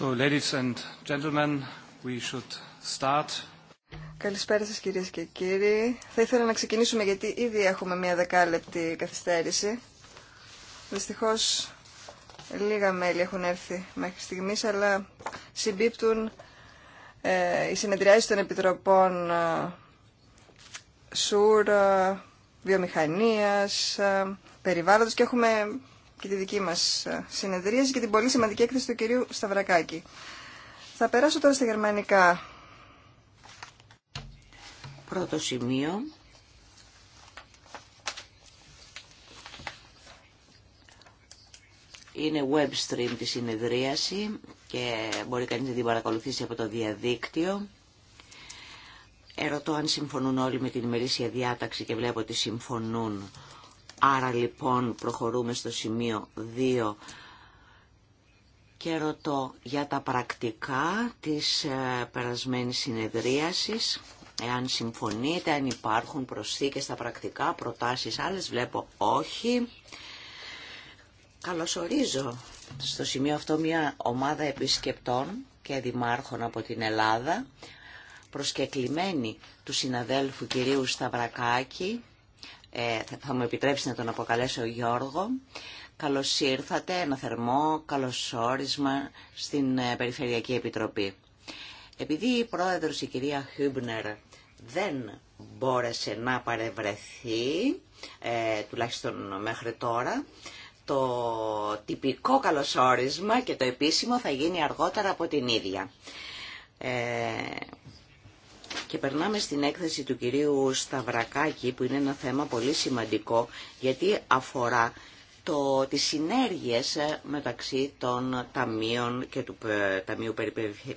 gentlemen, we should start. Καλησπέρα σας κυρίες και κύριοι. Θα ήθελα να ξεκινήσουμε γιατί ήδη έχουμε μια δεκάλεπτη καθυστέρηση. Δυστυχώς λίγα μέλη έχουν έρθει μέχρι στιγμής, αλλά συμπίπτουν ε, οι συνεδριάσεις των Επιτροπών ΣΟΥΡ, ε, Βιομηχανίας, ε, Περιβάλλοντος και έχουμε και τη δική μας ε, συνεδρίαση και την πολύ σημαντική έκθεση του κυρίου Σταυρακάκη. Θα περάσω τώρα στα γερμανικά. Πρώτο σημείο. Είναι web stream τη συνεδρίαση και μπορεί κανείς να την παρακολουθήσει από το διαδίκτυο. Ερωτώ αν συμφωνούν όλοι με την ημερήσια διάταξη και βλέπω ότι συμφωνούν. Άρα λοιπόν προχωρούμε στο σημείο 2 και ρωτώ για τα πρακτικά της ε, περασμένης συνεδρίασης. Εάν συμφωνείτε, αν υπάρχουν προσθήκες στα πρακτικά, προτάσεις άλλες, βλέπω όχι. Καλωσορίζω στο σημείο αυτό μια ομάδα επισκεπτών και δημάρχων από την Ελλάδα, προσκεκλημένη του συναδέλφου κυρίου Σταυρακάκη, ε, θα μου επιτρέψει να τον αποκαλέσω Γιώργο. Καλώς ήρθατε, ένα θερμό καλωσόρισμα στην ε, Περιφερειακή Επιτροπή. Επειδή η πρόεδρος η κυρία Χούμπνερ δεν μπόρεσε να παρευρεθεί, ε, τουλάχιστον μέχρι τώρα, το τυπικό καλωσόρισμα και το επίσημο θα γίνει αργότερα από την ίδια. Και περνάμε στην έκθεση του κυρίου Σταυρακάκη που είναι ένα θέμα πολύ σημαντικό γιατί αφορά το, τις συνέργειες ε, μεταξύ των ταμείων και του ε, Ταμείου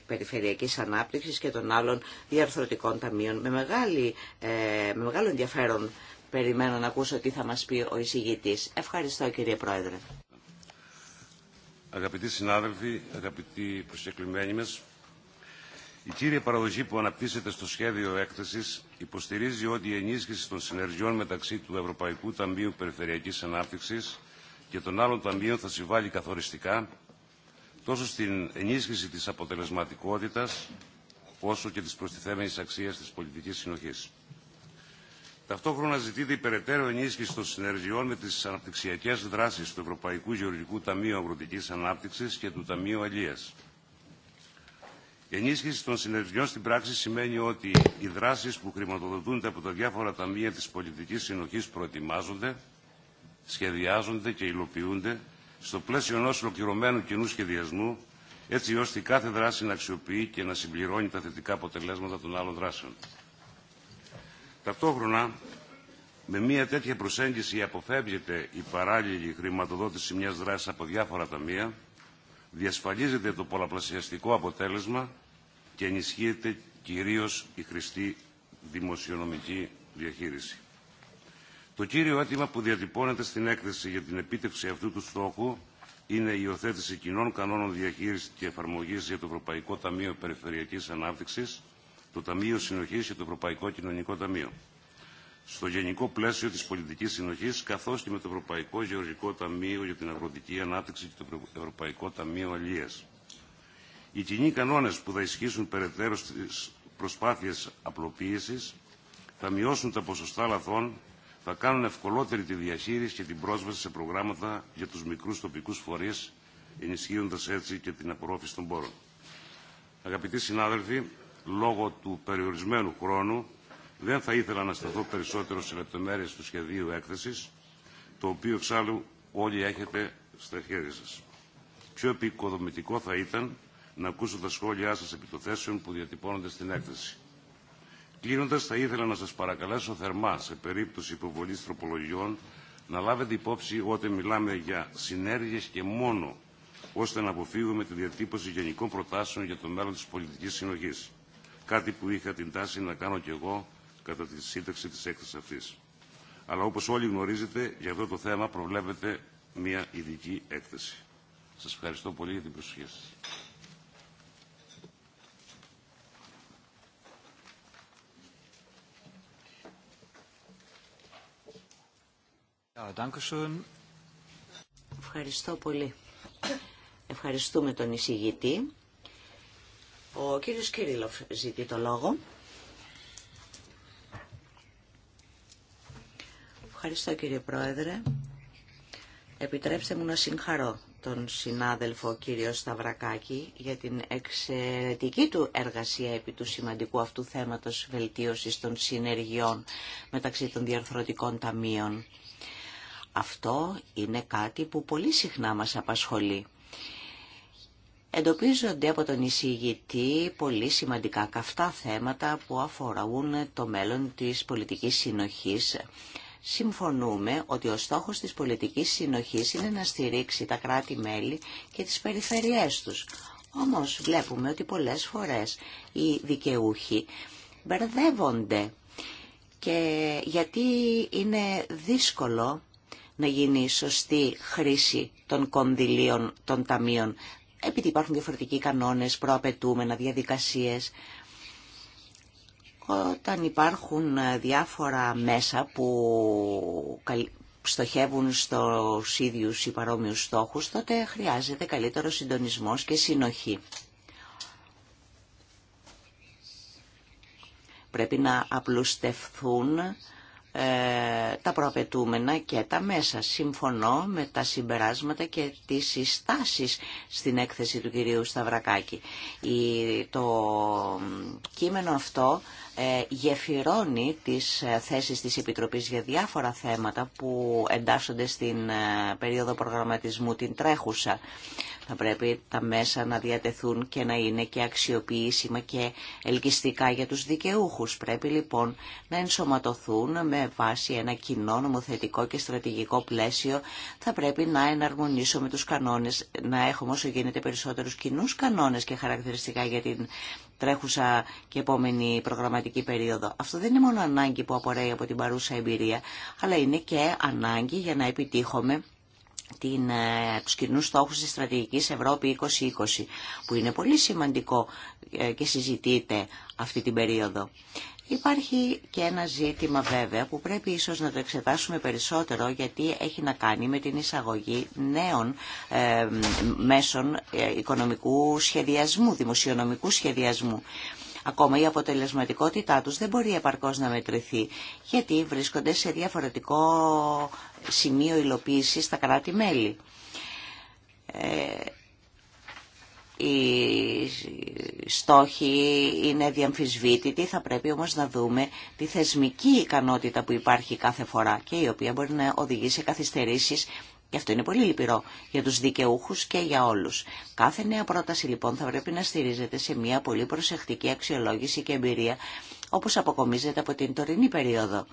Περιφερειακής Ανάπτυξης και των άλλων διαρθρωτικών ταμείων. Με, μεγάλη, ε, με μεγάλο ενδιαφέρον περιμένω να ακούσω τι θα μας πει ο εισηγητής. Ευχαριστώ κύριε Πρόεδρε. Αγαπητοί συνάδελφοι, αγαπητοί προσεκλημένοι μας, η κύρια παραδοχή που αναπτύσσεται στο σχέδιο έκθεση υποστηρίζει ότι η ενίσχυση των συνεργειών μεταξύ του Ευρωπαϊκού Ταμείου Περιφερειακή Ανάπτυξη και των άλλων ταμείων θα συμβάλλει καθοριστικά τόσο στην ενίσχυση τη αποτελεσματικότητα όσο και τη προστιθέμενη αξία τη πολιτική συνοχή. Ταυτόχρονα ζητείται η περαιτέρω ενίσχυση των συνεργειών με τι αναπτυξιακέ δράσει του Ευρωπαϊκού Γεωργικού Ταμείου Αγροτική Ανάπτυξη και του Ταμείου Αλίας ενίσχυση των συνεργειών στην πράξη σημαίνει ότι οι δράσεις που χρηματοδοτούνται από τα διάφορα ταμεία της πολιτικής συνοχής προετοιμάζονται, σχεδιάζονται και υλοποιούνται στο πλαίσιο ενός ολοκληρωμένου κοινού σχεδιασμού, έτσι ώστε κάθε δράση να αξιοποιεί και να συμπληρώνει τα θετικά αποτελέσματα των άλλων δράσεων. Ταυτόχρονα, με μια τέτοια προσέγγιση αποφεύγεται η παράλληλη χρηματοδότηση μιας δράσης από διάφορα ταμεία, διασφαλίζεται το πολλαπλασιαστικό αποτέλεσμα και ενισχύεται κυρίως η χρηστή δημοσιονομική διαχείριση. Το κύριο αίτημα που διατυπώνεται στην έκθεση για την επίτευξη αυτού του στόχου είναι η υιοθέτηση κοινών κανόνων διαχείρισης και εφαρμογή για το Ευρωπαϊκό Ταμείο Περιφερειακή ανάπτυξη, το Ταμείο συνοχή και το Ευρωπαϊκό Κοινωνικό Ταμείο. Στο γενικό πλαίσιο τη πολιτική συνοχή, καθώ και με το Ευρωπαϊκό Γεωργικό Ταμείο για την Αγροτική Ανάπτυξη και το Ευρωπαϊκό Ταμείο Αλλία. Οι κοινοί κανόνε που θα ισχύσουν περαιτέρω στι προσπάθειε απλοποίηση, θα μειώσουν τα ποσοστά λαθών, θα κάνουν ευκολότερη τη διαχείριση και την πρόσβαση σε προγράμματα για του μικρού τοπικού φορεί, ενισχύοντας έτσι και την απορρόφηση των πόρων. Αγαπητοί συνάδελφοι, λόγω του περιορισμένου χρόνου δεν θα ήθελα να σταθώ περισσότερο σε λεπτομέρειες του σχεδίου έκθεση, το οποίο εξάλλου όλοι έχετε στα χέρια σα. Πιο επικοδομητικό θα ήταν να ακούσω τα σχόλιά σας επί των θέσεων που διατυπώνονται στην έκθεση. Κλείνοντα, θα ήθελα να σας παρακαλέσω θερμά σε περίπτωση υποβολής τροπολογιών να λάβετε υπόψη ότι μιλάμε για συνέργειες και μόνο ώστε να αποφύγουμε τη διατύπωση γενικών προτάσεων για το μέλλον της πολιτικής συνοχής. Κάτι που είχα την τάση να κάνω κι εγώ κατά τη σύνταξη της έκθεσης αυτής. Αλλά όπως όλοι γνωρίζετε, για αυτό το θέμα προβλέπεται μια ειδική έκθεση. Σας ευχαριστώ πολύ για την προσοχή σας. Ευχαριστώ πολύ. Ευχαριστούμε τον εισηγητή. Ο κύριος Κύριλοφ ζητεί το λόγο. Ευχαριστώ κύριε Πρόεδρε. Επιτρέψτε μου να συγχαρώ τον συνάδελφο κύριο Σταυρακάκη για την εξαιρετική του εργασία επί του σημαντικού αυτού θέματος βελτίωσης των συνεργειών μεταξύ των διαρθρωτικών ταμείων. Αυτό είναι κάτι που πολύ συχνά μας απασχολεί. Εντοπίζονται από τον εισηγητή πολύ σημαντικά καυτά θέματα που αφορούν το μέλλον της πολιτικής συνοχής. Συμφωνούμε ότι ο στόχος της πολιτικής συνοχής είναι να στηρίξει τα κράτη-μέλη και τις περιφερειές τους. Όμως βλέπουμε ότι πολλές φορές οι δικαιούχοι μπερδεύονται και γιατί είναι δύσκολο να γίνει σωστή χρήση των κονδυλίων των ταμείων. Επειδή υπάρχουν διαφορετικοί κανόνες, προαπαιτούμενα, διαδικασίες, όταν υπάρχουν ε, διάφορα μέσα που στοχεύουν στους ίδιους ή παρόμοιους στόχους, τότε χρειάζεται καλύτερο συντονισμός και συνοχή. Πρέπει να απλουστευθούν ε, τα προαπαιτούμενα και τα μέσα. Συμφωνώ με τα συμπεράσματα και τις συστάσεις στην έκθεση του κυρίου Σταυρακάκη. Το κείμενο αυτό ε, γεφυρώνει τις ε, θέσεις της Επιτροπής για διάφορα θέματα που εντάσσονται στην περίοδο προγραμματισμού την τρέχουσα. Θα πρέπει τα μέσα να διατεθούν και να είναι και αξιοποιήσιμα και ελκυστικά για τους δικαιούχους. Πρέπει λοιπόν να ενσωματωθούν με βάση ένα κοινό νομοθετικό και στρατηγικό πλαίσιο. Θα πρέπει να εναρμονίσουμε τους κανόνες, να έχουμε όσο γίνεται περισσότερους κοινού κανόνες και χαρακτηριστικά για την τρέχουσα και επόμενη προγραμματική περίοδο. Αυτό δεν είναι μόνο ανάγκη που απορρέει από την παρούσα εμπειρία, αλλά είναι και ανάγκη για να επιτύχουμε την, ε, τους κοινού στόχους της στρατηγικής Ευρώπη 2020, που είναι πολύ σημαντικό ε, και συζητείται αυτή την περίοδο. Υπάρχει και ένα ζήτημα βέβαια που πρέπει ίσως να το εξετάσουμε περισσότερο γιατί έχει να κάνει με την εισαγωγή νέων ε, μέσων οικονομικού σχεδιασμού, δημοσιονομικού σχεδιασμού. Ακόμα η αποτελεσματικότητά τους δεν μπορεί επαρκώς να μετρηθεί γιατί βρίσκονται σε διαφορετικό σημείο υλοποίηση στα κράτη-μέλη. Ε, οι στόχοι είναι διαμφισβήτητοι, θα πρέπει όμως να δούμε τη θεσμική ικανότητα που υπάρχει κάθε φορά και η οποία μπορεί να οδηγεί σε καθυστερήσεις και αυτό είναι πολύ λυπηρό για τους δικαιούχους και για όλους. Κάθε νέα πρόταση λοιπόν θα πρέπει να στηρίζεται σε μια πολύ προσεκτική αξιολόγηση και εμπειρία όπως αποκομίζεται από την τωρινή περίοδο.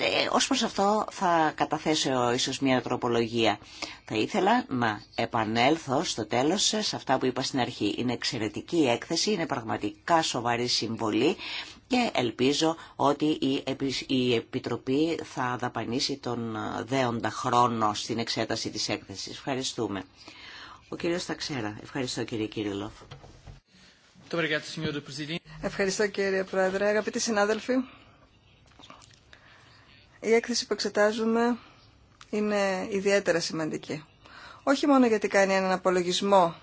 Ε, ως προς αυτό θα καταθέσω ίσως μια τροπολογία. Θα ήθελα να επανέλθω στο τέλος σε αυτά που είπα στην αρχή. Είναι εξαιρετική η έκθεση, είναι πραγματικά σοβαρή συμβολή και ελπίζω ότι η Επιτροπή θα δαπανίσει τον δέοντα χρόνο στην εξέταση της έκθεσης. Ευχαριστούμε. Ο κύριος Ταξέρα. Ευχαριστώ κύριε Κύριλοφ. Ευχαριστώ κύριε Πρόεδρε. Αγαπητοί συνάδελφοι η έκθεση που εξετάζουμε είναι ιδιαίτερα σημαντική. Όχι μόνο γιατί κάνει έναν απολογισμό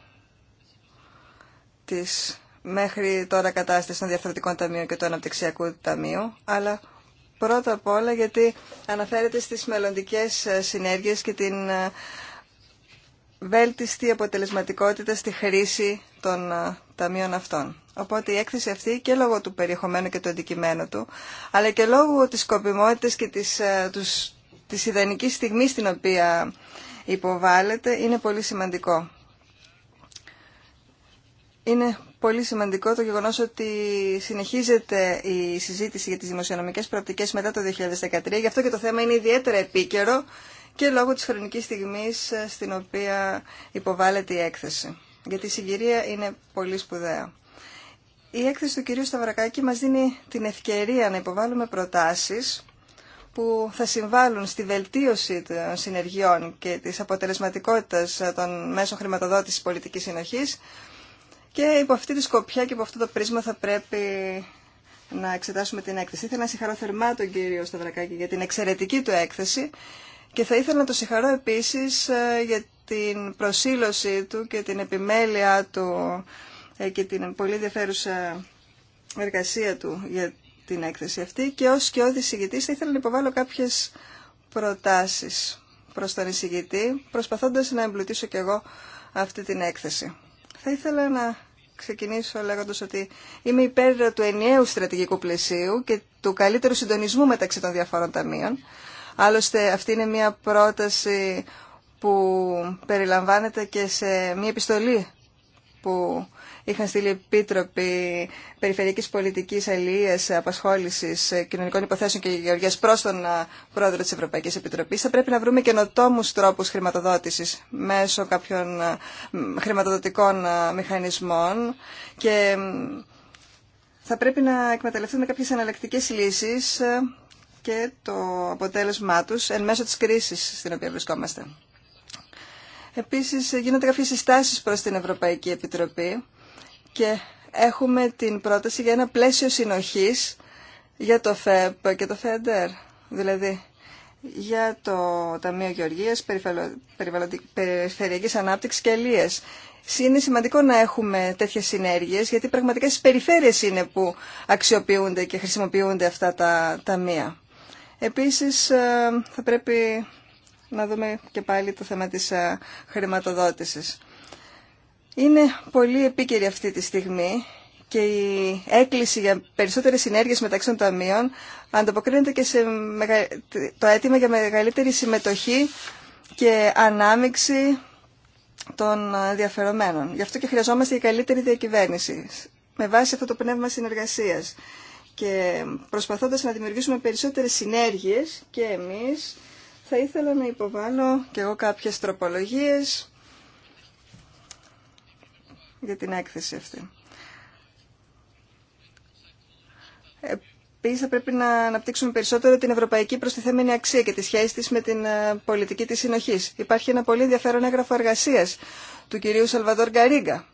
της μέχρι τώρα κατάστασης των διαφορετικών ταμείων και του αναπτυξιακού ταμείου, αλλά πρώτα απ' όλα γιατί αναφέρεται στις μελλοντικές ε, συνέργειες και την ε, βέλτιστη αποτελεσματικότητα στη χρήση των ε, ταμείων αυτών. Οπότε η έκθεση αυτή και λόγω του περιεχομένου και του αντικειμένου του, αλλά και λόγω της σκοπιμότητας και της, ε, τους, της ιδανικής στιγμής στην οποία υποβάλλεται, είναι πολύ σημαντικό. Είναι πολύ σημαντικό το γεγονός ότι συνεχίζεται η συζήτηση για τις δημοσιονομικές πρακτικές μετά το 2013, γι' αυτό και το θέμα είναι ιδιαίτερα επίκαιρο και λόγω της χρονικής στιγμής ε, στην οποία υποβάλλεται η έκθεση γιατί η συγκυρία είναι πολύ σπουδαία. Η έκθεση του κυρίου Σταυρακάκη μας δίνει την ευκαιρία να υποβάλουμε προτάσεις που θα συμβάλλουν στη βελτίωση των συνεργειών και της αποτελεσματικότητας των μέσων χρηματοδότησης πολιτικής συνοχής και υπό αυτή τη σκοπιά και υπό αυτό το πρίσμα θα πρέπει να εξετάσουμε την έκθεση. Ήθελα να συγχαρώ θερμά τον κύριο Σταυρακάκη για την εξαιρετική του έκθεση και θα ήθελα να το συγχαρώ επίσης ε, για την προσήλωσή του και την επιμέλεια του ε, και την πολύ ενδιαφέρουσα εργασία του για την έκθεση αυτή και ως και όδης θα ήθελα να υποβάλω κάποιες προτάσεις προς τον εισηγητή προσπαθώντας να εμπλουτίσω κι εγώ αυτή την έκθεση. Θα ήθελα να ξεκινήσω λέγοντας ότι είμαι υπέρ του ενιαίου στρατηγικού πλαισίου και του καλύτερου συντονισμού μεταξύ των διαφόρων ταμείων. Άλλωστε αυτή είναι μια πρόταση που περιλαμβάνεται και σε μια επιστολή που είχαν στείλει επίτροποι περιφερειακής πολιτικής αλληλείας, απασχόλησης, κοινωνικών υποθέσεων και γεωργίας προς τον ε, πρόεδρο της Ευρωπαϊκής Επιτροπής, θα πρέπει να βρούμε καινοτόμους τρόπους χρηματοδότησης μέσω κάποιων ε, χρηματοδοτικών ε, μηχανισμών και θα πρέπει να εκμεταλλευτούμε κάποιες αναλλακτικές λύσεις και το αποτέλεσμά τους εν μέσω της κρίσης στην οποία βρισκόμαστε. Επίσης γίνονται κάποιες συστάσεις προς την Ευρωπαϊκή Επιτροπή και έχουμε την πρόταση για ένα πλαίσιο συνοχής για το ΦΕΠ και το ΦΕΝΤΕΡ, δηλαδή για το Ταμείο Γεωργίας, Περιφερειακής ανάπτυξη και Ελίες. Είναι σημαντικό να έχουμε τέτοιε συνέργειες, γιατί πραγματικά στι περιφέρειες είναι που αξιοποιούνται και χρησιμοποιούνται αυτά τα ταμεία. Επίσης, ε, θα πρέπει να δούμε και πάλι το θέμα της ε, χρηματοδότησης. Είναι πολύ επίκαιρη αυτή τη στιγμή και η έκκληση για περισσότερες συνέργειες μεταξύ των ταμείων ανταποκρίνεται και σε το αίτημα για μεγαλύτερη συμμετοχή και ανάμειξη των διαφερομένων. Γι' αυτό και χρειαζόμαστε η καλύτερη διακυβέρνηση με βάση αυτό το πνεύμα συνεργασίας και προσπαθώντας να δημιουργήσουμε περισσότερες συνέργειες και εμείς θα ήθελα να υποβάλω και εγώ κάποιες τροπολογίες για την έκθεση αυτή. Επίσης θα πρέπει να αναπτύξουμε περισσότερο την ευρωπαϊκή προστιθέμενη αξία και τη σχέση της με την ε, πολιτική της συνοχής. Υπάρχει ένα πολύ ενδιαφέρον έγγραφο εργασία του κυρίου Σαλβαδόρ Γκαρίγκα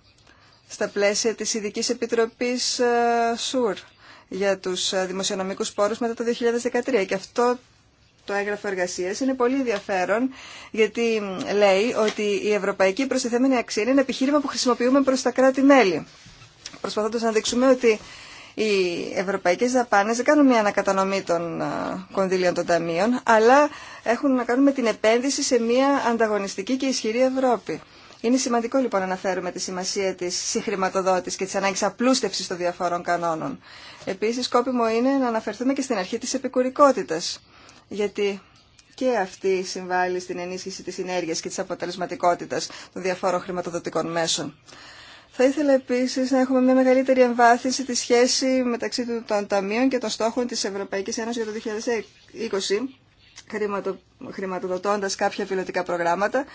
στα πλαίσια της Ειδικής Επιτροπής ε, ΣΟΥΡ για τους ε, δημοσιονομικούς πόρους μετά το 2013 και αυτό το έγγραφο εργασίας είναι πολύ ενδιαφέρον γιατί λέει ότι η ευρωπαϊκή προστιθέμενη αξία είναι ένα επιχείρημα που χρησιμοποιούμε προς τα κράτη-μέλη. Προσπαθώντας να δείξουμε ότι οι ευρωπαϊκές δαπάνες δεν κάνουν μια ανακατανομή των ε, κονδύλιων των ταμείων, αλλά έχουν να κάνουν με την επένδυση σε μια ανταγωνιστική και ισχυρή Ευρώπη. Είναι σημαντικό λοιπόν να αναφέρουμε τη σημασία τη συγχρηματοδότηση και τη ανάγκη απλούστευση των διαφόρων κανόνων. Επίση, σκόπιμο είναι να αναφερθούμε και στην αρχή τη επικουρικότητα γιατί και αυτή συμβάλλει στην ενίσχυση της συνέργειας και της αποτελεσματικότητας των διαφόρων χρηματοδοτικών μέσων. Θα ήθελα επίσης να έχουμε μια μεγαλύτερη εμβάθυνση τη σχέση μεταξύ των ταμείων και των στόχων της Ευρωπαϊκής Ένωσης για το 2020, χρηματοδοτώντας κάποια πιλωτικά προγράμματα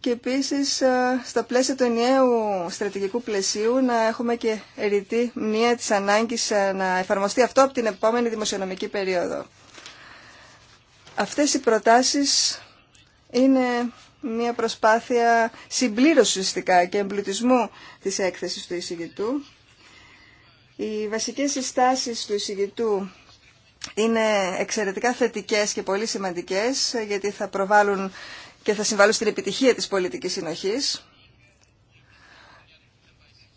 και επίσης ε, στα πλαίσια του ενιαίου στρατηγικού πλαισίου να έχουμε και ερητή μία της ανάγκης ε, να εφαρμοστεί αυτό από την επόμενη δημοσιονομική περίοδο. Αυτές οι προτάσεις είναι μια προσπάθεια συμπλήρωση ουσιαστικά και εμπλουτισμού της έκθεσης του εισηγητού. Οι βασικές συστάσεις του εισηγητού είναι εξαιρετικά θετικές και πολύ σημαντικές γιατί θα προβάλλουν και θα συμβάλλουν στην επιτυχία της πολιτικής συνοχής.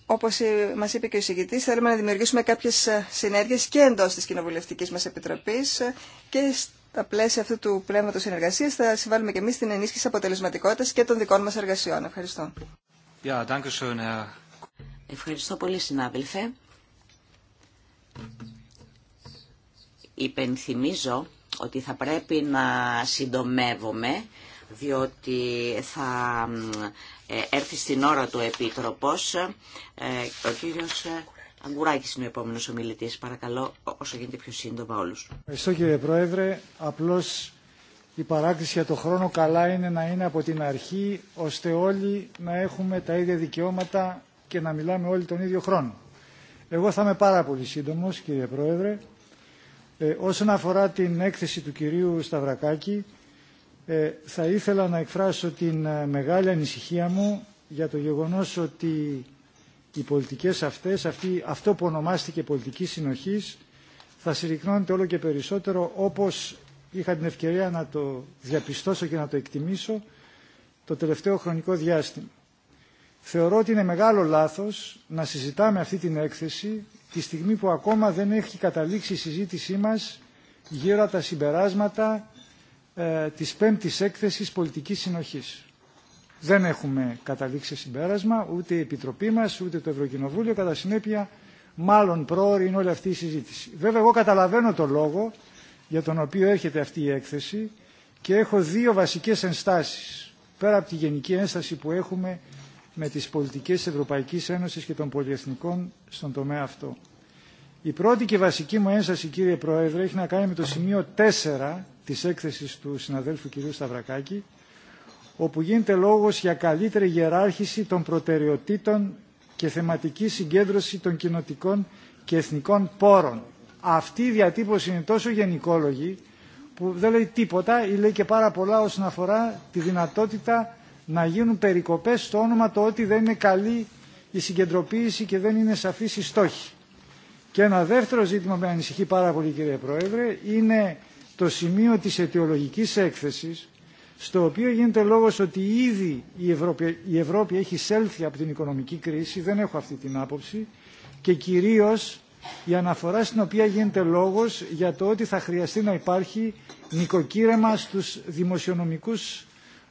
Όπως ε, μας είπε και ο εισηγητής, θέλουμε να δημιουργήσουμε κάποιες ε, συνέργειες και εντός της Κοινοβουλευτικής μας Επιτροπής ε, και τα πλαίσια αυτού του πνεύματο συνεργασία θα συμβάλλουμε και εμείς στην ενίσχυση αποτελεσματικότητα και των δικών μας εργασιών. Ευχαριστώ. Ευχαριστώ πολύ συνάδελφε. Υπενθυμίζω ότι θα πρέπει να συντομεύομαι διότι θα ε, έρθει στην ώρα του Επίτροπος ε, ο κύριος ε, Αγκουράκης είναι ο επόμενος ομιλητής. Παρακαλώ όσο γίνεται πιο σύντομα όλου. Ευχαριστώ κύριε Πρόεδρε. Απλώς η παράκληση για το χρόνο καλά είναι να είναι από την αρχή ώστε όλοι να έχουμε τα ίδια δικαιώματα και να μιλάμε όλοι τον ίδιο χρόνο. Εγώ θα είμαι πάρα πολύ σύντομο, κύριε Πρόεδρε. Ε, όσον αφορά την έκθεση του κυρίου Σταυρακάκη, ε, θα ήθελα να εκφράσω την ε, μεγάλη ανησυχία μου για το γεγονός ότι οι πολιτικές αυτές, αυτό που ονομάστηκε πολιτική συνοχής, θα συρρυκνώνεται όλο και περισσότερο όπως είχα την ευκαιρία να το διαπιστώσω και να το εκτιμήσω το τελευταίο χρονικό διάστημα. Θεωρώ ότι είναι μεγάλο λάθος να συζητάμε αυτή την έκθεση τη στιγμή που ακόμα δεν έχει καταλήξει η συζήτησή μας γύρω από τα συμπεράσματα ε, της πέμπτης έκθεσης πολιτικής συνοχής δεν έχουμε καταλήξει συμπέρασμα, ούτε η Επιτροπή μα ούτε το Ευρωκοινοβούλιο, κατά συνέπεια μάλλον πρόωρη είναι όλη αυτή η συζήτηση. Βέβαια εγώ καταλαβαίνω το λόγο για τον οποίο έρχεται αυτή η έκθεση και έχω δύο βασικέ ενστάσει. πέρα από τη γενική ένσταση που έχουμε με τις πολιτικές της Ευρωπαϊκής Ένωσης και των πολιεθνικών στον τομέα αυτό. Η πρώτη και βασική μου ένσταση, κύριε Πρόεδρε, έχει να κάνει με το σημείο 4 της έκθεσης του συναδέλφου κ. Σταυρακάκη, όπου γίνεται λόγος για καλύτερη γεράρχηση των προτεραιοτήτων και θεματική συγκέντρωση των κοινοτικών και εθνικών πόρων. Αυτή η διατύπωση είναι τόσο γενικόλογη που δεν λέει τίποτα ή λέει και πάρα πολλά όσον αφορά τη δυνατότητα να γίνουν περικοπές στο όνομα το ότι δεν είναι καλή η συγκεντροποίηση και δεν είναι σαφής η στόχη. Και ένα δεύτερο ζήτημα που με ανησυχεί πάρα πολύ κύριε Πρόεδρε είναι το σημείο της αιτιολογικής έκθεσης στο οποίο γίνεται λόγος ότι ήδη η Ευρώπη, η Ευρώπη έχει σέλθει από την οικονομική κρίση, δεν έχω αυτή την άποψη, και κυρίως η αναφορά στην οποία γίνεται λόγος για το ότι θα χρειαστεί να υπάρχει νοικοκύρεμα στους δημοσιονομικούς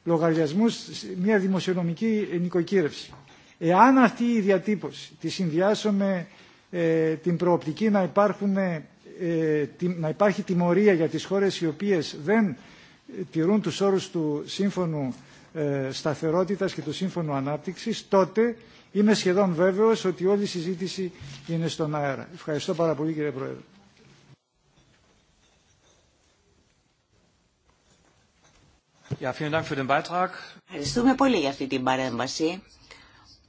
λογαριασμούς, μια δημοσιονομική νοικοκύρευση. Εάν αυτή η διατύπωση τη συνδυάσω με ε, την προοπτική να, υπάρχουν, ε, τη, να υπάρχει τιμωρία για τις χώρες οι οποίες δεν τηρούν τους όρους του Σύμφωνου ε, Σταθερότητας και του Σύμφωνου Ανάπτυξης, τότε είμαι σχεδόν βέβαιος ότι όλη η συζήτηση είναι στον αέρα. Ευχαριστώ πάρα πολύ κύριε Πρόεδρε. Ευχαριστούμε πολύ για αυτή την παρέμβαση.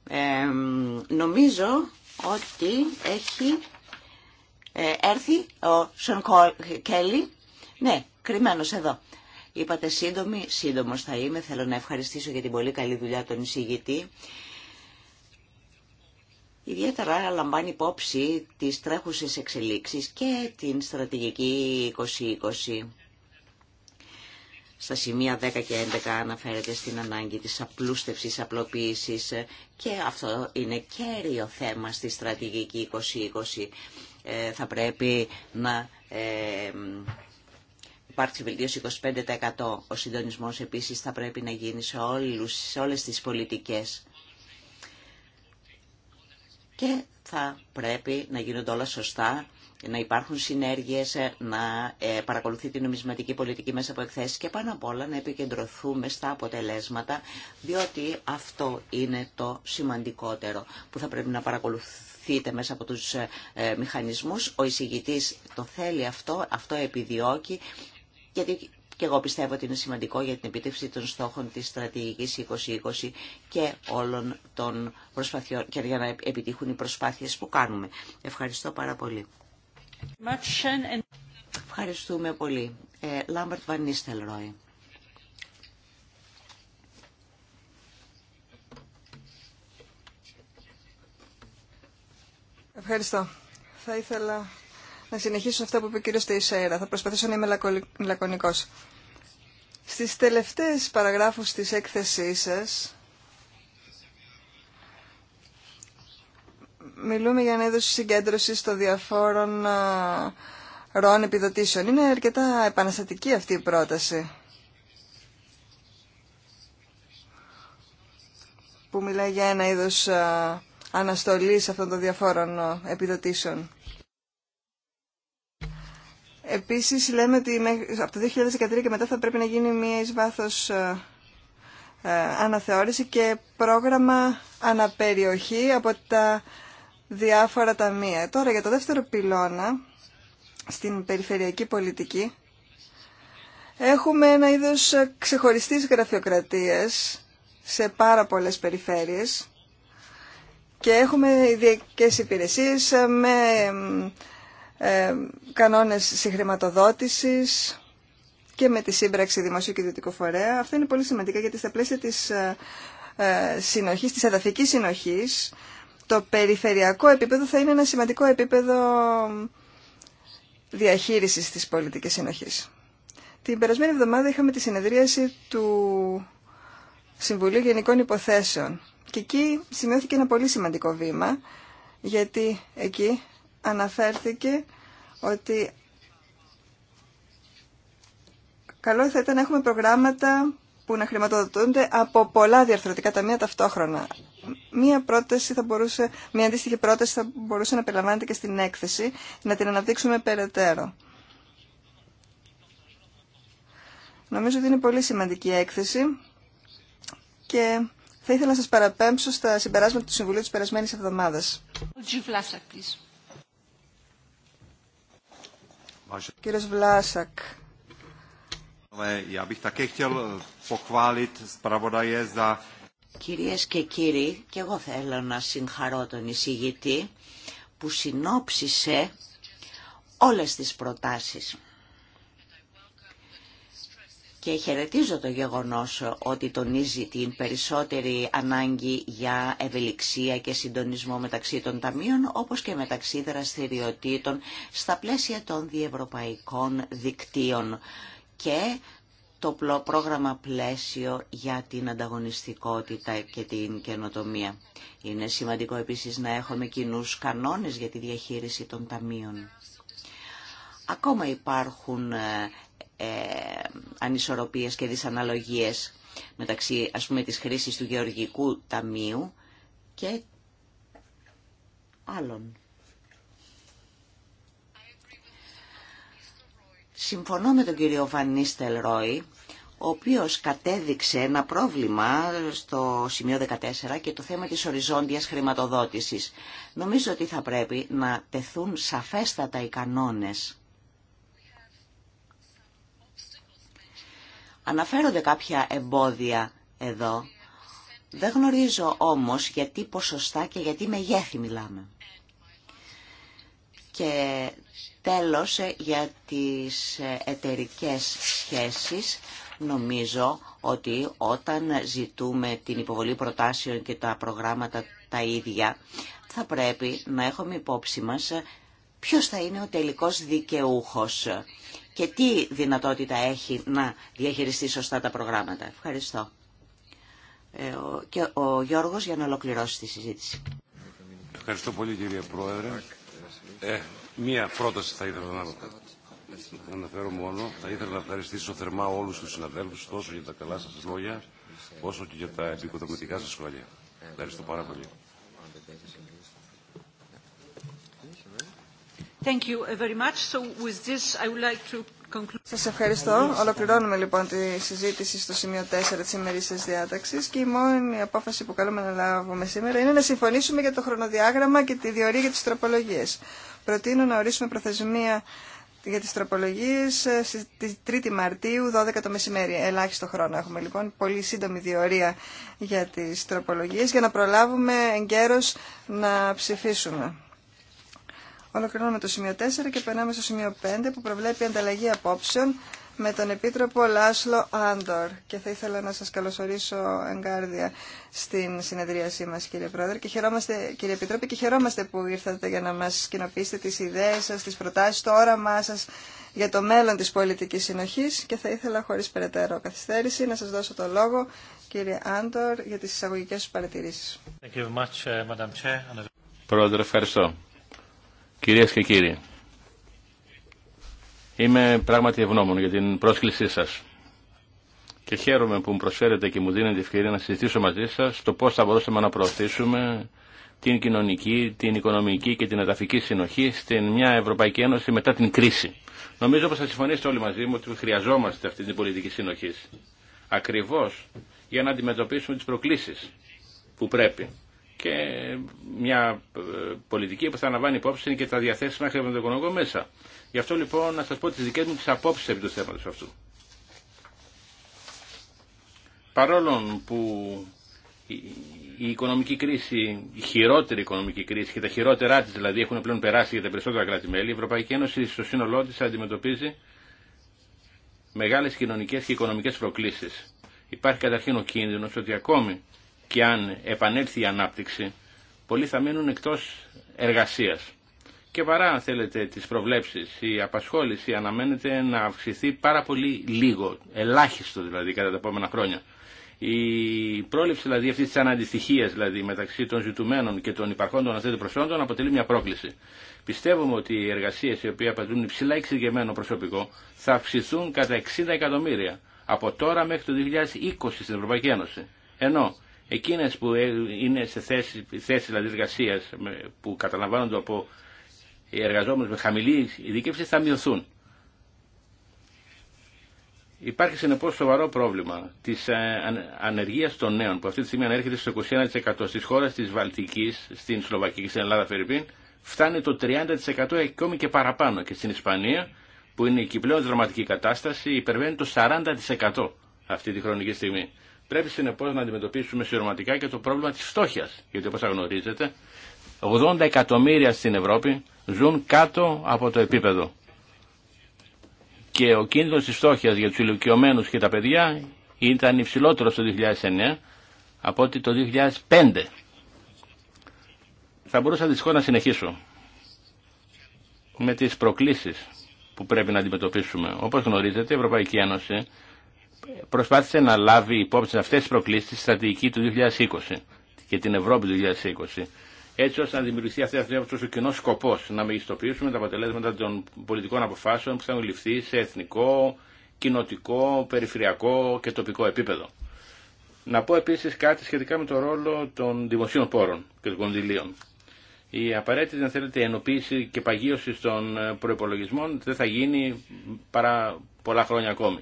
Ε, νομίζω ότι έχει ε, έρθει ο Σον Κέλλη. Ναι, κρυμμένος εδώ. Είπατε σύντομη, σύντομο θα είμαι. Θέλω να ευχαριστήσω για την πολύ καλή δουλειά των εισηγητή. Ιδιαίτερα λαμβάνει υπόψη τις τρέχουσες εξελίξεις και την στρατηγική 2020. Στα σημεία 10 και 11 αναφέρεται στην ανάγκη της απλούστευσης, απλοποίησης και αυτό είναι κέριο θέμα στη στρατηγική 2020. Ε, θα πρέπει να ε, υπάρξει βελτίωση 25%. Ο συντονισμός επίσης θα πρέπει να γίνει σε, όλους, σε όλες τις πολιτικές. Και θα πρέπει να γίνονται όλα σωστά, να υπάρχουν συνέργειες, ε, να ε, παρακολουθεί την νομισματική πολιτική μέσα από εκθέσεις και πάνω απ' όλα να επικεντρωθούμε στα αποτελέσματα, διότι αυτό είναι το σημαντικότερο που θα πρέπει να παρακολουθείτε μέσα από τους ε, μηχανισμούς. Ο εισηγητής το θέλει αυτό, αυτό επιδιώκει γιατί και εγώ πιστεύω ότι είναι σημαντικό για την επίτευξη των στόχων της στρατηγικής 2020 και όλων των προσπαθειών και για να επιτύχουν οι προσπάθειες που κάνουμε. Ευχαριστώ πάρα πολύ. Ευχαριστούμε πολύ. Ε, Λάμπερτ Βανίστελ Ρόι. Ευχαριστώ. Θα ήθελα να συνεχίσω αυτά που είπε ο κύριος Τεϊσέρα. Θα προσπαθήσω να είμαι λακωνικός. Στις τελευταίες παραγράφους της έκθεσής σας μιλούμε για ένα είδος συγκέντρωση των διαφόρων ροών επιδοτήσεων. Είναι αρκετά επαναστατική αυτή η πρόταση. που μιλάει για ένα είδος αναστολής αυτών των διαφόρων επιδοτήσεων. Επίσης λέμε ότι από το 2013 και μετά θα πρέπει να γίνει μια εις βάθος ε, ε, αναθεώρηση και πρόγραμμα αναπεριοχή από τα διάφορα ταμεία. Τώρα για το δεύτερο πυλώνα στην περιφερειακή πολιτική έχουμε ένα είδος ξεχωριστής γραφειοκρατίας σε πάρα πολλές περιφέρειες και έχουμε ιδιαίτερες υπηρεσίες ε, με ε, κανόνες συγχρηματοδότησης και με τη σύμπραξη δημοσίου και ιδιωτικού φορέα. Αυτό είναι πολύ σημαντικά γιατί στα πλαίσια της ε, ε, συνοχής, της εδαφικής συνοχής, το περιφερειακό επίπεδο θα είναι ένα σημαντικό επίπεδο διαχείρισης της πολιτικής συνοχής. Την περασμένη εβδομάδα είχαμε τη συνεδρίαση του Συμβουλίου Γενικών Υποθέσεων και εκεί σημειώθηκε ένα πολύ σημαντικό βήμα γιατί εκεί αναφέρθηκε ότι καλό θα ήταν να έχουμε προγράμματα που να χρηματοδοτούνται από πολλά διαρθρωτικά ταμεία ταυτόχρονα. Μία πρόταση θα μπορούσε, μία αντίστοιχη πρόταση θα μπορούσε να περιλαμβάνεται και στην έκθεση, να την αναδείξουμε περαιτέρω. Νομίζω ότι είναι πολύ σημαντική η έκθεση και θα ήθελα να σας παραπέμψω στα συμπεράσματα του Συμβουλίου της περασμένης εβδομάδας. Κυρίες και κύριοι, και εγώ θέλω να συγχαρώ τον εισηγητή που συνόψισε όλες τις προτάσεις και χαιρετίζω το γεγονός ότι τονίζει την περισσότερη ανάγκη για ευελιξία και συντονισμό μεταξύ των ταμείων όπως και μεταξύ δραστηριοτήτων στα πλαίσια των διευρωπαϊκών δικτύων και το πρόγραμμα πλαίσιο για την ανταγωνιστικότητα και την καινοτομία. Είναι σημαντικό επίσης να έχουμε κοινού κανόνες για τη διαχείριση των ταμείων. Ακόμα υπάρχουν ε, ε, ανισορροπίες και δυσαναλογίες μεταξύ ας πούμε της χρήσης του γεωργικού ταμείου και άλλων. Συμφωνώ με τον κύριο Βανίστελ Ρόι, ο οποίος κατέδειξε ένα πρόβλημα στο σημείο 14 και το θέμα της οριζόντιας χρηματοδότησης. Νομίζω ότι θα πρέπει να τεθούν σαφέστατα οι κανόνες Αναφέρονται κάποια εμπόδια εδώ. Δεν γνωρίζω όμως γιατί ποσοστά και γιατί μεγέθη μιλάμε. Και τέλος ε, για τις ε, εταιρικές σχέσεις νομίζω ότι όταν ζητούμε την υποβολή προτάσεων και τα προγράμματα τα ίδια θα πρέπει να έχουμε υπόψη μας ε, ποιος θα είναι ο τελικός δικαιούχος και τι δυνατότητα έχει να διαχειριστεί σωστά τα προγράμματα. Ευχαριστώ. Ε, και ο Γιώργος για να ολοκληρώσει τη συζήτηση. Ευχαριστώ πολύ κύριε Πρόεδρε. Ε, μία πρόταση θα ήθελα να αναφέρω μόνο. Θα ήθελα να ευχαριστήσω θερμά όλους τους συναδέλφους τόσο για τα καλά σας λόγια όσο και για τα επικοδομητικά σας σχόλια. Ευχαριστώ πάρα πολύ. Σας ευχαριστώ. Ολοκληρώνουμε λοιπόν τη συζήτηση στο σημείο 4 της ημερήσιας διάταξης και η μόνη απόφαση που καλούμε να λάβουμε σήμερα είναι να συμφωνήσουμε για το χρονοδιάγραμμα και τη διορία για τις τροπολογίες. Προτείνω να ορίσουμε προθεσμία για τις τροπολογίες ε, στις 3η Μαρτίου 12 το μεσημέρι. Ελάχιστο χρόνο έχουμε λοιπόν, πολύ σύντομη διορία για τις τροπολογίες για να προλάβουμε εγκαίρως να ψηφίσουμε. Ολοκληρώνουμε το σημείο 4 και περνάμε στο σημείο 5 που προβλέπει ανταλλαγή απόψεων με τον Επίτροπο Λάσλο Άντορ. Και θα ήθελα να σας καλωσορίσω εγκάρδια στην συνεδρίασή μας κύριε Πρόεδρε και χαιρόμαστε, κύριε Επίτροπε και χαιρόμαστε που ήρθατε για να μας κοινοποιήσετε τις ιδέες σας, τις προτάσεις, το όραμά σας για το μέλλον της πολιτικής συνοχής και θα ήθελα χωρίς περαιτέρω καθυστέρηση να σας δώσω το λόγο κύριε Άντορ για τις εισαγωγικές σας παρατηρήσεις. Uh, Πρόεδρε, ευχαριστώ. Κυρίες και κύριοι, είμαι πράγματι ευγνώμων για την πρόσκλησή σας και χαίρομαι που μου προσφέρετε και μου δίνετε ευκαιρία να συζητήσω μαζί σας το πώς θα μπορούσαμε να προωθήσουμε την κοινωνική, την οικονομική και την εδαφική συνοχή στην μια Ευρωπαϊκή Ένωση μετά την κρίση. Νομίζω πως θα συμφωνήσετε όλοι μαζί μου ότι χρειαζόμαστε αυτή την πολιτική συνοχή. Ακριβώς για να αντιμετωπίσουμε τις προκλήσεις που πρέπει και μια ε, πολιτική που θα αναβάνει υπόψη είναι και τα διαθέσιμα χρηματοοικονομικά μέσα. Γι' αυτό λοιπόν να σας πω τις δικές μου τις απόψεις επί του θέματος αυτού. Παρόλο που η οικονομική κρίση, η χειρότερη οικονομική κρίση και τα χειρότερά της δηλαδή έχουν πλέον περάσει για τα περισσότερα κράτη-μέλη, η Ευρωπαϊκή Ένωση στο σύνολό της αντιμετωπίζει μεγάλες κοινωνικές και οικονομικές προκλήσεις. Υπάρχει καταρχήν ο κίνδυνο ότι ακόμη και αν επανέλθει η ανάπτυξη, πολλοί θα μείνουν εκτός εργασίας. Και παρά, αν θέλετε, τις προβλέψεις, η απασχόληση αναμένεται να αυξηθεί πάρα πολύ λίγο, ελάχιστο δηλαδή κατά τα επόμενα χρόνια. Η πρόληψη δηλαδή αυτή τη αναντιστοιχία δηλαδή, μεταξύ των ζητουμένων και των υπαρχών των αυτών προσόντων αποτελεί μια πρόκληση. Πιστεύουμε ότι οι εργασίε οι οποίε απαιτούν υψηλά εξειδικευμένο προσωπικό θα αυξηθούν κατά 60 εκατομμύρια από τώρα μέχρι το 2020 στην Ευρωπαϊκή Ένωση. Ενώ εκείνες που ε, είναι σε θέση, θέση δηλαδή εργασίας που καταλαμβάνονται από οι εργαζόμενοι με χαμηλή ειδίκευση θα μειωθούν. Υπάρχει συνεπώς σοβαρό πρόβλημα της ε, ανεργίας των νέων που αυτή τη στιγμή ανέρχεται στο 21% στις χώρες της Βαλτικής, στην Σλοβακία και στην Ελλάδα Φερρυπίν φτάνει το 30% ακόμη και παραπάνω και στην Ισπανία που είναι η πλέον δραματική κατάσταση υπερβαίνει το 40% αυτή τη χρονική στιγμή. Πρέπει συνεπώς να αντιμετωπίσουμε συρωματικά και το πρόβλημα της φτώχεια. Γιατί όπως θα γνωρίζετε, 80 εκατομμύρια στην Ευρώπη ζουν κάτω από το επίπεδο. Και ο κίνδυνος τη φτώχεια για τους ηλικιωμένου και τα παιδιά ήταν υψηλότερο το 2009 από ότι το 2005. Θα μπορούσα δυστυχώ να συνεχίσω με τις προκλήσεις που πρέπει να αντιμετωπίσουμε. Όπως γνωρίζετε, η Ευρωπαϊκή Ένωση προσπάθησε να λάβει υπόψη αυτές τις προκλήσεις στη στρατηγική του 2020 και την Ευρώπη του 2020 έτσι ώστε να δημιουργηθεί αυτή ο κοινό σκοπό, να μεγιστοποιήσουμε τα αποτελέσματα των πολιτικών αποφάσεων που θα ληφθεί σε εθνικό, κοινοτικό, περιφερειακό και τοπικό επίπεδο. Να πω επίση κάτι σχετικά με το ρόλο των δημοσίων πόρων και των κονδυλίων. Η απαραίτητη, αν θέλετε, ενοποίηση και παγίωση των προπολογισμών δεν θα γίνει παρά πολλά χρόνια ακόμη.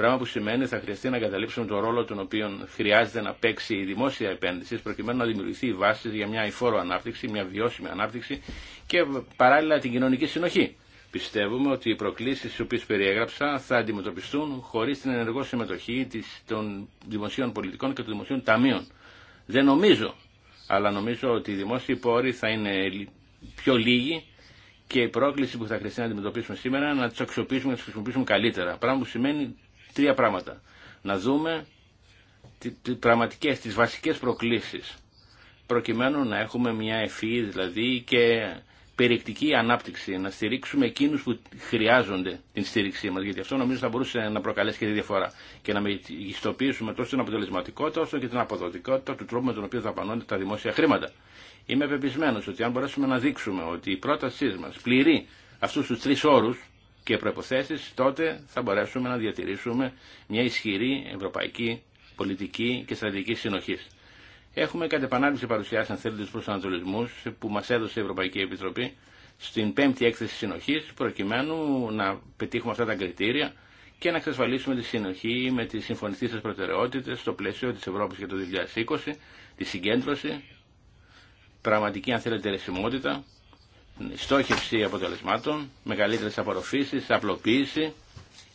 Πράγμα που σημαίνει θα χρειαστεί να καταλήψουμε τον ρόλο τον οποίο χρειάζεται να παίξει η δημόσια επένδυση προκειμένου να δημιουργηθεί η βάση για μια υφόρο ανάπτυξη, μια βιώσιμη ανάπτυξη και παράλληλα την κοινωνική συνοχή. Πιστεύουμε ότι οι προκλήσει τι οποίε περιέγραψα θα αντιμετωπιστούν χωρί την ενεργό συμμετοχή των δημοσίων πολιτικών και των δημοσίων ταμείων. Δεν νομίζω, αλλά νομίζω ότι οι δημόσιοι πόροι θα είναι πιο λίγοι και η πρόκληση που θα χρειαστεί να αντιμετωπίσουμε σήμερα να τι αξιοποιήσουμε και να τι χρησιμοποιήσουμε καλύτερα. Πράγμα που σημαίνει τρία πράγματα. Να δούμε τι πραγματικές, τις βασικές προκλήσεις προκειμένου να έχουμε μια ευφυή δηλαδή και περιεκτική ανάπτυξη, να στηρίξουμε εκείνους που χρειάζονται την στήριξή μας, γιατί αυτό νομίζω θα μπορούσε να προκαλέσει και τη διαφορά και να μεγιστοποιήσουμε τόσο την αποτελεσματικότητα όσο και την αποδοτικότητα του τρόπου με τον οποίο θα πανώνται τα δημόσια χρήματα. Είμαι πεπισμένος ότι αν μπορέσουμε να δείξουμε ότι η πρότασή μας πληρεί αυτούς τους τρεις όρους, και προϋποθέσεις, τότε θα μπορέσουμε να διατηρήσουμε μια ισχυρή ευρωπαϊκή πολιτική και στρατηγική συνοχή. Έχουμε κατ' επανάληψη παρουσιάσει, αν θέλετε, του προσανατολισμού που μα έδωσε η Ευρωπαϊκή Επιτροπή στην πέμπτη έκθεση συνοχή, προκειμένου να πετύχουμε αυτά τα κριτήρια και να εξασφαλίσουμε τη συνοχή με τι συμφωνηθεί σα προτεραιότητε στο πλαίσιο τη Ευρώπη για το 2020, τη συγκέντρωση, πραγματική, αν θέλετε, ρεσιμότητα, στόχευση αποτελεσμάτων, μεγαλύτερε απορροφήσεις, απλοποίηση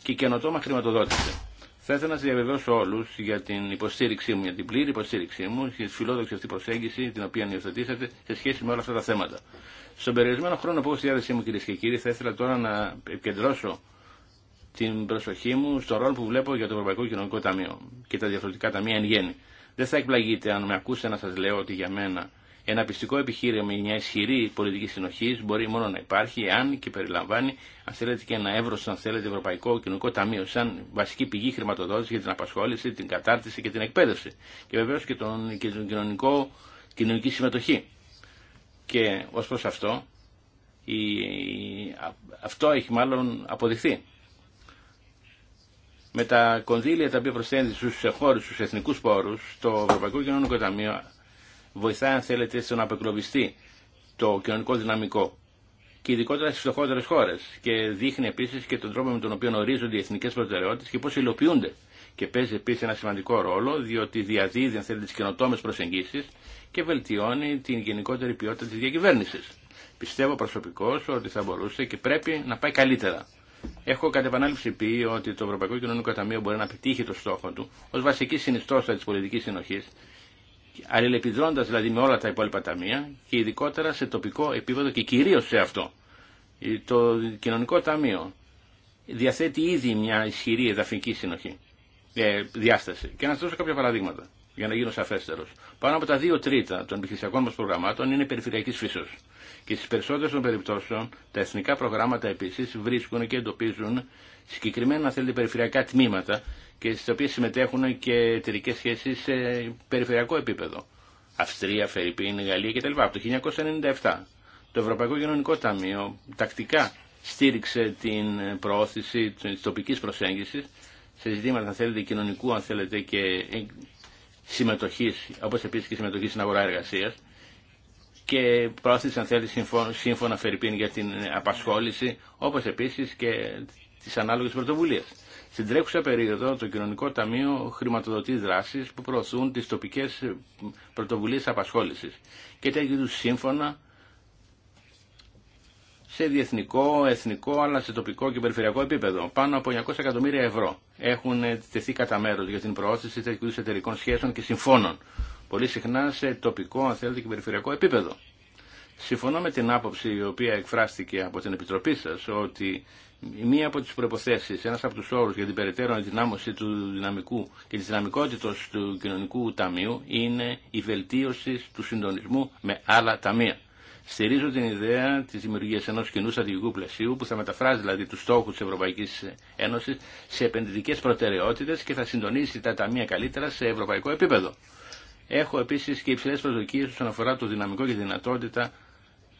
και καινοτόμα χρηματοδότηση. Θα ήθελα να σα διαβεβαιώσω όλου για την υποστήριξή μου, για την πλήρη υποστήριξή μου και τη φιλόδοξη αυτή προσέγγιση την οποία υιοθετήσατε σε σχέση με όλα αυτά τα θέματα. Στον περιορισμένο χρόνο που έχω στη διάθεσή μου, κυρίε και κύριοι, θα ήθελα τώρα να επικεντρώσω την προσοχή μου στο ρόλο που βλέπω για το Ευρωπαϊκό Κοινωνικό Ταμείο και τα διαφορετικά ταμεία εν γέννη. Δεν θα εκπλαγείτε αν με ακούσετε να σα λέω ότι για μένα ένα πιστικό επιχείρημα ή μια ισχυρή πολιτική συνοχή μπορεί μόνο να υπάρχει αν και περιλαμβάνει, αν θέλετε, και ένα εύρο, αν θέλετε, Ευρωπαϊκό Κοινωνικό Ταμείο, σαν βασική πηγή χρηματοδότηση για την απασχόληση, την κατάρτιση και την εκπαίδευση. Και βεβαίω και τον, και τον κοινωνικό, κοινωνική συμμετοχή. Και ω προ αυτό, η, αυτό έχει μάλλον αποδειχθεί. Με τα κονδύλια τα οποία προσθέτει στου χώρου, στου εθνικού πόρου, το Ευρωπαϊκό Κοινωνικό Ταμείο Βοηθάει αν θέλετε στο να απεκλωβιστεί το κοινωνικό δυναμικό και ειδικότερα στι φτωχότερε χώρε. Και δείχνει επίση και τον τρόπο με τον οποίο ορίζονται οι εθνικέ προτεραιότητε και πώ υλοποιούνται. Και παίζει επίση ένα σημαντικό ρόλο, διότι διαδίδει, αν θέλετε, τι καινοτόμε προσεγγίσει και βελτιώνει την γενικότερη ποιότητα τη διακυβέρνηση. Πιστεύω προσωπικώ ότι θα μπορούσε και πρέπει να πάει καλύτερα. Έχω κατ' επανάληψη πει ότι το Ευρωπαϊκό Κοινωνικό Ταμείο μπορεί να πετύχει το στόχο του ω βασική συνιστόσα τη πολιτική συνοχή αλληλεπιδρώντα δηλαδή με όλα τα υπόλοιπα ταμεία και ειδικότερα σε τοπικό επίπεδο και κυρίως σε αυτό. Το κοινωνικό ταμείο διαθέτει ήδη μια ισχυρή εδαφική συνοχή, ε, διάσταση. Και να σα δώσω κάποια παραδείγματα για να γίνω σαφέστερος. Πάνω από τα δύο τρίτα των επιχειρησιακών μα προγραμμάτων είναι περιφερειακή φύσεω. Και στις περισσότερες των περιπτώσεων τα εθνικά προγράμματα επίσης βρίσκουν και εντοπίζουν συγκεκριμένα θέλετε περιφερειακά τμήματα και στις οποίες συμμετέχουν και εταιρικέ σχέσεις σε περιφερειακό επίπεδο. Αυστρία, Φερρυπίν, Γαλλία κτλ. Από το 1997 το Ευρωπαϊκό Κοινωνικό Ταμείο τακτικά στήριξε την προώθηση της τοπικής προσέγγισης σε ζητήματα, αν θέλετε, κοινωνικού, αν θέλετε, και συμμετοχής, όπως επίσης και συμμετοχής στην αγορά εργασίας, και πρόθεση αν θέλει σύμφωνα Φερρυπίν για την απασχόληση όπως επίσης και τις ανάλογες πρωτοβουλίες. Στην τρέχουσα περίοδο το Κοινωνικό Ταμείο χρηματοδοτεί δράσεις που προωθούν τις τοπικές πρωτοβουλίες απασχόλησης και τέτοιου τους σύμφωνα σε διεθνικό, εθνικό αλλά σε τοπικό και περιφερειακό επίπεδο. Πάνω από 900 εκατομμύρια ευρώ έχουν τεθεί κατά μέρο για την προώθηση τέτοιου εταιρικών σχέσεων και συμφώνων πολύ συχνά σε τοπικό, αν θέλετε, και περιφερειακό επίπεδο. Συμφωνώ με την άποψη η οποία εκφράστηκε από την Επιτροπή σα ότι μία από τι προποθέσει, ένα από του όρου για την περαιτέρω ενδυνάμωση του δυναμικού και τη δυναμικότητα του κοινωνικού ταμείου είναι η βελτίωση του συντονισμού με άλλα ταμεία. Στηρίζω την ιδέα τη δημιουργία ενό κοινού στρατηγικού πλαισίου που θα μεταφράζει δηλαδή του στόχου τη Ευρωπαϊκή Ένωση σε επενδυτικέ προτεραιότητε και θα συντονίσει τα ταμεία καλύτερα σε ευρωπαϊκό επίπεδο. Έχω επίσης και υψηλές προσδοκίε όσον αφορά το δυναμικό και δυνατότητα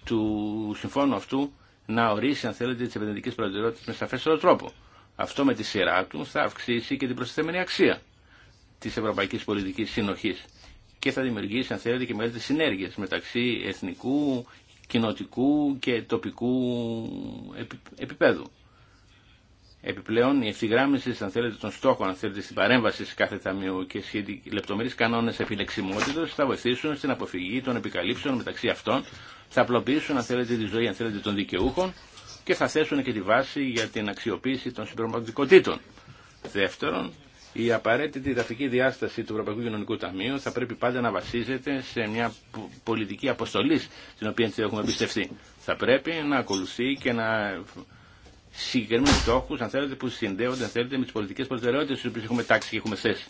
του συμφώνου αυτού να ορίσει, αν θέλετε, τις επενδυτικές προτεραιότητε με σαφέστερο τρόπο. Αυτό με τη σειρά του θα αυξήσει και την προσθέμενη αξία τη Ευρωπαϊκή Πολιτική συνοχή και θα δημιουργήσει, αν θέλετε, και μεγαλύτερε συνέργειε μεταξύ εθνικού, κοινοτικού και τοπικού επίπεδου. Επιπλέον, η ευθυγράμμιση αν θέλετε, των στόχων, αν θέλετε, στην παρέμβαση σε κάθε ταμείο και λεπτομερεί κανόνε επιλεξιμότητα θα βοηθήσουν στην αποφυγή των επικαλύψεων μεταξύ αυτών, θα απλοποιήσουν, αν θέλετε, τη ζωή αν θέλετε, των δικαιούχων και θα θέσουν και τη βάση για την αξιοποίηση των συμπροματικότητων. Δεύτερον, η απαραίτητη ταφική διάσταση του Ευρωπαϊκού Κοινωνικού Ταμείου θα πρέπει πάντα να βασίζεται σε μια πολιτική αποστολή, στην οποία έχουμε εμπιστευτεί. Θα πρέπει να ακολουθεί και να συγκεκριμένου στόχου, αν θέλετε, που συνδέονται αν θέλετε, με τι πολιτικέ προτεραιότητε τι οποίε έχουμε τάξει και έχουμε θέσει.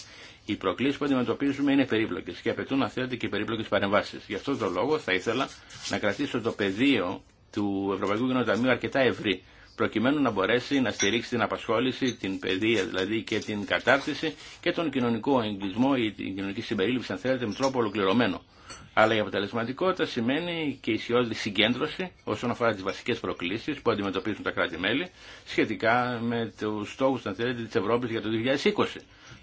Οι προκλήσει που αντιμετωπίζουμε είναι περίπλοκε και απαιτούν, αν θέλετε, και περίπλοκε παρεμβάσει. Γι' αυτό τον λόγο θα ήθελα να κρατήσω το πεδίο του Ευρωπαϊκού Κοινοταμείου αρκετά ευρύ, προκειμένου να μπορέσει να στηρίξει την απασχόληση, την παιδεία δηλαδή και την κατάρτιση και τον κοινωνικό εγκλισμό ή την κοινωνική συμπερίληψη, αν θέλετε, με τρόπο ολοκληρωμένο. Αλλά η αποτελεσματικότητα σημαίνει και ισιώδη συγκέντρωση όσον αφορά τι βασικέ προκλήσει που αντιμετωπίζουν τα κράτη-μέλη σχετικά με του στόχου τη Ευρώπη για το 2020.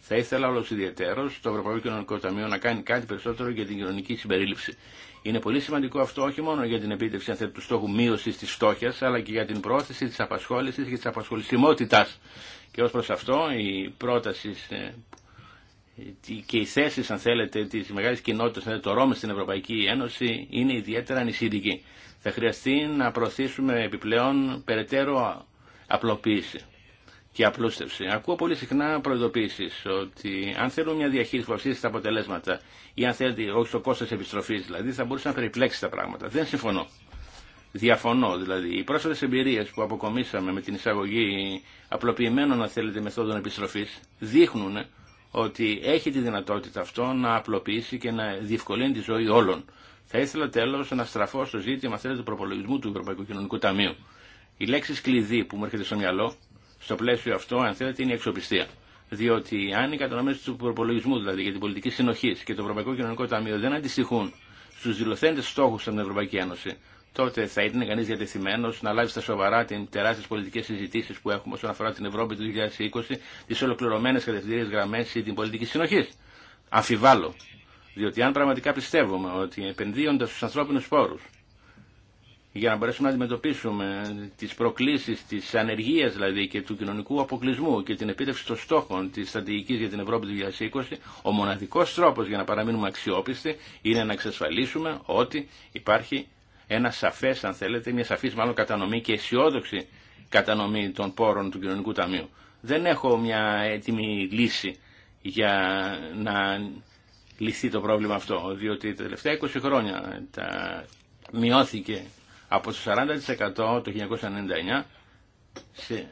Θα ήθελα όλο ιδιαίτερο το Ευρωπαϊκό Κοινωνικό Ταμείο να κάνει κάτι περισσότερο για την κοινωνική συμπερίληψη. Είναι πολύ σημαντικό αυτό όχι μόνο για την επίτευξη αν του στόχου μείωση τη φτώχεια, αλλά και για την πρόθεση τη απασχόληση και τη απασχολησιμότητά. Και ω προ αυτό, η πρόταση και οι θέσεις αν θέλετε της μεγάλης κοινότητας, θέλετε, το Ρώμα στην Ευρωπαϊκή Ένωση είναι ιδιαίτερα ανησυχητική. Θα χρειαστεί να προωθήσουμε επιπλέον περαιτέρω απλοποίηση και απλούστευση. Ακούω πολύ συχνά προειδοποίησει ότι αν θέλουν μια διαχείριση που αυξήσει τα αποτελέσματα ή αν θέλετε όχι στο κόστο επιστροφή δηλαδή, θα μπορούσε να περιπλέξει τα πράγματα. Δεν συμφωνώ. Διαφωνώ δηλαδή. Οι πρόσφατε εμπειρίε που αποκομίσαμε με την εισαγωγή απλοποιημένων, αν θέλετε, μεθόδων επιστροφή δείχνουν ότι έχει τη δυνατότητα αυτό να απλοποιήσει και να διευκολύνει τη ζωή όλων. Θα ήθελα τέλο να στραφώ στο ζήτημα θέλετε, του προπολογισμού του Ευρωπαϊκού Κοινωνικού Ταμείου. Η λέξη κλειδί που μου έρχεται στο μυαλό, στο πλαίσιο αυτό, αν θέλετε, είναι η εξοπιστία. Διότι αν οι κατανομέ του προπολογισμού, δηλαδή για την πολιτική συνοχή και το Ευρωπαϊκό Κοινωνικό Ταμείο, δεν αντιστοιχούν στου δηλωθέντε στόχου στην Ευρωπαϊκή Ένωση, τότε θα ήταν κανεί διατεθειμένο να λάβει στα σοβαρά τι τεράστιε πολιτικέ συζητήσει που έχουμε όσον αφορά την Ευρώπη του 2020, τι ολοκληρωμένε κατευθυντήριε γραμμέ ή την πολιτική συνοχή. Αμφιβάλλω. Διότι αν πραγματικά πιστεύουμε ότι επενδύοντα στου ανθρώπινου πόρου για να μπορέσουμε να αντιμετωπίσουμε τι προκλήσει τη ανεργία δηλαδή και του κοινωνικού αποκλεισμού και την επίτευξη των στόχων τη στρατηγική για την Ευρώπη του 2020, ο μοναδικό τρόπο για να παραμείνουμε αξιόπιστοι είναι να εξασφαλίσουμε ότι υπάρχει ένα σαφέ αν θέλετε, μια σαφή μάλλον κατανομή και αισιόδοξη κατανομή των πόρων του κοινωνικού ταμείου. Δεν έχω μια έτοιμη λύση για να λυθεί το πρόβλημα αυτό, διότι τα τελευταία 20 χρόνια τα μειώθηκε από το 40% το 1999 σε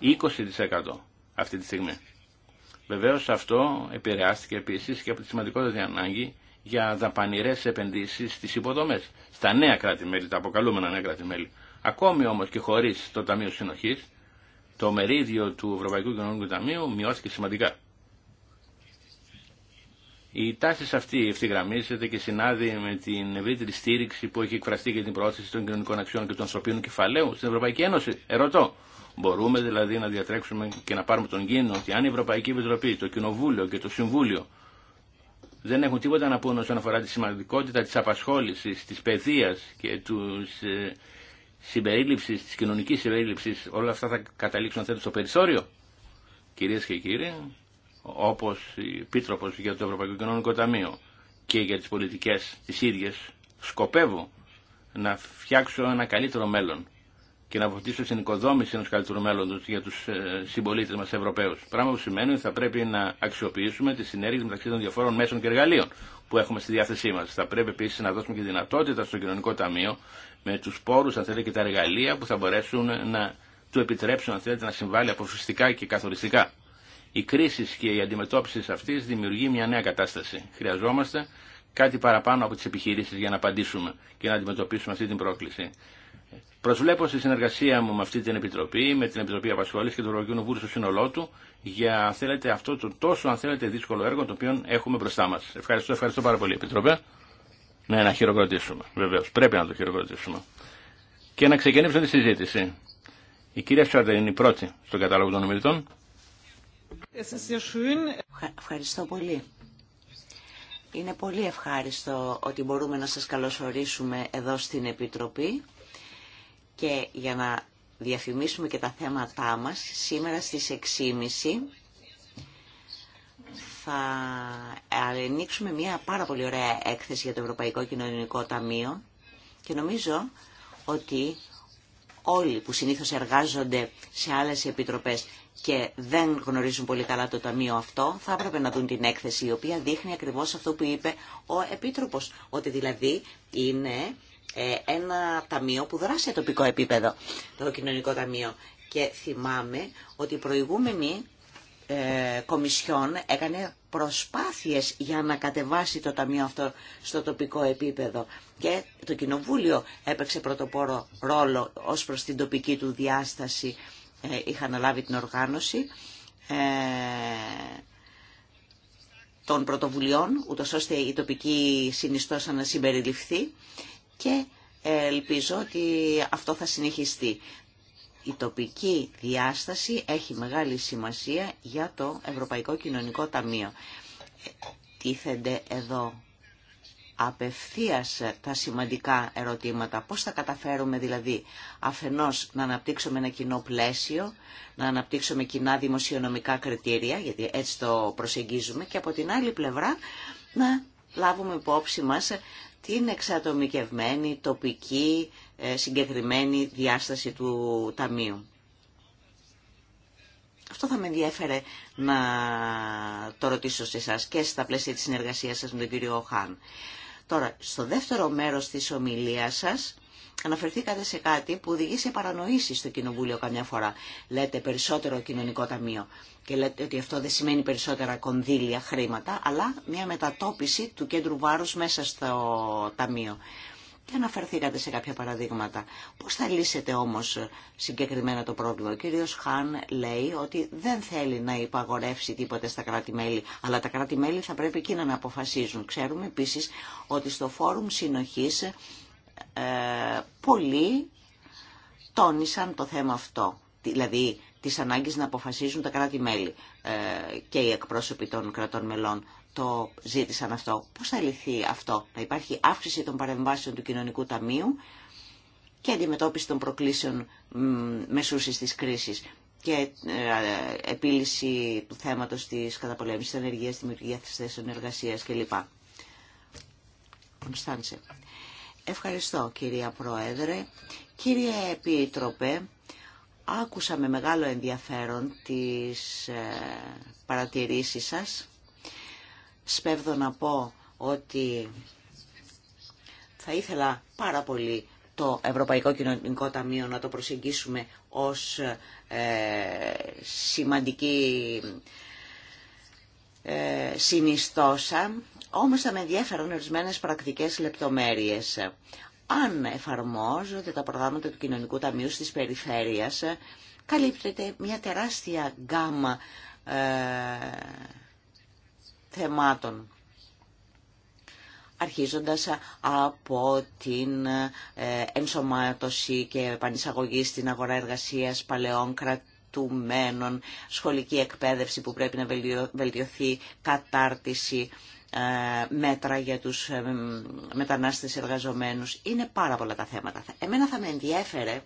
20% αυτή τη στιγμή. Βεβαίως αυτό επηρεάστηκε επίσης και από τη σημαντικότητα ανάγκη για δαπανηρέ επενδύσει στι υποδομέ στα νέα κράτη-μέλη, τα αποκαλούμενα νέα κράτη-μέλη. Ακόμη όμω και χωρί το Ταμείο συνοχή, το μερίδιο του Ευρωπαϊκού Κοινωνικού Ταμείου μειώθηκε σημαντικά. Η τάση αυτή ευθυγραμμίζεται και συνάδει με την ευρύτερη στήριξη που έχει εκφραστεί για την προώθηση των κοινωνικών αξιών και των ανθρωπίνων κεφαλαίων στην Ευρωπαϊκή Ένωση. Ερωτώ, μπορούμε δηλαδή να διατρέξουμε και να πάρουμε τον κίνδυνο ότι αν η Ευρωπαϊκή Επιτροπή, το Κοινοβούλιο και το Συμβούλιο δεν έχουν τίποτα να πούν όσον αφορά τη σημαντικότητα της απασχόλησης, της παιδείας και του ε, συμπερίληψης, της κοινωνικής συμπερίληψης. Όλα αυτά θα καταλήξουν θέτω στο περιθώριο. Κυρίες και κύριοι, όπως η Επίτροπος για το Ευρωπαϊκό Κοινωνικό Ταμείο και για τις πολιτικές τις ίδιες, σκοπεύω να φτιάξω ένα καλύτερο μέλλον και να βοηθήσω στην οικοδόμηση ενό καλύτερου μέλλοντο για του ε, συμπολίτε μα Ευρωπαίου. Πράγμα που σημαίνει ότι θα πρέπει να αξιοποιήσουμε τι συνέργειε μεταξύ των διαφόρων μέσων και εργαλείων που έχουμε στη διάθεσή μα. Θα πρέπει επίση να δώσουμε και δυνατότητα στο κοινωνικό ταμείο με του πόρου, αν θέλετε, και τα εργαλεία που θα μπορέσουν να του επιτρέψουν, αν θέλετε, να συμβάλλει αποφασιστικά και καθοριστικά. Η κρίση και η αντιμετώπιση αυτή δημιουργεί μια νέα κατάσταση. Χρειαζόμαστε κάτι παραπάνω από τι επιχειρήσει για να απαντήσουμε και να αντιμετωπίσουμε αυτή την πρόκληση. Προσβλέπω στη συνεργασία μου με αυτή την Επιτροπή, με την Επιτροπή Απασχόληση και τον Ευρωπαϊκό Νουβούρου στο σύνολό του, για αν θέλετε, αυτό το τόσο αν θέλετε, δύσκολο έργο το οποίο έχουμε μπροστά μα. Ευχαριστώ, ευχαριστώ πάρα πολύ, Επιτροπέ. Ναι, να χειροκροτήσουμε. Βεβαίω, πρέπει να το χειροκροτήσουμε. Και να ξεκινήσουμε τη συζήτηση. Η κυρία Σουάρτερ είναι η πρώτη στον κατάλογο των ομιλητών. Ευχαριστώ πολύ. Είναι πολύ ευχάριστο ότι μπορούμε να σας καλωσορίσουμε εδώ στην Επιτροπή και για να διαφημίσουμε και τα θέματά μας, σήμερα στις 6.30 θα ανοίξουμε μια πάρα πολύ ωραία έκθεση για το Ευρωπαϊκό Κοινωνικό Ταμείο και νομίζω ότι όλοι που συνήθως εργάζονται σε άλλες επιτροπές και δεν γνωρίζουν πολύ καλά το ταμείο αυτό, θα έπρεπε να δουν την έκθεση, η οποία δείχνει ακριβώς αυτό που είπε ο Επίτροπος, ότι δηλαδή είναι ε, ένα ταμείο που δράσει τοπικό επίπεδο, το κοινωνικό ταμείο. Και θυμάμαι ότι η προηγούμενη ε, Κομισιόν έκανε προσπάθειες για να κατεβάσει το ταμείο αυτό στο τοπικό επίπεδο και το Κοινοβούλιο έπαιξε πρωτοπόρο ρόλο ως προς την τοπική του διάσταση ε, είχαν λάβει την οργάνωση ε, των πρωτοβουλειών ούτως ώστε η τοπική συνιστόσα να συμπεριληφθεί και ελπίζω ότι αυτό θα συνεχιστεί. Η τοπική διάσταση έχει μεγάλη σημασία για το Ευρωπαϊκό Κοινωνικό Ταμείο. Τίθενται εδώ απευθείας τα σημαντικά ερωτήματα. Πώς θα καταφέρουμε δηλαδή αφενός να αναπτύξουμε ένα κοινό πλαίσιο, να αναπτύξουμε κοινά δημοσιονομικά κριτήρια, γιατί έτσι το προσεγγίζουμε, και από την άλλη πλευρά να λάβουμε υπόψη μας την εξατομικευμένη, τοπική, ε, συγκεκριμένη διάσταση του Ταμείου. Αυτό θα με ενδιέφερε να το ρωτήσω σε εσά και στα πλαίσια της συνεργασίας σας με τον κύριο Χάν. Τώρα, στο δεύτερο μέρος της ομιλίας σας αναφερθήκατε σε κάτι που οδηγεί σε παρανοήσει στο Κοινοβούλιο καμιά φορά. Λέτε περισσότερο κοινωνικό ταμείο και λέτε ότι αυτό δεν σημαίνει περισσότερα κονδύλια, χρήματα, αλλά μια μετατόπιση του κέντρου βάρους μέσα στο ταμείο. Και αναφερθήκατε σε κάποια παραδείγματα. Πώς θα λύσετε όμως συγκεκριμένα το πρόβλημα. Ο κύριος Χάν λέει ότι δεν θέλει να υπαγορεύσει τίποτε στα κράτη-μέλη, αλλά τα κράτη-μέλη θα πρέπει εκείνα να αποφασίζουν. Ξέρουμε επίσης ότι στο Φόρουμ συνοχή. Ε, πολλοί τόνισαν το θέμα αυτό, δηλαδή τις ανάγκες να αποφασίζουν τα κράτη-μέλη ε, και οι εκπρόσωποι των κρατών μελών το ζήτησαν αυτό. Πώς θα λυθεί αυτό, να υπάρχει αύξηση των παρεμβάσεων του κοινωνικού ταμείου και αντιμετώπιση των προκλήσεων μεσούσης της κρίσης και ε, επίλυση του θέματος της καταπολέμησης της ενεργείας, δημιουργίας της θέσεων εργασίας κλπ. Ευχαριστώ κυρία Πρόεδρε. Κύριε Επίτροπε, άκουσα με μεγάλο ενδιαφέρον τις ε, παρατηρήσεις σας. Σπέβδω να πω ότι θα ήθελα πάρα πολύ το Ευρωπαϊκό Κοινωνικό Ταμείο να το προσεγγίσουμε ως ε, σημαντική ε, συνιστώσα, όμως θα με ενδιαφέρουν ορισμένε πρακτικές λεπτομέρειες. Αν εφαρμόζονται τα προγράμματα του Κοινωνικού Ταμείου στις περιφέρειες, καλύπτεται μια τεράστια γκάμα ε, θεμάτων αρχίζοντας από την ε, ενσωμάτωση και επανεισαγωγή στην αγορά εργασίας παλαιών κρατών μένων σχολική εκπαίδευση που πρέπει να βελτιωθεί, κατάρτιση, ε, μέτρα για τους ε, μετανάστες εργαζομένους. Είναι πάρα πολλά τα θέματα. Εμένα θα με ενδιέφερε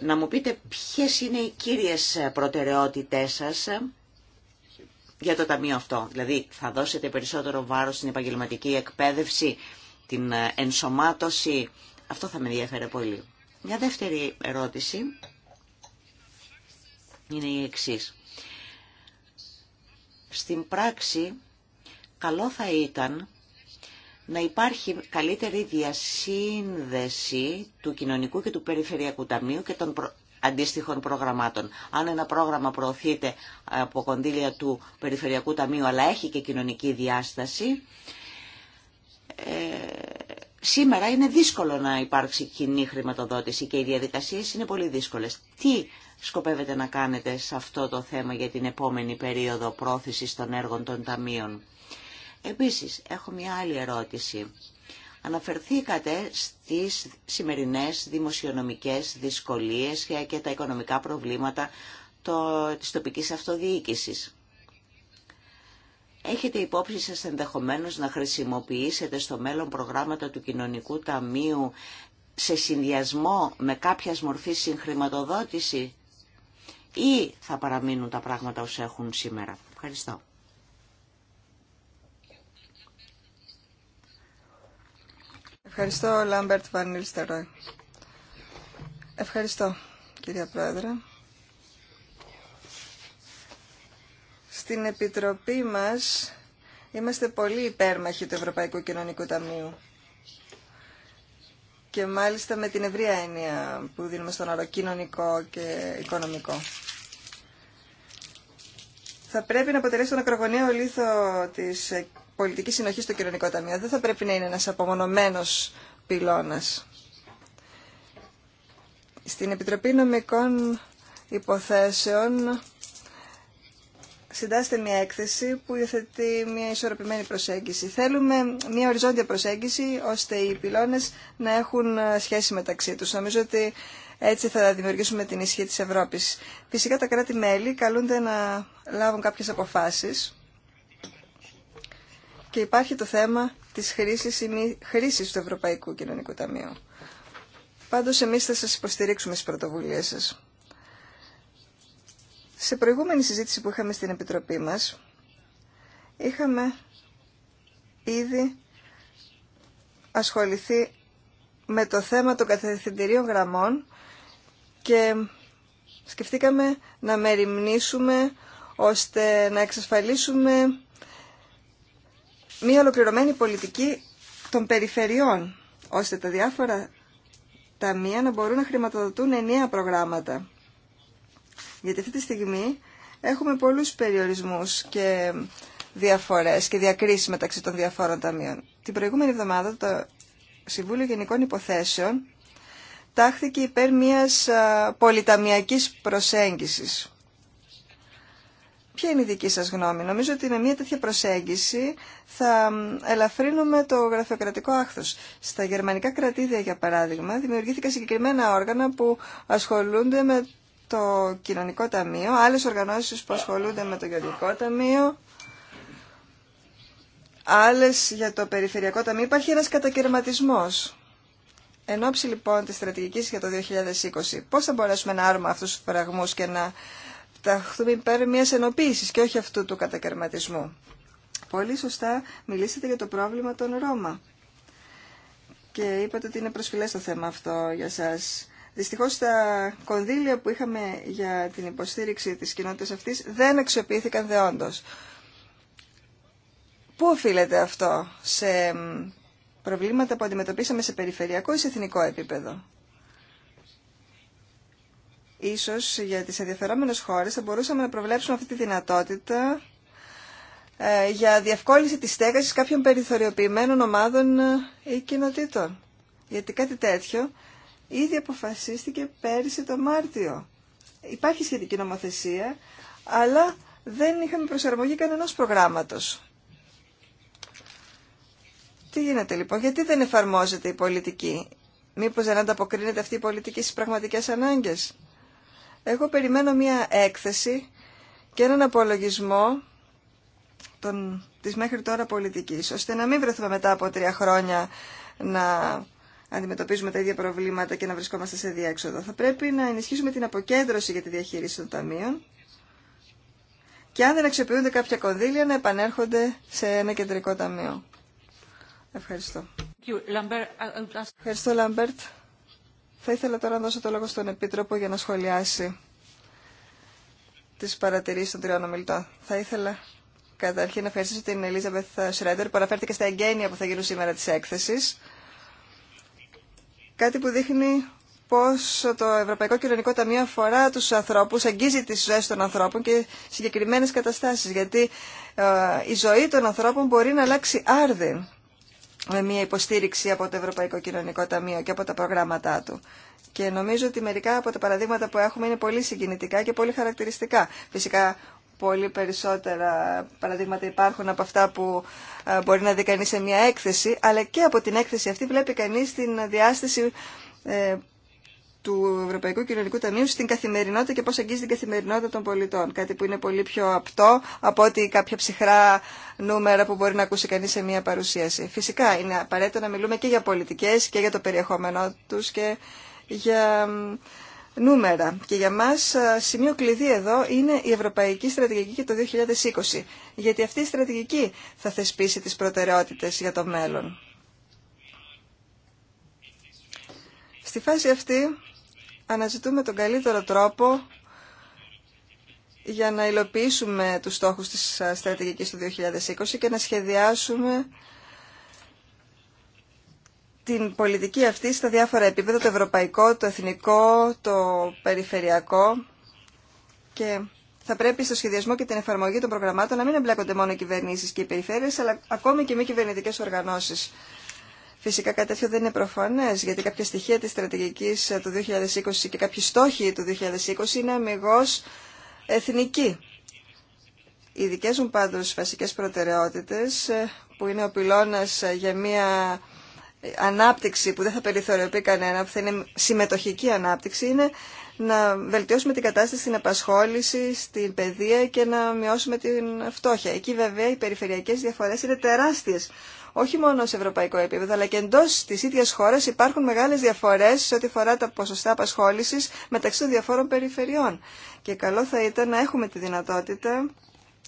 να μου πείτε ποιες είναι οι κύριες προτεραιότητές σας για το ταμείο αυτό. Δηλαδή θα δώσετε περισσότερο βάρος στην επαγγελματική εκπαίδευση, την ε, ενσωμάτωση. Αυτό θα με ενδιαφέρε πολύ. Μια δεύτερη ερώτηση είναι η εξής. Στην πράξη, καλό θα ήταν να υπάρχει καλύτερη διασύνδεση του κοινωνικού και του περιφερειακού ταμείου και των αντίστοιχων προγραμμάτων. Αν ένα πρόγραμμα προωθείται από κονδύλια του Περιφερειακού Ταμείου αλλά έχει και κοινωνική διάσταση, ε, Σήμερα είναι δύσκολο να υπάρξει κοινή χρηματοδότηση και οι διαδικασίες είναι πολύ δύσκολες. Τι σκοπεύετε να κάνετε σε αυτό το θέμα για την επόμενη περίοδο πρόθεσης των έργων των ταμείων. Επίσης, έχω μια άλλη ερώτηση. Αναφερθήκατε στις σημερινές δημοσιονομικές δυσκολίες και τα οικονομικά προβλήματα το, της τοπικής αυτοδιοίκησης. Έχετε υπόψη σας ενδεχομένως να χρησιμοποιήσετε στο μέλλον προγράμματα του Κοινωνικού Ταμείου σε συνδυασμό με κάποια μορφή συγχρηματοδότηση ή θα παραμείνουν τα πράγματα όσο έχουν σήμερα. Ευχαριστώ. Ευχαριστώ, Λάμπερτ Βανίλστεροι. Ευχαριστώ, κυρία Πρόεδρε. Στην Επιτροπή μας είμαστε πολύ υπέρμαχοι του Ευρωπαϊκού Κοινωνικού Ταμείου. Και μάλιστα με την ευρία έννοια που δίνουμε στον όρο κοινωνικό και οικονομικό. Θα πρέπει να αποτελέσει τον ακρογωνιαίο λίθο της πολιτικής συνοχής στο κοινωνικό ταμείο. Δεν θα πρέπει να είναι ένας απομονωμένος πυλώνας. Στην Επιτροπή Νομικών Υποθέσεων Συντάστε μια έκθεση που υιοθετεί μια ισορροπημένη προσέγγιση. Θέλουμε μια οριζόντια προσέγγιση ώστε οι πυλώνες να έχουν ε, σχέση μεταξύ τους. Νομίζω ότι έτσι θα δημιουργήσουμε την ισχύ της Ευρώπης. Φυσικά τα κράτη-μέλη καλούνται να λάβουν κάποιες αποφάσεις και υπάρχει το θέμα της χρήσης ή μη χρήσης του Ευρωπαϊκού Κοινωνικού Ταμείου. Πάντως εμείς θα σας υποστηρίξουμε στις πρωτοβουλίες σας. Σε προηγούμενη συζήτηση που είχαμε στην Επιτροπή μας, είχαμε ήδη ασχοληθεί με το θέμα των κατευθυντηρίων γραμμών και σκεφτήκαμε να μεριμνήσουμε ώστε να εξασφαλίσουμε μία ολοκληρωμένη πολιτική των περιφερειών, ώστε τα διάφορα ταμεία να μπορούν να χρηματοδοτούν ενιαία προγράμματα γιατί αυτή τη στιγμή έχουμε πολλούς περιορισμούς και διαφορές και διακρίσεις μεταξύ των διαφόρων ταμείων. Την προηγούμενη εβδομάδα το Συμβούλιο Γενικών Υποθέσεων τάχθηκε υπέρ μιας πολυταμιακής προσέγγισης. Ποια είναι η δική σας γνώμη. Νομίζω ότι με μια τέτοια προσέγγιση θα ελαφρύνουμε το γραφειοκρατικό άχθος. Στα γερμανικά κρατήδια, για παράδειγμα, δημιουργήθηκαν συγκεκριμένα όργανα που ασχολούνται με το Κοινωνικό Ταμείο, άλλες οργανώσεις που ασχολούνται με το Κοινωνικό Ταμείο, άλλες για το Περιφερειακό Ταμείο. Υπάρχει ένας κατακαιρματισμός. Εν ώψη λοιπόν της στρατηγικής για το 2020, πώς θα μπορέσουμε να άρουμε αυτούς τους φραγμούς και να ταχθούμε υπέρ μιας ενοποίησης και όχι αυτού του κατακαιρματισμού. Πολύ σωστά μιλήσατε για το πρόβλημα των Ρώμα. Και είπατε ότι είναι προσφυλές το θέμα αυτό για σας. Δυστυχώς τα κονδύλια που είχαμε για την υποστήριξη της κοινότητας αυτής δεν αξιοποιήθηκαν δεόντως. Πού οφείλεται αυτό σε προβλήματα που αντιμετωπίσαμε σε περιφερειακό ή σε εθνικό επίπεδο. Ίσως για τις ενδιαφερόμενες χώρες θα μπορούσαμε να προβλέψουμε αυτή τη δυνατότητα ε, για διευκόλυνση της στέγασης κάποιων περιθωριοποιημένων ομάδων ε, ή κοινοτήτων. Γιατί κάτι τέτοιο ήδη αποφασίστηκε πέρυσι το Μάρτιο. Υπάρχει σχετική νομοθεσία, αλλά δεν είχαμε προσαρμογή κανενός προγράμματος. Τι γίνεται λοιπόν, γιατί δεν εφαρμόζεται η πολιτική. Μήπως δεν ανταποκρίνεται αυτή η πολιτική στις πραγματικές ανάγκες. Εγώ περιμένω μία έκθεση και έναν απολογισμό των, της μέχρι τώρα πολιτικής, ώστε να μην βρεθούμε μετά από τρία χρόνια να αντιμετωπίζουμε τα ίδια προβλήματα και να βρισκόμαστε σε διέξοδο. Θα πρέπει να ενισχύσουμε την αποκέντρωση για τη διαχείριση των ταμείων και αν δεν αξιοποιούνται κάποια κονδύλια να επανέρχονται σε ένα κεντρικό ταμείο. Ευχαριστώ. Ευχαριστώ, Λαμπέρτ. Θα ήθελα τώρα να δώσω το λόγο στον Επίτροπο για να σχολιάσει τις παρατηρήσεις των τριών ομιλητών. Θα ήθελα καταρχήν να ευχαριστήσω την Ελίζα Μπεθ Σρέντερ που αναφέρθηκε στα εγγένεια που θα γίνουν σήμερα της έκθεσης. Κάτι που δείχνει πώς το Ευρωπαϊκό Κοινωνικό Ταμείο αφορά τους ανθρώπους, αγγίζει τις ζωές των ανθρώπων και συγκεκριμένες καταστάσεις, γιατί ε, η ζωή των ανθρώπων μπορεί να αλλάξει άρδιν με μια υποστήριξη από το Ευρωπαϊκό Κοινωνικό Ταμείο και από τα προγράμματά του. Και νομίζω ότι μερικά από τα παραδείγματα που έχουμε είναι πολύ συγκινητικά και πολύ χαρακτηριστικά. Φυσικά πολύ περισσότερα παραδείγματα υπάρχουν από αυτά που ε, μπορεί να δει κανείς σε μια έκθεση, αλλά και από την έκθεση αυτή βλέπει κανείς την διάσταση ε, του Ευρωπαϊκού Κοινωνικού Ταμείου στην καθημερινότητα και πώς αγγίζει την καθημερινότητα των πολιτών. Κάτι που είναι πολύ πιο απτό από ότι κάποια ψυχρά νούμερα που μπορεί να ακούσει κανείς σε μια παρουσίαση. Φυσικά είναι απαραίτητο να μιλούμε και για πολιτικές και για το περιεχόμενό τους και για νούμερα. Και για μας σημείο κλειδί εδώ είναι η Ευρωπαϊκή Στρατηγική και το 2020. Γιατί αυτή η στρατηγική θα θεσπίσει τις προτεραιότητες για το μέλλον. Στη φάση αυτή αναζητούμε τον καλύτερο τρόπο για να υλοποιήσουμε τους στόχους της στρατηγικής του 2020 και να σχεδιάσουμε την πολιτική αυτή στα διάφορα επίπεδα, το ευρωπαϊκό, το εθνικό, το περιφερειακό και θα πρέπει στο σχεδιασμό και την εφαρμογή των προγραμμάτων να μην εμπλέκονται μόνο οι κυβερνήσει και οι περιφέρειε, αλλά ακόμη και μη κυβερνητικέ οργανώσει. Φυσικά κάτι τέτοιο δεν είναι προφανέ, γιατί κάποια στοιχεία τη στρατηγική του 2020 και κάποιοι στόχοι του 2020 είναι αμυγό εθνικοί. Οι δικέ μου πάντω βασικέ προτεραιότητε, ε, που είναι ο πυλώνα για μια ανάπτυξη που δεν θα περιθωριοποιεί κανένα, που θα είναι συμμετοχική ανάπτυξη, είναι να βελτιώσουμε την κατάσταση στην απασχόληση, στην παιδεία και να μειώσουμε την φτώχεια. Εκεί βέβαια οι περιφερειακές διαφορές είναι τεράστιες. Όχι μόνο σε ευρωπαϊκό επίπεδο, αλλά και εντό τη ίδια χώρα υπάρχουν μεγάλε διαφορέ σε ό,τι αφορά τα ποσοστά απασχόληση μεταξύ των διαφόρων περιφερειών. Και καλό θα ήταν να έχουμε τη δυνατότητα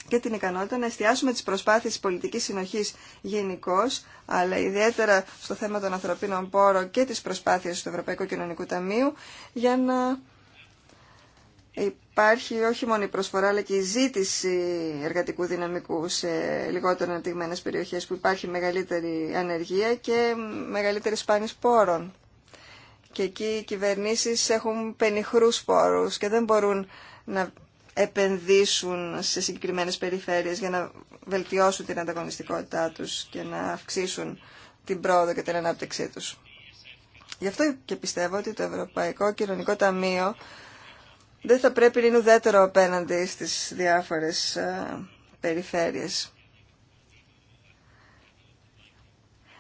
και την ικανότητα να εστιάσουμε τις προσπάθειες πολιτικής συνοχής γενικώ, αλλά ιδιαίτερα στο θέμα των ανθρωπίνων πόρων και τις προσπάθειες του Ευρωπαϊκού Κοινωνικού Ταμείου, για να υπάρχει όχι μόνο η προσφορά αλλά και η ζήτηση εργατικού δυναμικού σε λιγότερο αναπτυγμένες περιοχές που υπάρχει μεγαλύτερη ανεργία και μεγαλύτερη σπάνης πόρων. Και εκεί οι κυβερνήσεις έχουν πενιχρούς πόρους και δεν μπορούν να επενδύσουν σε συγκεκριμένες περιφέρειες για να βελτιώσουν την ανταγωνιστικότητά τους και να αυξήσουν την πρόοδο και την ανάπτυξή τους. Γι' αυτό και πιστεύω ότι το Ευρωπαϊκό Κοινωνικό Ταμείο δεν θα πρέπει να είναι ουδέτερο απέναντι στις διάφορες ε, περιφέρειες.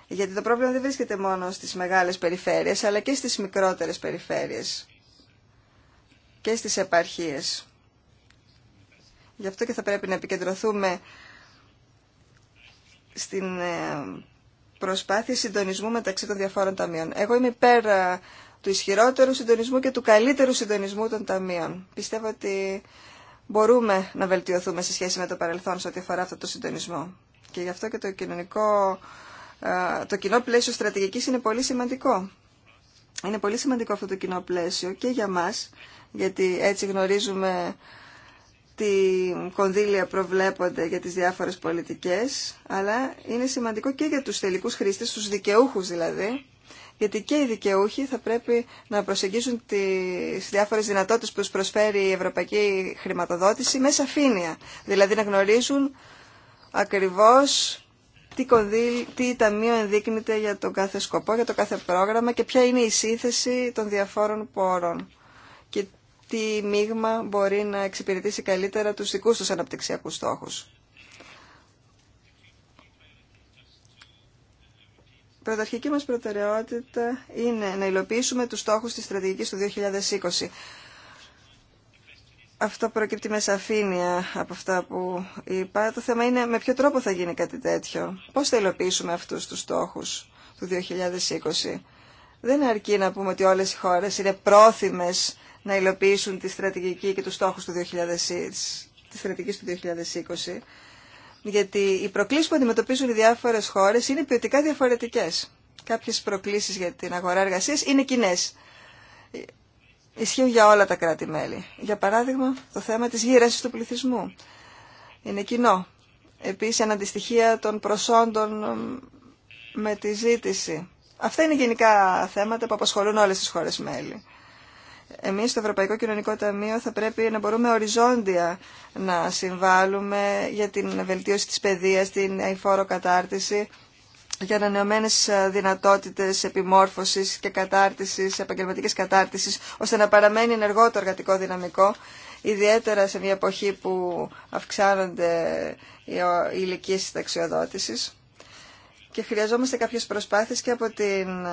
Γιατί το πρόβλημα δεν βρίσκεται μόνο στις μεγάλες περιφέρειες, αλλά και στις μικρότερες περιφέρειες και στις επαρχίες. Γι' αυτό και θα πρέπει να επικεντρωθούμε στην ε, προσπάθεια συντονισμού μεταξύ των διαφόρων ταμείων. Εγώ είμαι πέρα ε, του ισχυρότερου συντονισμού και του καλύτερου συντονισμού των ταμείων. Πιστεύω ότι μπορούμε να βελτιωθούμε σε σχέση με το παρελθόν σε ό,τι αφορά αυτό το συντονισμό. Και γι' αυτό και το, κοινωνικό, ε, κοινό πλαίσιο στρατηγικής είναι πολύ σημαντικό. Είναι πολύ σημαντικό αυτό το κοινό πλαίσιο και για μας, γιατί έτσι γνωρίζουμε τι κονδύλια προβλέπονται για τις διάφορες πολιτικές, αλλά είναι σημαντικό και για τους τελικούς χρήστες, τους δικαιούχους δηλαδή, γιατί και οι δικαιούχοι θα πρέπει να προσεγγίσουν τις διάφορες δυνατότητες που τους προσφέρει η ευρωπαϊκή χρηματοδότηση με σαφήνεια. Δηλαδή να γνωρίζουν ακριβώς τι, τι ταμείο ενδείκνεται για τον κάθε σκοπό, για το κάθε πρόγραμμα και ποια είναι η σύνθεση των διαφόρων πόρων τι μείγμα μπορεί να εξυπηρετήσει καλύτερα τους δικούς τους αναπτυξιακούς στόχους. Πρωταρχική μας προτεραιότητα είναι να υλοποιήσουμε τους στόχους της στρατηγικής του 2020. Αυτό προκύπτει με σαφήνεια από αυτά που είπα. Το θέμα είναι με ποιο τρόπο θα γίνει κάτι τέτοιο. Πώς θα υλοποιήσουμε αυτούς τους στόχους του 2020. Δεν αρκεί να πούμε ότι όλες οι χώρες είναι πρόθυμες να υλοποιήσουν τη στρατηγική και τους στόχους του στόχου της στρατηγικής του 2020, γιατί οι προκλήσεις που αντιμετωπίζουν οι διάφορες χώρες είναι ποιοτικά διαφορετικές. Κάποιες προκλήσεις για την αγορά εργασίας είναι κοινέ. Ισχύουν για όλα τα κράτη-μέλη. Για παράδειγμα, το θέμα της γύραση του πληθυσμού είναι κοινό. Επίσης, αναντιστοιχία των προσόντων με τη ζήτηση. Αυτά είναι γενικά θέματα που απασχολούν όλες τις χώρες μέλη εμείς στο Ευρωπαϊκό Κοινωνικό Ταμείο θα πρέπει να μπορούμε οριζόντια να συμβάλλουμε για την βελτίωση της παιδείας, την αηφόρο κατάρτιση, για ανανεωμένε δυνατότητε επιμόρφωση και κατάρτιση, επαγγελματική κατάρτιση, ώστε να παραμένει ενεργό το εργατικό δυναμικό, ιδιαίτερα σε μια εποχή που αυξάνονται οι ηλικίε ταξιοδότησης. Και χρειαζόμαστε κάποιες προσπάθειες και από την ε,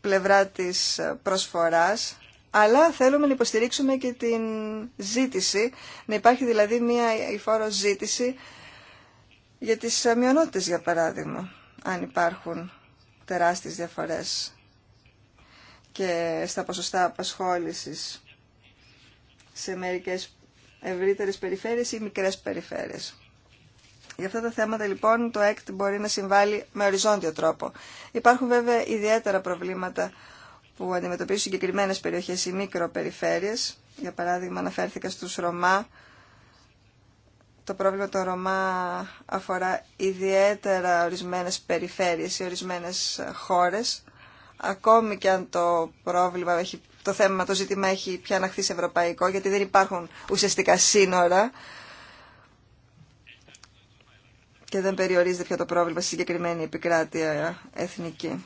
πλευρά της ε, προσφοράς, αλλά θέλουμε να υποστηρίξουμε και την ζήτηση, να υπάρχει δηλαδή μια υφόρο ζήτηση για τις μειονότητες για παράδειγμα, αν υπάρχουν τεράστιες διαφορές και στα ποσοστά απασχόλησης σε μερικές ευρύτερες περιφέρειες ή μικρές περιφέρειες. Για αυτά τα θέματα λοιπόν το ΕΚΤ μπορεί να συμβάλλει με οριζόντιο τρόπο. Υπάρχουν βέβαια ιδιαίτερα προβλήματα που αντιμετωπίζουν συγκεκριμένε περιοχές ή μικροπεριφέρειες. Για παράδειγμα, αναφέρθηκα στους Ρωμά. Το πρόβλημα των Ρωμά αφορά ιδιαίτερα ορισμένες περιφέρειες ή ορισμένες χώρες. Ακόμη και αν το πρόβλημα έχει το θέμα, το ζήτημα έχει πια αναχθεί σε ευρωπαϊκό, γιατί δεν υπάρχουν ουσιαστικά σύνορα και δεν περιορίζεται πια το πρόβλημα στη συγκεκριμένη επικράτεια εθνική.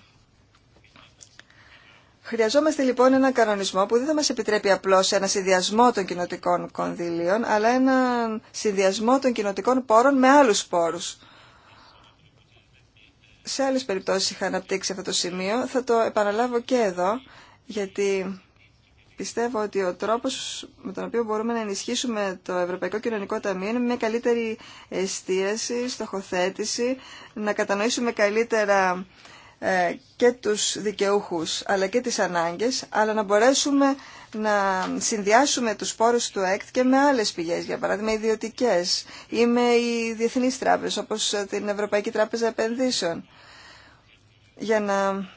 Χρειαζόμαστε λοιπόν ένα κανονισμό που δεν θα μας επιτρέπει απλώς ένα συνδυασμό των κοινοτικών κονδυλίων, αλλά έναν συνδυασμό των κοινοτικών πόρων με άλλους πόρους. Σε άλλες περιπτώσεις είχα αναπτύξει αυτό το σημείο, θα το επαναλάβω και εδώ, γιατί πιστεύω ότι ο τρόπος με τον οποίο μπορούμε να ενισχύσουμε το Ευρωπαϊκό Κοινωνικό Ταμείο είναι μια καλύτερη εστίαση, στοχοθέτηση, να κατανοήσουμε καλύτερα ε, και τους δικαιούχους αλλά και τις ανάγκες, αλλά να μπορέσουμε να συνδυάσουμε τους πόρους του ΕΚΤ και με άλλες πηγές, για παράδειγμα ιδιωτικές ή με οι διεθνείς τράπεζες όπως την Ευρωπαϊκή Τράπεζα Επενδύσεων για να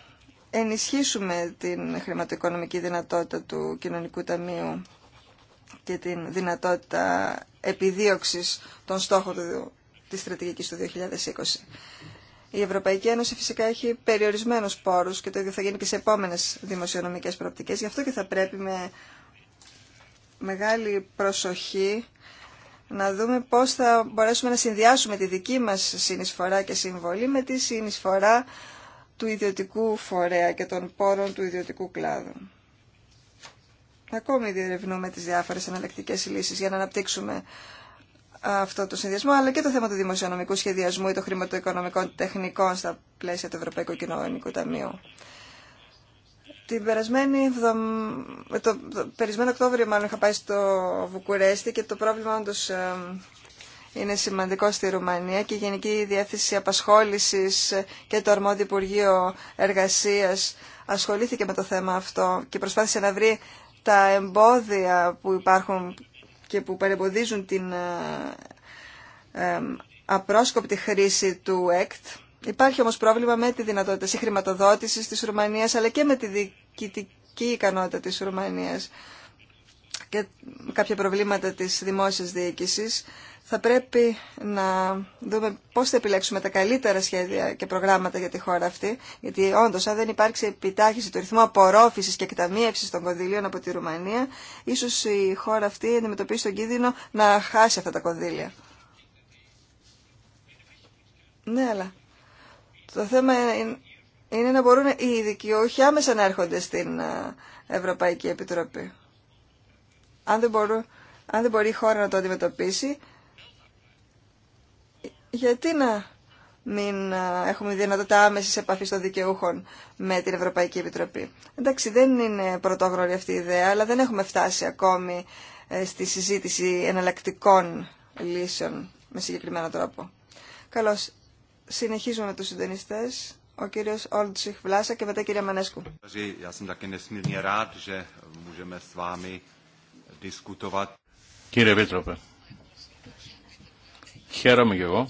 ενισχύσουμε την χρηματοοικονομική δυνατότητα του Κοινωνικού Ταμείου και την δυνατότητα επιδίωξης των στόχων της στρατηγικής του 2020. Η Ευρωπαϊκή Ένωση φυσικά έχει περιορισμένου πόρου και το ίδιο θα γίνει και σε επόμενε δημοσιονομικέ προοπτικέ. Γι' αυτό και θα πρέπει με μεγάλη προσοχή να δούμε πώς θα μπορέσουμε να συνδυάσουμε τη δική μας συνεισφορά και συμβολή με τη συνεισφορά του ιδιωτικού φορέα και των πόρων του ιδιωτικού κλάδου. Ακόμη διερευνούμε τις διάφορες αναλεκτικές λύσεις για να αναπτύξουμε αυτό το συνδυασμό, αλλά και το θέμα του δημοσιονομικού σχεδιασμού ή των χρηματοοικονομικών τεχνικών στα πλαίσια του Ευρωπαϊκού Κοινωνικού Ταμείου. Την περασμένη το, περισμένο Οκτώβριο μάλλον είχα πάει στο Βουκουρέστι και το πρόβλημα όντως ε, είναι σημαντικό στη Ρουμανία και η Γενική Διεύθυνση Απασχόλησης και το Αρμόδιο Υπουργείο Εργασίας ασχολήθηκε με το θέμα αυτό και προσπάθησε να βρει τα εμπόδια που υπάρχουν και που παρεμποδίζουν την ε, απρόσκοπτη χρήση του ΕΚΤ. Υπάρχει όμως πρόβλημα με τη δυνατότητα συγχρηματοδότησης της Ρουμανίας αλλά και με τη διοικητική ικανότητα της Ρουμανίας και κάποια προβλήματα της δημόσιας διοίκησης θα πρέπει να δούμε πώς θα επιλέξουμε τα καλύτερα σχέδια και προγράμματα για τη χώρα αυτή, γιατί όντως αν δεν υπάρξει επιτάχυση του ρυθμού απορρόφησης και εκταμίευσης των κονδυλίων από τη Ρουμανία, ίσως η χώρα αυτή αντιμετωπίσει τον κίνδυνο να χάσει αυτά τα κονδύλια. Ναι, αλλά το θέμα είναι να μπορούν οι δικαιούχοι άμεσα να έρχονται στην ε, Ευρωπαϊκή Επιτροπή. Αν δεν, αν δεν μπορεί η χώρα να το αντιμετωπίσει, γιατί να μην έχουμε δυνατότητα άμεση επαφή των δικαιούχων με την Ευρωπαϊκή Επιτροπή. Εντάξει, δεν είναι πρωτόγνωρη αυτή η ιδέα, αλλά δεν έχουμε φτάσει ακόμη ε, στη συζήτηση εναλλακτικών λύσεων με συγκεκριμένο τρόπο. Καλώς. Συνεχίζουμε με τους συντονιστέ, Ο κύριος Όλτσιχ Βλάσα και μετά η κυρία Μανέσκου. Κύριε Επίτροπε, χαίρομαι και εγώ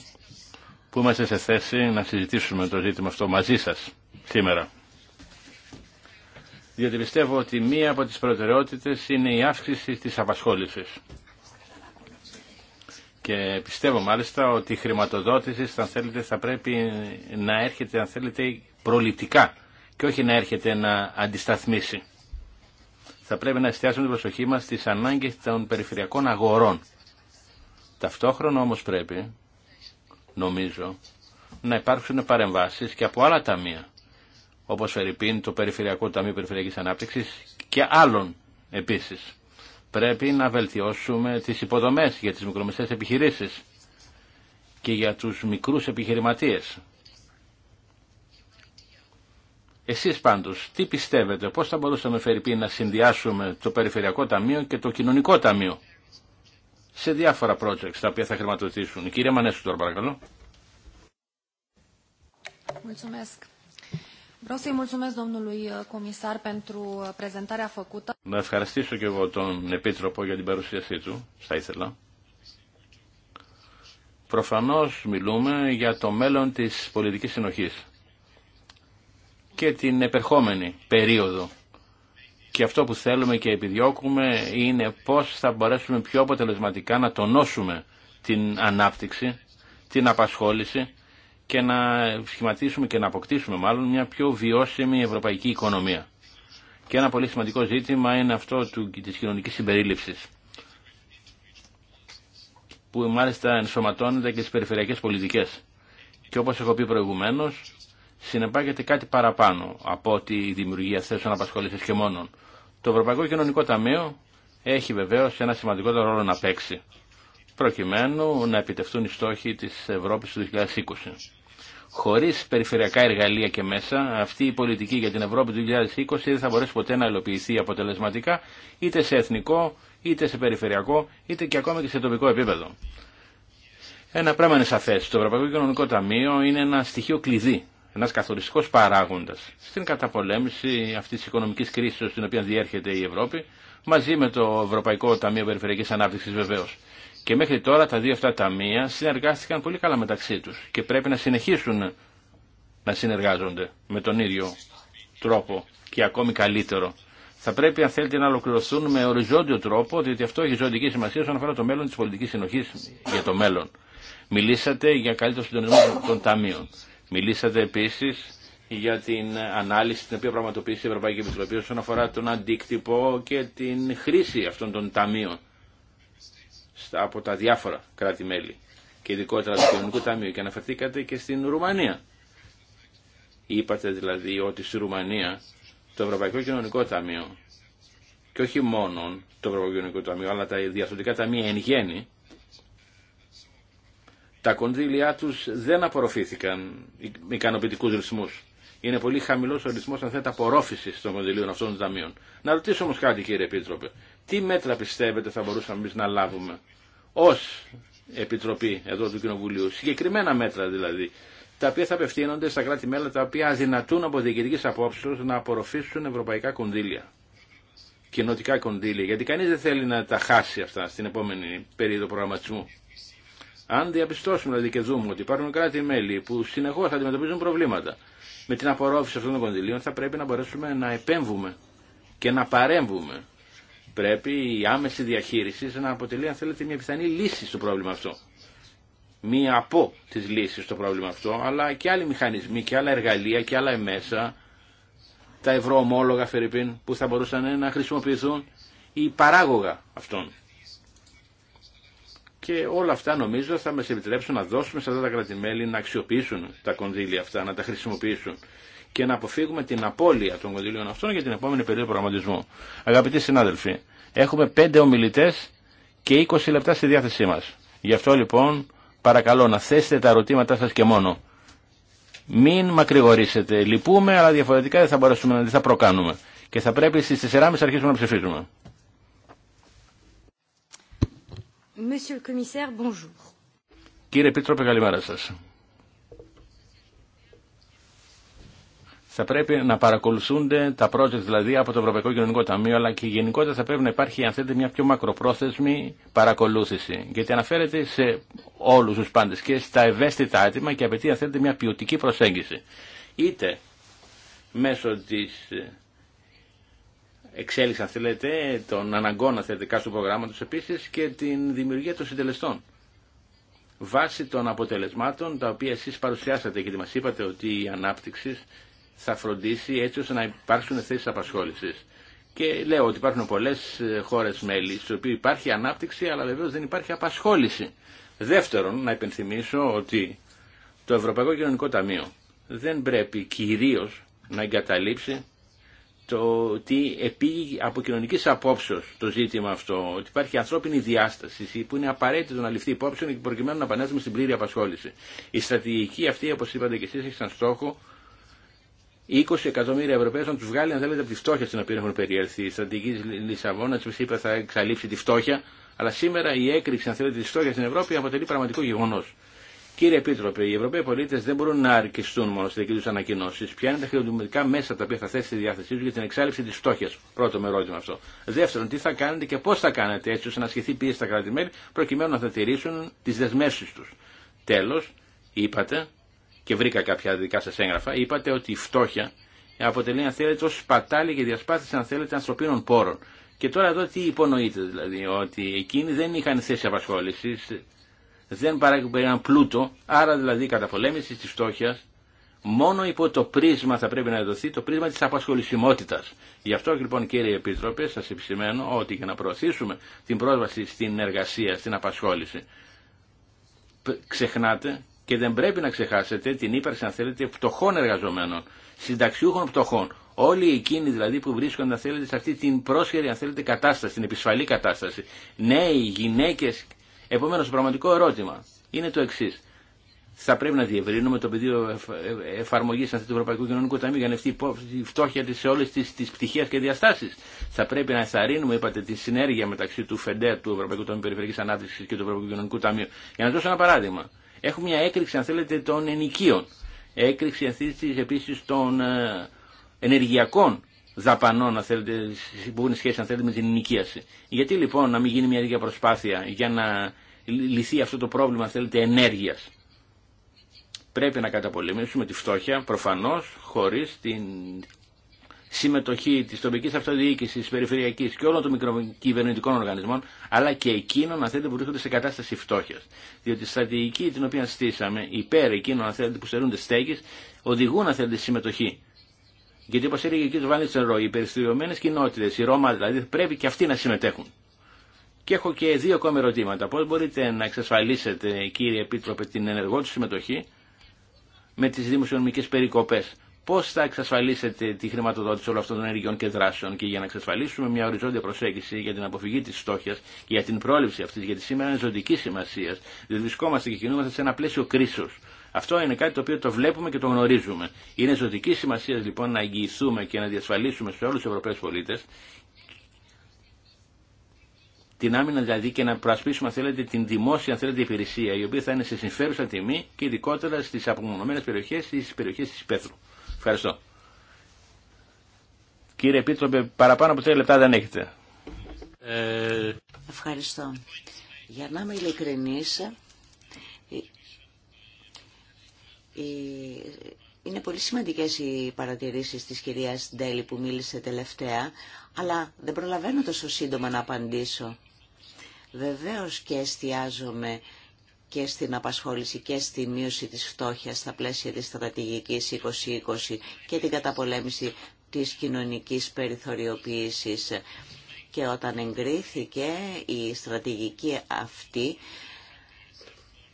που είμαστε σε θέση να συζητήσουμε το ζήτημα αυτό μαζί σας σήμερα. Διότι πιστεύω ότι μία από τις προτεραιότητες είναι η αύξηση της απασχόλησης. Και πιστεύω μάλιστα ότι η χρηματοδότηση αν θέλετε, θα πρέπει να έρχεται αν θέλετε, προληπτικά και όχι να έρχεται να αντισταθμίσει. Θα πρέπει να εστιάσουμε την προσοχή μας στις ανάγκες των περιφερειακών αγορών. Ταυτόχρονα όμως πρέπει νομίζω, να υπάρξουν παρεμβάσεις και από άλλα ταμεία, όπως Φερρυπίν, το Περιφερειακό Ταμείο Περιφερειακής Ανάπτυξης και άλλων επίσης. Πρέπει να βελτιώσουμε τις υποδομές για τις μικρομεσαίες επιχειρήσεις και για τους μικρούς επιχειρηματίες. Εσείς πάντως, τι πιστεύετε, πώς θα μπορούσαμε Φερρυπίν να συνδυάσουμε το Περιφερειακό Ταμείο και το Κοινωνικό Ταμείο σε διάφορα projects τα οποία θα χρηματοδοτήσουν. Κύριε Μανέσου τώρα παρακαλώ. Να uh, uh, ευχαριστήσω και εγώ τον Επίτροπο για την παρουσίασή του, θα ήθελα. Προφανώς μιλούμε για το μέλλον της πολιτικής συνοχής και την επερχόμενη περίοδο και αυτό που θέλουμε και επιδιώκουμε είναι πώς θα μπορέσουμε πιο αποτελεσματικά να τονώσουμε την ανάπτυξη, την απασχόληση και να σχηματίσουμε και να αποκτήσουμε μάλλον μια πιο βιώσιμη ευρωπαϊκή οικονομία. Και ένα πολύ σημαντικό ζήτημα είναι αυτό του, της κοινωνικής συμπερίληψης που μάλιστα ενσωματώνεται και στις περιφερειακές πολιτικές. Και όπως έχω πει προηγουμένως, συνεπάγεται κάτι παραπάνω από η δημιουργία θέσεων απασχόλησης και μόνον. Το Ευρωπαϊκό Κοινωνικό Ταμείο έχει βεβαίω ένα σημαντικότερο ρόλο να παίξει προκειμένου να επιτευχθούν οι στόχοι της Ευρώπης του 2020. Χωρίς περιφερειακά εργαλεία και μέσα, αυτή η πολιτική για την Ευρώπη του 2020 δεν θα μπορέσει ποτέ να υλοποιηθεί αποτελεσματικά, είτε σε εθνικό, είτε σε περιφερειακό, είτε και ακόμα και σε τοπικό επίπεδο. Ένα πράγμα είναι σαφέ. Το Ευρωπαϊκό Κοινωνικό Ταμείο είναι ένα στοιχείο κλειδί ένας καθοριστικός παράγοντας στην καταπολέμηση αυτής της οικονομικής κρίσης στην οποία διέρχεται η Ευρώπη μαζί με το Ευρωπαϊκό Ταμείο Περιφερειακής Ανάπτυξης βεβαίως. Και μέχρι τώρα τα δύο αυτά ταμεία συνεργάστηκαν πολύ καλά μεταξύ τους και πρέπει να συνεχίσουν να συνεργάζονται με τον ίδιο τρόπο και ακόμη καλύτερο. Θα πρέπει, αν θέλετε, να ολοκληρωθούν με οριζόντιο τρόπο, διότι αυτό έχει ζωντική σημασία όσον αφορά το μέλλον τη πολιτική συνοχή για το μέλλον. Μιλήσατε για καλύτερο συντονισμό των ταμείων. Μιλήσατε επίσης για την ανάλυση την οποία πραγματοποίησε η Ευρωπαϊκή Επιτροπή όσον αφορά τον αντίκτυπο και την χρήση αυτών των ταμείων από τα διάφορα κράτη-μέλη και ειδικότερα του Κοινωνικού Ταμείου και αναφερθήκατε και στην Ρουμανία. Είπατε δηλαδή ότι στη Ρουμανία το Ευρωπαϊκό Κοινωνικό Ταμείο και όχι μόνο το Ευρωπαϊκό Κοινωνικό Ταμείο αλλά τα διαστοτικά ταμεία εν γέννη τα κονδύλια του δεν απορροφήθηκαν με ικανοποιητικού ρυθμού. Είναι πολύ χαμηλό ο ρυθμός αν θέλετε απορρόφηση των κονδυλίων αυτών των ταμείων. Να ρωτήσω όμω κάτι κύριε Επίτροπε. Τι μέτρα πιστεύετε θα μπορούσαμε εμεί να λάβουμε ω Επιτροπή εδώ του Κοινοβουλίου. Συγκεκριμένα μέτρα δηλαδή τα οποία θα απευθύνονται στα κράτη-μέλα τα οποία αδυνατούν από διοικητική απόψεω να απορροφήσουν ευρωπαϊκά κονδύλια κοινοτικά κονδύλια, γιατί κανεί δεν θέλει να τα χάσει αυτά στην επόμενη περίοδο προγραμματισμού. Αν διαπιστώσουμε δηλαδή και δούμε ότι υπάρχουν κράτη-μέλη που συνεχώ αντιμετωπίζουν προβλήματα με την απορρόφηση αυτών των κονδυλίων, θα πρέπει να μπορέσουμε να επέμβουμε και να παρέμβουμε. Πρέπει η άμεση διαχείριση να αποτελεί, αν θέλετε, μια πιθανή λύση στο πρόβλημα αυτό. Μία από τι λύσει στο πρόβλημα αυτό, αλλά και άλλοι μηχανισμοί και άλλα εργαλεία και άλλα μέσα, τα ευρωομόλογα, Φερρυπίν, που θα μπορούσαν να χρησιμοποιηθούν ή παράγωγα αυτών και όλα αυτά νομίζω θα μας επιτρέψουν να δώσουμε σε αυτά τα κρατημέλη να αξιοποιήσουν τα κονδύλια αυτά, να τα χρησιμοποιήσουν και να αποφύγουμε την απώλεια των κονδυλίων αυτών για την επόμενη περίοδο προγραμματισμού. Αγαπητοί συνάδελφοι, έχουμε πέντε ομιλητές και 20 λεπτά στη διάθεσή μας. Γι' αυτό λοιπόν παρακαλώ να θέσετε τα ερωτήματά σας και μόνο. Μην μακρηγορήσετε. Λυπούμε, αλλά διαφορετικά δεν θα μπορέσουμε να τι θα προκάνουμε. Και θα πρέπει στις 4.30 αρχίσουμε να ψηφίζουμε. Κύριε Επίτροπε, καλημέρα σας. Θα πρέπει να παρακολουθούνται τα project δηλαδή από το Ευρωπαϊκό Κοινωνικό Ταμείο, αλλά και γενικότερα θα πρέπει να υπάρχει, αν θέλετε, μια πιο μακροπρόθεσμη παρακολούθηση. Γιατί αναφέρεται σε όλου του πάντε και στα ευαίσθητα άτομα και απαιτεί, αν θέλετε, μια ποιοτική προσέγγιση. Είτε μέσω της εξέλιξη, αν θέλετε, των αναγκών αθλητικά του προγράμματος επίσης και την δημιουργία των συντελεστών. Βάσει των αποτελεσμάτων τα οποία εσείς παρουσιάσατε και μας είπατε ότι η ανάπτυξη θα φροντίσει έτσι ώστε να υπάρξουν θέσεις απασχόλησης. Και λέω ότι υπάρχουν πολλές ε, χώρες μέλη στις οποίες υπάρχει ανάπτυξη αλλά βεβαίως δεν υπάρχει απασχόληση. Δεύτερον, να υπενθυμίσω ότι το Ευρωπαϊκό Κοινωνικό Ταμείο δεν πρέπει κυρίως να εγκαταλείψει το ότι επί από κοινωνική απόψεω το ζήτημα αυτό, ότι υπάρχει ανθρώπινη διάσταση που είναι απαραίτητο να ληφθεί υπόψη και προκειμένου να επανέλθουμε στην πλήρη απασχόληση. Η στρατηγική αυτή, όπω είπατε και εσεί, έχει σαν στόχο 20 εκατομμύρια Ευρωπαίου να του βγάλει, αν θέλετε, από τη φτώχεια στην οποία έχουν περιέλθει. Η στρατηγική Λισαβόνα, όπω είπα, θα εξαλείψει τη φτώχεια, αλλά σήμερα η έκρηξη, αν θέλετε, τη φτώχεια στην Ευρώπη αποτελεί πραγματικό γεγονό. Κύριε Επίτροπε, οι Ευρωπαίοι πολίτε δεν μπορούν να αρκιστούν μόνο στι δικέ του ανακοινώσει. Ποια είναι τα χρηματοδοτικά μέσα τα οποία θα θέσει στη διάθεσή του για την εξάλληψη τη φτώχεια. Πρώτο με ερώτημα αυτό. Δεύτερον, τι θα κάνετε και πώ θα κάνετε έτσι ώστε να ασχεθεί πίεση στα κράτη-μέλη προκειμένου να θα τηρήσουν τι δεσμεύσει του. Τέλο, είπατε και βρήκα κάποια δικά σα έγγραφα, είπατε ότι η φτώχεια αποτελεί, αν θέλετε, ω σπατάλη και διασπάθηση, αν θέλετε, ανθρωπίνων πόρων. Και τώρα εδώ τι υπονοείτε, δηλαδή, ότι εκείνοι δεν είχαν θέση απασχόληση, δεν παράγουν πλούτο, άρα δηλαδή κατά πολέμηση τη φτώχεια, μόνο υπό το πρίσμα θα πρέπει να δοθεί το πρίσμα τη απασχολησιμότητα. Γι' αυτό λοιπόν κύριε Επίτροπε σα επισημαίνω ότι για να προωθήσουμε την πρόσβαση στην εργασία, στην απασχόληση ξεχνάτε και δεν πρέπει να ξεχάσετε την ύπαρξη αν θέλετε φτωχών εργαζομένων, συνταξιούχων φτωχών. Όλοι εκείνοι δηλαδή που βρίσκονται αν θέλετε σε αυτή την πρόσχερη αν θέλετε κατάσταση, την επισφαλή κατάσταση. Νέοι, γυναίκε. Επομένω, το πραγματικό ερώτημα είναι το εξή. Θα πρέπει να διευρύνουμε το πεδίο ε, εφαρμογή αυτού του Ευρωπαϊκού Κοινωνικού Ταμείου για να ευθύνει η φτώχεια της σε όλε τι πτυχέ και διαστάσει. Θα πρέπει να ενθαρρύνουμε, είπατε, τη συνέργεια μεταξύ του ΦΕΝΤΕΡ, του Ευρωπαϊκού Ταμείου Περιφερειακή Ανάπτυξη και του Ευρωπαϊκού Κοινωνικού Ταμείου. Για να δώσω ένα παράδειγμα. Έχουμε μια έκρηξη, αν θέλετε, των ενοικίων. Έκρηξη αυτή επίση των ε, ενεργειακών δαπανών, θέλετε, που έχουν σχέση αν θέλετε, με την ενοικίαση. Γιατί λοιπόν να μην γίνει μια ίδια προσπάθεια για να λυθεί αυτό το πρόβλημα, θέλετε, ενέργειας. Πρέπει να καταπολεμήσουμε τη φτώχεια, προφανώς, χωρίς την συμμετοχή της τοπικής αυτοδιοίκησης, τη περιφερειακής και όλων των μικροκυβερνητικών οργανισμών, αλλά και εκείνων, αν θέλετε, που βρίσκονται σε κατάσταση φτώχεια. Διότι η στρατηγική την οποία στήσαμε υπέρ εκείνων, αν θέλετε, που στερούνται στέγης, οδηγούν, αν θέλετε, συμμετοχή γιατί όπω έλεγε ο κ. Τσενρό, οι περιστηριωμένε κοινότητε, οι Ρώμα δηλαδή, πρέπει και αυτοί να συμμετέχουν. Και έχω και δύο ακόμη ερωτήματα. Πώ μπορείτε να εξασφαλίσετε, κύριε Επίτροπε, την ενεργό του συμμετοχή με τι δημοσιονομικέ περικοπέ. Πώ θα εξασφαλίσετε τη χρηματοδότηση όλων αυτών των ενεργειών και δράσεων και για να εξασφαλίσουμε μια οριζόντια προσέγγιση για την αποφυγή τη στόχια και για την πρόληψη αυτή, γιατί σήμερα είναι ζωτική σημασία, διότι βρισκόμαστε και κινούμαστε σε ένα πλαίσιο κρίσεω. Αυτό είναι κάτι το οποίο το βλέπουμε και το γνωρίζουμε. Είναι ζωτική σημασία λοιπόν να εγγυηθούμε και να διασφαλίσουμε σε όλου του Ευρωπαίου πολίτε την άμυνα δηλαδή και να προασπίσουμε αν θέλετε την δημόσια αν θέλετε υπηρεσία η οποία θα είναι σε συμφέρουσα τιμή και ειδικότερα στι απομονωμένε περιοχέ ή στι περιοχές τη Πέθρου. Ευχαριστώ. Κύριε Επίτροπε, παραπάνω από τρία λεπτά δεν έχετε. Ε... Ευχαριστώ. Για να είμαι ειλικρινής, Είναι πολύ σημαντικές οι παρατηρήσεις της κυρίας Ντέλη που μίλησε τελευταία, αλλά δεν προλαβαίνω τόσο σύντομα να απαντήσω. Βεβαίως και εστιάζομαι και στην απασχόληση και στη μείωση της φτώχειας στα πλαίσια της στρατηγικής 2020 και την καταπολέμηση της κοινωνικής περιθωριοποίησης. Και όταν εγκρίθηκε η στρατηγική αυτή,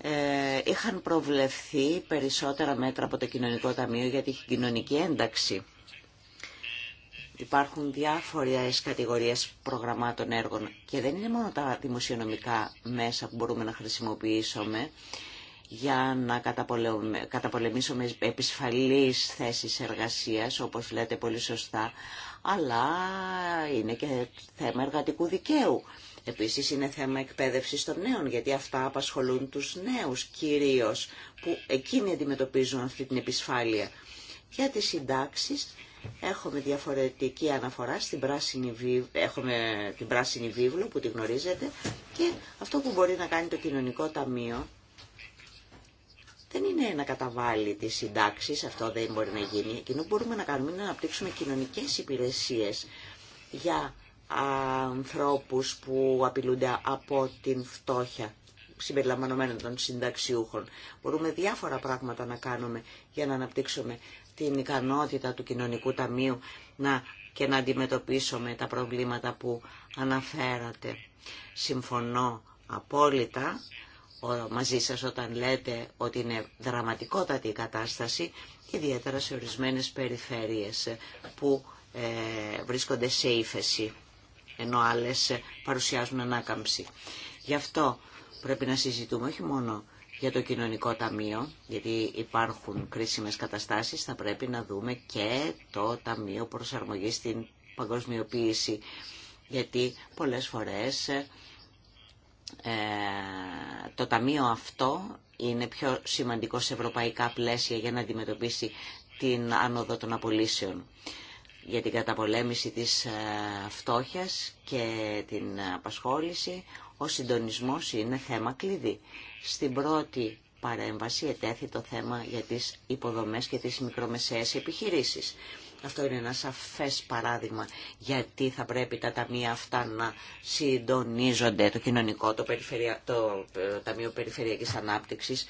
ε, είχαν προβλεφθεί περισσότερα μέτρα από το Κοινωνικό Ταμείο για την κοινωνική ένταξη. Υπάρχουν διάφορες κατηγορίες προγραμμάτων έργων και δεν είναι μόνο τα δημοσιονομικά μέσα που μπορούμε να χρησιμοποιήσουμε για να καταπολεμήσουμε επισφαλείς θέσεις εργασίας, όπως λέτε πολύ σωστά, αλλά είναι και θέμα εργατικού δικαίου Επίσης είναι θέμα εκπαίδευσης των νέων, γιατί αυτά απασχολούν τους νέους κυρίως, που εκείνοι αντιμετωπίζουν αυτή την επισφάλεια. Για τις συντάξει έχουμε διαφορετική αναφορά, στην πράσινη βίβλο, έχουμε την πράσινη βίβλο που τη γνωρίζετε και αυτό που μπορεί να κάνει το κοινωνικό ταμείο δεν είναι να καταβάλει τις συντάξει. αυτό δεν μπορεί να γίνει. Εκείνο που μπορούμε να κάνουμε είναι να αναπτύξουμε κοινωνικές υπηρεσίες για ανθρώπους που απειλούνται από την φτώχεια συμπεριλαμβανομένων των συνταξιούχων. Μπορούμε διάφορα πράγματα να κάνουμε για να αναπτύξουμε την ικανότητα του κοινωνικού ταμείου να, και να αντιμετωπίσουμε τα προβλήματα που αναφέρατε. Συμφωνώ απόλυτα μαζί σας όταν λέτε ότι είναι δραματικότατη η κατάσταση, ιδιαίτερα σε ορισμένες περιφέρειες που ε, βρίσκονται σε ύφεση ενώ άλλες ε, παρουσιάζουν ανάκαμψη. Γι' αυτό πρέπει να συζητούμε όχι μόνο για το κοινωνικό ταμείο, γιατί υπάρχουν κρίσιμες καταστάσεις, θα πρέπει να δούμε και το Ταμείο Προσαρμογής στην Παγκοσμιοποίηση, γιατί πολλές φορές ε, ε, το Ταμείο αυτό είναι πιο σημαντικό σε ευρωπαϊκά πλαίσια για να αντιμετωπίσει την άνοδο των απολύσεων για την καταπολέμηση της ε, φτώχειας και την απασχόληση, ο συντονισμός είναι θέμα κλειδί. Στην πρώτη παρέμβαση ετέθη το θέμα για τις υποδομές και τις μικρομεσαίες επιχειρήσεις. Αυτό είναι ένα σαφές παράδειγμα γιατί θα πρέπει τα ταμεία αυτά να συντονίζονται, το κοινωνικό, το, το ε, Ταμείο Περιφερειακής Ανάπτυξης,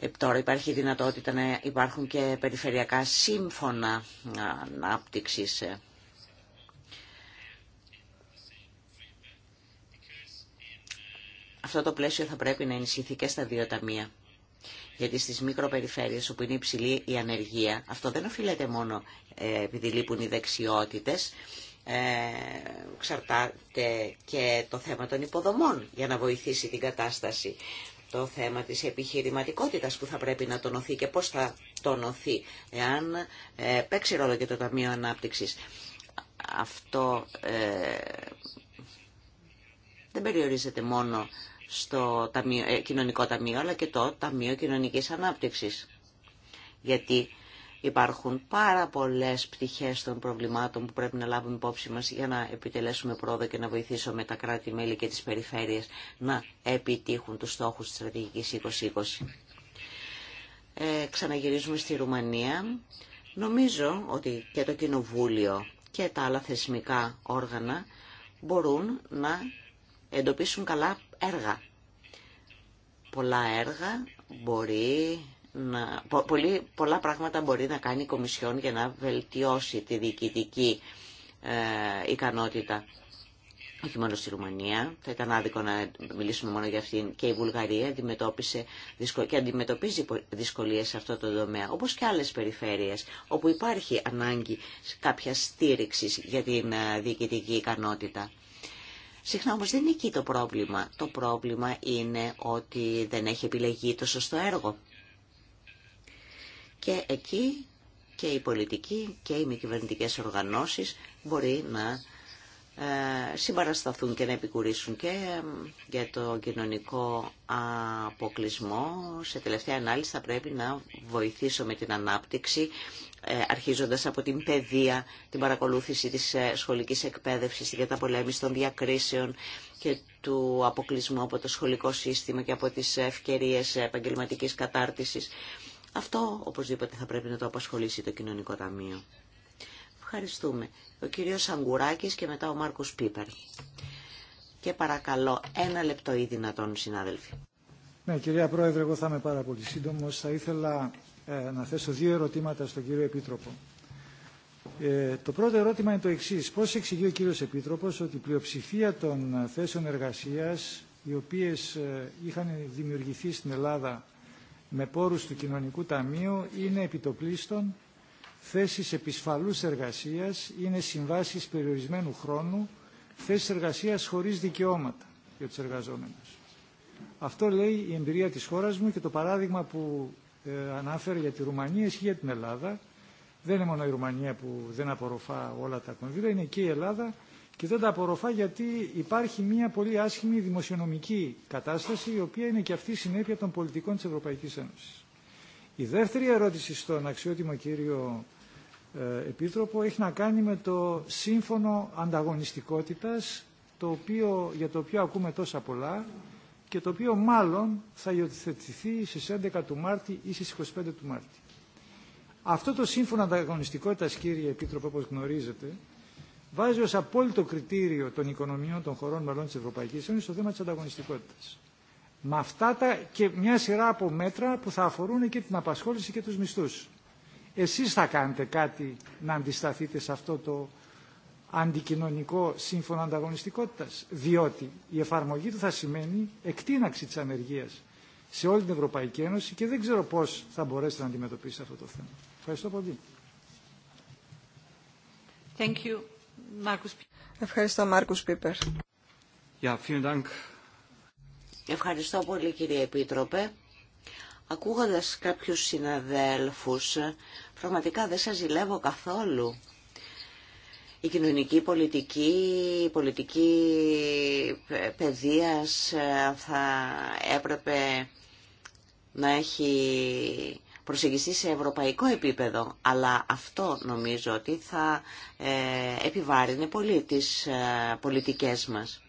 ε, τώρα υπάρχει δυνατότητα να υπάρχουν και περιφερειακά σύμφωνα ανάπτυξη. Αυτό το πλαίσιο θα πρέπει να ενισχυθεί και στα δύο ταμεία. Γιατί στις μικροπεριφέρειες όπου είναι υψηλή η ανεργία, αυτό δεν οφείλεται μόνο ε, επειδή λείπουν οι δεξιότητες, ε, εξαρτάται και το θέμα των υποδομών για να βοηθήσει την κατάσταση το θέμα της επιχειρηματικότητας που θα πρέπει να τονωθεί και πώς θα τονωθεί εάν ε, παίξει ρόλο και το Ταμείο Ανάπτυξης. Αυτό ε, δεν περιορίζεται μόνο στο ταμείο, ε, Κοινωνικό Ταμείο αλλά και το Ταμείο Κοινωνικής Ανάπτυξης. Γιατί Υπάρχουν πάρα πολλές πτυχές των προβλημάτων που πρέπει να λάβουμε υπόψη μας για να επιτελέσουμε πρόοδο και να βοηθήσουμε τα κράτη-μέλη και τις περιφέρειες να επιτύχουν τους στόχους της στρατηγικής 2020. Ε, ξαναγυρίζουμε στη Ρουμανία. Νομίζω ότι και το Κοινοβούλιο και τα άλλα θεσμικά όργανα μπορούν να εντοπίσουν καλά έργα. Πολλά έργα μπορεί πολύ, πολλά πράγματα μπορεί να κάνει η Κομισιόν για να βελτιώσει τη διοικητική ε, ικανότητα. Όχι μόνο στη Ρουμανία, θα ήταν άδικο να μιλήσουμε μόνο για αυτήν. Και η Βουλγαρία αντιμετώπισε και αντιμετωπίζει δυσκολίες σε αυτό το τομέα, όπως και άλλες περιφέρειες, όπου υπάρχει ανάγκη κάποια στήριξη για την ε, διοικητική ικανότητα. Συχνά όμω δεν είναι εκεί το πρόβλημα. Το πρόβλημα είναι ότι δεν έχει επιλεγεί το σωστό έργο. Και εκεί και οι πολιτικοί και οι μη κυβερνητικές οργανώσεις μπορεί να ε, συμπαρασταθούν και να επικουρήσουν και ε, για το κοινωνικό αποκλεισμό. Σε τελευταία ανάλυση θα πρέπει να βοηθήσουμε την ανάπτυξη ε, αρχίζοντας από την παιδεία, την παρακολούθηση της σχολικής εκπαίδευσης, την καταπολέμηση των διακρίσεων και του αποκλεισμού από το σχολικό σύστημα και από τις ευκαιρίες επαγγελματικής κατάρτισης. Αυτό οπωσδήποτε θα πρέπει να το απασχολήσει το Κοινωνικό Ταμείο. Ευχαριστούμε. Ο κύριος Σαγκουράκης και μετά ο Μάρκος Πίπερ. Και παρακαλώ, ένα λεπτό ή δυνατόν, συνάδελφοι. Ναι, κυρία Πρόεδρε, εγώ θα είμαι πάρα πολύ σύντομο. Θα ήθελα ε, να θέσω δύο ερωτήματα στον κύριο Επίτροπο. Ε, το πρώτο ερώτημα είναι το εξή. Πώ εξηγεί ο κύριο Επίτροπο ότι η πλειοψηφία των θέσεων εργασία, οι οποίε ε, είχαν δημιουργηθεί στην Ελλάδα με πόρους του Κοινωνικού Ταμείου είναι επιτοπλίστων θέσεις επισφαλούς εργασίας, είναι συμβάσεις περιορισμένου χρόνου, θέσεις εργασίας χωρίς δικαιώματα για τους εργαζόμενους. Αυτό λέει η εμπειρία της χώρας μου και το παράδειγμα που ε, ανάφερε για τη Ρουμανία ισχύει για την Ελλάδα. Δεν είναι μόνο η Ρουμανία που δεν απορροφά όλα τα κονδύλια, είναι και η Ελλάδα και δεν τα απορροφά γιατί υπάρχει μια πολύ άσχημη δημοσιονομική κατάσταση η οποία είναι και αυτή η συνέπεια των πολιτικών της Ευρωπαϊκής Ένωσης. Η δεύτερη ερώτηση στον αξιότιμο κύριο ε, Επίτροπο έχει να κάνει με το σύμφωνο ανταγωνιστικότητας για το οποίο ακούμε τόσα πολλά και το οποίο μάλλον θα υιοθετηθεί στις 11 του Μάρτη ή στις 25 του Μάρτη. Αυτό το σύμφωνο ανταγωνιστικότητας κύριε Επίτροπο όπως γνωρίζετε βάζει ως απόλυτο κριτήριο των οικονομιών των χωρών μελών της Ευρωπαϊκής Ένωσης το θέμα της ανταγωνιστικότητας. Με αυτά τα και μια σειρά από μέτρα που θα αφορούν και την απασχόληση και τους μισθούς. Εσείς θα κάνετε κάτι να αντισταθείτε σε αυτό το αντικοινωνικό σύμφωνο ανταγωνιστικότητας, διότι η εφαρμογή του θα σημαίνει εκτείναξη της ανεργία σε όλη την Ευρωπαϊκή Ένωση και δεν ξέρω πώς θα μπορέσετε να αντιμετωπίσετε αυτό το θέμα. Ευχαριστώ πολύ. Thank you. Ευχαριστώ, Μάρκους Πίπερ. vielen Dank. Ευχαριστώ πολύ, κύριε Επίτροπε. Ακούγοντας κάποιους συναδέλφους, πραγματικά δεν σας ζηλεύω καθόλου. Η κοινωνική πολιτική, η πολιτική παιδείας ε, θα έπρεπε να έχει προσεγγιστεί σε ευρωπαϊκό επίπεδο, αλλά αυτό νομίζω ότι θα ε, επιβάρυνε πολύ τις ε, πολιτικές μας.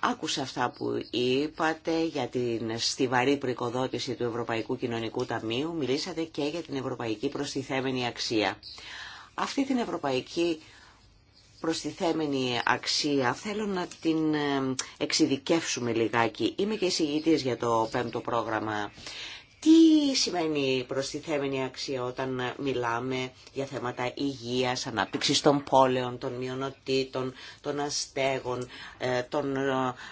Άκουσα αυτά που είπατε για την στιβαρή προοικοδότηση του Ευρωπαϊκού Κοινωνικού Ταμείου, μιλήσατε και για την ευρωπαϊκή προστιθέμενη αξία. Αυτή την ευρωπαϊκή προστιθέμενη αξία θέλω να την ε, εξειδικεύσουμε λιγάκι. Είμαι και εισηγητής για το πέμπτο πρόγραμμα τι σημαίνει προστιθέμενη αξία όταν μιλάμε για θέματα υγείας, ανάπτυξης των πόλεων, των μειονοτήτων, των αστέγων, ε, των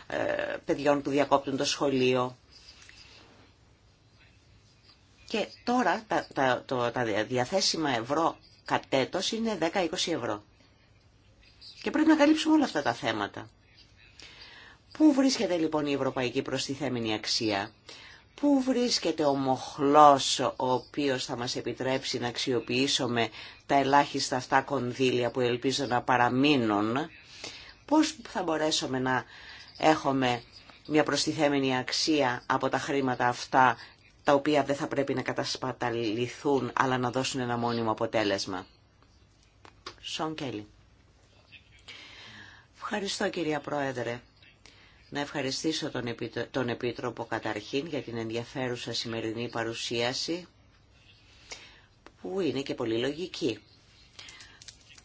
ε, παιδιών που διακόπτουν το σχολείο. Και τώρα τα, το, τα διαθέσιμα ευρώ κατέτος είναι 10-20 ευρώ. Και πρέπει να καλύψουμε όλα αυτά τα θέματα. Πού βρίσκεται λοιπόν η ευρωπαϊκή προστιθέμενη αξία. Πού βρίσκεται ο μοχλός ο οποίος θα μας επιτρέψει να αξιοποιήσουμε τα ελάχιστα αυτά κονδύλια που ελπίζω να παραμείνουν. Πώς θα μπορέσουμε να έχουμε μια προστιθέμενη αξία από τα χρήματα αυτά τα οποία δεν θα πρέπει να κατασπαταληθούν αλλά να δώσουν ένα μόνιμο αποτέλεσμα. Σον Κέλλη. Ευχαριστώ κυρία Πρόεδρε. Να ευχαριστήσω τον, Επίτροπο καταρχήν για την ενδιαφέρουσα σημερινή παρουσίαση που είναι και πολύ λογική.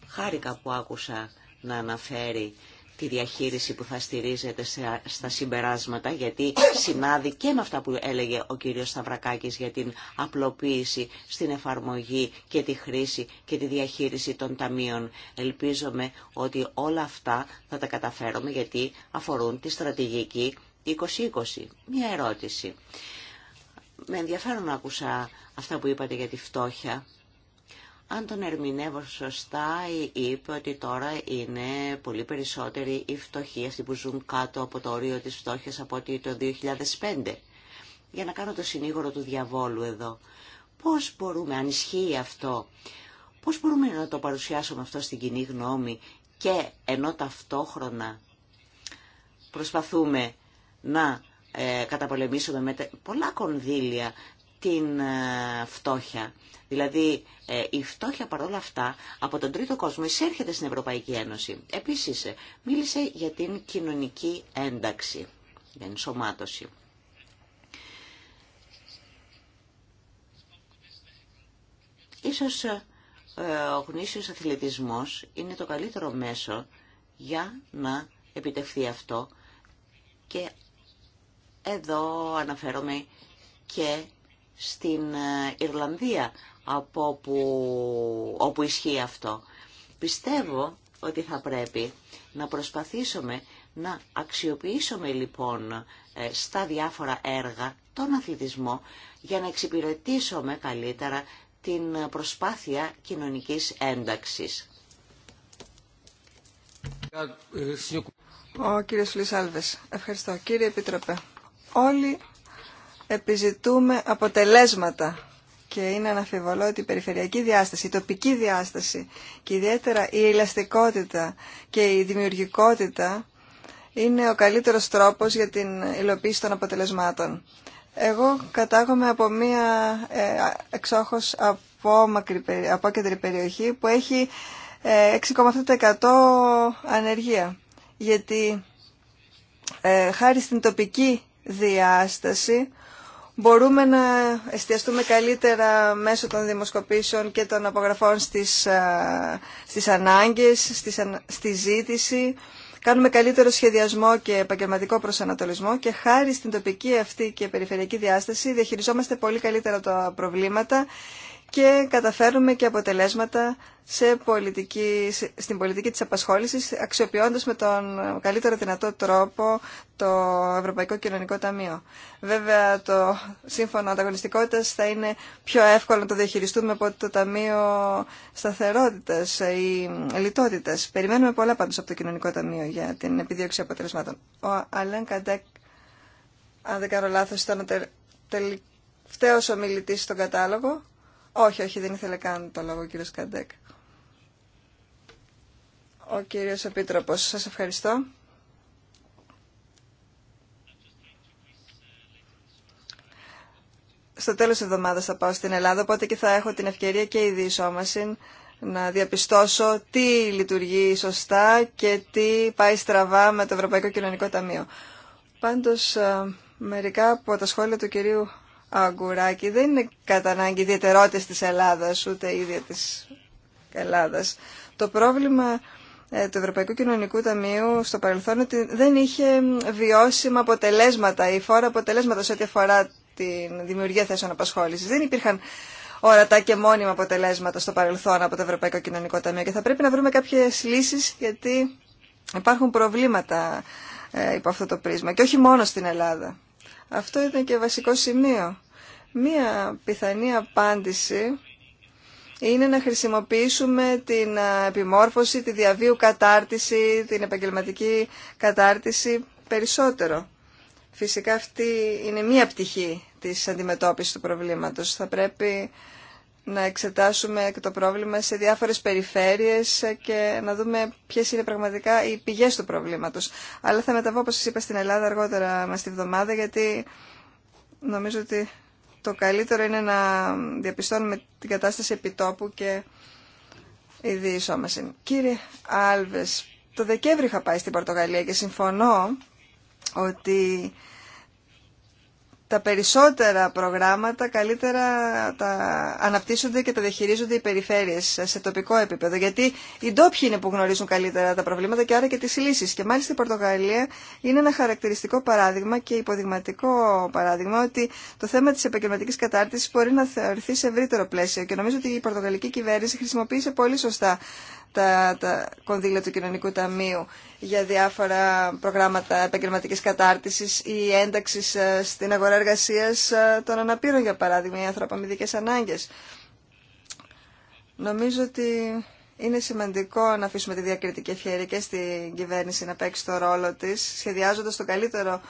Χάρηκα που άκουσα να αναφέρει τη διαχείριση που θα στηρίζεται στα συμπεράσματα, γιατί συνάδει και με αυτά που έλεγε ο κύριος Σταυρακάκης για την απλοποίηση στην εφαρμογή και τη χρήση και τη διαχείριση των ταμείων. Ελπίζομαι ότι όλα αυτά θα τα καταφέρουμε, γιατί αφορούν τη στρατηγική 2020. Μια ερώτηση. Με ενδιαφέρον άκουσα αυτά που είπατε για τη φτώχεια αν τον ερμηνεύω σωστά, είπε ότι τώρα είναι πολύ περισσότεροι οι φτωχοί, αυτοί που ζουν κάτω από το όριο της φτώχειας από ότι το 2005. Για να κάνω το συνήγορο του διαβόλου εδώ. Πώς μπορούμε, αν ισχύει αυτό, πώς μπορούμε να το παρουσιάσουμε αυτό στην κοινή γνώμη και ενώ ταυτόχρονα προσπαθούμε να ε, καταπολεμήσουμε με πολλά κονδύλια την ε, φτώχεια. Δηλαδή ε, η φτώχεια παρόλα αυτά από τον τρίτο κόσμο εισέρχεται στην Ευρωπαϊκή Ένωση. Επίσης ε, μίλησε για την κοινωνική ένταξη, για ενσωμάτωση. Ίσως ο γνήσιος αθλητισμός είναι το καλύτερο μέσο για να επιτευχθεί αυτό και εδώ αναφέρομαι και στην ε, Ιρλανδία από όπου, όπου ισχύει αυτό. Πιστεύω ότι θα πρέπει να προσπαθήσουμε να αξιοποιήσουμε λοιπόν ε, στα διάφορα έργα τον αθλητισμό για να εξυπηρετήσουμε καλύτερα την προσπάθεια κοινωνικής ένταξης. Ο κύριος ευχαριστώ. Κύριε Επίτροπε, όλοι επιζητούμε αποτελέσματα και είναι αναφιβολό ότι η περιφερειακή διάσταση, η τοπική διάσταση και ιδιαίτερα η ελαστικότητα και η δημιουργικότητα είναι ο καλύτερος τρόπος για την υλοποίηση των αποτελεσμάτων. Εγώ κατάγομαι από μία ε, εξόχως από απόκεντρη περιοχή που έχει 6,7% ε, ανεργία. Γιατί ε, χάρη στην τοπική διάσταση μπορούμε να εστιαστούμε καλύτερα μέσω των δημοσκοπήσεων και των απογραφών στις, στις ανάγκες, στις, στη ζήτηση. Κάνουμε καλύτερο σχεδιασμό και επαγγελματικό προσανατολισμό και χάρη στην τοπική αυτή και περιφερειακή διάσταση διαχειριζόμαστε πολύ καλύτερα τα προβλήματα και καταφέρουμε και αποτελέσματα σε πολιτική, στην πολιτική της απασχόλησης, αξιοποιώντας με τον καλύτερο δυνατό τρόπο το Ευρωπαϊκό Κοινωνικό Ταμείο. Βέβαια, το σύμφωνο ανταγωνιστικότητας θα είναι πιο εύκολο να το διαχειριστούμε από το Ταμείο Σταθερότητας ή Λιτότητας. Περιμένουμε πολλά πάντως από το Κοινωνικό Ταμείο για την επιδίωξη αποτελεσμάτων. Ο Αλέν Καντέκ, αν δεν κάνω λάθος, ήταν ο τελευταίος ομιλητής στον κατάλογο. Όχι, όχι, δεν ήθελε καν το λόγο ο κύριος Καντέκ. Ο κύριος Επίτροπος, σας ευχαριστώ. Στο τέλος της εβδομάδας θα πάω στην Ελλάδα, οπότε και θα έχω την ευκαιρία και η διεισόμαση να διαπιστώσω τι λειτουργεί σωστά και τι πάει στραβά με το Ευρωπαϊκό Κοινωνικό Ταμείο. Πάντως, ε, μερικά από τα σχόλια του κυρίου Αγκουράκι, δεν είναι κατά ανάγκη ιδιαιτερότητες της Ελλάδας, ούτε ίδια της Ελλάδας. Το πρόβλημα ε, του Ευρωπαϊκού Κοινωνικού Ταμείου στο παρελθόν ότι δεν είχε βιώσιμα αποτελέσματα ή φόρα αποτελέσματα σε ό,τι αφορά τη δημιουργία θέσεων απασχόλησης. Δεν υπήρχαν ορατά και μόνιμα αποτελέσματα στο παρελθόν από το Ευρωπαϊκό Κοινωνικό Ταμείο και θα πρέπει να βρούμε κάποιες λύσεις γιατί υπάρχουν προβλήματα ε, υπό αυτό το πρίσμα και όχι μόνο στην Ελλάδα. Αυτό ήταν και βασικό σημείο. Μία πιθανή απάντηση είναι να χρησιμοποιήσουμε την επιμόρφωση, τη διαβίου κατάρτιση, την επαγγελματική κατάρτιση περισσότερο. Φυσικά αυτή είναι μία πτυχή της αντιμετώπισης του προβλήματος. Θα πρέπει να εξετάσουμε και το πρόβλημα σε διάφορες περιφέρειες και να δούμε ποιες είναι πραγματικά οι πηγές του προβλήματος. Αλλά θα μεταβώ, όπως σας είπα, στην Ελλάδα αργότερα μας τη βδομάδα, γιατί νομίζω ότι το καλύτερο είναι να διαπιστώνουμε την κατάσταση επιτόπου και η Κύριε Άλβες, το Δεκέμβρη είχα πάει στην Πορτογαλία και συμφωνώ ότι τα περισσότερα προγράμματα καλύτερα τα αναπτύσσονται και τα διαχειρίζονται οι περιφέρειες σε τοπικό επίπεδο. Γιατί οι ντόπιοι είναι που γνωρίζουν καλύτερα τα προβλήματα και άρα και τις λύσεις. Και μάλιστα η Πορτογαλία είναι ένα χαρακτηριστικό παράδειγμα και υποδειγματικό παράδειγμα ότι το θέμα της επαγγελματικής κατάρτισης μπορεί να θεωρηθεί σε ευρύτερο πλαίσιο. Και νομίζω ότι η Πορτογαλική κυβέρνηση χρησιμοποίησε πολύ σωστά τα, τα κονδύλια του Κοινωνικού Ταμείου για διάφορα προγράμματα επαγγελματικής κατάρτισης ή ένταξης ε, στην αγορά εργασίας ε, των αναπήρων, για παράδειγμα, οι άνθρωποι με ανάγκες. Νομίζω ότι είναι σημαντικό να αφήσουμε τη διακριτική ευχαίρεια και στην κυβέρνηση να παίξει το ρόλο της, σχεδιάζοντας το καλύτερο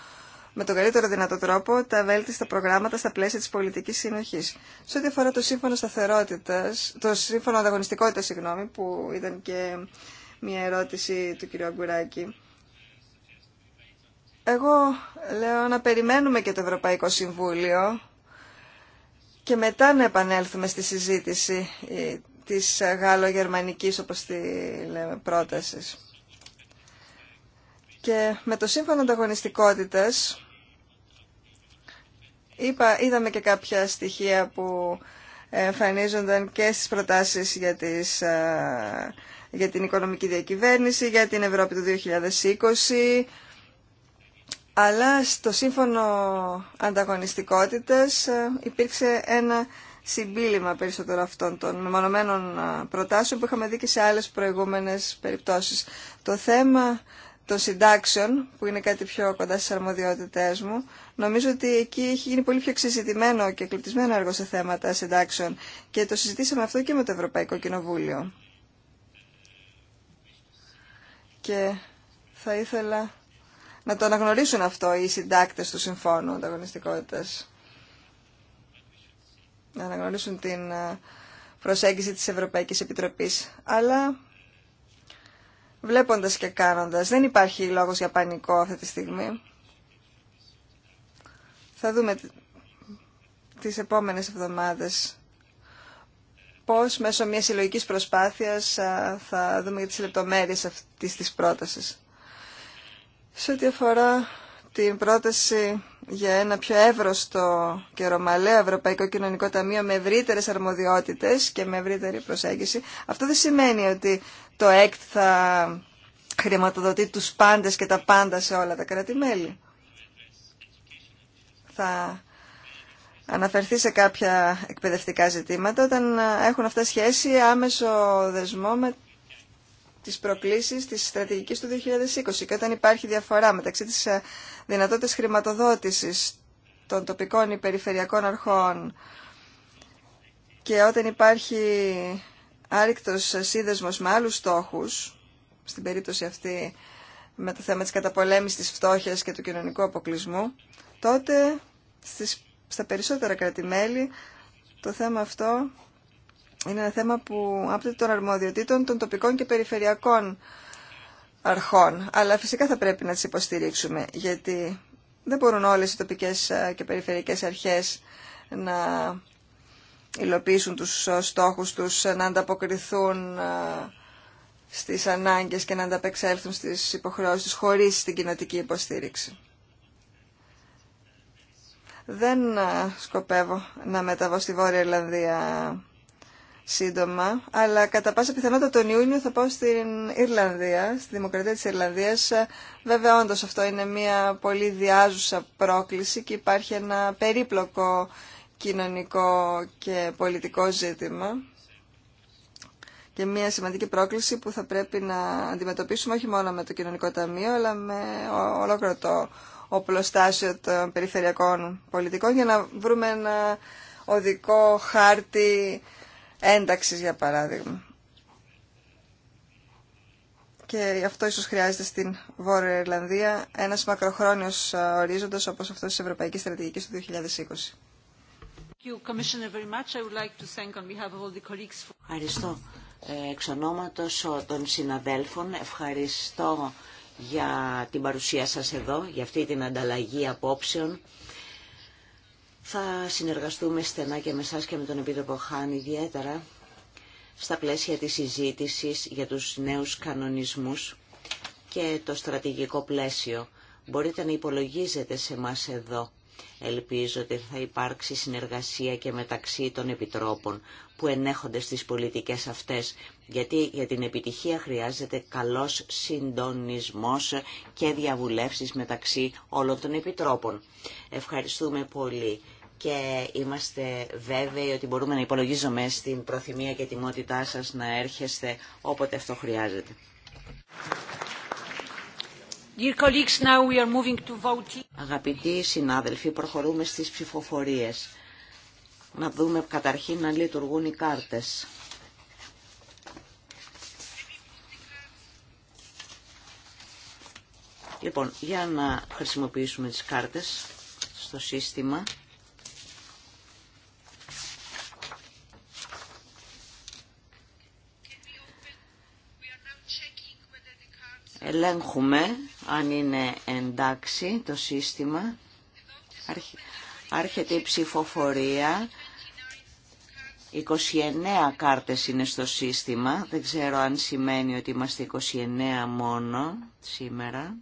με τον καλύτερο δυνατό τρόπο τα βέλτιστα προγράμματα στα πλαίσια της πολιτικής συνοχή. Σε ό,τι αφορά το σύμφωνο σταθερότητα, το σύμφωνο ανταγωνιστικότητας, συγγνώμη, που ήταν και μια ερώτηση του κ. Αγκουράκη. Εγώ λέω να περιμένουμε και το Ευρωπαϊκό Συμβούλιο και μετά να επανέλθουμε στη συζήτηση ε, της γάλλο-γερμανικής, όπως τη λέμε, πρότασης. Και με το σύμφωνο ανταγωνιστικότητας Είπα, είδαμε και κάποια στοιχεία που εμφανίζονταν και στις προτάσεις για, τις, ε, για την οικονομική διακυβέρνηση, για την Ευρώπη του 2020, αλλά στο σύμφωνο ανταγωνιστικότητας ε, υπήρξε ένα συμπίλημα περισσότερο αυτών των μεμονωμένων ε, προτάσεων που είχαμε δει και σε άλλες προηγούμενες περιπτώσεις. Το θέμα των συντάξεων, που είναι κάτι πιο κοντά στι αρμοδιότητέ μου, νομίζω ότι εκεί έχει γίνει πολύ πιο εξεζητημένο και κλειτισμένο έργο σε θέματα συντάξεων και το συζητήσαμε αυτό και με το Ευρωπαϊκό Κοινοβούλιο. Και θα ήθελα να το αναγνωρίσουν αυτό οι συντάκτες του Συμφώνου Ανταγωνιστικότητας. Να αναγνωρίσουν την ε, προσέγγιση της Ευρωπαϊκής Επιτροπής. Αλλά βλέποντας και κάνοντας. Δεν υπάρχει λόγος για πανικό αυτή τη στιγμή. Θα δούμε τις επόμενες εβδομάδες πώς μέσω μιας συλλογική προσπάθειας θα δούμε για τις λεπτομέρειες αυτής της πρότασης. Σε ό,τι αφορά την πρόταση για ένα πιο εύρωστο και ρωμαλαίο Ευρωπαϊκό Κοινωνικό Ταμείο με ευρύτερε αρμοδιότητες και με ευρύτερη προσέγγιση, αυτό δεν σημαίνει ότι το ΕΚΤ θα χρηματοδοτεί τους πάντες και τα πάντα σε όλα τα κράτη-μέλη. Θα αναφερθεί σε κάποια εκπαιδευτικά ζητήματα όταν έχουν αυτά σχέση άμεσο δεσμό με τις προκλήσεις της στρατηγικής του 2020 και όταν υπάρχει διαφορά μεταξύ της δυνατότητας χρηματοδότησης των τοπικών ή περιφερειακών αρχών και όταν υπάρχει άρρηκτος σύνδεσμος με άλλους στόχους, στην περίπτωση αυτή με το θέμα της καταπολέμησης της φτώχειας και του κοινωνικού αποκλεισμού, τότε στις, στα περισσότερα κρατημέλη το θέμα αυτό είναι ένα θέμα που άπτεται των αρμοδιοτήτων των τοπικών και περιφερειακών αρχών. Αλλά φυσικά θα πρέπει να τις υποστηρίξουμε, γιατί δεν μπορούν όλες οι τοπικές και περιφερειακές αρχές να υλοποιήσουν τους ε, στόχους τους, ε, να ανταποκριθούν ε, στις ανάγκες και να ανταπεξέλθουν στις υποχρεώσεις τους χωρίς την κοινοτική υποστήριξη. Δεν σκοπεύω να μεταβώ στη Βόρεια Ιρλανδία σύντομα, αλλά κατά πάσα πιθανότητα τον Ιούνιο θα πάω στην Ιρλανδία, στη Δημοκρατία της Ιρλανδίας. Βέβαια όντως αυτό είναι μια πολύ διάζουσα πρόκληση και υπάρχει ένα περίπλοκο κοινωνικό και πολιτικό ζήτημα και μια σημαντική πρόκληση που θα πρέπει να αντιμετωπίσουμε όχι μόνο με το Κοινωνικό Ταμείο αλλά με ολόκληρο το οπλοστάσιο των περιφερειακών πολιτικών για να βρούμε ένα οδικό χάρτη ένταξης για παράδειγμα. Και αυτό ίσως χρειάζεται στην Βόρεια Ιρλανδία ένας μακροχρόνιος ορίζοντας όπως αυτός της Ευρωπαϊκής Στρατηγικής του 2020. Ευχαριστώ. Εξ ονόματος των συναδέλφων, ευχαριστώ για την παρουσία σας εδώ, για αυτή την ανταλλαγή απόψεων. Θα συνεργαστούμε στενά και με εσάς και με τον Επίτροπο Χάν ιδιαίτερα στα πλαίσια της συζήτησης για τους νέους κανονισμούς και το στρατηγικό πλαίσιο. Μπορείτε να υπολογίζετε σε μας εδώ Ελπίζω ότι θα υπάρξει συνεργασία και μεταξύ των επιτρόπων που ενέχονται στις πολιτικές αυτές, γιατί για την επιτυχία χρειάζεται καλός συντονισμός και διαβουλεύσεις μεταξύ όλων των επιτρόπων. Ευχαριστούμε πολύ και είμαστε βέβαιοι ότι μπορούμε να υπολογίζουμε στην προθυμία και τιμότητά σας να έρχεστε όποτε αυτό χρειάζεται. Αγαπητοί συνάδελφοι, προχωρούμε στις ψηφοφορίες. Να δούμε καταρχήν να λειτουργούν οι κάρτες. Λοιπόν, για να χρησιμοποιήσουμε τις κάρτες στο σύστημα. Ελέγχουμε αν είναι εντάξει το σύστημα. Άρχεται η ψηφοφορία. 29 κάρτες είναι στο σύστημα. Δεν ξέρω αν σημαίνει ότι είμαστε 29 μόνο σήμερα.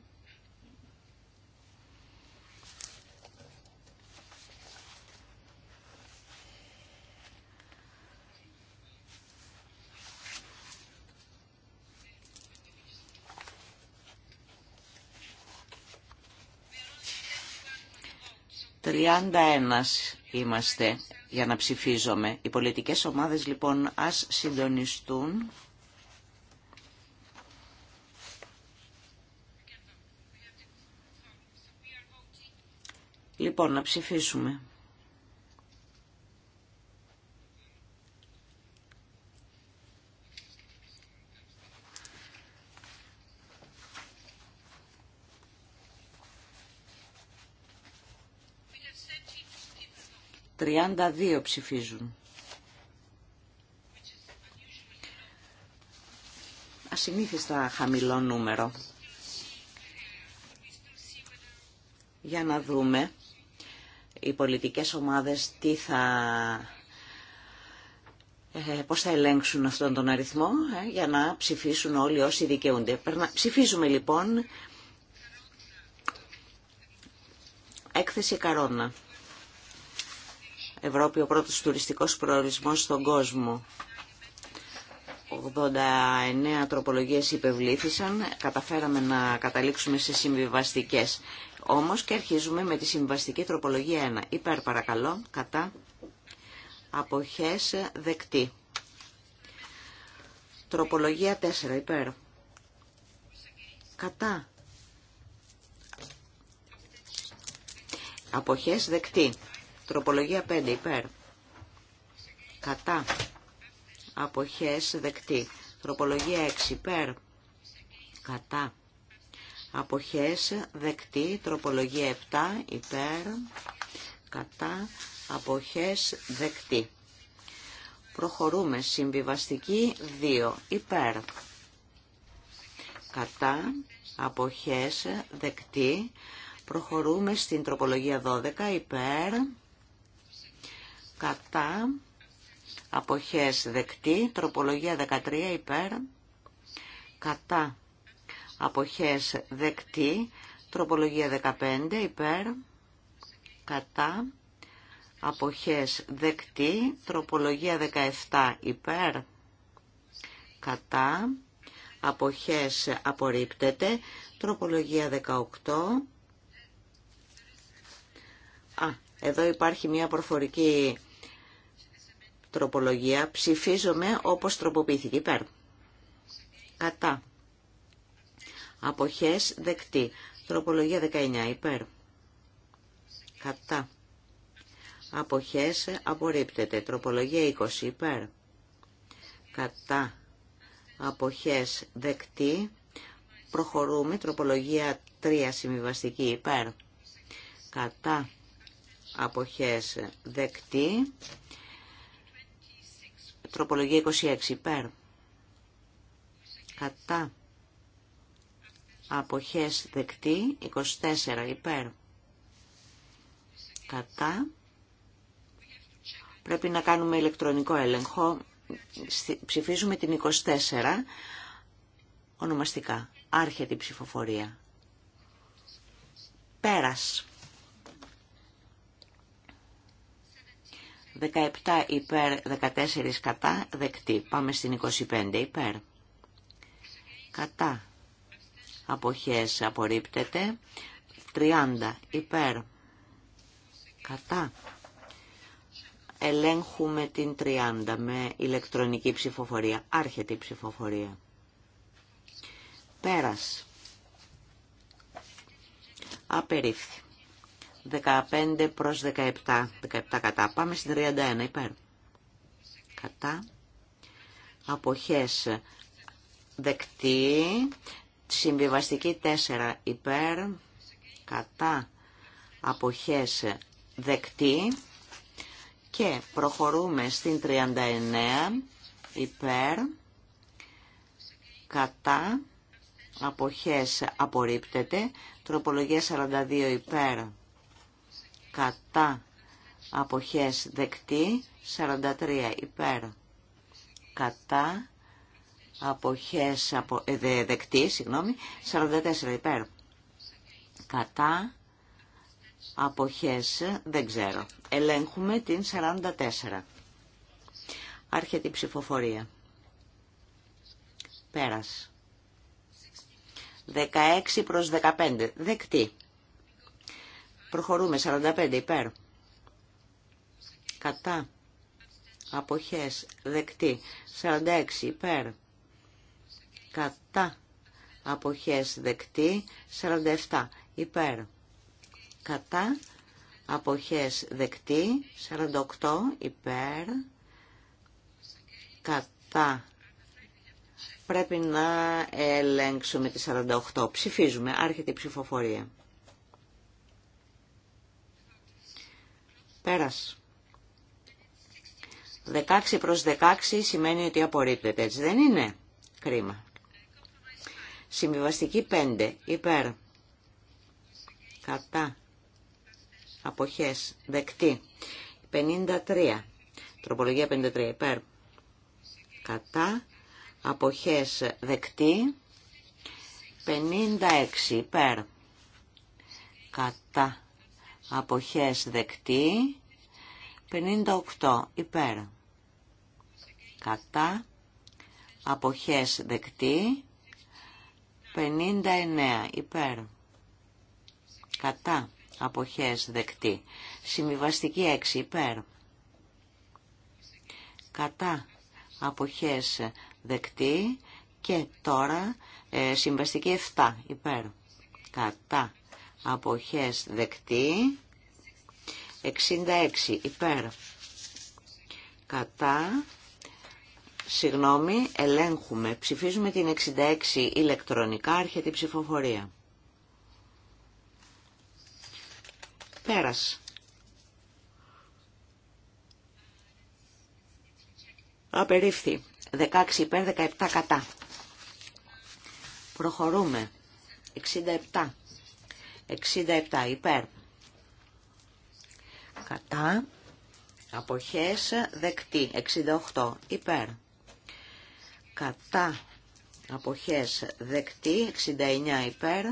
31 είμαστε για να ψηφίζουμε Οι πολιτικές ομάδες λοιπόν ας συντονιστούν. Λοιπόν, να ψηφίσουμε. 32 ψηφίζουν. Ασυνήθιστα χαμηλό νούμερο. Για να δούμε οι πολιτικές ομάδες τι θα, ε, πώς θα ελέγξουν αυτόν τον αριθμό ε, για να ψηφίσουν όλοι όσοι δικαιούνται. Ψηφίζουμε λοιπόν έκθεση Καρόνα. Ευρώπη ο πρώτος τουριστικός προορισμός στον κόσμο. 89 τροπολογίες υπευλήθησαν, καταφέραμε να καταλήξουμε σε συμβιβαστικές. Όμως και αρχίζουμε με τη συμβιβαστική τροπολογία 1. Υπέρ παρακαλώ, κατά, αποχές δεκτή. Τροπολογία 4, υπέρ. Κατά. Αποχές δεκτή. Τροπολογία 5 υπέρ. Κατά. Αποχές δεκτή. Τροπολογία 6 υπέρ. Κατά. Αποχές δεκτή. Τροπολογία 7 υπέρ. Κατά. Αποχές δεκτή. Προχωρούμε. Συμβιβαστική 2 υπέρ. Κατά. Αποχές δεκτή. Προχωρούμε στην τροπολογία 12 υπέρ κατά, αποχές δεκτή, τροπολογία 13 υπέρ, κατά, αποχές δεκτή, τροπολογία 15 υπέρ, κατά, αποχές δεκτή, τροπολογία 17 υπέρ, κατά, αποχές απορρίπτεται, τροπολογία 18, Α, εδώ υπάρχει μια προφορική τροπολογία «Ψηφίζομαι όπως τροποποιήθηκε υπέρ. Κατά. Αποχές δεκτή. Τροπολογία 19 υπέρ. Κατά. Αποχές απορρίπτεται. Τροπολογία 20 υπέρ. Κατά. Αποχές δεκτή. Προχωρούμε. Τροπολογία 3 συμβιβαστική υπέρ. Κατά. Αποχές δεκτή. Τροπολογία 26 υπέρ. Κατά. Αποχές δεκτή 24 υπέρ. Κατά. Πρέπει να κάνουμε ηλεκτρονικό έλεγχο. Ψηφίζουμε την 24 ονομαστικά. Άρχεται η ψηφοφορία. Πέρας. 17 υπέρ, 14 κατά, δεκτή. Πάμε στην 25 υπέρ. Κατά. Αποχές απορρίπτεται. 30 υπέρ. Κατά. Ελέγχουμε την 30 με ηλεκτρονική ψηφοφορία. Άρχεται η ψηφοφορία. Πέρας. Απερίφθη. 15 προς 17. 17 κατά. Πάμε στην 31 υπέρ. Κατά. Αποχές δεκτή. Συμβιβαστική 4 υπέρ. Κατά. Αποχές δεκτή. Και προχωρούμε στην 39 υπέρ. Κατά. Αποχές απορρίπτεται. Τροπολογία 42 υπέρ κατά αποχές δεκτή 43 υπέρ κατά αποχές απο, ε, δεκτή συγγνώμη 44 υπέρ κατά αποχές δεν ξέρω ελέγχουμε την 44 άρχεται η ψηφοφορία πέρας 16 προς 15 δεκτή Προχωρούμε. 45 υπέρ. Κατά. Αποχές. Δεκτή. 46 υπέρ. Κατά. Αποχές. Δεκτή. 47 υπέρ. Κατά. Αποχές. Δεκτή. 48 υπέρ. Κατά. Πρέπει να ελέγξουμε τη 48. Ψηφίζουμε. Άρχεται η ψηφοφορία. Πέρας. 16 προς 16 σημαίνει ότι απορρίπτεται, έτσι δεν είναι. Κρίμα. Συμβιβαστική 5. Υπέρ. Κατά. Αποχές. Δεκτή. 53. Τροπολογία 53. Υπέρ. Κατά. Αποχές. Δεκτή. 56. Υπέρ. Κατά αποχές δεκτή 58 υπέρ κατά αποχές δεκτή 59 υπέρ κατά αποχές δεκτή συμβιβαστική 6 υπέρ κατά αποχές δεκτή και τώρα ε, συμβαστική 7 υπέρ κατά αποχές δεκτή 66 υπέρ κατά συγγνώμη ελέγχουμε ψηφίζουμε την 66 ηλεκτρονικά έρχεται η ψηφοφορία πέρας απερίφθη 16 υπέρ 17 κατά προχωρούμε 67 67 υπέρ. Κατά. Αποχές δεκτή. 68 υπέρ. Κατά. Αποχές δεκτή. 69 υπέρ.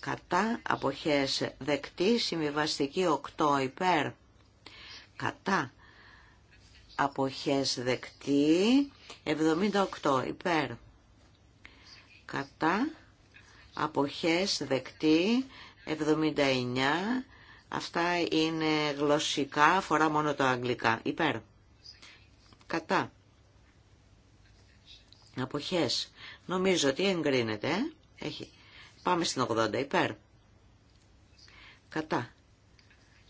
Κατά. Αποχές δεκτή. Συμβιβαστική 8 υπέρ. Κατά. Αποχές δεκτή. 78 υπέρ. Κατά αποχές δεκτή 79 αυτά είναι γλωσσικά αφορά μόνο το αγγλικά υπέρ κατά αποχές νομίζω ότι εγκρίνεται έχει πάμε στην 80 υπέρ κατά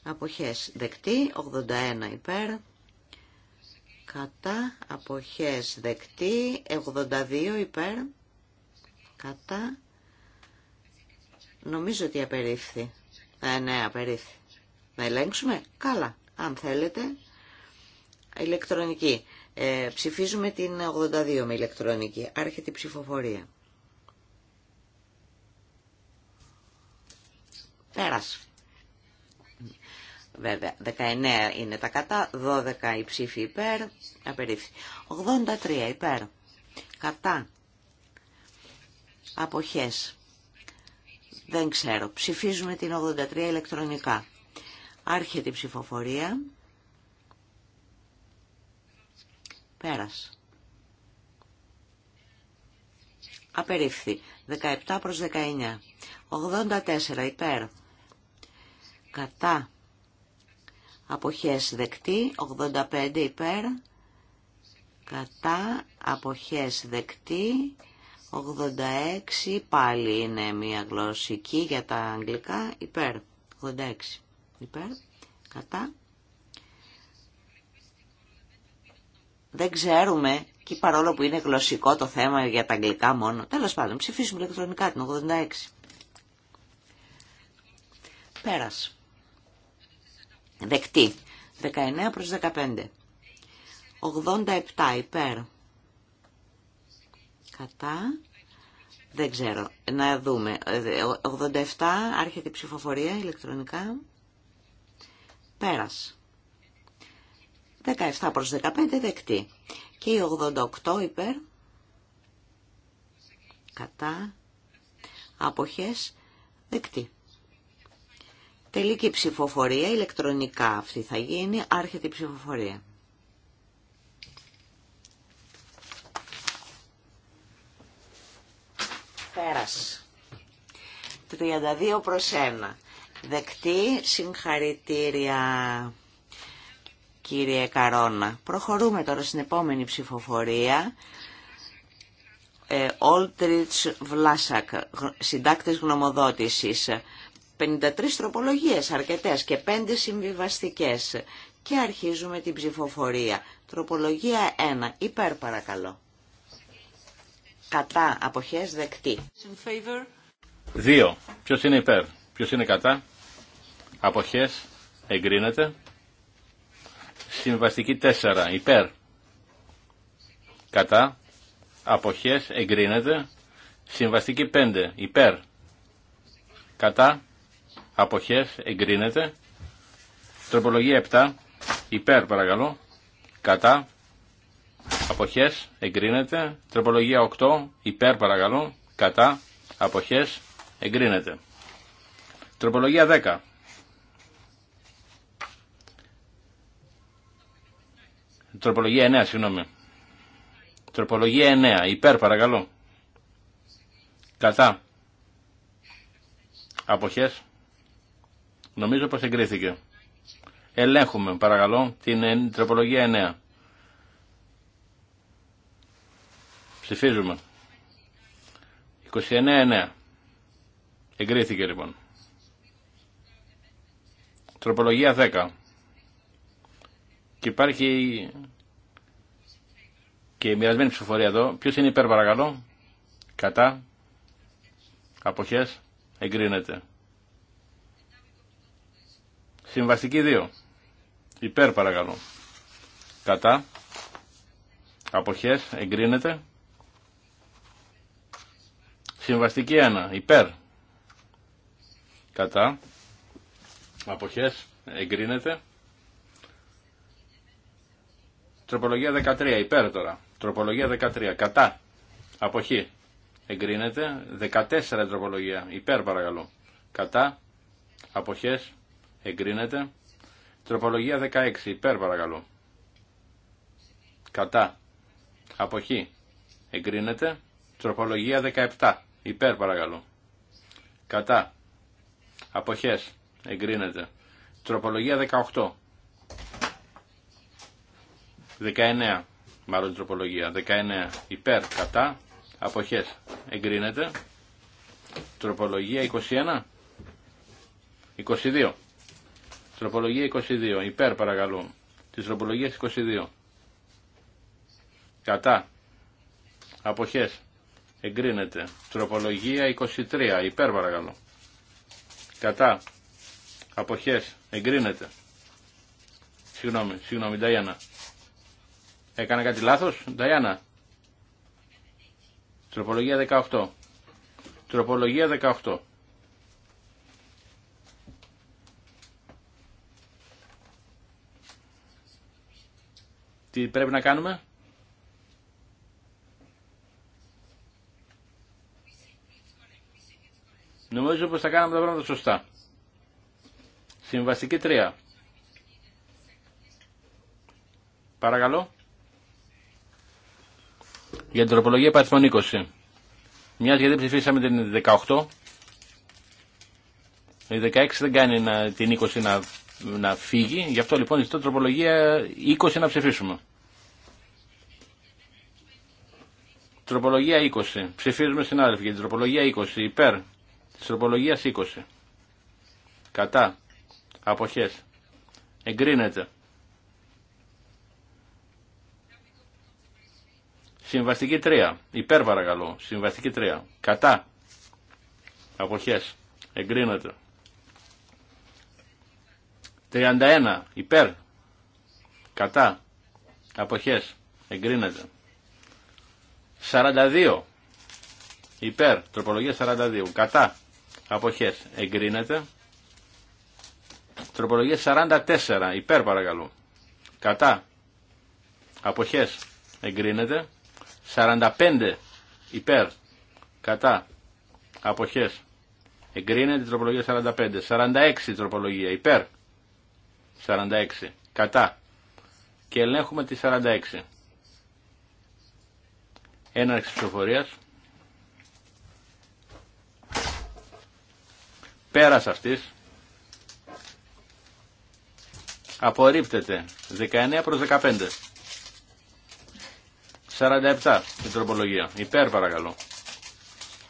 αποχές δεκτή 81 υπέρ κατά αποχές δεκτή 82 υπέρ κατά Νομίζω ότι απερίφθη. Ε, ναι, απερίφθη. Να ελέγξουμε. Καλά. Αν θέλετε, ηλεκτρονική. Ε, ψηφίζουμε την 82 με ηλεκτρονική. Άρχεται η ψηφοφορία. Πέρασε. Βέβαια, 19 είναι τα κατά, 12 η ψήφη υπέρ, απερίφθη. 83 υπέρ, κατά, αποχές, δεν ξέρω. Ψηφίζουμε την 83 ηλεκτρονικά. Άρχεται η ψηφοφορία. Πέρας. Απερίφθη. 17 προς 19. 84 υπέρ. Κατά. Αποχές δεκτή. 85 υπέρ. Κατά. Αποχές δεκτή. 86 πάλι είναι μια γλωσσική για τα αγγλικά υπέρ. 86 υπέρ. Κατά. Δεν ξέρουμε και παρόλο που είναι γλωσσικό το θέμα για τα αγγλικά μόνο. Τέλος πάντων ψηφίσουμε ηλεκτρονικά την 86. Πέρας. Δεκτή. 19 προς 15. 87 υπέρ. Κατά. Δεν ξέρω. Να δούμε. 87 άρχεται η ψηφοφορία ηλεκτρονικά. Πέρας. 17 προς 15 δεκτή. Και η 88 υπέρ. Κατά. Αποχές. Δεκτή. Τελική ψηφοφορία ηλεκτρονικά αυτή θα γίνει. Άρχεται η ψηφοφορία. Πέρας. 32 προς 1. Δεκτή συγχαρητήρια κύριε Καρόνα. Προχωρούμε τώρα στην επόμενη ψηφοφορία. Ε, Όλτριτς Βλάσακ, συντάκτης γνωμοδότησης. 53 τροπολογίες αρκετές και 5 συμβιβαστικές. Και αρχίζουμε την ψηφοφορία. Τροπολογία 1. Υπέρ παρακαλώ κατά αποχές δεκτή. Δύο. Ποιος είναι υπέρ, ποιος είναι κατά, αποχές εγκρίνεται. Συμβαστική τέσσερα Υπέρ, κατά, αποχές εγκρίνεται. Συμβαστική πέντε Υπέρ, κατά, αποχές εγκρίνεται. Τροπολογία επτά Υπέρ παρακαλώ, κατά, αποχές εγκρίνεται. Τροπολογία 8 υπέρ παρακαλώ κατά αποχές εγκρίνεται. Τροπολογία 10. Τροπολογία 9, συγγνώμη. Τροπολογία 9, υπέρ παρακαλώ. Κατά. Αποχές. Νομίζω πως εγκρίθηκε. Ελέγχουμε παρακαλώ την τροπολογία 9. Ψηφίζουμε. 29-9. Εγκρίθηκε λοιπόν. Τροπολογία 10. Και υπάρχει και η μοιρασμένη ψηφοφορία εδώ. Ποιο είναι υπέρ παρακαλώ. Κατά. Αποχές. Εγκρίνεται. Συμβαστική 2. Υπέρ παρακαλώ. Κατά. Αποχές. Εγκρίνεται. Συμβαστική 1. Υπέρ. Κατά. Αποχές. Εγκρίνεται. Τροπολογία 13. Υπέρ τώρα. Τροπολογία 13. Κατά. Αποχή. Εγκρίνεται. 14 τροπολογία. Υπέρ παρακαλώ. Κατά. Αποχές. Εγκρίνεται. Τροπολογία 16. Υπέρ παρακαλώ. Κατά. Αποχή. Εγκρίνεται. Τροπολογία 17. Υπέρ παρακαλώ. Κατά. Αποχές. Εγκρίνεται. Τροπολογία 18. 19. Μάλλον τροπολογία. 19. Υπέρ. Κατά. Αποχές. Εγκρίνεται. Τροπολογία 21. 22. Τροπολογία 22. Υπέρ παρακαλώ. Τη τροπολογία 22. Κατά. Αποχές εγκρίνεται. Τροπολογία 23, υπέρ παρακαλώ. Κατά, αποχές, εγκρίνεται. Συγγνώμη, συγγνώμη, Νταϊάννα. Έκανα κάτι λάθος, Νταϊάννα. Τροπολογία 18. Τροπολογία 18. Τι πρέπει να κάνουμε. Νομίζω πως θα κάναμε τα πράγματα σωστά. Συμβαστική 3. Παρακαλώ. Για την τροπολογία παριθμών 20. Μιας γιατί ψηφίσαμε την 18. Η 16 δεν κάνει να, την 20 να, να φύγει. Γι' αυτό λοιπόν ζητώ τροπολογία 20 να ψηφίσουμε. Τροπολογία 20. Ψηφίζουμε συνάδελφοι για την τροπολογία 20. Υπέρ. Της τροπολογίας 20. Κατά. Αποχές. Εγκρίνεται. Συμβαστική 3. Υπέρ παρακαλώ. Συμβαστική 3. Κατά. Αποχές. Εγκρίνεται. 31. Υπέρ. Κατά. Αποχές. Εγκρίνεται. 42. Υπέρ. Τροπολογία 42. Κατά. Αποχές. Εγκρίνεται. Τροπολογία 44. Υπέρ παρακαλώ. Κατά. Αποχές. Εγκρίνεται. 45. Υπέρ. Κατά. Αποχές. Εγκρίνεται τροπολογία 45. 46 τροπολογία. Υπέρ. 46. Κατά. Και ελέγχουμε τη 46. Έναρξη ψηφοφορίας. Πέρας αυτής απορρίπτεται 19 προς 15. 47 η τροπολογία. Υπέρ παρακαλώ.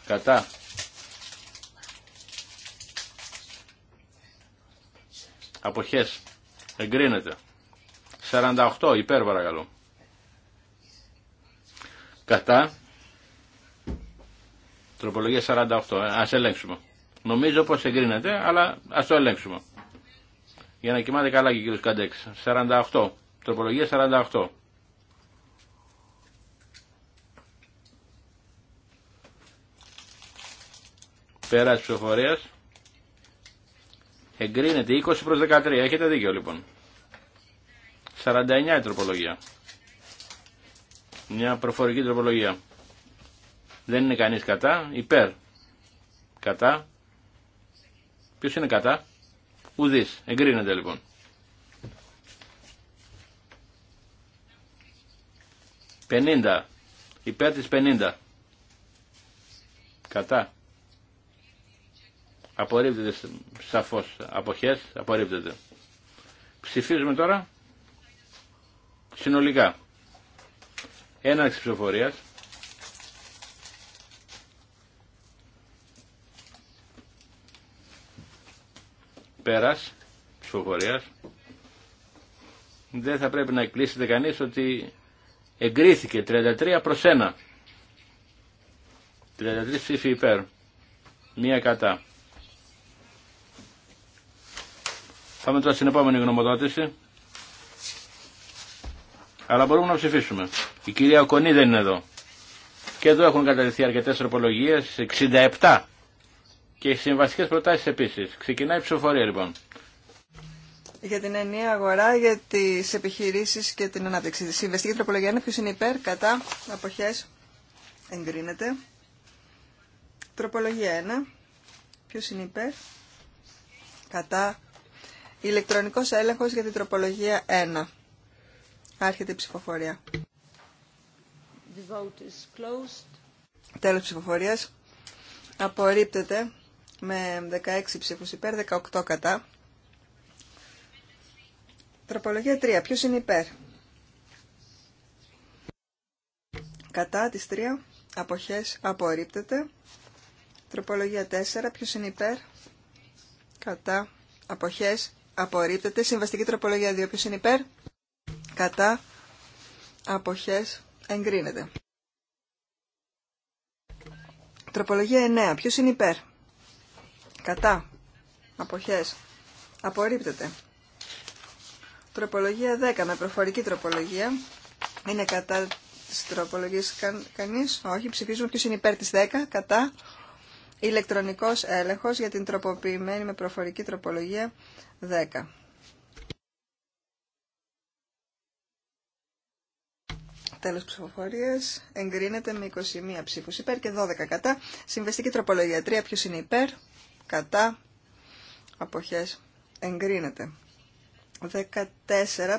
Κατά. Αποχές. Εγκρίνεται. 48 υπέρ παρακαλώ. Κατά. Τροπολογία 48. Ε, ας ελέγξουμε. Νομίζω πως εγκρίνεται, αλλά ας το ελέγξουμε. Για να κοιμάται καλά και ο κύριος Καντέξ. 48. Τροπολογία 48. Πέρα της ψηφοφορίας. Εγκρίνεται 20 προς 13. Έχετε δίκιο λοιπόν. 49 η τροπολογία. Μια προφορική τροπολογία. Δεν είναι κανείς κατά. Υπέρ. Κατά. Ποιο είναι κατά. Ουδή. Εγκρίνεται λοιπόν. 50. Υπέρ της 50. Κατά. Απορρίπτεται σαφώς. Αποχές. Απορρίπτεται. Ψηφίζουμε τώρα συνολικά. Έναρξη ψηφοφορίας. πέρας ψηφοφορίας δεν θα πρέπει να εκπλήσετε κανείς ότι εγκρίθηκε 33 προς 1. 33 ψήφοι υπέρ. Μία κατά. Πάμε τώρα στην επόμενη γνωμοδότηση. Αλλά μπορούμε να ψηφίσουμε. Η κυρία Κονή δεν είναι εδώ. Και εδώ έχουν καταληθεί αρκετές τροπολογίες. 67 και οι συμβαστικές προτάσεις επίσης. Ξεκινάει η ψηφοφορία λοιπόν. Για την ενιαία αγορά, για τις επιχειρήσεις και την ανάπτυξη. Η συμβαστική τροπολογία είναι ποιος είναι υπέρ, κατά, αποχές, εγκρίνεται. Τροπολογία 1, ποιος είναι υπέρ, κατά, ηλεκτρονικός έλεγχος για την τροπολογία 1. Άρχεται η ψηφοφορία. Τέλο ψηφοφορία. is Τέλος ψηφοφορίας. Απορρίπτεται με 16 ψήφους υπέρ, 18 κατά. Τροπολογία 3. Ποιος είναι υπέρ. Κατά τις 3. Αποχές απορρίπτεται. Τροπολογία 4. Ποιος είναι υπέρ. Κατά. Αποχές απορρίπτεται. Συμβαστική τροπολογία 2. Ποιος είναι υπέρ. Κατά. Αποχές εγκρίνεται. Τροπολογία 9. Ποιος είναι υπέρ. Κατά. Αποχές. Απορρίπτεται. Τροπολογία 10 με προφορική τροπολογία. Είναι κατά της τροπολογίας κα, κανείς. Όχι. Ψηφίζουμε ποιος είναι υπέρ της 10. Κατά. Ηλεκτρονικός έλεγχος για την τροποποιημένη με προφορική τροπολογία 10. τέλος ψηφοφορίας εγκρίνεται με 21 ψήφους υπέρ και 12 κατά. Συμβεστική τροπολογία 3, ποιος είναι υπέρ, κατά αποχές εγκρίνεται. 14,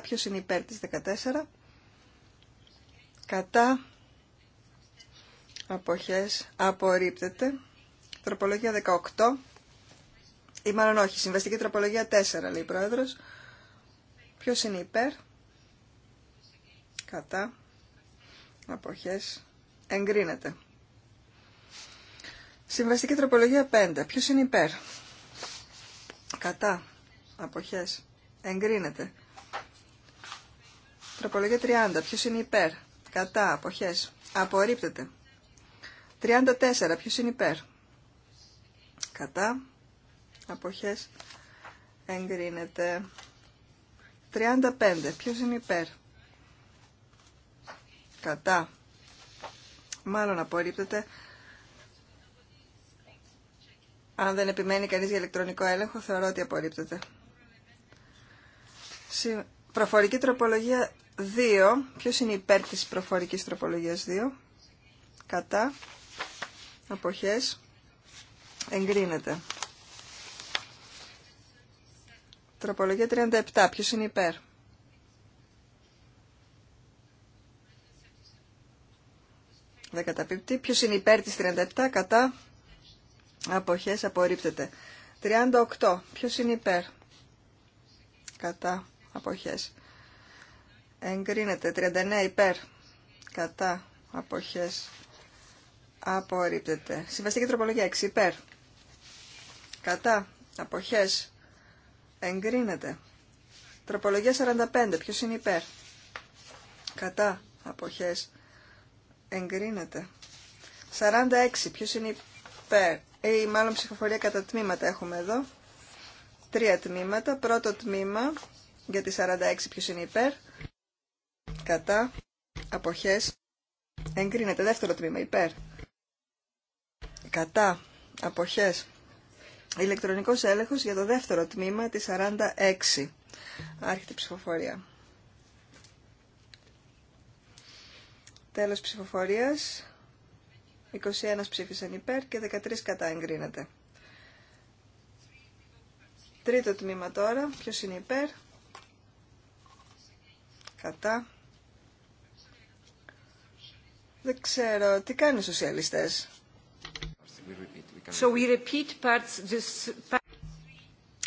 ποιος είναι υπέρ της 14, κατά αποχές απορρίπτεται. Τροπολογία 18, ή μάλλον όχι, συμβαστική τροπολογία 4 λέει η πρόεδρος. Ποιος είναι υπέρ, κατά αποχές εγκρίνεται. Συμβαστική τροπολογία 5. Ποιος είναι υπέρ. Κατά. Αποχές. Εγκρίνεται. Τροπολογία 30. Ποιος είναι υπέρ. Κατά. Αποχές. Απορρίπτεται. 34. Ποιος είναι υπέρ. Κατά. Αποχές. Εγκρίνεται. 35. Ποιος είναι υπέρ. Κατά. Μάλλον απορρίπτεται. Αν δεν επιμένει κανείς για ηλεκτρονικό έλεγχο, θεωρώ ότι απορρίπτεται. Προφορική τροπολογία 2. Ποιος είναι υπέρ της προφορικής τροπολογίας 2. Κατά. Αποχές. Εγκρίνεται. Τροπολογία 37. Ποιος είναι υπέρ. Δεν καταπίπτει. Ποιος είναι υπέρ της 37. Κατά. Αποχές απορρίπτεται. 38. Ποιος είναι υπέρ. Κατά. Αποχές. Εγκρίνεται. 39 υπέρ. Κατά. Αποχές. Απορρίπτεται. Συμβαστική τροπολογία 6 υπέρ. Κατά. Αποχές. Εγκρίνεται. Τροπολογία 45. Ποιος είναι υπέρ. Κατά. Αποχές. Εγκρίνεται. 46. Ποιος είναι υπέρ Περ. ή ε, μάλλον ψηφοφορία κατά τμήματα έχουμε εδώ. Τρία τμήματα. Πρώτο τμήμα για τη 46 ποιος είναι υπέρ. Κατά. Αποχές. Εγκρίνεται. Δεύτερο τμήμα υπέρ. Κατά. Αποχές. Ηλεκτρονικός έλεγχος για το δεύτερο τμήμα τη 46. Άρχεται η ψηφοφορία. Τέλος ψηφοφορίας. 21 ψήφισαν υπέρ και 13 κατά εγκρίνεται. Τρίτο τμήμα τώρα. Ποιος είναι υπέρ. Κατά. Δεν ξέρω. Τι κάνουν οι σοσιαλιστές. So we parts,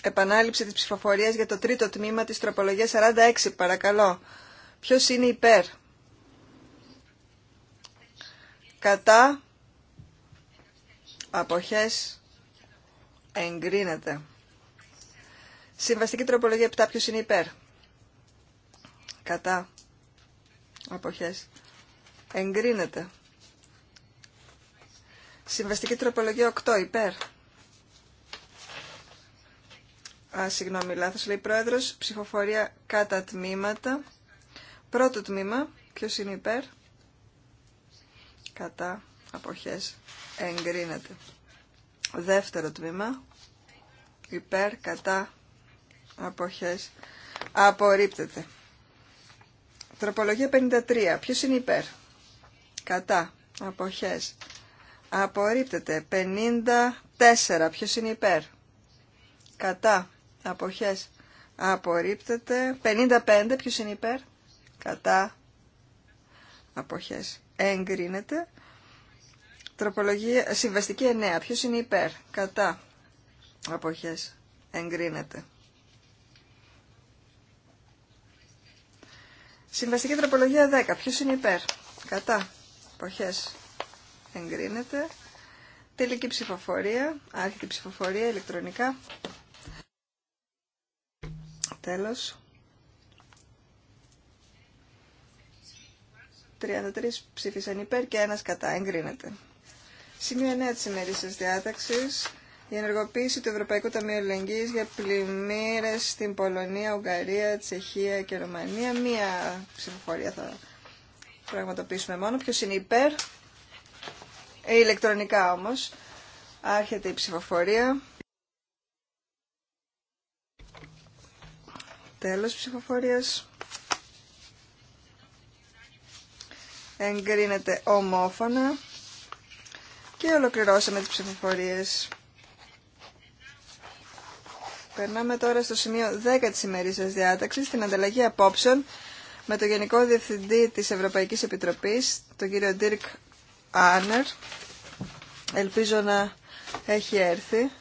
Επανάληψη της ψηφοφορίας για το τρίτο τμήμα της τροπολογίας 46. Παρακαλώ. Ποιος είναι υπέρ. Κατά αποχές εγκρίνεται. Συμβαστική τροπολογία 7 ποιος είναι υπέρ. Κατά αποχές εγκρίνεται. Συμβαστική τροπολογία 8 υπέρ. Α, συγγνώμη, λάθος λέει πρόεδρος. Ψηφοφορία κατά τμήματα. Πρώτο τμήμα, ποιος είναι υπέρ. Κατά αποχές εγκρίνεται. Δεύτερο τμήμα υπέρ κατά αποχές απορρίπτεται. Τροπολογία 53. Ποιος είναι υπέρ. Κατά. Αποχές. Απορρίπτεται. 54. Ποιος είναι υπέρ. Κατά. Αποχές. Απορρίπτεται. 55. Ποιος είναι υπέρ. Κατά. Αποχές. Εγκρίνεται. Τροπολογία, συμβαστική 9. Ποιο είναι υπέρ, κατά, αποχές, εγκρίνεται. Συμβαστική τροπολογία 10. Ποιο είναι υπέρ, κατά, αποχές, εγκρίνεται. Τελική ψηφοφορία, άρχιτη ψηφοφορία ηλεκτρονικά. Τέλος. 33 ψήφισαν υπέρ και ένας κατά. Εγκρίνεται. Σημείο 9 της ημερήσιας διάταξης. Η ενεργοποίηση του Ευρωπαϊκού Ταμείου Ελεγγύης για πλημμύρες στην Πολωνία, Ουγγαρία, Τσεχία και Ρωμανία. Μία ψηφοφορία θα πραγματοποιήσουμε μόνο. Ποιος είναι υπέρ. Ε, ηλεκτρονικά όμως. Άρχεται η ψηφοφορία. Τέλος ψηφοφορίας. Εγκρίνεται ομόφωνα. Και ολοκληρώσαμε τις ψηφοφορίες. Περνάμε τώρα στο σημείο 10 της ημερήσιας διάταξης, στην ανταλλαγή απόψεων με τον Γενικό Διευθυντή της Ευρωπαϊκής Επιτροπής, τον κύριο Dirk Άνερ. Ελπίζω να έχει έρθει.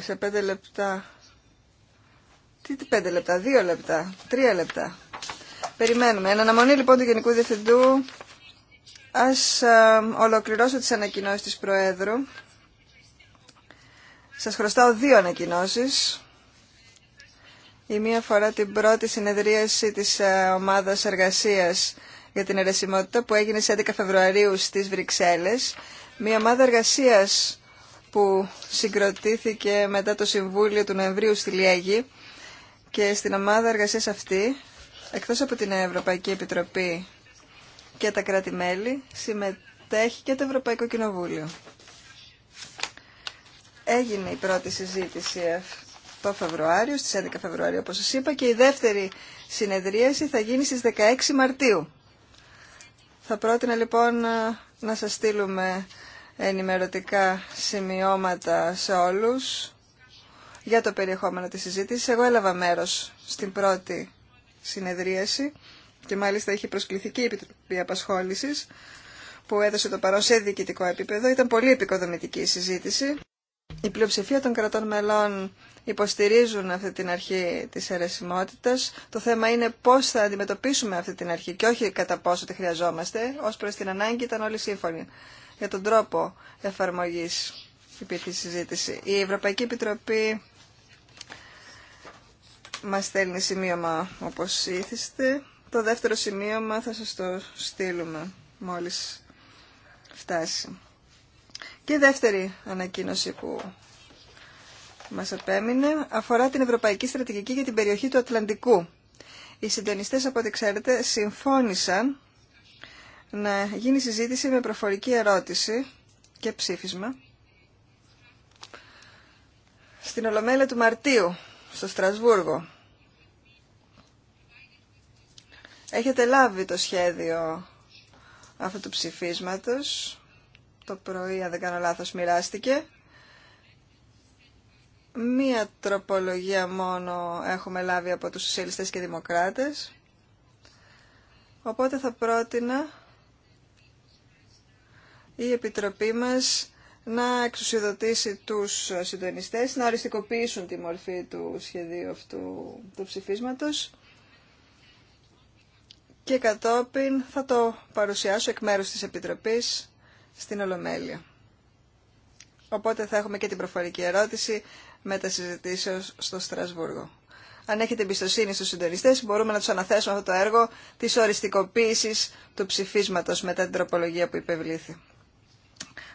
Σε πέντε λεπτά. Τι, τι πέντε λεπτά, δύο λεπτά, τρία λεπτά. Περιμένουμε. Εν αναμονή λοιπόν του Γενικού Διευθυντού Ας ε, ολοκληρώσω τις ανακοινώσεις της Προέδρου. Σας χρωστάω δύο ανακοινώσεις. Η μία φορά την πρώτη συνεδρίαση της ε, ομάδας εργασίας για την ερεσιμότητα που έγινε στις 11 Φεβρουαρίου στις Βρυξέλλες. Μια ομάδα εργασίας που συγκροτήθηκε μετά το Συμβούλιο του Νοεμβρίου στη Λιέγη και στην ομάδα εργασίας αυτή, εκτός από την Ευρωπαϊκή Επιτροπή και τα κράτη-μέλη, συμμετέχει και το Ευρωπαϊκό Κοινοβούλιο. Έγινε η πρώτη συζήτηση το Φεβρουάριο, στις 11 Φεβρουάριο όπως σας είπα και η δεύτερη συνεδρίαση θα γίνει στις 16 Μαρτίου. Θα πρότεινα λοιπόν να σας στείλουμε ενημερωτικά σημειώματα σε όλους για το περιεχόμενο της συζήτησης. Εγώ έλαβα μέρος στην πρώτη συνεδρίαση και μάλιστα έχει προσκληθεί και η Επιτροπή απασχόληση που έδωσε το παρόν σε διοικητικό επίπεδο. Ήταν πολύ επικοδομητική η συζήτηση. Η πλειοψηφία των κρατών μελών υποστηρίζουν αυτή την αρχή της αιρεσιμότητας. Το θέμα είναι πώς θα αντιμετωπίσουμε αυτή την αρχή και όχι κατά πόσο τη χρειαζόμαστε. Ως προς την ανάγκη ήταν όλοι σύμφωνοι για τον τρόπο εφαρμογής υπήρχε συζήτηση. Η Ευρωπαϊκή Επιτροπή μας στέλνει σημείωμα όπως ήθιστε το δεύτερο σημείωμα θα σας το στείλουμε μόλις φτάσει. Και η δεύτερη ανακοίνωση που μας επέμεινε αφορά την Ευρωπαϊκή Στρατηγική για την περιοχή του Ατλαντικού. Οι συντονιστές, από ό,τι ξέρετε, συμφώνησαν να γίνει συζήτηση με προφορική ερώτηση και ψήφισμα στην Ολομέλεια του Μαρτίου, στο Στρασβούργο. Έχετε λάβει το σχέδιο αυτού του ψηφίσματος. Το πρωί, αν δεν κάνω λάθος, μοιράστηκε. Μία τροπολογία μόνο έχουμε λάβει από τους σοσιαλιστές και δημοκράτες. Οπότε θα πρότεινα η Επιτροπή μας να εξουσιοδοτήσει τους συντονιστές, να οριστικοποιήσουν τη μορφή του σχεδίου αυτού του ψηφίσματος και κατόπιν θα το παρουσιάσω εκ μέρους της Επιτροπής στην Ολομέλεια. Οπότε θα έχουμε και την προφορική ερώτηση με τα στο Στρασβούργο. Αν έχετε εμπιστοσύνη στους συντονιστές, μπορούμε να τους αναθέσουμε αυτό το έργο της οριστικοποίησης του ψηφίσματος μετά την τροπολογία που υπευλήθη.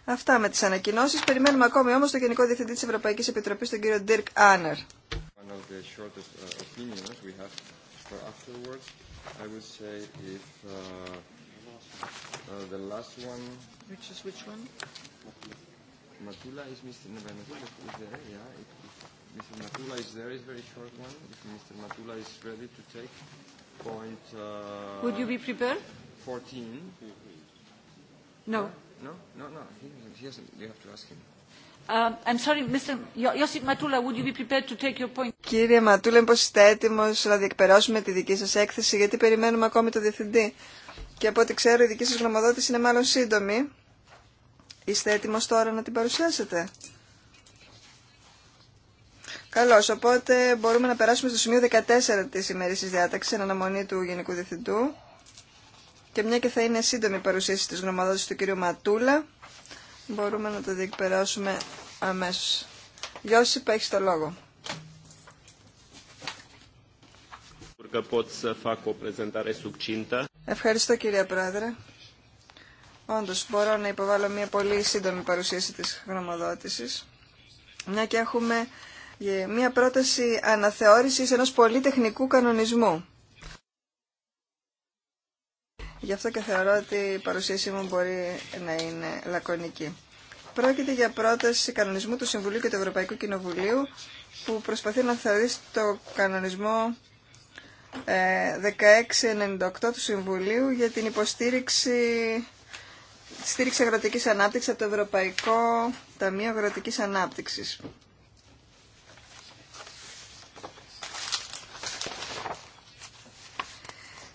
Αυτά με τις ανακοινώσεις. Περιμένουμε ακόμη όμως το Γενικό Διευθυντή της Ευρωπαϊκής Επιτροπής, τον κύριο Dirk Άνερ. I would say if uh, the last one. Which is which one? Matula is Mr. Matula is there, yeah. If, Mr. Matula is there, is very short one. If Mr. Matula is ready to take point. Uh, Would you be prepared? 14. No. No, no, no. He, he hasn't. You have to ask him. Uh, Κύριε Ματούλα, πως είστε έτοιμος να διεκπαιρώσουμε τη δική σας έκθεση, γιατί περιμένουμε ακόμη το Διευθυντή. Και από ό,τι ξέρω, η δική σας γνωμοδότηση είναι μάλλον σύντομη. Είστε έτοιμος τώρα να την παρουσιάσετε. Καλώς, οπότε μπορούμε να περάσουμε στο σημείο 14 της ημερήσης διάταξης, εν αναμονή του Γενικού Διευθυντού. Και μια και θα είναι σύντομη η παρουσίαση της γνωμοδότησης του κύριου Ματούλα, μπορούμε να το διεκπεράσουμε αμέσως. Γιώση, έχει το λόγο. Ευχαριστώ κύριε Πρόεδρε. Όντως μπορώ να υποβάλω μια πολύ σύντομη παρουσίαση της γνωμοδότησης. Μια και έχουμε ε, μια πρόταση αναθεώρησης ενός πολυτεχνικού κανονισμού. Γι' αυτό και θεωρώ ότι η παρουσίασή μου μπορεί να είναι λακωνική. Πρόκειται για πρόταση κανονισμού του Συμβουλίου και του Ευρωπαϊκού Κοινοβουλίου που προσπαθεί να θεωρήσει το κανονισμό 1698 ε, του Συμβουλίου για την υποστήριξη στήριξη αγροτικής ανάπτυξης από το Ευρωπαϊκό Ταμείο Αγροτικής Ανάπτυξης.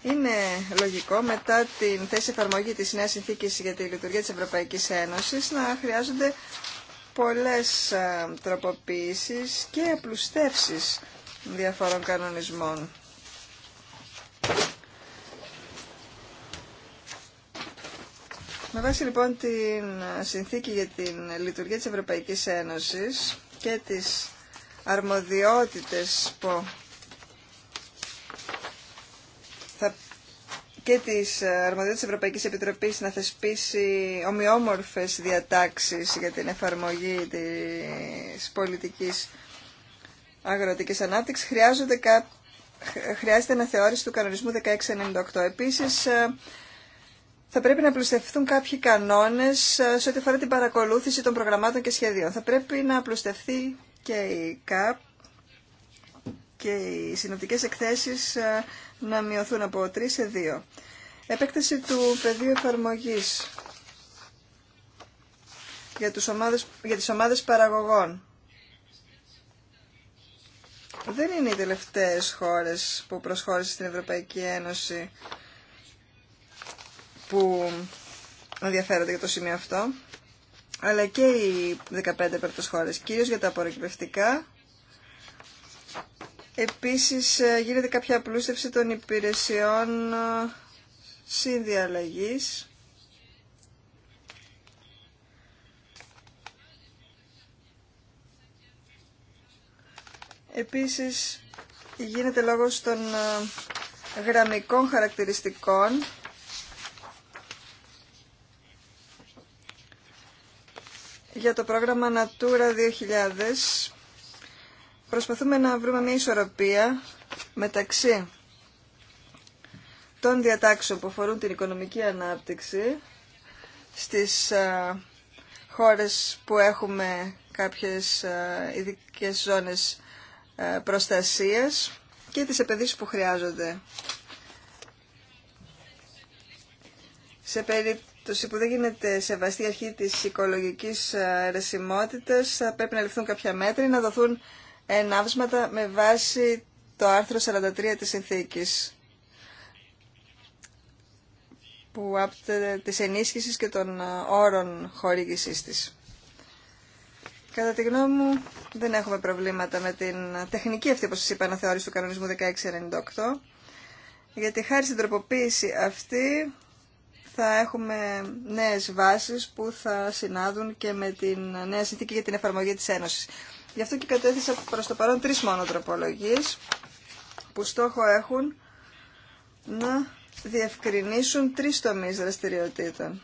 Είναι λογικό μετά την θέση εφαρμογή της νέας συνθήκης για τη λειτουργία της Ευρωπαϊκής Ένωσης να χρειάζονται πολλές ε, τροποποιήσεις και απλουστεύσεις διαφορών κανονισμών. Με βάση λοιπόν την συνθήκη για την λειτουργία της Ευρωπαϊκής Ένωσης και τις αρμοδιότητες που και της ε, αρμοδιότητας τη Ευρωπαϊκής Επιτροπής να θεσπίσει ομοιόμορφες διατάξεις για την εφαρμογή της πολιτικής αγροτικής ανάπτυξης, χρειάζονται κά... χρειάζεται θεώρηση του κανονισμού 1698. Επίσης, ε, θα πρέπει να πλουστευτούν κάποιοι κανόνες ε, σε ό,τι αφορά την παρακολούθηση των προγραμμάτων και σχεδίων. Θα πρέπει να πλουστευτεί και η ΚΑΠ και οι συνοπτικές εκθέσεις να μειωθούν από 3 σε 2. Επέκταση του πεδίου εφαρμογής για, τους ομάδες, για τις ομάδες παραγωγών. Δεν είναι οι τελευταίες χώρες που προσχώρησε στην Ευρωπαϊκή Ένωση που ενδιαφέρονται για το σημείο αυτό, αλλά και οι 15 πρώτες χώρες, κυρίως για τα απορροκυπευτικά Επίσης ε, γίνεται κάποια απλούστευση των υπηρεσιών ε, συνδιαλλαγής. Επίσης γίνεται λόγος των ε, γραμμικών χαρακτηριστικών για το πρόγραμμα Natura 2000 προσπαθούμε να βρούμε μια ισορροπία μεταξύ των διατάξεων που αφορούν την οικονομική ανάπτυξη στις ε, χώρες που έχουμε κάποιες ε, ειδικές ζώνες ε, προστασίας και τις επενδύσεις που χρειάζονται. Σε περίπτωση που δεν γίνεται σεβαστή αρχή της οικολογικής ρεσιμότητας θα πρέπει να ληφθούν κάποια μέτρα να δοθούν ενάβσματα με βάση το άρθρο 43 της συνθήκης που άπτεται της ενίσχυσης και των ε, όρων χορήγησής της. Κατά τη γνώμη μου δεν έχουμε προβλήματα με την τεχνική αυτή, όπως σας είπα, αναθεώρηση του κανονισμού 1698, γιατί χάρη στην τροποποίηση αυτή θα έχουμε νέες βάσεις που θα συνάδουν και με την νέα συνθήκη για την εφαρμογή της Ένωσης. Γι' αυτό και κατέθεσα προς το παρόν τρεις μόνο τροπολογίες που στόχο έχουν να διευκρινίσουν τρεις τομείς δραστηριοτήτων.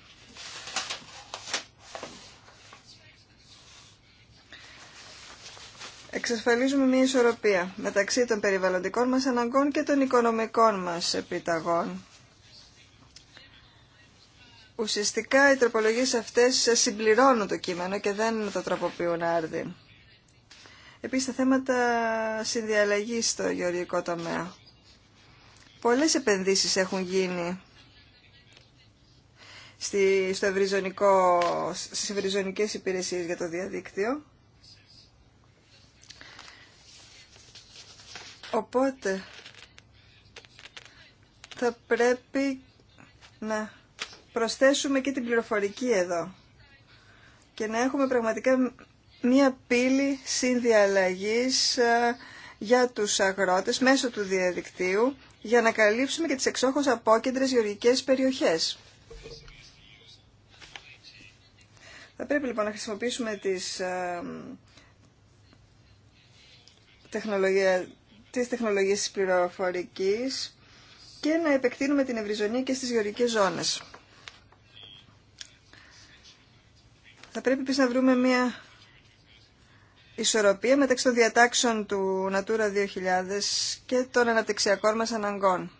Εξασφαλίζουμε μια ισορροπία μεταξύ των περιβαλλοντικών μας αναγκών και των οικονομικών μας επιταγών. Ουσιαστικά οι τροπολογίες αυτές συμπληρώνουν το κείμενο και δεν το τροποποιούν άρδιν. Επίσης, τα θέματα συνδιαλλαγής στο γεωργικό τομέα. Πολλές επενδύσεις έχουν γίνει στη, στο ευρυζωνικό, στις ευρυζωνικές υπηρεσίες για το διαδίκτυο. Οπότε, θα πρέπει να προσθέσουμε και την πληροφορική εδώ και να έχουμε πραγματικά μία πύλη συνδιαλλαγής ε, για τους αγρότες μέσω του διαδικτύου για να καλύψουμε και τις εξόχως απόκεντρες γεωργικές περιοχές. Θα πρέπει λοιπόν να χρησιμοποιήσουμε τις, ε, τεχνολογία, τις τεχνολογίες της πληροφορικής και να επεκτείνουμε την ευρυζωνία και στις γεωργικές ζώνες. Θα πρέπει επίσης να βρούμε μια ισορροπία μεταξύ των διατάξεων του Natura 2000 και των αναπτυξιακών μας αναγκών.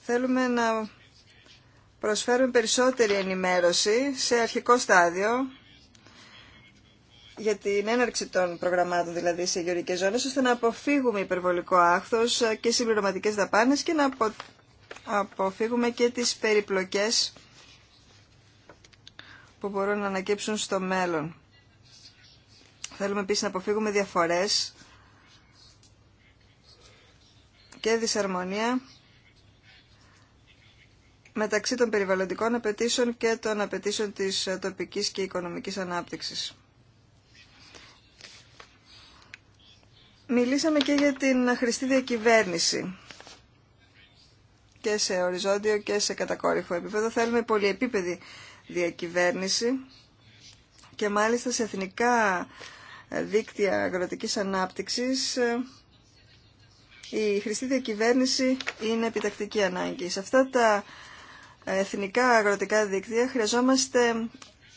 Θέλουμε να προσφέρουμε περισσότερη ενημέρωση σε αρχικό στάδιο για την έναρξη των προγραμμάτων δηλαδή σε γεωρικές ζώνες ώστε να αποφύγουμε υπερβολικό άχθος και συμπληρωματικές δαπάνες και να αποφύγουμε και τις περιπλοκές που μπορούν να ανακύψουν στο μέλλον. Θέλουμε επίση να αποφύγουμε διαφορές και δυσαρμονία μεταξύ των περιβαλλοντικών απαιτήσεων και των απαιτήσεων της τοπικής και οικονομικής ανάπτυξης. Μιλήσαμε και για την χρηστή διακυβέρνηση και σε οριζόντιο και σε κατακόρυφο επίπεδο. Θέλουμε πολυεπίπεδη διακυβέρνηση και μάλιστα σε εθνικά δίκτυα αγροτικής ανάπτυξης, η χρηστή διακυβέρνηση είναι επιτακτική ανάγκη. Σε αυτά τα εθνικά αγροτικά δίκτυα χρειαζόμαστε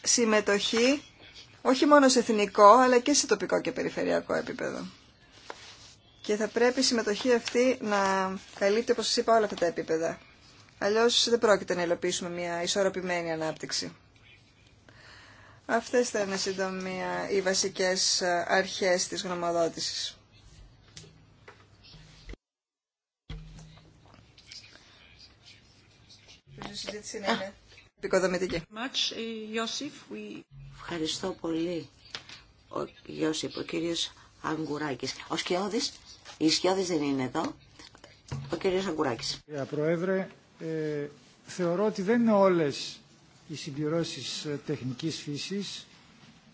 συμμετοχή όχι μόνο σε εθνικό αλλά και σε τοπικό και περιφερειακό επίπεδο. Και θα πρέπει η συμμετοχή αυτή να καλύπτει, όπως σας είπα, όλα αυτά τα επίπεδα. Αλλιώς δεν πρόκειται να υλοποιήσουμε μια ισορροπημένη ανάπτυξη. Αυτές θα είναι συντομία οι βασικές ε, αρχές της γνωμοδότησης. Ε, Ευχαριστώ πολύ, ο Ιώσιφ, ο κύριος Αγκουράκης. Ο Σκιώδης, η Σκιώδης δεν είναι εδώ, ο κύριος Αγκουράκης. Κύριε Πρόεδρε, ε, θεωρώ ότι δεν είναι όλες οι συμπληρώσεις ε, τεχνικής φύσης,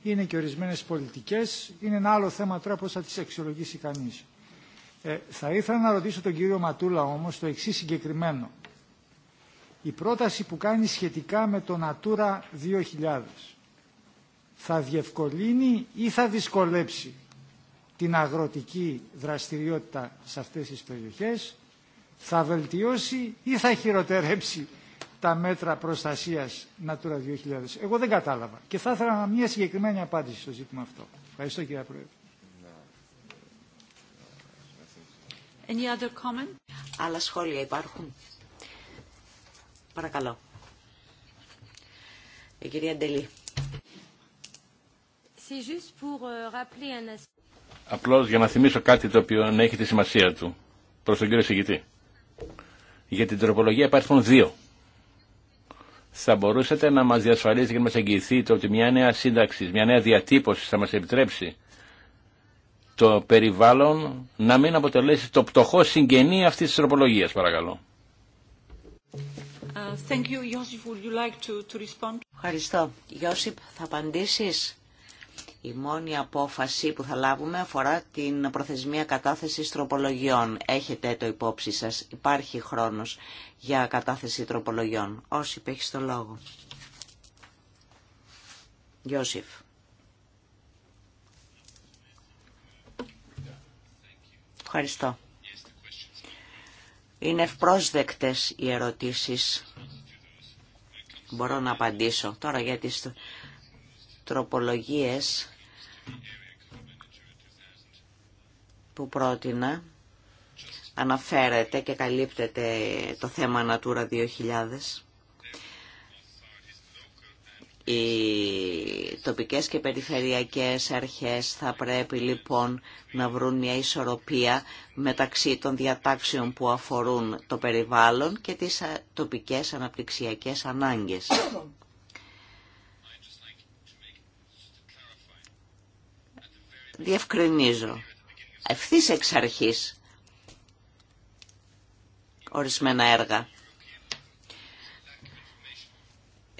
είναι και ορισμένες πολιτικές, είναι ένα άλλο θέμα τώρα πώς θα τις αξιολογήσει κανείς. Ε, θα ήθελα να ρωτήσω τον κύριο Ματούλα όμως το εξή συγκεκριμένο. Η πρόταση που κάνει σχετικά με το Natura 2000 θα διευκολύνει ή θα δυσκολέψει την αγροτική δραστηριότητα σε αυτές τις περιοχές, θα βελτιώσει ή θα χειροτερέψει τα μέτρα προστασίας Natura 2000. Εγώ δεν κατάλαβα και θα ήθελα μια συγκεκριμένη απάντηση στο ζήτημα αυτό. Ευχαριστώ κύριε Πρόεδρε. Any other comment? Άλλα σχόλια υπάρχουν. Παρακαλώ. Η κυρία Ντελή. Euh, Απλώς για να θυμίσω κάτι το οποίο έχει τη σημασία του προς τον κύριο Συγητή. Για την τροπολογία υπάρχουν δύο θα μπορούσατε να μας διασφαλίσετε και να μας εγγυηθείτε ότι μια νέα σύνταξη, μια νέα διατύπωση θα μας επιτρέψει το περιβάλλον να μην αποτελέσει το πτωχό συγγενή αυτής της τροπολογίας, παρακαλώ. Uh, thank you. Joseph, like to, to Ευχαριστώ. Ιώσιπ, θα απαντήσεις. Η μόνη απόφαση που θα λάβουμε αφορά την προθεσμία κατάθεσης τροπολογιών. Έχετε το υπόψη σας. Υπάρχει χρόνος για κατάθεση τροπολογιών. Όσοι υπέχει το λόγο. Γιώσιφ. Ευχαριστώ. Είναι ευπρόσδεκτες οι ερωτήσεις. Μπορώ να απαντήσω. Τώρα για τις τροπολογίες που πρότεινα αναφέρεται και καλύπτεται το θέμα Natura 2000. Οι τοπικές και περιφερειακές αρχές θα πρέπει λοιπόν να βρουν μια ισορροπία μεταξύ των διατάξεων που αφορούν το περιβάλλον και τις τοπικές αναπτυξιακές ανάγκες. διευκρινίζω ευθύς εξ αρχής ορισμένα έργα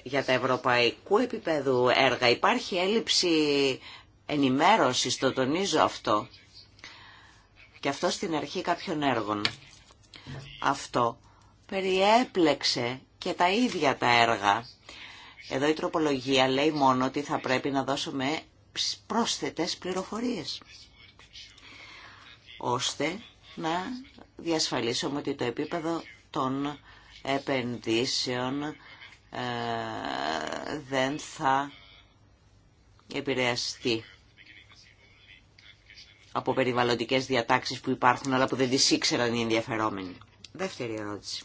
για τα ευρωπαϊκού επίπεδου έργα. Υπάρχει έλλειψη ενημέρωσης, το τονίζω αυτό. Και αυτό στην αρχή κάποιων έργων. Αυτό περιέπλεξε και τα ίδια τα έργα. Εδώ η τροπολογία λέει μόνο ότι θα πρέπει να δώσουμε πρόσθετες πληροφορίες ώστε να διασφαλίσουμε ότι το επίπεδο των επενδύσεων ε, δεν θα επηρεαστεί από περιβαλλοντικές διατάξεις που υπάρχουν αλλά που δεν τις ήξεραν οι ενδιαφερόμενοι. Δεύτερη ερώτηση.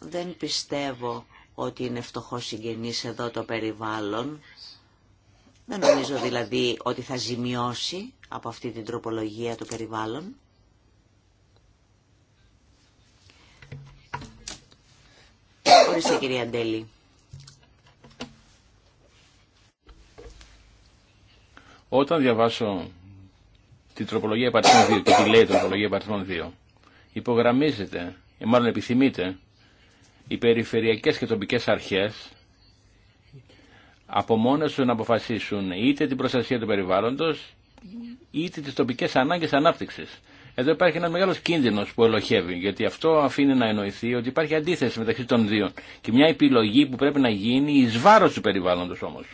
Δεν πιστεύω ότι είναι φτωχό συγγενής εδώ το περιβάλλον. Δεν νομίζω δηλαδή ότι θα ζημιώσει από αυτή την τροπολογία το περιβάλλον. Ορίστε κυρία Ντέλη. Όταν διαβάσω την τροπολογία υπαριθμών 2 και τη λέει η τροπολογία υπαριθμών 2, υπογραμμίζεται, ε, μάλλον επιθυμείται, οι περιφερειακές και τοπικές αρχές από μόνες του να αποφασίσουν είτε την προστασία του περιβάλλοντος είτε τις τοπικές ανάγκες ανάπτυξης. Εδώ υπάρχει ένα μεγάλο κίνδυνο που ελοχεύει, γιατί αυτό αφήνει να εννοηθεί ότι υπάρχει αντίθεση μεταξύ των δύο και μια επιλογή που πρέπει να γίνει ει βάρο του περιβάλλοντο όμω.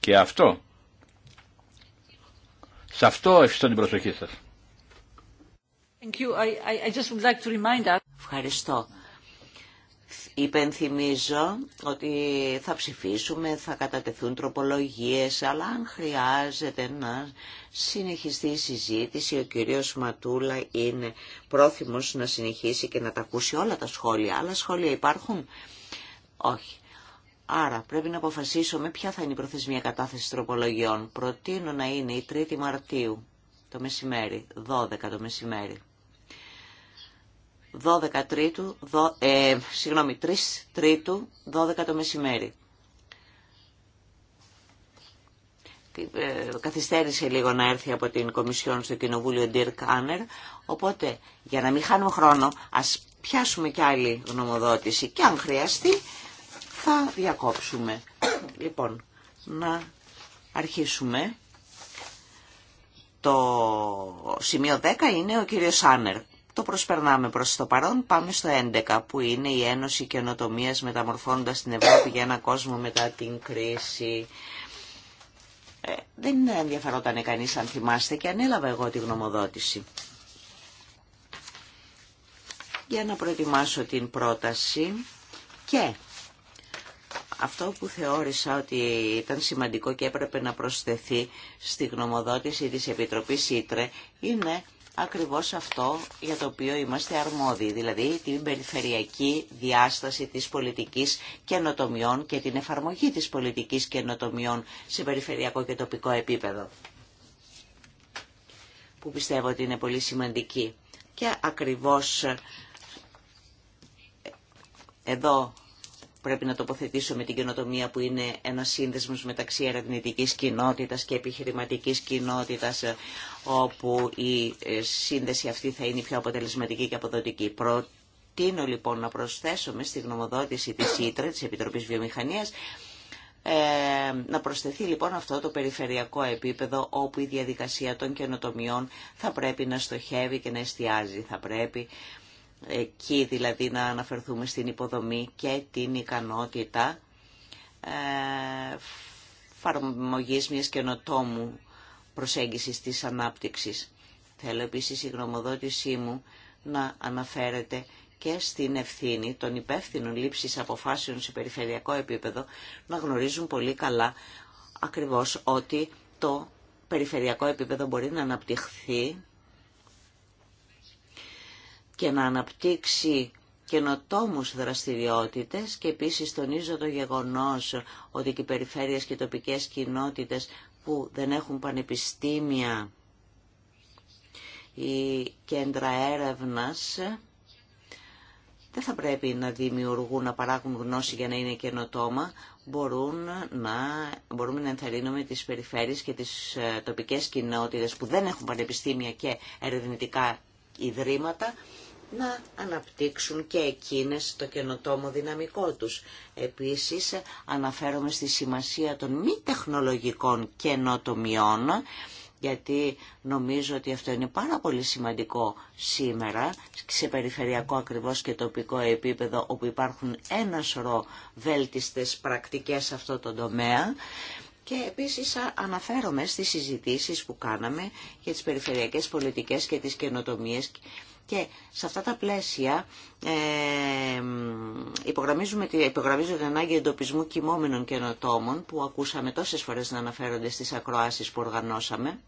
Και αυτό, σε αυτό ευχαριστώ την προσοχή σα. Ευχαριστώ. Υπενθυμίζω ότι θα ψηφίσουμε, θα κατατεθούν τροπολογίες, αλλά αν χρειάζεται να συνεχιστεί η συζήτηση, ο κύριος Ματούλα είναι πρόθυμος να συνεχίσει και να τα ακούσει όλα τα σχόλια. Άλλα σχόλια υπάρχουν? Όχι. Άρα πρέπει να αποφασίσουμε ποια θα είναι η προθεσμία κατάθεση τροπολογιών. Προτείνω να είναι η 3η Μαρτίου το μεσημέρι, 12 το μεσημέρι. 12 τρίτου, ε, συγγνώμη, 3 τρίτου, 12 το μεσημέρι. Ε, καθυστέρησε λίγο να έρθει από την Κομισιόν στο Κοινοβούλιο Dirk Κάνερ, οπότε για να μην χάνουμε χρόνο ας πιάσουμε κι άλλη γνωμοδότηση και αν χρειαστεί θα διακόψουμε. λοιπόν, να αρχίσουμε. Το σημείο 10 είναι ο κύριος Σάνερ. Το προσπερνάμε προς το παρόν, πάμε στο 11 που είναι η Ένωση Καινοτομίας μεταμορφώνοντας την Ευρώπη για ένα κόσμο μετά την κρίση. Ε, δεν ενδιαφερόταν κανείς αν θυμάστε και ανέλαβα εγώ τη γνωμοδότηση. Για να προετοιμάσω την πρόταση και αυτό που θεώρησα ότι ήταν σημαντικό και έπρεπε να προσθεθεί στη γνωμοδότηση της Επιτροπής Ήτρε είναι ακριβώς αυτό για το οποίο είμαστε αρμόδιοι, δηλαδή την περιφερειακή διάσταση της πολιτικής καινοτομιών και την εφαρμογή της πολιτικής καινοτομιών σε περιφερειακό και τοπικό επίπεδο, που πιστεύω ότι είναι πολύ σημαντική. Και ακριβώς εδώ πρέπει να τοποθετήσουμε την καινοτομία που είναι ένα σύνδεσμος μεταξύ ερευνητική κοινότητα και επιχειρηματικής κοινότητα, ε, όπου η ε, σύνδεση αυτή θα είναι πιο αποτελεσματική και αποδοτική. Προτείνω λοιπόν να προσθέσουμε στη γνωμοδότηση της ΙΤΡΑ, της Επιτροπής Βιομηχανίας, ε, να προσθεθεί λοιπόν αυτό το περιφερειακό επίπεδο όπου η διαδικασία των καινοτομιών θα πρέπει να στοχεύει και να εστιάζει. Θα πρέπει Εκεί δηλαδή να αναφερθούμε στην υποδομή και την ικανότητα ε, φαρμογής μιας καινοτόμου προσέγγισης της ανάπτυξης. Θέλω επίσης η γνωμοδότησή μου να αναφέρεται και στην ευθύνη των υπεύθυνων λήψης αποφάσεων σε περιφερειακό επίπεδο να γνωρίζουν πολύ καλά ακριβώς ότι το περιφερειακό επίπεδο μπορεί να αναπτυχθεί και να αναπτύξει καινοτόμους δραστηριότητες και επίσης τονίζω το γεγονός ότι και οι περιφέρειες και οι τοπικές κοινότητες που δεν έχουν πανεπιστήμια ή κέντρα έρευνας δεν θα πρέπει να δημιουργούν, να παράγουν γνώση για να είναι καινοτόμα, μπορούν να, μπορούμε να ενθαρρύνουμε τις περιφέρειες και τις ε, τοπικές κοινότητες που δεν έχουν πανεπιστήμια και ερευνητικά ιδρύματα να αναπτύξουν και εκείνες το καινοτόμο δυναμικό τους. Επίσης αναφέρομαι στη σημασία των μη τεχνολογικών καινοτομιών γιατί νομίζω ότι αυτό είναι πάρα πολύ σημαντικό σήμερα σε περιφερειακό ακριβώς και τοπικό επίπεδο όπου υπάρχουν ένα σωρό βέλτιστες πρακτικές σε αυτό το τομέα και επίσης αναφέρομαι στις συζητήσεις που κάναμε για τις περιφερειακές πολιτικές και τις καινοτομίες και σε αυτά τα πλαίσια ε, υπογραμμίζουμε, υπογραμμίζουμε την ανάγκη εντοπισμού κοιμόμενων καινοτόμων που ακούσαμε τόσες φορές να αναφέρονται στις ακροάσεις που οργανώσαμε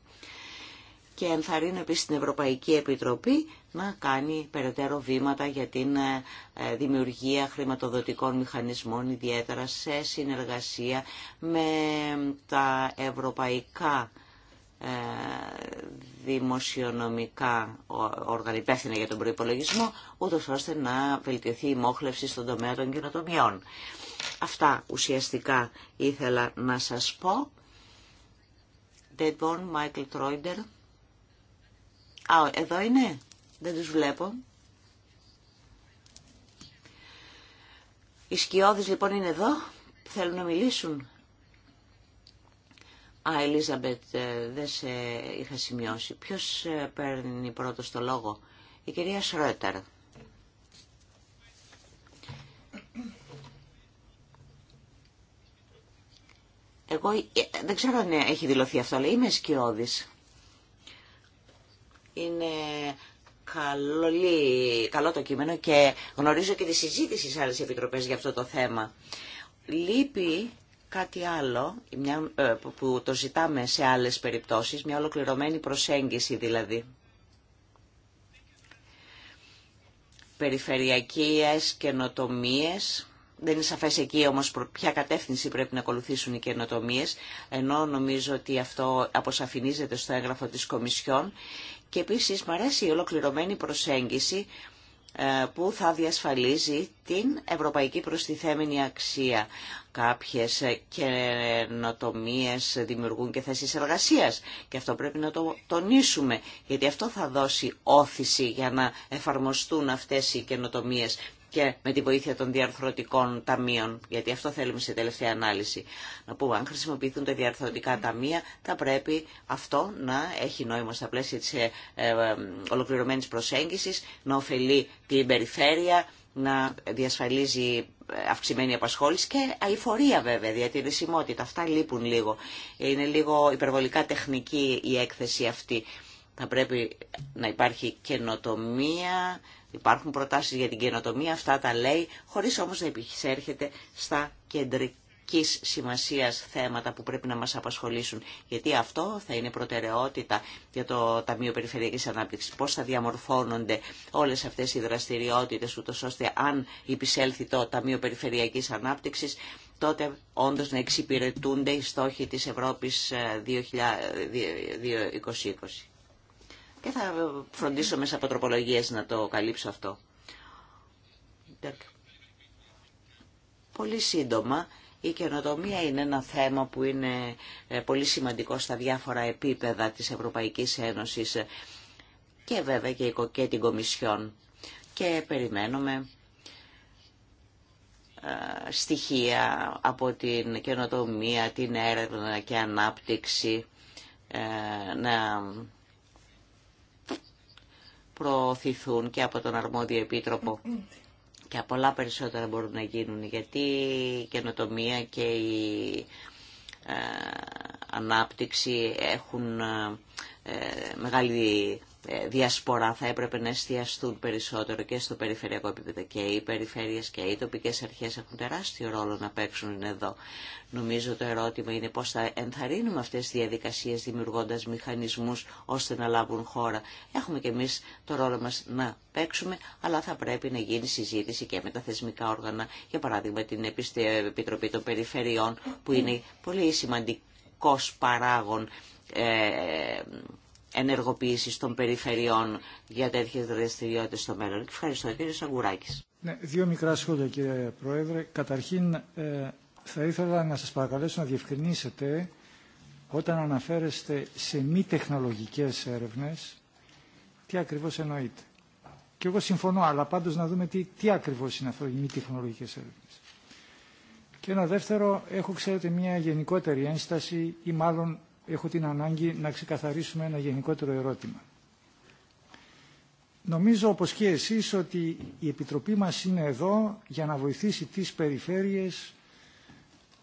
και ενθαρρύνω επίσης την Ευρωπαϊκή Επιτροπή να κάνει περαιτέρω βήματα για την ε, δημιουργία χρηματοδοτικών μηχανισμών, ιδιαίτερα σε συνεργασία με τα ευρωπαϊκά ε, δημοσιονομικά όργανα υπεύθυνα για τον προϋπολογισμό, ούτω ώστε να βελτιωθεί η μόχλευση στον τομέα των κοινοτομιών. Αυτά ουσιαστικά ήθελα να σας πω. Deadborn, Michael Troider. Α, εδώ είναι. Δεν τους βλέπω. Οι σκιώδεις λοιπόν είναι εδώ. Θέλουν να μιλήσουν. Α, Ελίζαμπετ, ε, δεν σε είχα σημειώσει. Ποιος ε, παίρνει πρώτο το λόγο. Η κυρία Σρότερ. Εγώ ε, δεν ξέρω αν έχει δηλωθεί αυτό, αλλά είμαι σκιώδης. Είναι καλό, καλό το κείμενο και γνωρίζω και τη συζήτηση σε άλλες επιτροπές για αυτό το θέμα. Λείπει κάτι άλλο ε, που το ζητάμε σε άλλες περιπτώσεις, μια ολοκληρωμένη προσέγγιση δηλαδή. Περιφερειακές καινοτομίες, δεν είναι σαφές εκεί όμως ποια κατεύθυνση πρέπει να ακολουθήσουν οι καινοτομίες, ενώ νομίζω ότι αυτό αποσαφηνίζεται στο έγγραφο της Κομισιόν. Και επίσης μου αρέσει η ολοκληρωμένη προσέγγιση ε, που θα διασφαλίζει την ευρωπαϊκή προστιθέμενη αξία. Κάποιες ε, καινοτομίε δημιουργούν και θέσεις εργασίας και αυτό πρέπει να το τονίσουμε γιατί αυτό θα δώσει όθηση για να εφαρμοστούν αυτές οι καινοτομίε και με τη βοήθεια των διαρθρωτικών ταμείων, γιατί αυτό θέλουμε σε τελευταία ανάλυση. Να πούμε, αν χρησιμοποιηθούν τα διαρθρωτικά ταμεία, θα πρέπει αυτό να έχει νόημα στα πλαίσια της ε, ε, ολοκληρωμένης προσέγγισης, να ωφελεί την περιφέρεια, να διασφαλίζει ε, αυξημένη απασχόληση και αηφορία βέβαια, διατηρησιμότητα. Αυτά λείπουν λίγο. Είναι λίγο υπερβολικά τεχνική η έκθεση αυτή. Θα πρέπει να υπάρχει καινοτομία, Υπάρχουν προτάσεις για την καινοτομία, αυτά τα λέει, χωρίς όμως να επισέρχεται στα κεντρική σημασίας θέματα που πρέπει να μας απασχολήσουν. Γιατί αυτό θα είναι προτεραιότητα για το Ταμείο Περιφερειακής Ανάπτυξης. Πώς θα διαμορφώνονται όλες αυτές οι δραστηριότητες, ούτως ώστε αν υπησέλθει το Ταμείο Περιφερειακής Ανάπτυξης, τότε όντως να εξυπηρετούνται οι στόχοι της Ευρώπης 2020. Ε, και θα φροντίσω μέσα από τροπολογίες να το καλύψω αυτό. Πολύ σύντομα, η καινοτομία είναι ένα θέμα που είναι ε, πολύ σημαντικό στα διάφορα επίπεδα της Ευρωπαϊκής Ένωσης και βέβαια και, την Κομισιόν. Και περιμένουμε ε, στοιχεία από την καινοτομία, την έρευνα και ανάπτυξη ε, να προωθηθούν και από τον αρμόδιο επίτροπο. Και πολλά περισσότερα μπορούν να γίνουν γιατί η καινοτομία και η ε, ανάπτυξη έχουν ε, μεγάλη ε, διασπορά θα έπρεπε να εστιαστούν περισσότερο και στο περιφερειακό επίπεδο και οι περιφέρειες και οι τοπικές αρχές έχουν τεράστιο ρόλο να παίξουν εδώ. Νομίζω το ερώτημα είναι πώς θα ενθαρρύνουμε αυτές τις διαδικασίες δημιουργώντας μηχανισμούς ώστε να λάβουν χώρα. Έχουμε και εμείς το ρόλο μας να παίξουμε, αλλά θα πρέπει να γίνει συζήτηση και με τα θεσμικά όργανα, για παράδειγμα την Επιτροπή των Περιφερειών, που είναι πολύ σημαντικός παράγων ε, Ενεργοποίηση των περιφερειών για τέτοιε δραστηριότητε στο μέλλον. Ευχαριστώ κύριε Σαγκουράκης. Ναι, δύο μικρά σχόλια κύριε Πρόεδρε. Καταρχήν ε, θα ήθελα να σα παρακαλέσω να διευκρινίσετε όταν αναφέρεστε σε μη τεχνολογικέ έρευνες τι ακριβώ εννοείται. Και εγώ συμφωνώ, αλλά πάντω να δούμε τι, τι ακριβώς είναι αυτό οι μη τεχνολογικέ έρευνες. Και ένα δεύτερο, έχω ξέρετε μια γενικότερη ένσταση ή μάλλον έχω την ανάγκη να ξεκαθαρίσουμε ένα γενικότερο ερώτημα. Νομίζω, όπως και εσείς, ότι η Επιτροπή μας είναι εδώ για να βοηθήσει τις περιφέρειες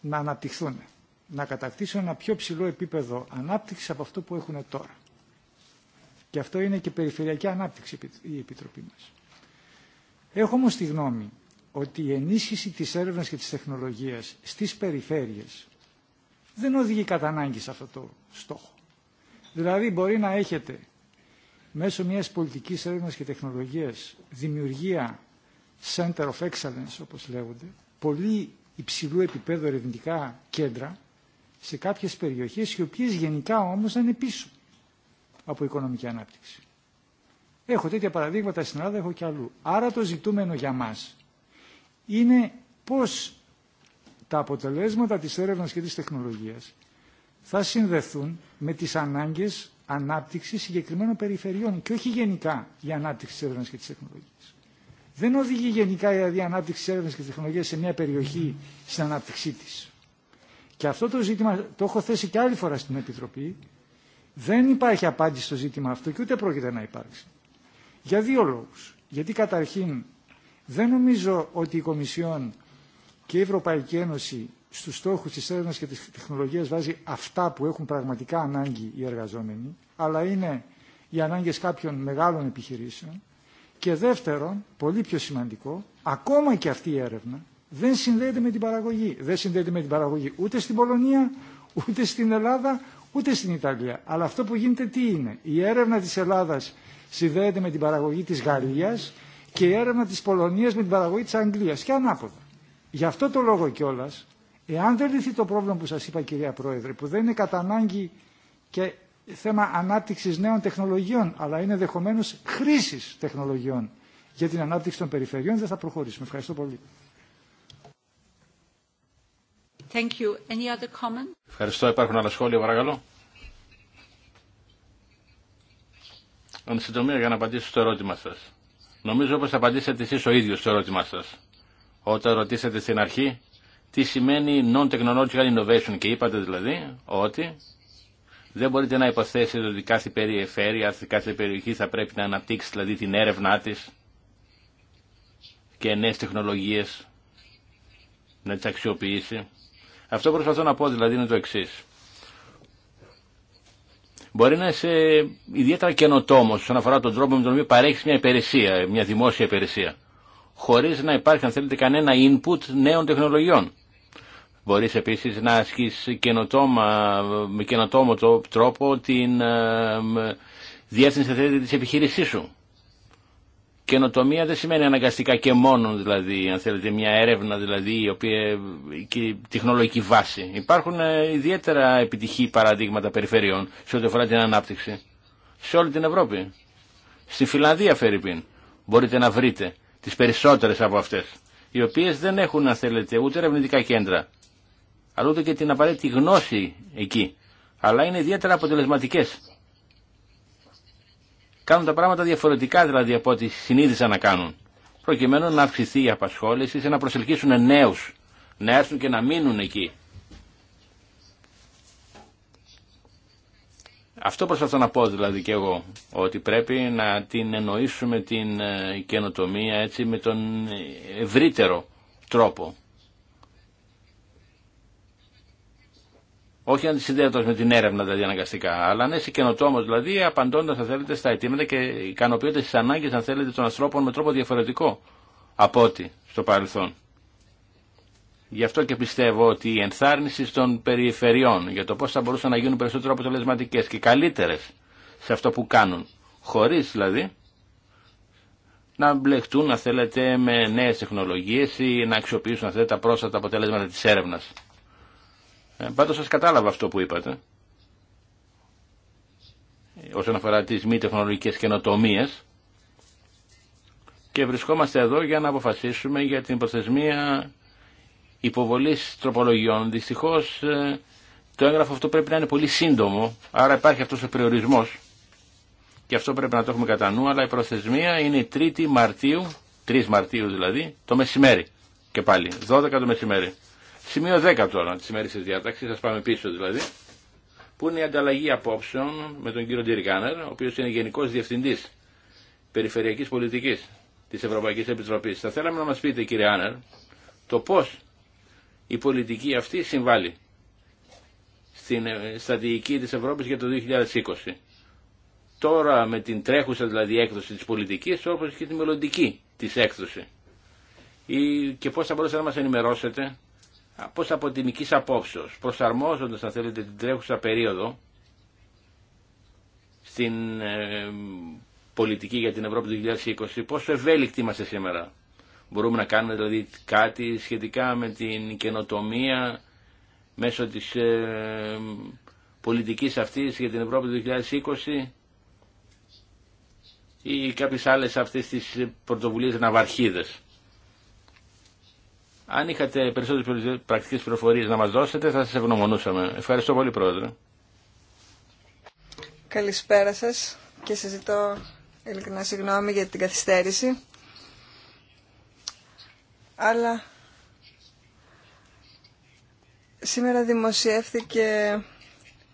να αναπτυχθούν, να κατακτήσουν ένα πιο ψηλό επίπεδο ανάπτυξης από αυτό που έχουν τώρα. Και αυτό είναι και περιφερειακή ανάπτυξη η Επιτροπή μας. Έχω όμως τη γνώμη ότι η ενίσχυση της έρευνας και της τεχνολογίας στις περιφέρειες δεν οδηγεί κατά ανάγκη σε αυτό το στόχο. Δηλαδή μπορεί να έχετε μέσω μιας πολιτικής έρευνας και τεχνολογίας δημιουργία center of excellence όπως λέγονται, πολύ υψηλού επίπεδου ερευνητικά κέντρα σε κάποιες περιοχές οι οποίες γενικά όμως δεν είναι πίσω από οικονομική ανάπτυξη. Έχω τέτοια παραδείγματα στην Ελλάδα, έχω και αλλού. Άρα το ζητούμενο για μας είναι πώς τα αποτελέσματα της έρευνας και της τεχνολογίας θα συνδεθούν με τις ανάγκες ανάπτυξης συγκεκριμένων περιφερειών και όχι γενικά η ανάπτυξη της έρευνας και της τεχνολογίας. Δεν οδηγεί γενικά δηλαδή η ανάπτυξη τη έρευνα και της τεχνολογία σε μια περιοχή στην ανάπτυξή τη. Και αυτό το ζήτημα το έχω θέσει και άλλη φορά στην Επιτροπή. Δεν υπάρχει απάντηση στο ζήτημα αυτό και ούτε πρόκειται να υπάρξει. Για δύο λόγους. Γιατί καταρχήν δεν νομίζω ότι η Κομισιόν και η Ευρωπαϊκή Ένωση στους στόχους της έρευνας και της τεχνολογίας βάζει αυτά που έχουν πραγματικά ανάγκη οι εργαζόμενοι, αλλά είναι οι ανάγκες κάποιων μεγάλων επιχειρήσεων. Και δεύτερον, πολύ πιο σημαντικό, ακόμα και αυτή η έρευνα δεν συνδέεται με την παραγωγή. Δεν συνδέεται με την παραγωγή ούτε στην Πολωνία, ούτε στην Ελλάδα, ούτε στην Ιταλία. Αλλά αυτό που γίνεται τι είναι. Η έρευνα της Ελλάδας συνδέεται με την παραγωγή της Γαλλίας και η έρευνα της Πολωνίας με την παραγωγή της Αγγλίας και ανάποδα. Γι' αυτό το λόγο κιόλα, εάν δεν λυθεί το πρόβλημα που σας είπα κυρία Πρόεδρε, που δεν είναι κατά ανάγκη και θέμα ανάπτυξης νέων τεχνολογιών, αλλά είναι δεχομένω χρήση τεχνολογιών για την ανάπτυξη των περιφερειών, δεν θα προχωρήσουμε. Ευχαριστώ πολύ. Thank you. Any other comment? Ευχαριστώ. Υπάρχουν άλλα σχόλια, παρακαλώ. Εν συντομία για να απαντήσω στο ερώτημα σα. Νομίζω θα απαντήσετε εσεί ο ίδιο στο ερώτημά σα όταν ρωτήσατε στην αρχή τι σημαίνει non-technological innovation και είπατε δηλαδή ότι δεν μπορείτε να υποθέσετε ότι κάθε περιφέρεια, κάθε περιοχή θα πρέπει να αναπτύξει δηλαδή την έρευνά της και νέες τεχνολογίες να τις αξιοποιήσει. Αυτό που προσπαθώ να πω δηλαδή είναι το εξή. Μπορεί να είσαι ιδιαίτερα καινοτόμο όσον αφορά τον τρόπο με τον οποίο παρέχει μια υπηρεσία, μια δημόσια υπηρεσία χωρίς να υπάρχει αν θέλετε κανένα input νέων τεχνολογιών. Μπορείς επίσης να ασκείς με καινοτόμο τρόπο την ε, διεύθυνση θέλετε, της επιχείρησής σου. Καινοτομία δεν σημαίνει αναγκαστικά και μόνο δηλαδή, αν θέλετε μια έρευνα δηλαδή η οποία και τεχνολογική βάση. Υπάρχουν ε, ιδιαίτερα επιτυχή παραδείγματα περιφερειών σε ό,τι αφορά την ανάπτυξη. Σε όλη την Ευρώπη. Στη Φιλανδία Φερρυπίν μπορείτε να βρείτε τις περισσότερες από αυτές, οι οποίες δεν έχουν, αν θέλετε, ούτε ερευνητικά κέντρα, αλλά ούτε και την απαραίτητη γνώση εκεί, αλλά είναι ιδιαίτερα αποτελεσματικές. Κάνουν τα πράγματα διαφορετικά δηλαδή από ό,τι συνείδησαν να κάνουν, προκειμένου να αυξηθεί η απασχόληση, σε να προσελκύσουν νέους, να έρθουν και να μείνουν εκεί. Αυτό προσπαθώ να πω δηλαδή και εγώ, ότι πρέπει να την εννοήσουμε την ε, καινοτομία έτσι με τον ευρύτερο τρόπο. Όχι αντισυνδέατο με την έρευνα δηλαδή αναγκαστικά, αλλά αν είσαι καινοτόμο δηλαδή, απαντώντα αν θέλετε στα αιτήματα και ικανοποιώντα τι ανάγκε αν θέλετε των ανθρώπων με τρόπο διαφορετικό από ό,τι στο παρελθόν. Γι' αυτό και πιστεύω ότι η ενθάρρυνση των περιφερειών για το πώ θα μπορούσαν να γίνουν περισσότερο αποτελεσματικέ και καλύτερε σε αυτό που κάνουν, χωρί δηλαδή να μπλεχτούν, να θέλετε, με νέε τεχνολογίε ή να αξιοποιήσουν, αυτά τα πρόσφατα αποτελέσματα τη έρευνα. Ε, πάντως σας κατάλαβα αυτό που είπατε, όσον αφορά τι μη τεχνολογικέ καινοτομίε, και βρισκόμαστε εδώ για να αποφασίσουμε για την προθεσμία Υποβολή τροπολογιών. Δυστυχώ ε, το έγγραφο αυτό πρέπει να είναι πολύ σύντομο, άρα υπάρχει αυτό ο περιορισμό και αυτό πρέπει να το έχουμε κατά νου, αλλά η προθεσμία είναι 3 Μαρτίου δηλαδή, το μεσημέρι και πάλι, 12 το μεσημέρι. Σημείο 10 τώρα τη ημέρη τη διάταξη, σα πάμε πίσω δηλαδή, που είναι η ανταλλαγή απόψεων με τον κύριο Ντυρικάνερ, ο οποίο είναι Γενικό Διευθυντή Περιφερειακή Πολιτική τη Ευρωπαϊκή Επιτροπή. Θα θέλαμε να μα πείτε, κύριε Άνερ, το πώ η πολιτική αυτή συμβάλλει στην ε, στρατηγική της Ευρώπης για το 2020. Τώρα με την τρέχουσα δηλαδή έκδοση της πολιτικής όπως και τη μελλοντική της έκδοση. και πώς θα μπορούσατε να μας ενημερώσετε πώς από την μικής απόψεως προσαρμόζοντας αν θέλετε την τρέχουσα περίοδο στην ε, πολιτική για την Ευρώπη του 2020 πόσο ευέλικτοι είμαστε σήμερα Μπορούμε να κάνουμε δηλαδή κάτι σχετικά με την καινοτομία μέσω της ε, πολιτικής αυτής για την Ευρώπη του 2020 ή κάποιες άλλες αυτές τις πρωτοβουλίες ναυαρχίδες. Αν είχατε περισσότερες πρακτικές πληροφορίες να μας δώσετε θα σας ευγνωμονούσαμε. Ευχαριστώ πολύ Πρόεδρε. Καλησπέρα σας και σας ζητώ ειλικρινά συγγνώμη για την καθυστέρηση αλλά σήμερα δημοσιεύθηκε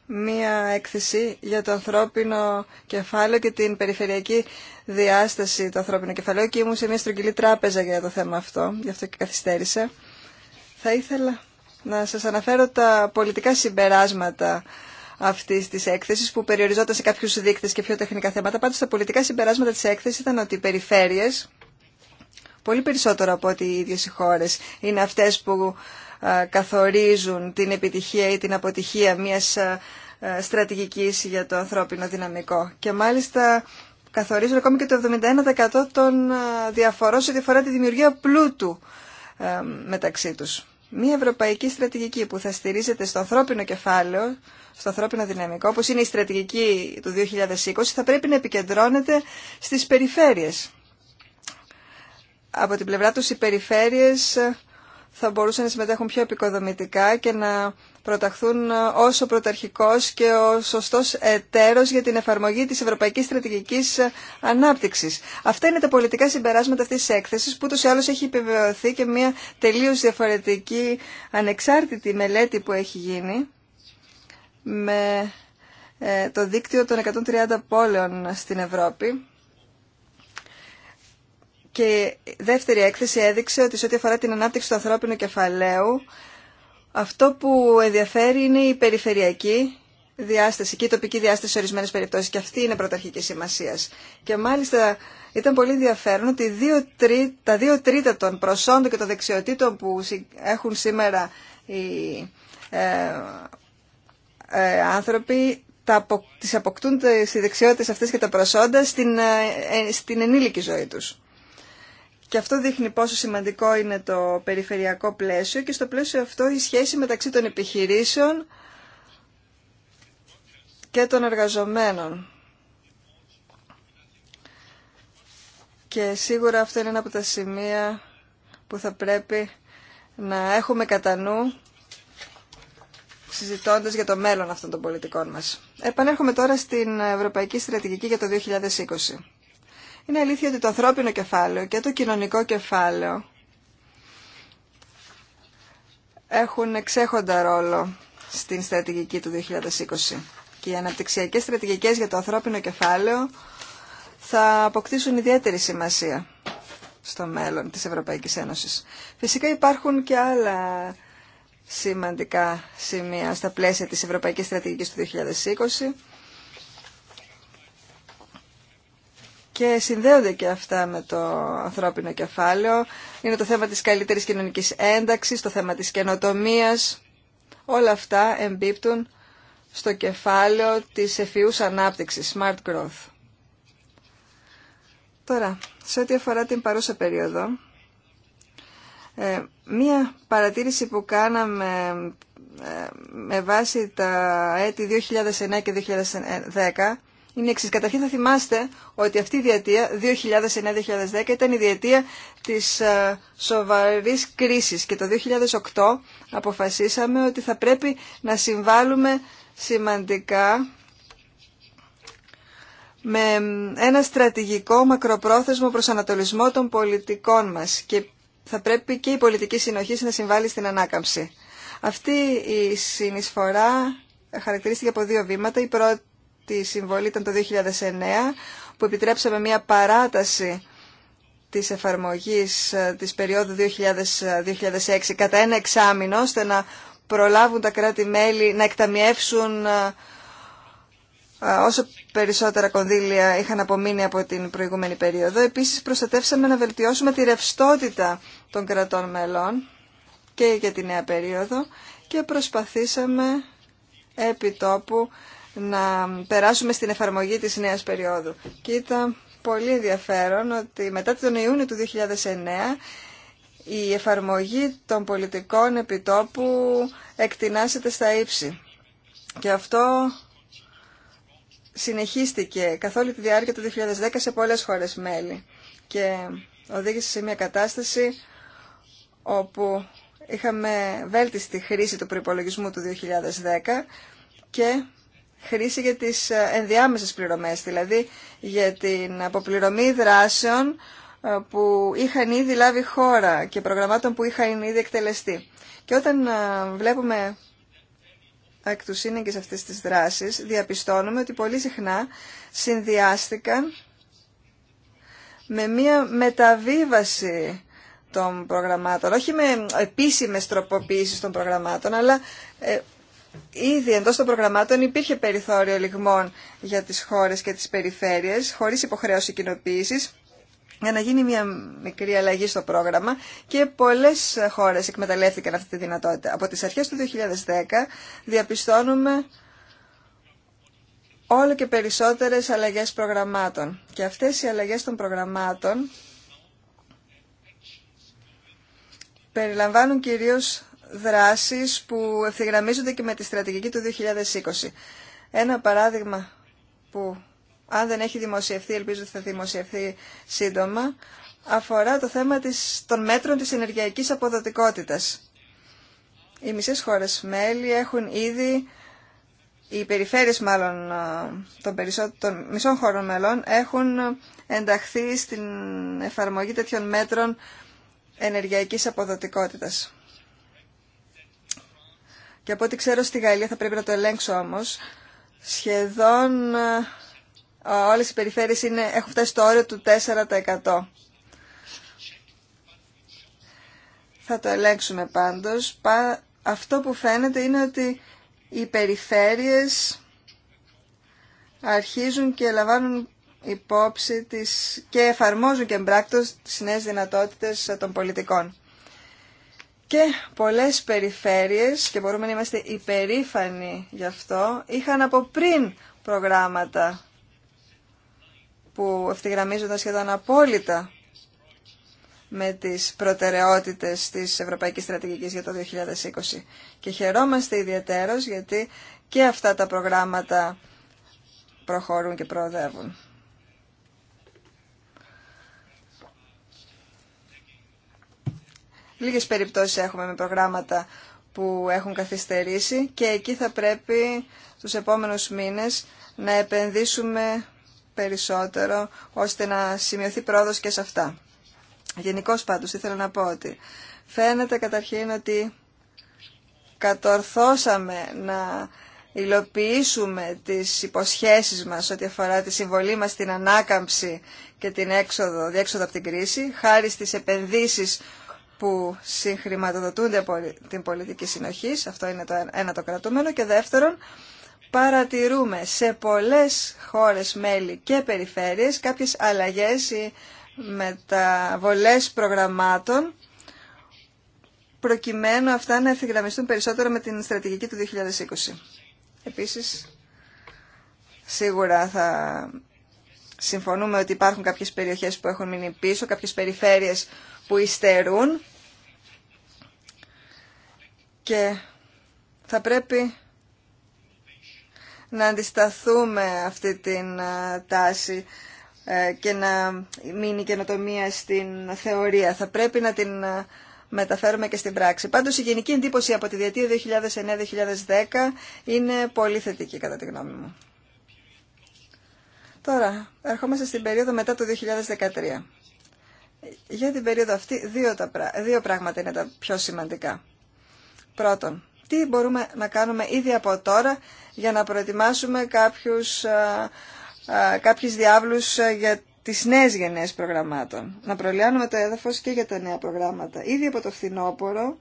μία έκθεση για το ανθρώπινο κεφάλαιο και την περιφερειακή διάσταση του ανθρώπινου κεφαλαίου και ήμουν σε μία στρογγυλή τράπεζα για το θέμα αυτό, γι' αυτό και καθυστέρησε. Θα ήθελα να σας αναφέρω τα πολιτικά συμπεράσματα αυτή τη έκθεση που περιοριζόταν σε κάποιου δείκτε και πιο τεχνικά θέματα. Πάντω, τα πολιτικά συμπεράσματα τη έκθεση ήταν ότι οι περιφέρειες πολύ περισσότερο από ότι οι ίδιες οι χώρες είναι αυτές που καθορίζουν την επιτυχία ή την αποτυχία μιας στρατηγικής για το ανθρώπινο δυναμικό. Και μάλιστα καθορίζουν ακόμη και το 71% των διαφορών σε διαφορά τη δημιουργία πλούτου μεταξύ τους. Μια ευρωπαϊκή στρατηγική που θα στηρίζεται στο ανθρώπινο κεφάλαιο, στο ανθρώπινο δυναμικό, όπως είναι η στρατηγική του 2020, θα πρέπει να επικεντρώνεται στις περιφέρειες από την πλευρά τους οι περιφέρειες ε, θα μπορούσαν να συμμετέχουν πιο επικοδομητικά και να προταχθούν ως ε, ο πρωταρχικός και ο σωστός εταίρος για την εφαρμογή της Ευρωπαϊκής Στρατηγικής ε, Ανάπτυξης. Αυτά είναι τα πολιτικά συμπεράσματα αυτής της έκθεσης που ούτως ή άλλως έχει επιβεβαιωθεί και μια τελείως διαφορετική ανεξάρτητη μελέτη που έχει γίνει με το δίκτυο των 130 πόλεων στην Ευρώπη και η δεύτερη έκθεση έδειξε ότι σε ό,τι αφορά την ανάπτυξη του ανθρώπινου κεφαλαίου, αυτό που ενδιαφέρει είναι η περιφερειακή διάσταση και η τοπική διάσταση σε ορισμένε περιπτώσει. Και αυτή είναι πρωταρχική σημασία. Και μάλιστα ήταν πολύ ενδιαφέρον ότι δύο τα δύο τρίτα των προσόντων και των δεξιοτήτων που έχουν σήμερα οι ε, ε, άνθρωποι τα, τις αποκτούν τις δεξιότητες αυτές και τα προσόντα στην, ε, στην ενήλικη ζωή τους. Και αυτό δείχνει πόσο σημαντικό είναι το περιφερειακό πλαίσιο και στο πλαίσιο αυτό η σχέση μεταξύ των επιχειρήσεων και των εργαζομένων. Και σίγουρα αυτό είναι ένα από τα σημεία που θα πρέπει να έχουμε κατά νου συζητώντας για το μέλλον αυτών των πολιτικών μας. Επανέρχομαι τώρα στην Ευρωπαϊκή Στρατηγική για το 2020. Είναι αλήθεια ότι το ανθρώπινο κεφάλαιο και το κοινωνικό κεφάλαιο έχουν εξέχοντα ρόλο στην στρατηγική του 2020. Και οι αναπτυξιακές στρατηγικές για το ανθρώπινο κεφάλαιο θα αποκτήσουν ιδιαίτερη σημασία στο μέλλον της Ευρωπαϊκής Ένωσης. Φυσικά υπάρχουν και άλλα σημαντικά σημεία στα πλαίσια της Ευρωπαϊκής Στρατηγικής του 2020 και συνδέονται και αυτά με το ανθρώπινο κεφάλαιο. Είναι το θέμα της καλύτερης κοινωνικής ένταξης, το θέμα της καινοτομίας. Όλα αυτά εμπίπτουν στο κεφάλαιο της εφιούς ανάπτυξης, smart growth. Τώρα, σε ό,τι αφορά την παρούσα περίοδο, ε, μία παρατήρηση που κάναμε ε, με βάση τα έτη 2009 και 2010 είναι εξή. Καταρχήν θα θυμάστε ότι αυτή η διετία 2009-2010 ήταν η διετία της ε, σοβαρής κρίσης και το 2008 αποφασίσαμε ότι θα πρέπει να συμβάλλουμε σημαντικά με ένα στρατηγικό μακροπρόθεσμο ανατολισμό των πολιτικών μας και θα πρέπει και η πολιτική συνοχή να συμβάλλει στην ανάκαμψη. Αυτή η συνεισφορά χαρακτηρίστηκε από δύο βήματα. Η πρώτη Τη συμβολή ήταν το 2009 που επιτρέψαμε μια παράταση της εφαρμογής ε, της περιοδου 2000-2006 ε, κατά ένα εξάμεινο ώστε να προλάβουν τα κράτη-μέλη να εκταμιεύσουν ε, όσο περισσότερα κονδύλια είχαν απομείνει από την προηγούμενη περίοδο. Επίσης προστατεύσαμε να βελτιώσουμε τη ρευστότητα των κρατών μελών και για τη νέα περίοδο και προσπαθήσαμε επί τόπου να περάσουμε στην εφαρμογή της νέας περίοδου. Και ήταν πολύ ενδιαφέρον ότι μετά τον Ιούνιο του 2009 η εφαρμογή των πολιτικών επιτόπου εκτινάσεται στα ύψη. Και αυτό συνεχίστηκε καθ' όλη τη διάρκεια του 2010 σε πολλές χώρες μέλη και οδήγησε σε μια κατάσταση όπου είχαμε βέλτιστη χρήση του προϋπολογισμού του 2010 και χρήση για τις ε, ενδιάμεσες πληρωμές, δηλαδή για την αποπληρωμή δράσεων ε, που είχαν ήδη λάβει χώρα και προγραμμάτων που είχαν ήδη εκτελεστεί. Και όταν ε, βλέπουμε εκ του σύνεγγες αυτές τις δράσεις, διαπιστώνουμε ότι πολύ συχνά συνδυάστηκαν με μία μεταβίβαση των προγραμμάτων, όχι με επίσημες τροποποιήσεις των προγραμμάτων, αλλά ήδη εντός των προγραμμάτων υπήρχε περιθώριο λιγμών για τις χώρες και τις περιφέρειες, χωρίς υποχρέωση κοινοποίησης, για να γίνει μια μικρή αλλαγή στο πρόγραμμα και πολλές χώρες εκμεταλλεύτηκαν αυτή τη δυνατότητα. Από τις αρχές του 2010 διαπιστώνουμε όλο και περισσότερες αλλαγές προγραμμάτων. Και αυτές οι αλλαγές των προγραμμάτων περιλαμβάνουν κυρίως δράσεις που ευθυγραμμίζονται και με τη στρατηγική του 2020. Ένα παράδειγμα που αν δεν έχει δημοσιευθεί, ελπίζω ότι θα δημοσιευθεί σύντομα, αφορά το θέμα της, των μέτρων της ενεργειακής αποδοτικότητας. Οι μισές χώρες μέλη έχουν ήδη, οι περιφέρειες μάλλον των, των μισών χώρων μελών, έχουν ενταχθεί στην εφαρμογή τέτοιων μέτρων ενεργειακής αποδοτικότητας και από ό,τι ξέρω στη Γαλλία θα πρέπει να το ελέγξω όμως, σχεδόν ε, όλες οι περιφέρειες είναι, έχουν φτάσει στο όριο του 4%. Θα το ελέγξουμε πάντως. Αυτό που φαίνεται είναι ότι οι περιφέρειες αρχίζουν και λαμβάνουν υπόψη της και εφαρμόζουν και εμπράκτος τις νέες δυνατότητες των πολιτικών. Και πολλές περιφέρειες, και μπορούμε να είμαστε υπερήφανοι γι' αυτό, είχαν από πριν προγράμματα που ευθυγραμμίζονταν σχεδόν απόλυτα με τις προτεραιότητες της Ευρωπαϊκής Στρατηγικής για το 2020. Και χαιρόμαστε ιδιαίτερος γιατί και αυτά τα προγράμματα προχωρούν και προοδεύουν. Λίγες περιπτώσεις έχουμε με προγράμματα που έχουν καθυστερήσει και εκεί θα πρέπει τους επόμενους μήνες να επενδύσουμε περισσότερο ώστε να σημειωθεί πρόοδος και σε αυτά. Γενικώ πάντως ήθελα να πω ότι φαίνεται καταρχήν ότι κατορθώσαμε να υλοποιήσουμε τις υποσχέσεις μας ό,τι αφορά τη συμβολή μας στην ανάκαμψη και την έξοδο, διέξοδο από την κρίση, χάρη στις επενδύσεις που συγχρηματοδοτούνται από την πολιτική συνοχή, αυτό είναι το ένα το κρατούμενο, και δεύτερον, παρατηρούμε σε πολλές χώρες μέλη και περιφέρειες κάποιες αλλαγές ή μεταβολές προγραμμάτων προκειμένου αυτά να ευθυγραμμιστούν περισσότερο με την στρατηγική του 2020. Επίσης, σίγουρα θα συμφωνούμε ότι υπάρχουν κάποιες περιοχές που έχουν μείνει πίσω, κάποιες περιφέρειες που υστερούν και θα πρέπει να αντισταθούμε αυτή την τάση ε, και να μείνει καινοτομία στην θεωρία. Θα πρέπει να την μεταφέρουμε και στην πράξη. Πάντως η γενική εντύπωση από τη διετία 2009-2010 είναι πολύ θετική κατά τη γνώμη μου. Τώρα, ερχόμαστε στην περίοδο μετά το 2013 για την περίοδο αυτή δύο, τα, δύο πράγματα είναι τα πιο σημαντικά. Πρώτον, τι μπορούμε να κάνουμε ήδη από τώρα για να προετοιμάσουμε κάποιους, κάποιους διάβλους για τις νέες γενναίες προγραμμάτων. Να προλιάνουμε το έδαφος και για τα νέα προγράμματα. Ήδη από το φθινόπωρο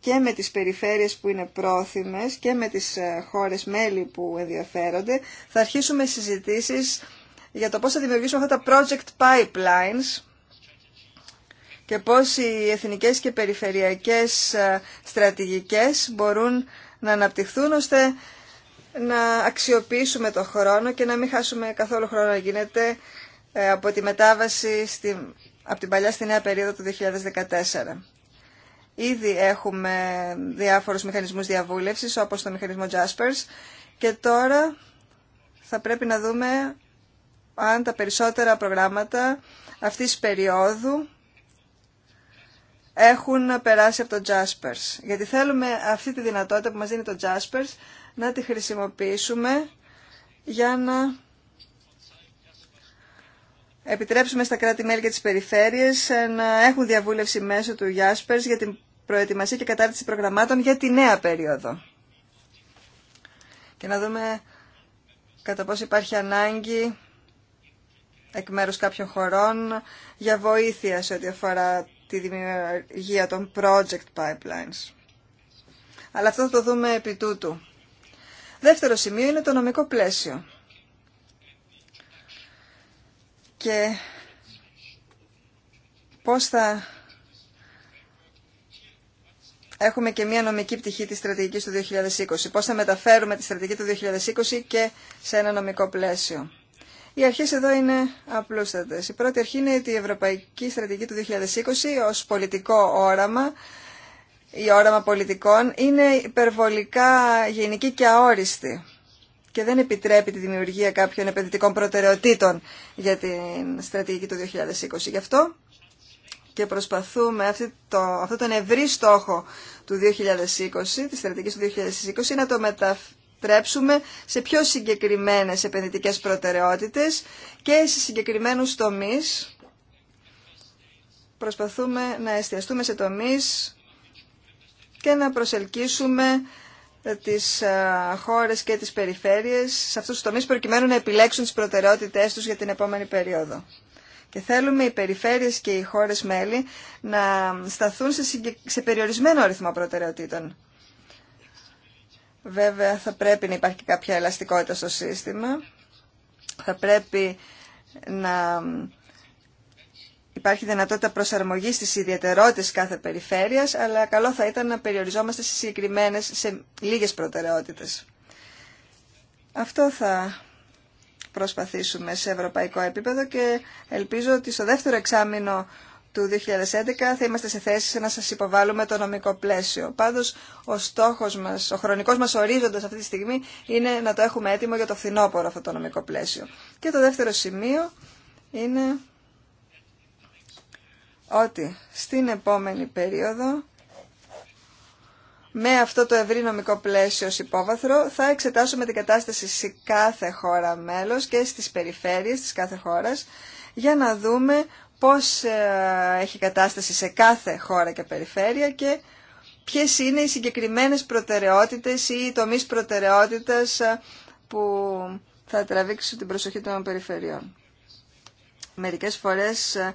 και με τις περιφέρειες που είναι πρόθυμες και με τις ε, χώρες μέλη που ενδιαφέρονται θα αρχίσουμε συζητήσεις για το πώς θα δημιουργήσουμε αυτά τα project pipelines και πώς οι εθνικές και περιφερειακές ε, στρατηγικές μπορούν να αναπτυχθούν ώστε να αξιοποιήσουμε το χρόνο και να μην χάσουμε καθόλου χρόνο να γίνεται ε, από τη μετάβαση στη, από την παλιά στη νέα περίοδο του 2014. Ήδη έχουμε διάφορους μηχανισμούς διαβούλευσης όπως το μηχανισμό Jaspers και τώρα θα πρέπει να δούμε αν τα περισσότερα προγράμματα αυτής της περίοδου έχουν περάσει από το Jaspers. Γιατί θέλουμε αυτή τη δυνατότητα που μας δίνει το Jaspers να τη χρησιμοποιήσουμε για να επιτρέψουμε στα κράτη-μέλη και τις περιφέρειες ε, να έχουν διαβούλευση μέσω του Jaspers για την προετοιμασία και κατάρτιση προγραμμάτων για τη νέα περίοδο. Και να δούμε κατά πόσο υπάρχει ανάγκη εκ μέρους κάποιων χωρών για βοήθεια σε ό,τι αφορά τη δημιουργία των project pipelines. Αλλά αυτό θα το δούμε επί τούτου. Δεύτερο σημείο είναι το νομικό πλαίσιο. Και πώς θα έχουμε και μια νομική πτυχή της στρατηγικής του 2020. Πώς θα μεταφέρουμε τη στρατηγική του 2020 και σε ένα νομικό πλαίσιο. Οι αρχές εδώ είναι απλούστατες. Η πρώτη αρχή είναι ότι η Ευρωπαϊκή Στρατηγική του 2020 ως πολιτικό όραμα η όραμα πολιτικών είναι υπερβολικά γενική και αόριστη και δεν επιτρέπει τη δημιουργία κάποιων επενδυτικών προτεραιοτήτων για την στρατηγική του 2020. Γι' αυτό και προσπαθούμε αυτή το, αυτόν τον ευρύ στόχο του 2020, της στρατηγικής του 2020, να το μεταφέρουμε στρέψουμε σε πιο συγκεκριμένες επενδυτικές προτεραιότητες και σε συγκεκριμένους τομείς. Προσπαθούμε να εστιαστούμε σε τομείς και να προσελκύσουμε ε, τις ε, χώρες και τις περιφέρειες σε αυτούς τους τομείς προκειμένου να επιλέξουν τις προτεραιότητές τους για την επόμενη περίοδο. Και θέλουμε οι περιφέρειες και οι χώρες μέλη να σταθούν σε, σε περιορισμένο αριθμό προτεραιοτήτων. Βέβαια θα πρέπει να υπάρχει κάποια ελαστικότητα στο σύστημα. Θα πρέπει να υπάρχει δυνατότητα προσαρμογής στις ιδιαιτερότητες κάθε περιφέρειας, αλλά καλό θα ήταν να περιοριζόμαστε σε συγκεκριμένε σε λίγες προτεραιότητες. Αυτό θα προσπαθήσουμε σε ευρωπαϊκό επίπεδο και ελπίζω ότι στο δεύτερο εξάμεινο του 2011 θα είμαστε σε θέση να σας υποβάλουμε το νομικό πλαίσιο. Πάντως, ο στόχος μας, ο χρονικός μας ορίζοντας αυτή τη στιγμή είναι να το έχουμε έτοιμο για το φθινόπωρο αυτό το νομικό πλαίσιο. Και το δεύτερο σημείο είναι ότι στην επόμενη περίοδο με αυτό το ευρύ νομικό πλαίσιο ως υπόβαθρο θα εξετάσουμε την κατάσταση σε κάθε χώρα μέλος και στις περιφέρειες της κάθε χώρας για να δούμε πώς ε, έχει κατάσταση σε κάθε χώρα και περιφέρεια και ποιες είναι οι συγκεκριμένες προτεραιότητες ή οι τομείς προτεραιότητας ε, που θα τραβήξουν την προσοχή των περιφερειών. Μερικές φορές ε,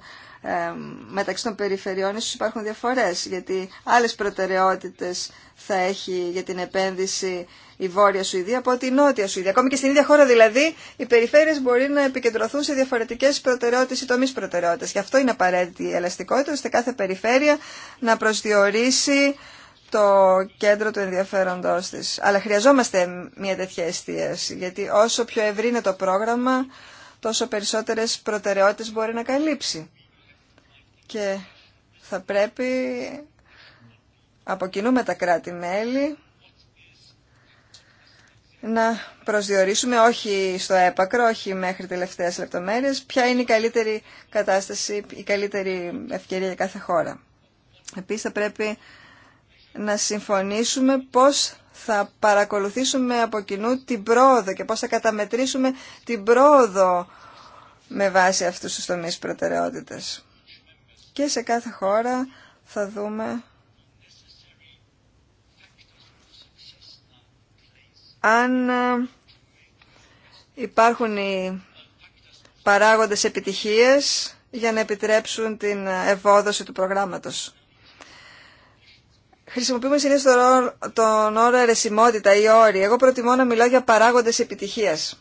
μεταξύ των περιφερειών ίσως υπάρχουν διαφορές γιατί άλλες προτεραιότητες θα έχει για την επένδυση η Βόρεια Σουηδία από την Νότια Σουηδία. Ακόμη και στην ίδια χώρα δηλαδή οι περιφέρειες μπορεί να επικεντρωθούν σε διαφορετικές προτεραιότητες ή τομείς προτεραιότητες. Γι' αυτό είναι απαραίτητη η ελαστικότητα ώστε κάθε περιφέρεια να προσδιορίσει το κέντρο του ενδιαφέροντός της. Αλλά χρειαζόμαστε μια τέτοια εστίαση, γιατί όσο πιο ευρύ είναι το πρόγραμμα, τόσο περισσότερες προτεραιότητες μπορεί να καλύψει και θα πρέπει από κοινού τα κράτη-μέλη να προσδιορίσουμε όχι στο έπακρο, όχι μέχρι τελευταίες λεπτομέρειες, ποια είναι η καλύτερη κατάσταση, η καλύτερη ευκαιρία για κάθε χώρα. Επίσης θα πρέπει να συμφωνήσουμε πώς θα παρακολουθήσουμε από κοινού την πρόοδο και πώς θα καταμετρήσουμε την πρόοδο με βάση αυτούς τους τομείς προτεραιότητες και σε κάθε χώρα θα δούμε αν ε, υπάρχουν οι παράγοντες επιτυχίες για να επιτρέψουν την ευόδοση του προγράμματος. Χρησιμοποιούμε συνήθως τον όρο αιρεσιμότητα ή όρη. Εγώ προτιμώ να μιλάω για παράγοντες επιτυχίας.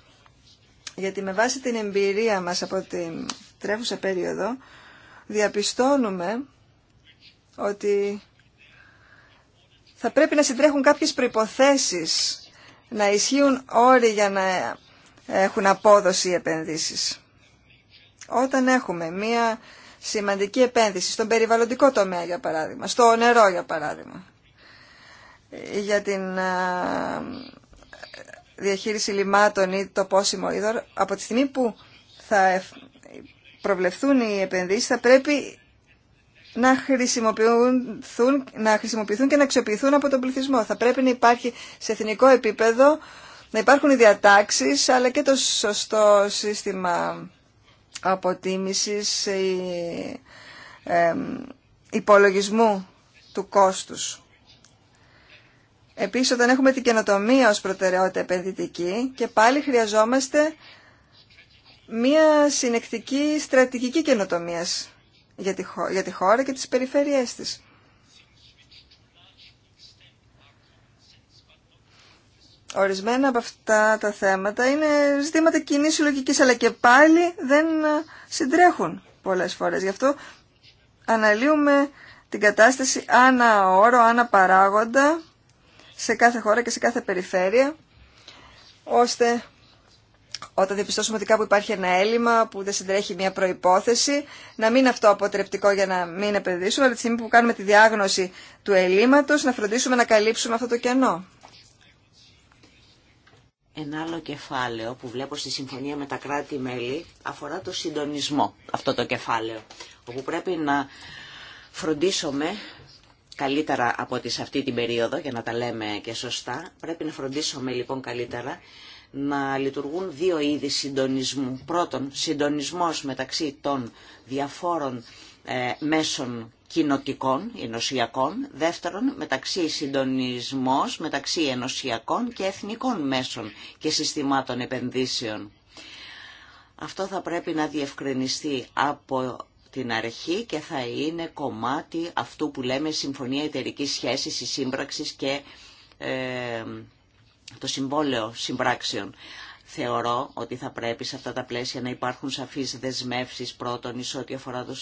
Γιατί με βάση την εμπειρία μας από την τρέχουσα περίοδο διαπιστώνουμε ότι θα πρέπει να συντρέχουν κάποιες προϋποθέσεις, να ισχύουν όροι για να έχουν απόδοση οι επενδύσεις. Όταν έχουμε μία σημαντική επένδυση στον περιβαλλοντικό τομέα, για παράδειγμα, στο νερό, για παράδειγμα, για την διαχείριση λιμάτων ή το πόσιμο είδωρ, από τη στιγμή που θα προβλεφθούν οι επενδύσεις θα πρέπει να χρησιμοποιηθούν, να χρησιμοποιηθούν και να αξιοποιηθούν από τον πληθυσμό. Θα πρέπει να υπάρχει σε εθνικό επίπεδο να υπάρχουν οι διατάξεις αλλά και το σωστό σύστημα αποτίμησης ή υπολογισμού του κόστους. Επίσης, όταν έχουμε την καινοτομία ως προτεραιότητα επενδυτική και πάλι χρειαζόμαστε μία συνεκτική στρατηγική καινοτομία για τη χώρα και τις περιφέρειές της. Ορισμένα από αυτά τα θέματα είναι ζητήματα κοινή συλλογική, αλλά και πάλι δεν ε, συντρέχουν πολλές φορές. Γι' αυτό αναλύουμε την κατάσταση ανά όρο, ανά παράγοντα, σε κάθε χώρα και σε κάθε περιφέρεια, ώστε όταν διαπιστώσουμε ότι κάπου υπάρχει ένα έλλειμμα που δεν συντρέχει μια προϋπόθεση, να μην είναι αυτό αποτρεπτικό για να μην επενδύσουμε, αλλά τη στιγμή που κάνουμε τη διάγνωση του ελλείμματος, να φροντίσουμε να καλύψουμε αυτό το κενό. Ένα άλλο κεφάλαιο που βλέπω στη συμφωνία με τα κράτη-μέλη αφορά το συντονισμό, αυτό το κεφάλαιο, όπου πρέπει να φροντίσουμε καλύτερα από ότι σε αυτή την περίοδο, για να τα λέμε και σωστά, πρέπει να φροντίσουμε λοιπόν καλύτερα να λειτουργούν δύο είδη συντονισμού. Πρώτον, συντονισμός μεταξύ των διαφόρων ε, μέσων κοινοτικών, ενωσιακών. Δεύτερον, μεταξύ συντονισμός μεταξύ ενωσιακών και εθνικών μέσων και συστημάτων επενδύσεων. Αυτό θα πρέπει να διευκρινιστεί από την αρχή και θα είναι κομμάτι αυτού που λέμε Συμφωνία Εταιρικής Σχέσης, Σύμπραξης και ε, το συμβόλαιο συμπράξεων. Θεωρώ ότι θα πρέπει σε αυτά τα πλαίσια να υπάρχουν σαφείς δεσμεύσεις πρώτον εις ό,τι αφορά το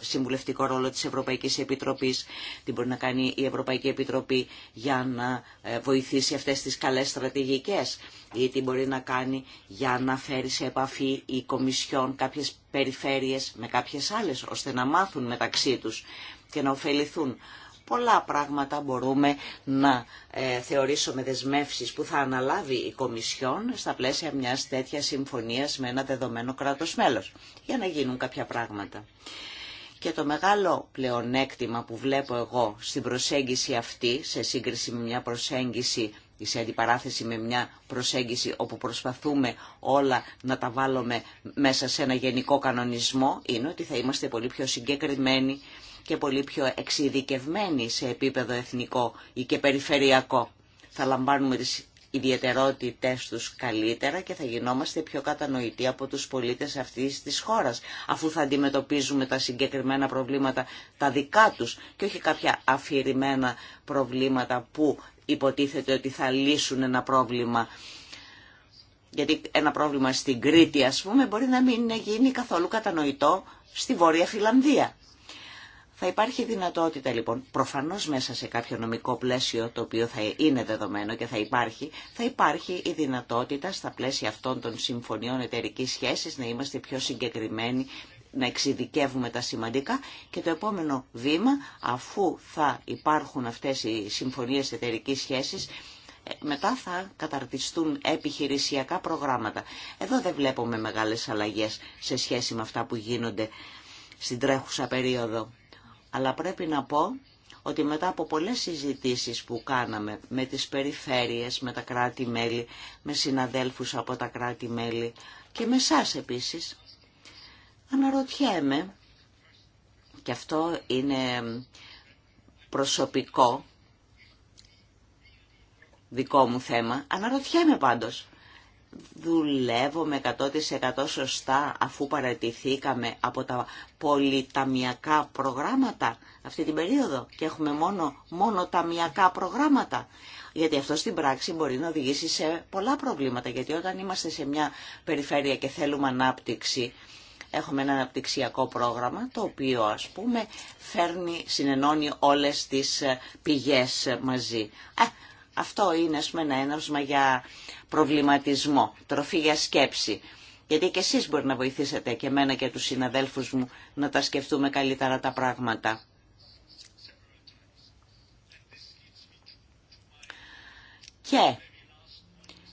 συμβουλευτικό ρόλο της Ευρωπαϊκής Επιτροπής, τι μπορεί να κάνει η Ευρωπαϊκή Επιτροπή για να ε, βοηθήσει αυτές τις καλές στρατηγικές ή τι μπορεί να κάνει για να φέρει σε επαφή η Κομισιόν κάποιες περιφέρειες με κάποιες άλλες, ώστε να μάθουν μεταξύ τους και να ωφεληθούν. Πολλά πράγματα μπορούμε να ε, θεωρήσουμε δεσμεύσεις που θα αναλάβει η Κομισιόν στα πλαίσια μιας τέτοιας συμφωνίας με ένα δεδομένο κράτος μέλος, για να γίνουν κάποια πράγματα. Και το μεγάλο πλεονέκτημα που βλέπω εγώ στην προσέγγιση αυτή, σε σύγκριση με μια προσέγγιση ή σε αντιπαράθεση με μια προσέγγιση όπου προσπαθούμε όλα να τα βάλουμε μέσα σε ένα γενικό κανονισμό, είναι ότι θα είμαστε πολύ πιο συγκεκριμένοι και πολύ πιο εξειδικευμένοι σε επίπεδο εθνικό ή και περιφερειακό. Θα λαμβάνουμε τις ιδιαιτερότητές τους καλύτερα και θα γινόμαστε πιο κατανοητοί από τους πολίτες αυτής της χώρας, αφού θα αντιμετωπίζουμε τα συγκεκριμένα προβλήματα τα δικά τους και όχι κάποια αφηρημένα προβλήματα που υποτίθεται ότι θα λύσουν ένα πρόβλημα. Γιατί ένα πρόβλημα στην Κρήτη, ας πούμε, μπορεί να μην γίνει καθόλου κατανοητό στη Βόρεια Φιλανδία. Θα υπάρχει δυνατότητα λοιπόν, προφανώς μέσα σε κάποιο νομικό πλαίσιο το οποίο θα είναι δεδομένο και θα υπάρχει, θα υπάρχει η δυνατότητα στα πλαίσια αυτών των συμφωνιών εταιρική σχέσης να είμαστε πιο συγκεκριμένοι να εξειδικεύουμε τα σημαντικά και το επόμενο βήμα αφού θα υπάρχουν αυτές οι συμφωνίες εταιρική σχέσης ε, μετά θα καταρτιστούν επιχειρησιακά προγράμματα. Εδώ δεν βλέπουμε μεγάλες αλλαγές σε σχέση με αυτά που γίνονται στην τρέχουσα περίοδο. Αλλά πρέπει να πω ότι μετά από πολλές συζητήσεις που κάναμε με τις περιφέρειες, με τα κράτη-μέλη, με συναδέλφους από τα κράτη-μέλη και με εσά επίσης, αναρωτιέμαι, και αυτό είναι προσωπικό δικό μου θέμα, αναρωτιέμαι πάντως, δουλεύω με 100% σωστά αφού παρατηθήκαμε από τα πολυταμιακά προγράμματα αυτή την περίοδο και έχουμε μόνο, μόνο ταμιακά προγράμματα. Γιατί αυτό στην πράξη μπορεί να οδηγήσει σε πολλά προβλήματα. Γιατί όταν είμαστε σε μια περιφέρεια και θέλουμε ανάπτυξη, έχουμε ένα αναπτυξιακό πρόγραμμα το οποίο ας πούμε φέρνει, συνενώνει όλες τις ε, πηγές μαζί. Ε, αυτό είναι ας ένα έναυσμα για προβληματισμό, τροφή για σκέψη. Γιατί και εσείς μπορεί να βοηθήσετε και εμένα και τους συναδέλφους μου να τα σκεφτούμε καλύτερα τα πράγματα. Και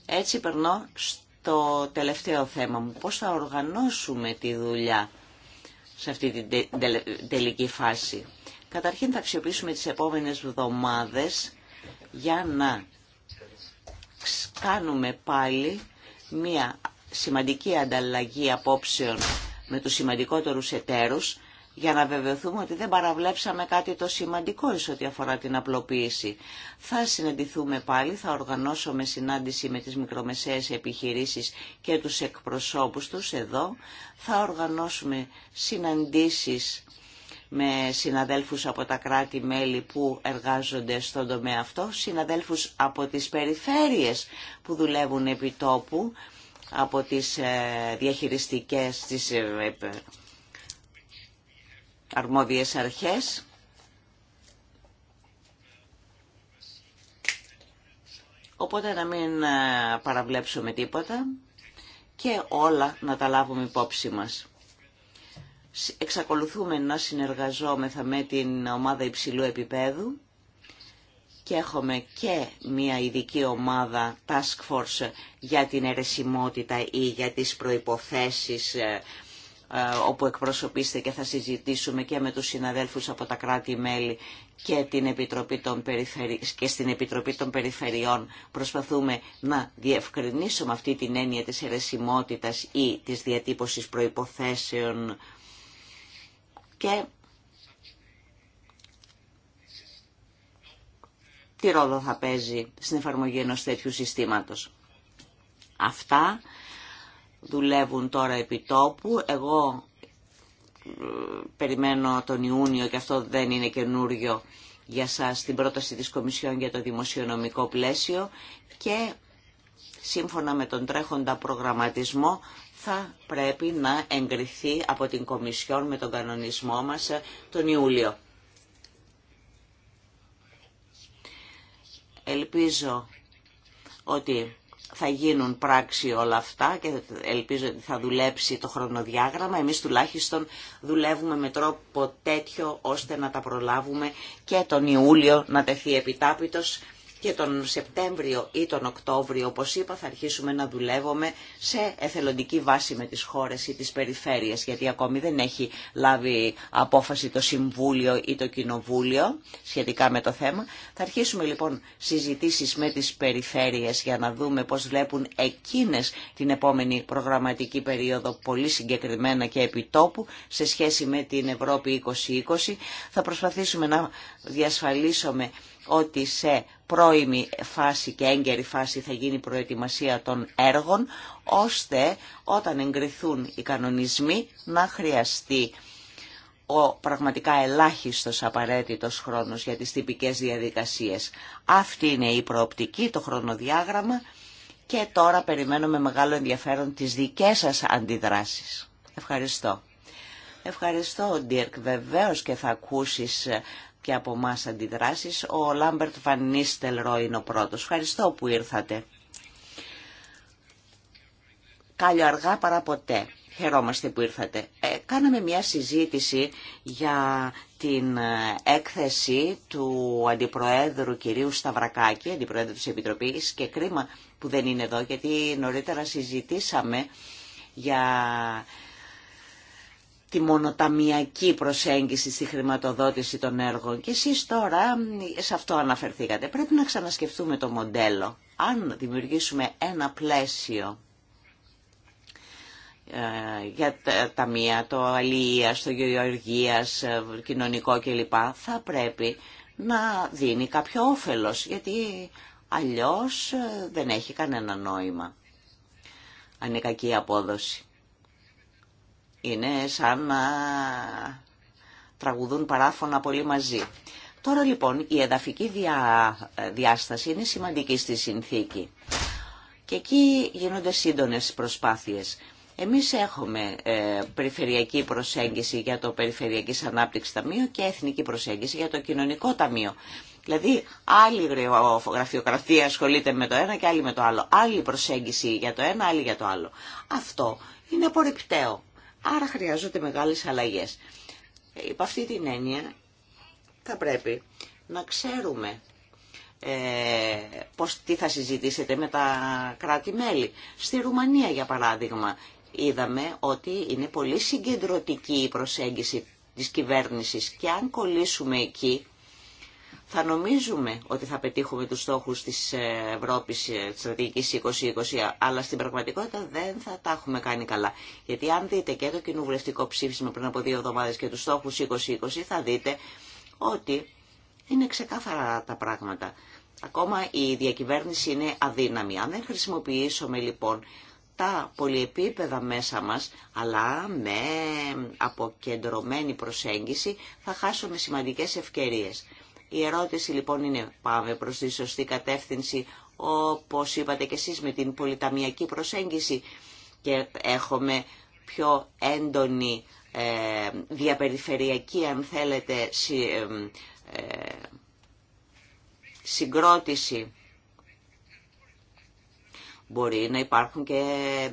έτσι περνώ στο τελευταίο θέμα μου. Πώς θα οργανώσουμε τη δουλειά σε αυτή την τελική φάση. Καταρχήν θα αξιοποιήσουμε τις επόμενες εβδομάδες για να κάνουμε πάλι μια σημαντική ανταλλαγή απόψεων με τους σημαντικότερους εταίρους για να βεβαιωθούμε ότι δεν παραβλέψαμε κάτι το σημαντικό εις ό,τι αφορά την απλοποίηση. Θα συναντηθούμε πάλι, θα οργανώσουμε συνάντηση με τις μικρομεσαίες επιχειρήσεις και τους εκπροσώπους τους εδώ. Θα οργανώσουμε συναντήσεις με συναδέλφους από τα κράτη-μέλη που εργάζονται στον τομέα αυτό, συναδέλφους από τις περιφέρειες που δουλεύουν επί τόπου, από τις ε, διαχειριστικές, τις ε, ε, αρμόδιες αρχές. Οπότε να μην παραβλέψουμε τίποτα και όλα να τα λάβουμε υπόψη μας εξακολουθούμε να συνεργαζόμεθα με την ομάδα υψηλού επίπεδου και έχουμε και μια ειδική ομάδα task force για την αιρεσιμότητα ή για τις προϋποθέσεις ε, ε, όπου εκπροσωπείστε και θα συζητήσουμε και με τους συναδέλφους από τα κράτη-μέλη και, την Επιτροπή των και στην Επιτροπή των Περιφερειών προσπαθούμε να διευκρινίσουμε αυτή την έννοια της αιρεσιμότητας ή της διατύπωσης προϋποθέσεων και τι ρόλο θα παίζει στην εφαρμογή ενός τέτοιου συστήματος. Αυτά δουλεύουν τώρα επί τόπου. Εγώ ε, περιμένω τον Ιούνιο και αυτό δεν είναι καινούριο για σας την πρόταση της Κομισιόν για το δημοσιονομικό πλαίσιο και σύμφωνα με τον τρέχοντα προγραμματισμό θα πρέπει να εγκριθεί από την Κομισιόν με τον κανονισμό μας ε, τον Ιούλιο. Ελπίζω ότι θα γίνουν πράξη όλα αυτά και ελπίζω ότι θα δουλέψει το χρονοδιάγραμμα. Εμείς τουλάχιστον δουλεύουμε με τρόπο τέτοιο ώστε να τα προλάβουμε και τον Ιούλιο να τεθεί επιτάπητος και τον Σεπτέμβριο ή τον Οκτώβριο, όπως είπα, θα αρχίσουμε να δουλεύουμε σε εθελοντική βάση με τις χώρες ή τις περιφέρειες, γιατί ακόμη δεν έχει λάβει απόφαση το Συμβούλιο ή το Κοινοβούλιο σχετικά με το θέμα. Θα αρχίσουμε λοιπόν συζητήσεις με τις περιφέρειες για να δούμε πώς βλέπουν εκείνες την επόμενη προγραμματική περίοδο πολύ συγκεκριμένα και επιτόπου σε σχέση με την Ευρώπη 2020. Θα προσπαθήσουμε να διασφαλίσουμε ότι σε πρώιμη φάση και έγκαιρη φάση θα γίνει προετοιμασία των έργων, ώστε όταν εγκριθούν οι κανονισμοί να χρειαστεί ο πραγματικά ελάχιστος απαραίτητος χρόνος για τις τυπικές διαδικασίες. Αυτή είναι η προοπτική, το χρονοδιάγραμμα και τώρα περιμένω με μεγάλο ενδιαφέρον τις δικές σας αντιδράσεις. Ευχαριστώ. Ευχαριστώ, Ντύρκ. Βεβαίως και θα ακούσεις και από εμά αντιδράσει. Ο Λάμπερτ Βανίστελ Ρο είναι ο πρώτο. Ευχαριστώ που ήρθατε. Κάλιο αργά παρά ποτέ. Χαιρόμαστε που ήρθατε. Ε, κάναμε μια συζήτηση για την ε, έκθεση του Αντιπροέδρου κυρίου Σταυρακάκη, Αντιπροέδρου της Επιτροπής και κρίμα που δεν είναι εδώ γιατί νωρίτερα συζητήσαμε για τη μονοταμιακή προσέγγιση στη χρηματοδότηση των έργων και εσείς τώρα σε αυτό αναφερθήκατε. Πρέπει να ξανασκεφτούμε το μοντέλο. Αν δημιουργήσουμε ένα πλαίσιο ε, για τα ταμεία, το αλληλεία, το γεωργίας, ε, κοινωνικό κλπ. θα πρέπει να δίνει κάποιο όφελος, γιατί αλλιώς ε, δεν έχει κανένα νόημα. Αν είναι απόδοση. Είναι σαν να τραγουδούν παράφωνα πολύ μαζί. Τώρα λοιπόν η εδαφική διάσταση είναι σημαντική στη συνθήκη. Και εκεί γίνονται σύντονες προσπάθειες. Εμείς έχουμε ε, περιφερειακή προσέγγιση για το Περιφερειακής Ανάπτυξης Ταμείο και εθνική προσέγγιση για το Κοινωνικό Ταμείο. Δηλαδή άλλη γραφειοκρατία ασχολείται με το ένα και άλλη με το άλλο. Άλλη προσέγγιση για το ένα, άλλη για το άλλο. Αυτό είναι απορριπταίο. Άρα χρειάζονται μεγάλες αλλαγές. Υπ' αυτή την έννοια θα πρέπει να ξέρουμε ε, πώς, τι θα συζητήσετε με τα κράτη-μέλη. Στη Ρουμανία, για παράδειγμα, είδαμε ότι είναι πολύ συγκεντρωτική η προσέγγιση της κυβέρνησης και αν κολλήσουμε εκεί θα νομίζουμε ότι θα πετύχουμε τους στόχους της ε, Ευρώπης, ε, της στρατηγικής 2020, αλλά στην πραγματικότητα δεν θα τα έχουμε κάνει καλά. Γιατί αν δείτε και το κοινοβουλευτικό ψήφισμα πριν από δύο εβδομάδες και τους στόχους 2020, θα δείτε ότι είναι ξεκάθαρα τα πράγματα. Ακόμα η διακυβέρνηση είναι αδύναμη. Αν δεν χρησιμοποιήσουμε λοιπόν τα πολυεπίπεδα μέσα μας, αλλά με αποκεντρωμένη προσέγγιση θα χάσουμε σημαντικές ευκαιρίες. Η ερώτηση λοιπόν είναι πάμε προς τη σωστή κατεύθυνση όπως είπατε και εσείς με την πολυταμιακή προσέγγιση και έχουμε πιο έντονη ε, διαπεριφερειακή αν θέλετε ε, ε, συγκρότηση. Μπορεί να υπάρχουν και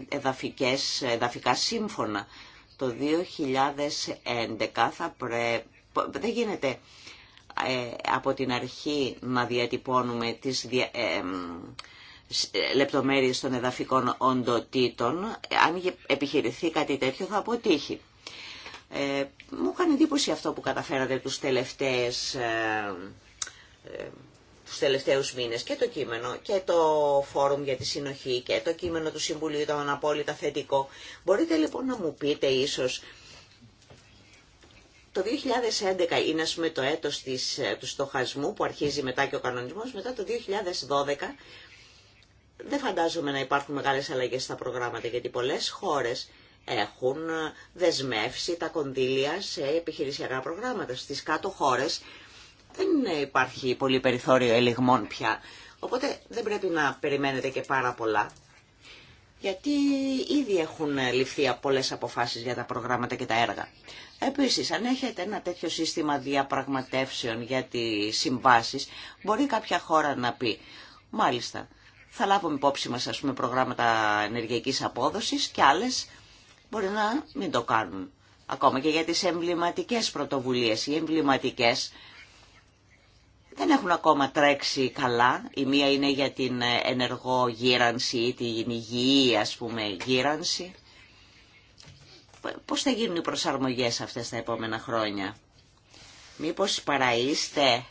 εδαφικές, εδαφικά σύμφωνα. Το 2011 θα Δεν γίνεται ε, από την αρχή να διατυπώνουμε τις ε, ε, λεπτομέρειες των εδαφικών οντοτήτων. Αν επιχειρηθεί κάτι τέτοιο θα αποτύχει. Μου έκανε εντύπωση αυτό που καταφέρατε τους τελευταίες τους τελευταίους μήνες και το κείμενο και το φόρουμ για τη συνοχή και το κείμενο του Συμβουλίου ήταν απόλυτα θετικό. Μπορείτε λοιπόν να μου πείτε ίσως το 2011 είναι το έτος της, ε, του στοχασμού που αρχίζει μετά και ο κανονισμός. Μετά το 2012 δεν φαντάζομαι να υπάρχουν μεγάλες αλλαγές στα προγράμματα γιατί πολλές χώρες έχουν ε, δεσμεύσει τα κονδύλια σε επιχειρησιακά προγράμματα. Στις κάτω χώρες δεν υπάρχει πολύ περιθώριο ελιγμών πια. Οπότε δεν πρέπει να περιμένετε και πάρα πολλά. Γιατί ήδη έχουν ληφθεί πολλές αποφάσεις για τα προγράμματα και τα έργα. Επίσης, αν έχετε ένα τέτοιο σύστημα διαπραγματεύσεων για τις συμβάσεις, μπορεί κάποια χώρα να πει, μάλιστα, θα λάβουμε υπόψη μας, ας πούμε, προγράμματα ενεργειακής απόδοσης και άλλες μπορεί να μην το κάνουν. Ακόμα και για τις εμβληματικές πρωτοβουλίες. Οι εμβληματικές δεν έχουν ακόμα τρέξει καλά. Η μία είναι για την ενεργό γύρανση ή την υγιή, ας γύρανση πώς θα γίνουν οι προσαρμογές αυτές τα επόμενα χρόνια. Μήπως παραείστε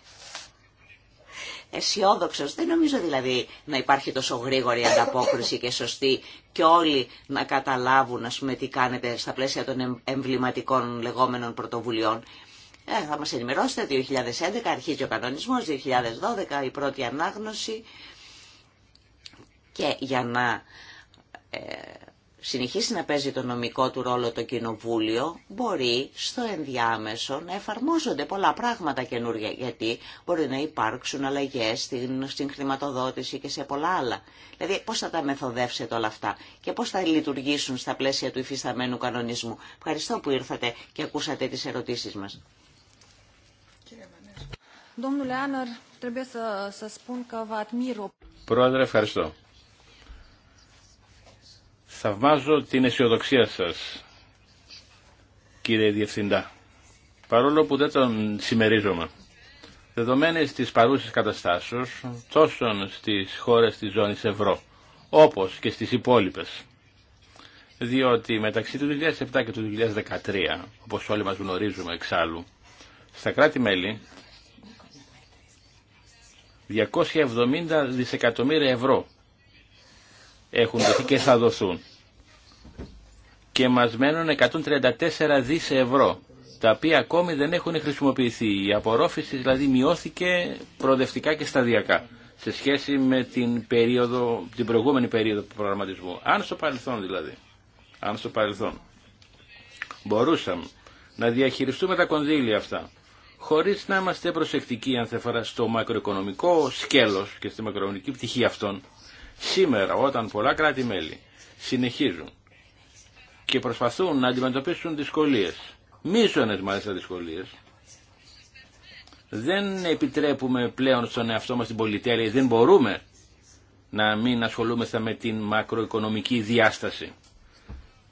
αισιόδοξο. Δεν νομίζω δηλαδή να υπάρχει τόσο γρήγορη ανταπόκριση και σωστή και όλοι να καταλάβουν ας πούμε, τι κάνετε στα πλαίσια των εμβληματικών λεγόμενων πρωτοβουλειών. Ε, θα μας ενημερώσετε, 2011 αρχίζει ο κανονισμός, 2012 η πρώτη ανάγνωση και για να ε, συνεχίσει να παίζει το νομικό του ρόλο το Κοινοβούλιο, μπορεί στο ενδιάμεσο να εφαρμόζονται πολλά πράγματα καινούργια, γιατί μπορεί να υπάρξουν αλλαγές στην, στην χρηματοδότηση και σε πολλά άλλα. Δηλαδή, πώς θα τα μεθοδεύσετε όλα αυτά και πώς θα λειτουργήσουν στα πλαίσια του υφισταμένου κανονισμού. Ευχαριστώ που ήρθατε και ακούσατε τις ερωτήσεις μας. Πρόεδρε, ευχαριστώ. Θαυμάζω την αισιοδοξία σας, κύριε Διευθυντά, παρόλο που δεν τον συμμερίζομαι. Δεδομένες της παρούσης καταστάσεως, τόσο στις χώρες της ζώνης ευρώ, όπως και στις υπόλοιπες, διότι μεταξύ του 2007 και του 2013, όπως όλοι μας γνωρίζουμε εξάλλου, στα κράτη-μέλη 270 δισεκατομμύρια ευρώ έχουν δοθεί και θα δοθούν. Και μας μένουν 134 δις ευρώ, τα οποία ακόμη δεν έχουν χρησιμοποιηθεί. Η απορρόφηση δηλαδή μειώθηκε προοδευτικά και σταδιακά σε σχέση με την, περίοδο, την προηγούμενη περίοδο του προγραμματισμού. Αν στο παρελθόν δηλαδή, αν στο παρελθόν μπορούσαμε να διαχειριστούμε τα κονδύλια αυτά χωρίς να είμαστε προσεκτικοί αν στο μακροοικονομικό σκέλος και στη μακροοικονομική πτυχή αυτών Σήμερα όταν πολλά κράτη-μέλη συνεχίζουν και προσπαθούν να αντιμετωπίσουν δυσκολίες, μίσονες μάλιστα δυσκολίες, δεν επιτρέπουμε πλέον στον εαυτό μας την πολυτέλεια, δεν μπορούμε να μην ασχολούμεθα με την μακροοικονομική διάσταση.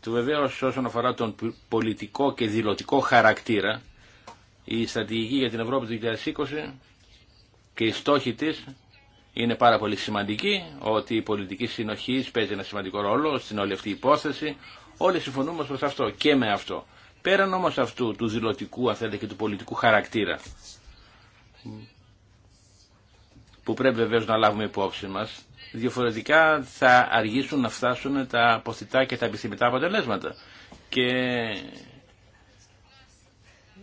Του βεβαίω όσον αφορά τον πολιτικό και δηλωτικό χαρακτήρα, η στρατηγική για την Ευρώπη του 2020 και οι στόχοι της είναι πάρα πολύ σημαντική ότι η πολιτική συνοχή παίζει ένα σημαντικό ρόλο στην όλη αυτή υπόθεση. Όλοι συμφωνούμε προ αυτό και με αυτό. Πέραν όμω αυτού του δηλωτικού, αν και του πολιτικού χαρακτήρα, που πρέπει βεβαίω να λάβουμε υπόψη μα, διαφορετικά θα αργήσουν να φτάσουν τα αποθητά και τα επιθυμητά αποτελέσματα. Και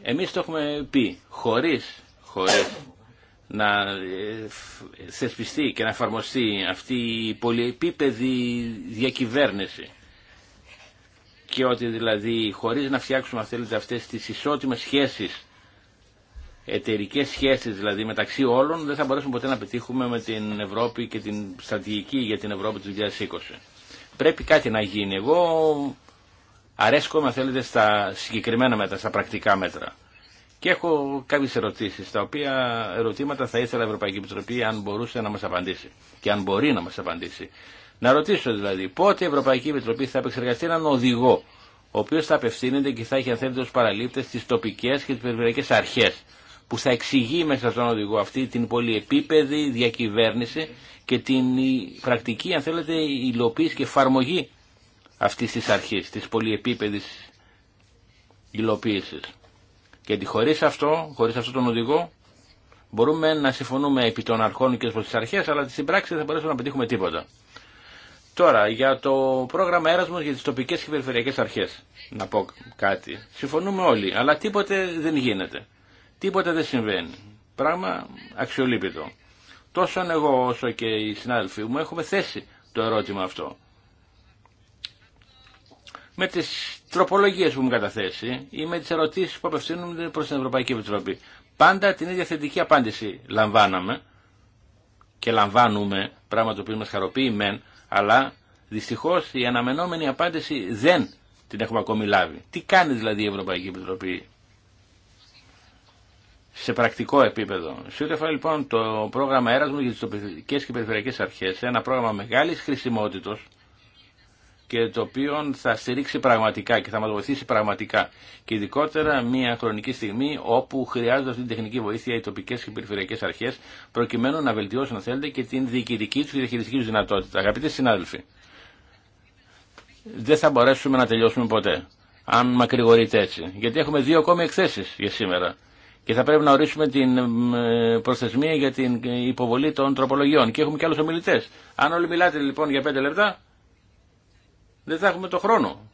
εμείς το έχουμε πει, χωρίς, να ε, θεσπιστεί και να εφαρμοστεί αυτή η πολυεπίπεδη διακυβέρνηση και ότι δηλαδή χωρίς να φτιάξουμε θέλετε αυτές τις ισότιμες σχέσεις εταιρικέ σχέσεις δηλαδή μεταξύ όλων δεν θα μπορέσουμε ποτέ να πετύχουμε με την Ευρώπη και την στρατηγική για την Ευρώπη του 2020. Πρέπει κάτι να γίνει. Εγώ αρέσκομαι θέλετε στα συγκεκριμένα μέτρα, στα πρακτικά μέτρα. Και έχω κάποιε ερωτήσει, τα οποία ερωτήματα θα ήθελα η Ευρωπαϊκή Επιτροπή αν μπορούσε να μα απαντήσει και αν μπορεί να μα απαντήσει. Να ρωτήσω δηλαδή πότε η Ευρωπαϊκή Επιτροπή θα επεξεργαστεί έναν οδηγό ο οποίο θα απευθύνεται και θα έχει αν θέλετε ως παραλήπτες τις τοπικές και τι περιφερειακέ αρχέ που θα εξηγεί μέσα στον οδηγό αυτή την πολυεπίπεδη διακυβέρνηση και την πρακτική αν θέλετε υλοποίηση και εφαρμογή αυτή τη αρχή, τη πολυεπίπεδη υλοποίηση. Γιατί χωρί αυτό, χωρί αυτόν τον οδηγό, μπορούμε να συμφωνούμε επί των αρχών και προ τι αρχέ, αλλά στην πράξη δεν θα μπορέσουμε να πετύχουμε τίποτα. Τώρα, για το πρόγραμμα Έρασμος για τι τοπικέ και περιφερειακές αρχές, να πω κάτι. Συμφωνούμε όλοι, αλλά τίποτε δεν γίνεται. Τίποτε δεν συμβαίνει. Πράγμα αξιολείπητο. Τόσο εγώ όσο και οι συνάδελφοί μου έχουμε θέσει το ερώτημα αυτό με τις τροπολογίες που μου καταθέσει ή με τις ερωτήσεις που απευθύνονται προς την Ευρωπαϊκή Επιτροπή. Πάντα την ίδια θετική απάντηση λαμβάναμε και λαμβάνουμε, πράγμα το οποίο μα χαροποιεί μεν, αλλά δυστυχώς η αναμενόμενη απάντηση δεν την έχουμε ακόμη λάβει. Τι κάνει δηλαδή η Ευρωπαϊκή Επιτροπή σε πρακτικό επίπεδο. Σε λοιπόν το πρόγραμμα Έρασμου για τι τοπικέ και περιφερειακέ αρχέ, ένα πρόγραμμα μεγάλη χρησιμότητα και το οποίο θα στηρίξει πραγματικά και θα μας βοηθήσει πραγματικά. Και ειδικότερα μια χρονική στιγμή όπου χρειάζονται αυτή την τεχνική βοήθεια οι τοπικέ και περιφερειακές αρχέ προκειμένου να βελτιώσουν, αν θέλετε, και την διοικητική του διαχειριστική του δυνατότητα. Αγαπητοί συνάδελφοι, δεν θα μπορέσουμε να τελειώσουμε ποτέ, αν μακρηγορείτε έτσι. Γιατί έχουμε δύο ακόμη εκθέσει για σήμερα και θα πρέπει να ορίσουμε την προθεσμία για την υποβολή των τροπολογιών. Και έχουμε και άλλου ομιλητέ. Αν όλοι μιλάτε λοιπόν για πέντε λεπτά, δεν θα έχουμε το χρόνο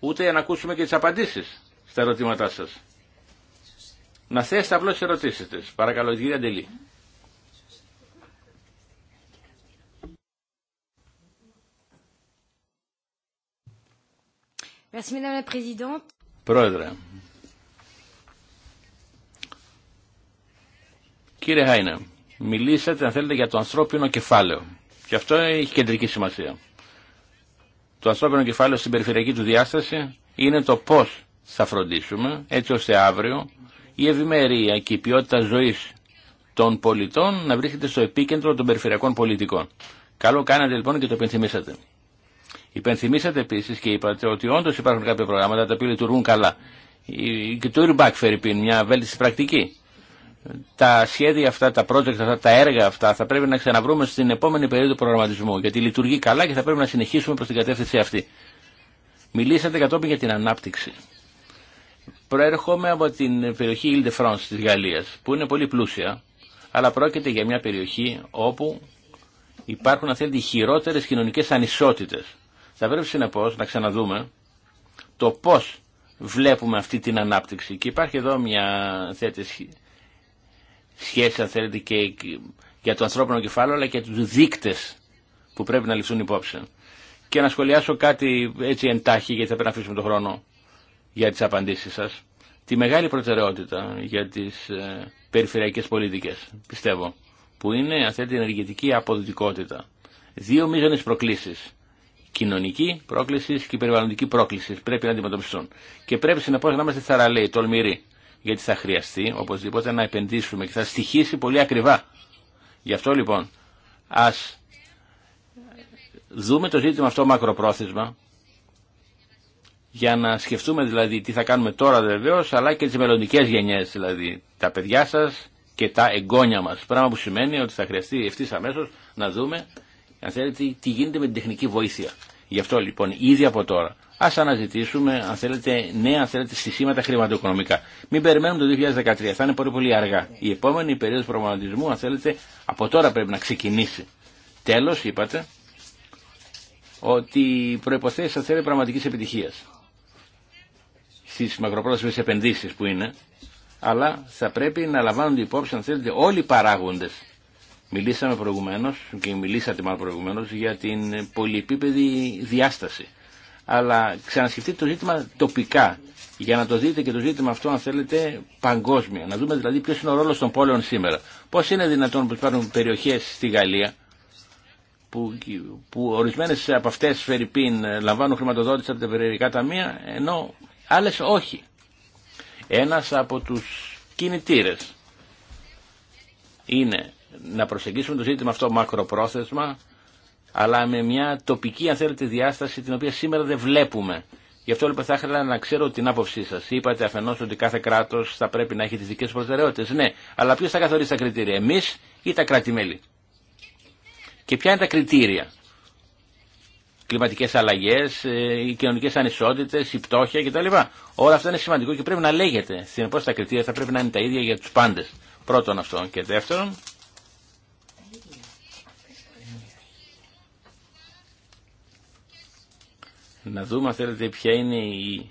ούτε να ακούσουμε και τις απαντήσεις στα ερωτήματά σας. Να θέσετε απλώς τι ερωτήσεις της. Παρακαλώ, κυρία Αντελή. Πρόεδρε, κύριε Χάινε, μιλήσατε αν θέλετε για το ανθρώπινο κεφάλαιο και αυτό έχει κεντρική σημασία το ανθρώπινο κεφάλαιο στην περιφερειακή του διάσταση είναι το πώς θα φροντίσουμε έτσι ώστε αύριο η ευημερία και η ποιότητα ζωής των πολιτών να βρίσκεται στο επίκεντρο των περιφερειακών πολιτικών. Καλό κάνατε λοιπόν και το υπενθυμίσατε. Υπενθυμίσατε επίση και είπατε ότι όντω υπάρχουν κάποια προγράμματα τα οποία λειτουργούν καλά. Και το Urbac φέρει μια βέλτιστη πρακτική τα σχέδια αυτά, τα project αυτά, τα έργα αυτά θα πρέπει να ξαναβρούμε στην επόμενη περίοδο προγραμματισμού γιατί λειτουργεί καλά και θα πρέπει να συνεχίσουμε προς την κατεύθυνση αυτή. Μιλήσατε κατόπιν για την ανάπτυξη. Προέρχομαι από την περιοχή Ile de France της Γαλλίας που είναι πολύ πλούσια αλλά πρόκειται για μια περιοχή όπου υπάρχουν αν θέλετε χειρότερες κοινωνικές ανισότητες. Θα πρέπει συνεπώς να ξαναδούμε το πώς βλέπουμε αυτή την ανάπτυξη και υπάρχει εδώ μια θέτηση σχέση αν θέλετε και για το ανθρώπινο κεφάλαιο αλλά και τους δείκτες που πρέπει να ληφθούν υπόψη. Και να σχολιάσω κάτι έτσι εντάχει γιατί θα πρέπει να αφήσουμε τον χρόνο για τις απαντήσεις σας. Τη μεγάλη προτεραιότητα για τις ε, περιφερειακές πολιτικές πιστεύω που είναι αν θέλετε η ενεργητική αποδοτικότητα. Δύο μείζονες προκλήσεις κοινωνική πρόκληση και περιβαλλοντική πρόκληση πρέπει να αντιμετωπιστούν. Και πρέπει συνεπώ να είμαστε θαραλέοι, τολμηροί γιατί θα χρειαστεί οπωσδήποτε να επενδύσουμε και θα στοιχήσει πολύ ακριβά. Γι' αυτό λοιπόν ας δούμε το ζήτημα αυτό μακροπρόθεσμα για να σκεφτούμε δηλαδή τι θα κάνουμε τώρα βεβαίω, αλλά και τις μελλοντικέ γενιές δηλαδή τα παιδιά σας και τα εγγόνια μας πράγμα που σημαίνει ότι θα χρειαστεί ευθύ αμέσω να δούμε αν θέλετε τι γίνεται με την τεχνική βοήθεια γι' αυτό λοιπόν ήδη από τώρα Ας αναζητήσουμε, αν θέλετε, νέα αν θέλετε, χρηματοοικονομικά. Μην περιμένουμε το 2013, θα είναι πολύ πολύ αργά. Η επόμενη περίοδος προγραμματισμού, αν θέλετε, από τώρα πρέπει να ξεκινήσει. Τέλος, είπατε, ότι οι προϋποθέσεις θα θέλετε πραγματικής επιτυχίας στις μακροπρόθεσμες επενδύσεις που είναι, αλλά θα πρέπει να λαμβάνονται υπόψη, αν θέλετε, όλοι οι παράγοντες. Μιλήσαμε προηγουμένως και μιλήσατε μάλλον προηγουμένως για την πολυεπίπεδη διάσταση αλλά ξανασκεφτείτε το ζήτημα τοπικά για να το δείτε και το ζήτημα αυτό αν θέλετε παγκόσμια. Να δούμε δηλαδή ποιος είναι ο ρόλος των πόλεων σήμερα. Πώς είναι δυνατόν που υπάρχουν περιοχές στη Γαλλία που, που ορισμένες από αυτές φερρυπίν λαμβάνουν χρηματοδότηση από τα περιερικά ταμεία ενώ άλλες όχι. Ένας από τους κινητήρες είναι να προσεγγίσουμε το ζήτημα αυτό μακροπρόθεσμα αλλά με μια τοπική αν θέλετε διάσταση την οποία σήμερα δεν βλέπουμε. Γι' αυτό λοιπόν θα ήθελα να ξέρω την άποψή σα. Είπατε αφενό ότι κάθε κράτο θα πρέπει να έχει τι δικέ προτεραιότητε. Ναι, αλλά ποιο θα καθορίσει τα κριτήρια, εμεί ή τα κράτη-μέλη. Και ποια είναι τα κριτήρια. Κλιματικέ αλλαγέ, ε, οι κοινωνικέ ανισότητε, η πτώχεια κτλ. Όλα αυτά είναι σημαντικό και πρέπει να λέγεται. Συνεπώ τα κριτήρια θα πρέπει να είναι τα ίδια για του πάντε. Πρώτον αυτό. Και δεύτερον, να δούμε αν θέλετε ποια είναι οι,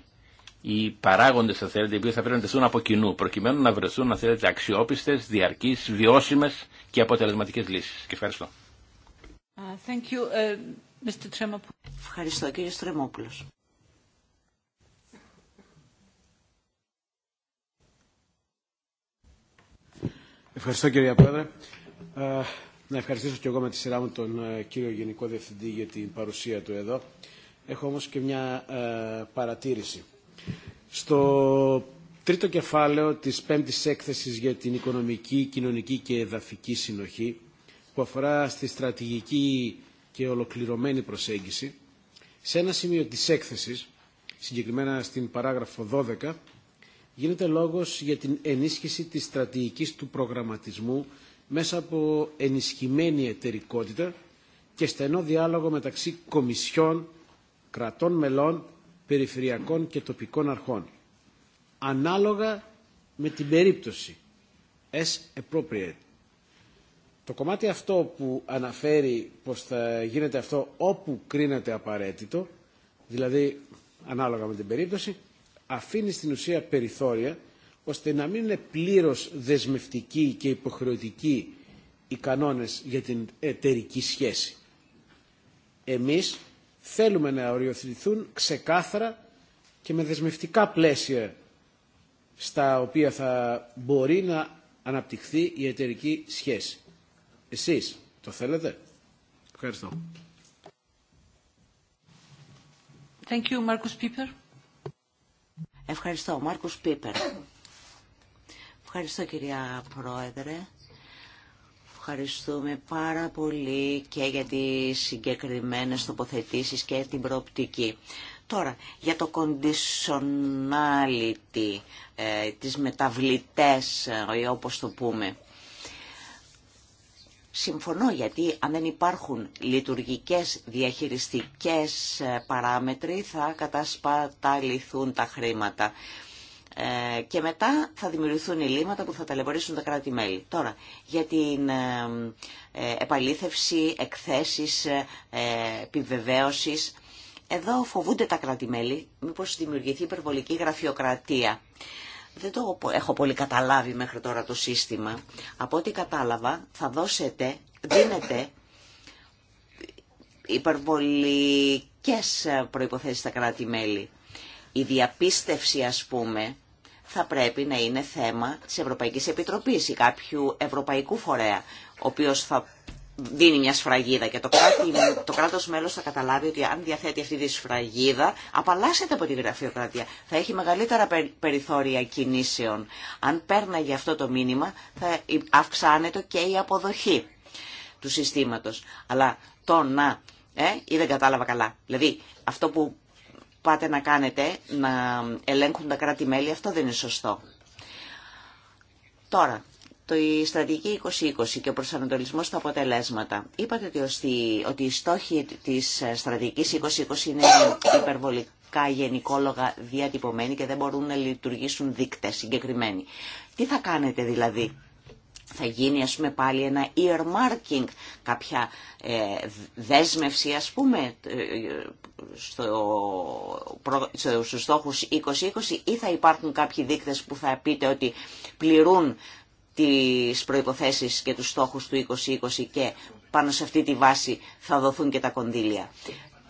οι παράγοντες θα θέλετε, οι οποίοι θα πρέπει να τεθούν από κοινού προκειμένου να βρεθούν να θέλετε αξιόπιστες, διαρκείς, βιώσιμες και αποτελεσματικές λύσεις. Και ευχαριστώ. Uh, thank you, uh, Mr. Ευχαριστώ κύριε Στρεμόπουλος. Ευχαριστώ κύριε Πρόεδρε. Ε, να ευχαριστήσω και εγώ με τη σειρά μου τον ε, κύριο Γενικό Διευθυντή για την παρουσία του εδώ. Έχω όμως και μια ε, παρατήρηση. Στο τρίτο κεφάλαιο της πέμπτης έκθεσης για την οικονομική, κοινωνική και εδαφική συνοχή που αφορά στη στρατηγική και ολοκληρωμένη προσέγγιση σε ένα σημείο της έκθεσης, συγκεκριμένα στην παράγραφο 12, γίνεται λόγος για την ενίσχυση της στρατηγικής του προγραμματισμού μέσα από ενισχυμένη εταιρικότητα και στενό διάλογο μεταξύ κομισιών, κρατών μελών, περιφερειακών και τοπικών αρχών, ανάλογα με την περίπτωση, as appropriate. Το κομμάτι αυτό που αναφέρει πως θα γίνεται αυτό όπου κρίνεται απαραίτητο, δηλαδή ανάλογα με την περίπτωση, αφήνει στην ουσία περιθώρια ώστε να μην είναι πλήρως δεσμευτικοί και υποχρεωτικοί οι κανόνες για την εταιρική σχέση. Εμείς θέλουμε να οριοθετηθούν ξεκάθαρα και με δεσμευτικά πλαίσια στα οποία θα μπορεί να αναπτυχθεί η εταιρική σχέση. Εσείς το θέλετε. Ευχαριστώ. Thank you, Marcus Piper. Ευχαριστώ, Μάρκος Πίπερ. Ευχαριστώ, κυρία Πρόεδρε. Ευχαριστούμε πάρα πολύ και για τις συγκεκριμένες τοποθετήσεις και την προοπτική. Τώρα, για το conditionality, ε, τις μεταβλητές, ε, όπως το πούμε. Συμφωνώ γιατί αν δεν υπάρχουν λειτουργικές διαχειριστικές ε, παράμετροι θα κατασπαταληθούν τα χρήματα. Ε, και μετά θα δημιουργηθούν λύματα που θα ταλαιπωρήσουν τα κράτη-μέλη. Τώρα, για την ε, ε, επαλήθευση, εκθέσεις, επιβεβαίωσης, εδώ φοβούνται τα κράτη-μέλη μήπως δημιουργηθεί υπερβολική γραφειοκρατία. Δεν το έχω πολύ καταλάβει μέχρι τώρα το σύστημα. Από ό,τι κατάλαβα θα δώσετε, δίνετε υπερβολικές προϋποθέσεις στα κράτη-μέλη. Η διαπίστευση ας πούμε θα πρέπει να είναι θέμα της Ευρωπαϊκής Επιτροπής ή κάποιου ευρωπαϊκού φορέα, ο οποίος θα δίνει μια σφραγίδα και το, κράτη, το κράτος μέλος θα καταλάβει ότι αν διαθέτει αυτή τη σφραγίδα απαλλάσσεται από τη γραφειοκρατία. Θα έχει μεγαλύτερα περιθώρια κινήσεων. Αν παίρναγε αυτό το μήνυμα θα αυξάνεται και η αποδοχή του συστήματος. Αλλά το να... Ε, ή δεν κατάλαβα καλά. Δηλαδή αυτό που πάτε να κάνετε, να ελέγχουν τα κράτη-μέλη, αυτό δεν είναι σωστό. Τώρα, το, η στρατηγική 2020 και ο προσανατολισμός στα αποτελέσματα. Είπατε ότι, ότι οι στόχοι της στρατηγικής 2020 είναι υπερβολικά γενικόλογα διατυπωμένοι και δεν μπορούν να λειτουργήσουν δείκτες συγκεκριμένοι. Τι θα κάνετε δηλαδή θα γίνει ας πούμε πάλι ένα earmarking, κάποια ε, δέσμευση ας πούμε ε, στο, στους στόχους 2020 ή θα υπάρχουν κάποιοι δείκτες που θα πείτε ότι πληρούν τις προϋποθέσεις και τους στόχους του 2020 και πάνω σε αυτή τη βάση θα δοθούν και τα κονδύλια.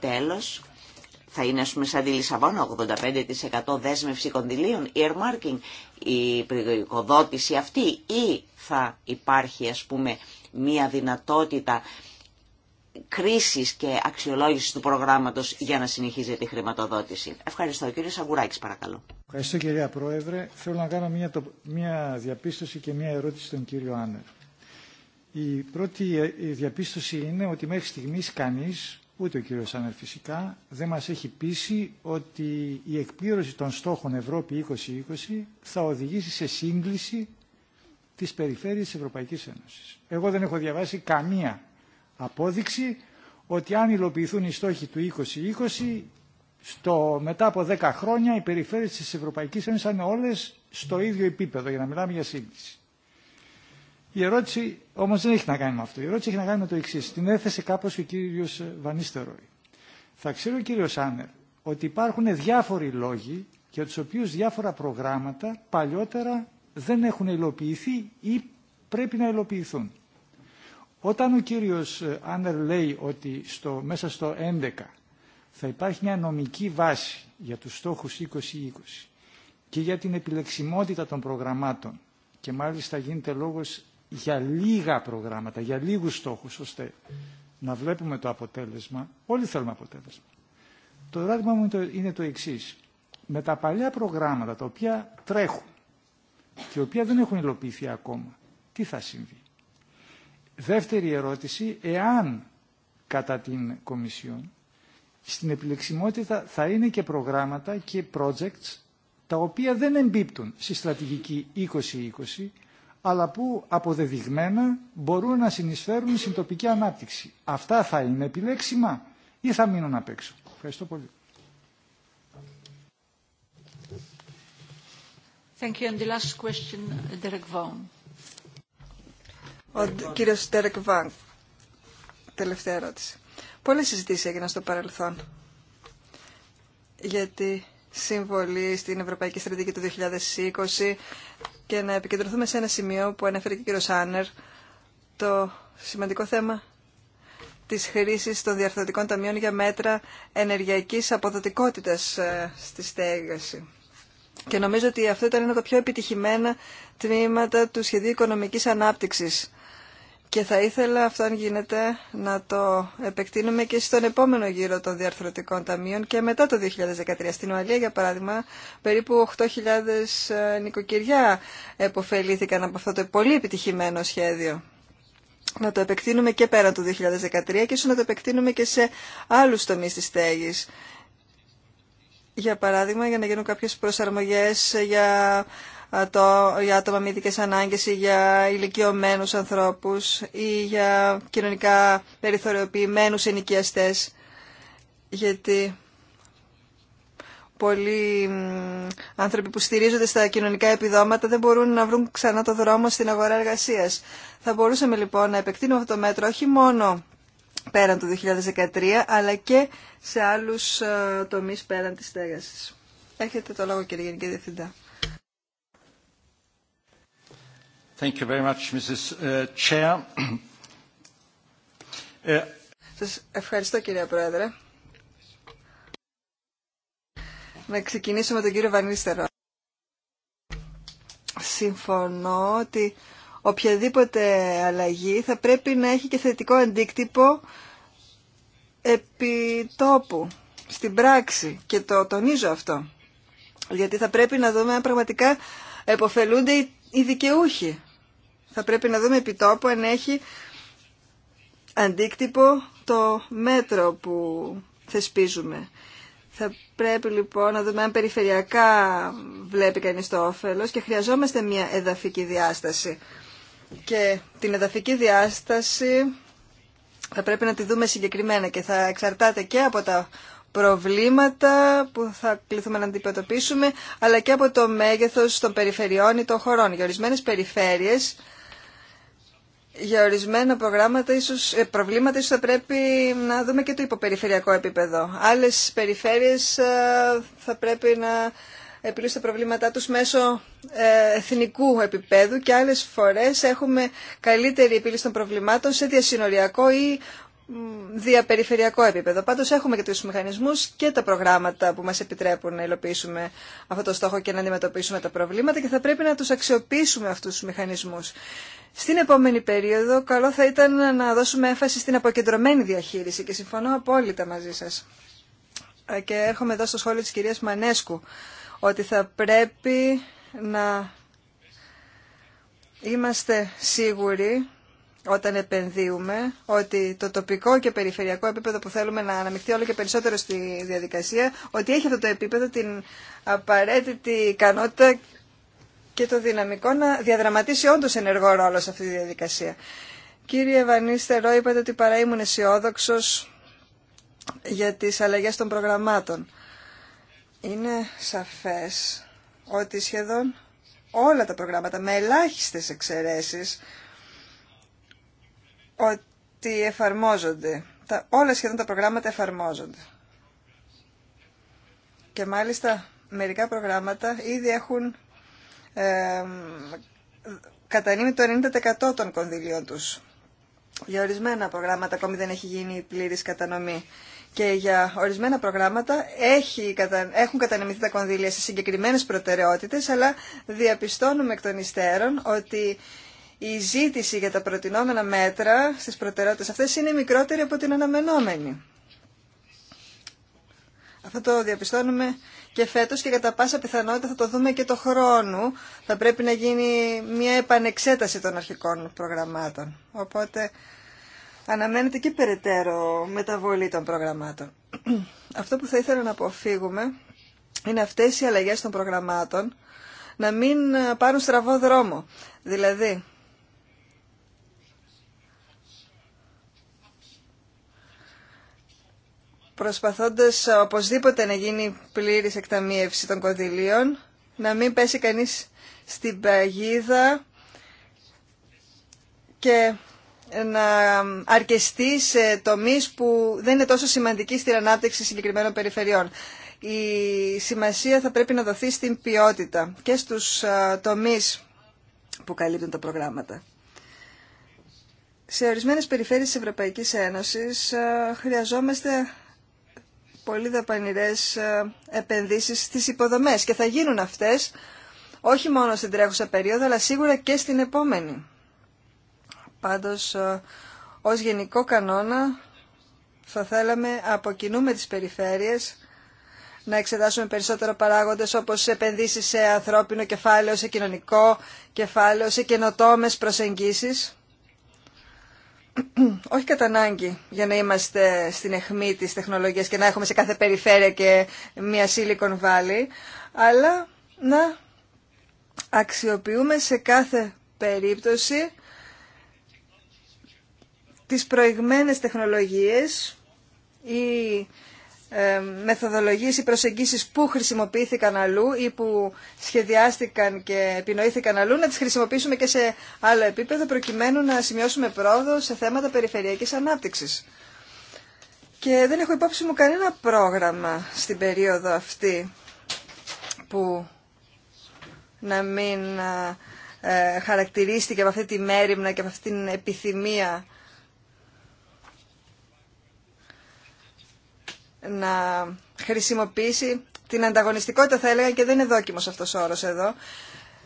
Τέλος, θα είναι ας πούμε σαν τη Λισαβόνα 85% δέσμευση κονδυλίων, earmarking, η πρικοδότηση αυτή ή θα υπάρχει ας πούμε μια δυνατότητα κρίσης και αξιολόγησης του προγράμματος για να συνεχίζεται η χρηματοδότηση. Ευχαριστώ. Κύριε Σαγκουράκης παρακαλώ. Ευχαριστώ κυρία Πρόεδρε. Θέλω να κάνω μια, μια διαπίστωση και μια ερώτηση στον κύριο Άνερ. Η πρώτη ε, διαπίστωση είναι ότι μέχρι στιγμής κανείς ούτε ο κύριος Σάνερ φυσικά, δεν μας έχει πείσει ότι η εκπλήρωση των στόχων Ευρώπη 2020 θα οδηγήσει σε σύγκληση της περιφέρειας της Ευρωπαϊκής Ένωσης. Εγώ δεν έχω διαβάσει καμία απόδειξη ότι αν υλοποιηθούν οι στόχοι του 2020, στο, μετά από 10 χρόνια οι περιφέρειες της Ευρωπαϊκής Ένωσης θα είναι όλες στο ίδιο επίπεδο, για να μιλάμε για σύγκληση. Η ερώτηση όμως δεν έχει να κάνει με αυτό. Η ερώτηση έχει να κάνει με το εξή. Την έθεσε κάπως ο κύριος Βανίστεροι. Θα ξέρω κύριος Άνερ ότι υπάρχουν διάφοροι λόγοι για τους οποίους διάφορα προγράμματα παλιότερα δεν έχουν υλοποιηθεί ή πρέπει να υλοποιηθούν. Όταν ο κύριος ε, Άνερ λέει ότι στο, μέσα στο 11 θα υπάρχει μια νομική βάση για τους στόχους 2020 και για την επιλεξιμότητα των προγραμμάτων και μάλιστα γίνεται λόγος για λίγα προγράμματα, για λίγους στόχους, ώστε να βλέπουμε το αποτέλεσμα. Όλοι θέλουμε αποτέλεσμα. Το ερώτημα μου είναι το εξή. Με τα παλιά προγράμματα τα οποία τρέχουν και οποία δεν έχουν υλοποιηθεί ακόμα, τι θα συμβεί. Δεύτερη ερώτηση, εάν κατά την Κομισιόν στην επιλεξιμότητα θα είναι και προγράμματα και projects τα οποία δεν εμπίπτουν στη στρατηγική 2020 αλλά που αποδεδειγμένα μπορούν να συνεισφέρουν στην τοπική ανάπτυξη. Αυτά θα είναι επιλέξιμα ή θα μείνουν απ' έξω. Ευχαριστώ πολύ. Thank you. And the last question, Derek Vaughan. κύριος Derek Vaughan. Τελευταία ερώτηση. Πολλές συζητήσεις έγιναν στο παρελθόν για τη συμβολή στην Ευρωπαϊκή Στρατηγική του 2020, και να επικεντρωθούμε σε ένα σημείο που ανέφερε και ο κ. Σάνερ, το σημαντικό θέμα της χρήση των διαρθρωτικών ταμείων για μέτρα ενεργειακής αποδοτικότητας ε, στη στέγαση. Και νομίζω ότι αυτό ήταν ένα από τα πιο επιτυχημένα τμήματα του Σχεδίου Οικονομικής Ανάπτυξης και θα ήθελα αυτό, αν γίνεται, να το επεκτείνουμε και στον επόμενο γύρο των διαρθρωτικών ταμείων και μετά το 2013. Στην Ουαλία, για παράδειγμα, περίπου 8.000 ε, νοικοκυριά επωφελήθηκαν από αυτό το πολύ επιτυχημένο σχέδιο. Να το επεκτείνουμε και πέρα του 2013 και ίσως να το επεκτείνουμε και σε άλλους τομείς της στέγης. Για παράδειγμα, για να γίνουν κάποιες προσαρμογές ε, για το, για άτομα με ειδικές ανάγκες ή για ηλικιωμένους ανθρώπους ή για κοινωνικά περιθωριοποιημένους ενοικιαστές γιατί πολλοί άνθρωποι που στηρίζονται στα κοινωνικά επιδόματα δεν μπορούν να βρουν ξανά το δρόμο στην αγορά εργασίας. Θα μπορούσαμε λοιπόν να επεκτείνουμε αυτό το μέτρο όχι μόνο πέραν του 2013 αλλά και σε άλλους ε, τομείς πέραν της στέγασης. Έχετε το λόγο κύριε Γενική Διευθυντά. Thank you very much, Mrs. Uh, Chair. Uh, Σας ευχαριστώ κυρία Πρόεδρε. Να ξεκινήσω με τον κύριο Βανίστερο. Συμφωνώ ότι οποιαδήποτε αλλαγή θα πρέπει να έχει και θετικό αντίκτυπο επί τόπου, στην πράξη και το τονίζω αυτό. Γιατί θα πρέπει να δούμε αν πραγματικά εποφελούνται οι δικαιούχοι. Θα πρέπει να δούμε επιτόπου αν έχει αντίκτυπο το μέτρο που θεσπίζουμε. Θα πρέπει λοιπόν να δούμε αν περιφερειακά βλέπει κανείς το όφελος και χρειαζόμαστε μια εδαφική διάσταση. Και την εδαφική διάσταση θα πρέπει να τη δούμε συγκεκριμένα και θα εξαρτάται και από τα προβλήματα που θα κληθούμε να αντιμετωπίσουμε, αλλά και από το μέγεθος των περιφερειών ή των χωρών. Για ορισμένες περιφέρειες για ορισμένα προγράμματα, ίσως, ε, προβλήματα ίσως θα πρέπει να δούμε και το υποπεριφερειακό επίπεδο. Άλλες περιφέρειες ε, θα πρέπει να επιλύσουν τα προβλήματά τους μέσω ε, εθνικού επίπεδου και άλλες φορές έχουμε καλύτερη επίλυση των προβλημάτων σε διασυνοριακό ή διαπεριφερειακό επίπεδο. Πάντως έχουμε και τους μηχανισμούς και τα προγράμματα που μας επιτρέπουν να υλοποιήσουμε αυτό το στόχο και να αντιμετωπίσουμε τα προβλήματα και θα πρέπει να τους αξιοποιήσουμε αυτούς τους μηχανισμούς. Στην επόμενη περίοδο καλό θα ήταν να δώσουμε έμφαση στην αποκεντρωμένη διαχείριση και συμφωνώ απόλυτα μαζί σας. Ε, και έρχομαι εδώ στο σχόλιο της κυρίας Μανέσκου ότι θα πρέπει να είμαστε σίγουροι όταν επενδύουμε ότι το τοπικό και περιφερειακό επίπεδο που θέλουμε να αναμειχθεί όλο και περισσότερο στη διαδικασία ότι έχει αυτό το επίπεδο την απαραίτητη ικανότητα και το δυναμικό να διαδραματίσει όντω ενεργό ρόλο σε αυτή τη διαδικασία. Κύριε Βανίστερο, είπατε ότι παρά ήμουν αισιόδοξο για τις αλλαγές των προγραμμάτων. Είναι σαφές ότι σχεδόν όλα τα προγράμματα, με ελάχιστε εξαιρεσει ότι εφαρμόζονται. όλα σχεδόν τα προγράμματα εφαρμόζονται. Και μάλιστα μερικά προγράμματα ήδη έχουν κατανείμει το 90% των κονδυλίων τους. Για ορισμένα προγράμματα ακόμη δεν έχει γίνει πλήρης κατανομή. Και για ορισμένα προγράμματα έχει, έχουν κατανεμηθεί τα κονδύλια σε συγκεκριμένες προτεραιότητες, αλλά διαπιστώνουμε εκ των υστέρων ότι η ζήτηση για τα προτινόμενα μέτρα στις προτεραιότητες αυτές είναι μικρότερη από την αναμενόμενη. Αυτό το διαπιστώνουμε και φέτος και κατά πάσα πιθανότητα θα το δούμε και το χρόνο. Θα πρέπει να γίνει μια επανεξέταση των αρχικών προγραμμάτων. Οπότε αναμένεται και περαιτέρω μεταβολή των προγραμμάτων. Αυτό που θα ήθελα να αποφύγουμε είναι αυτές οι αλλαγές των προγραμμάτων να μην πάρουν στραβό δρόμο. Δηλαδή, προσπαθώντας οπωσδήποτε να γίνει πλήρης εκταμίευση των κονδυλίων, να μην πέσει κανείς στην παγίδα και να αρκεστεί σε τομείς που δεν είναι τόσο σημαντικοί στην ανάπτυξη συγκεκριμένων περιφερειών. Η σημασία θα πρέπει να δοθεί στην ποιότητα και στους τομείς που καλύπτουν τα προγράμματα. Σε ορισμένες περιφέρειες της Ευρωπαϊκής Ένωσης χρειαζόμαστε πολύ δαπανηρές ε, επενδύσεις στις υποδομές και θα γίνουν αυτές όχι μόνο στην τρέχουσα περίοδο αλλά σίγουρα και στην επόμενη. Πάντως ε, ως γενικό κανόνα θα θέλαμε από κοινού με τις περιφέρειες να εξετάσουμε περισσότερο παράγοντες όπως επενδύσεις σε ανθρώπινο κεφάλαιο, σε κοινωνικό κεφάλαιο, σε καινοτόμες προσεγγίσεις όχι κατά ανάγκη για να είμαστε στην αιχμή της τεχνολογίας και να έχουμε σε κάθε περιφέρεια και μια Silicon Valley, αλλά να αξιοποιούμε σε κάθε περίπτωση τις προηγμένες τεχνολογίες ή ε, μεθοδολογίες ή προσεγγίσεις που χρησιμοποιήθηκαν αλλού ή που σχεδιάστηκαν και επινοήθηκαν αλλού να τις χρησιμοποιήσουμε και σε άλλο επίπεδο προκειμένου να σημειώσουμε πρόοδο σε θέματα περιφερειακής ανάπτυξης. Και δεν έχω υπόψη μου κανένα πρόγραμμα στην περίοδο αυτή που να μην ε, χαρακτηρίστηκε από αυτή τη μέρημνα και από αυτή την επιθυμία να χρησιμοποιήσει την ανταγωνιστικότητα θα έλεγα και δεν είναι δόκιμος αυτός ο όρος εδώ,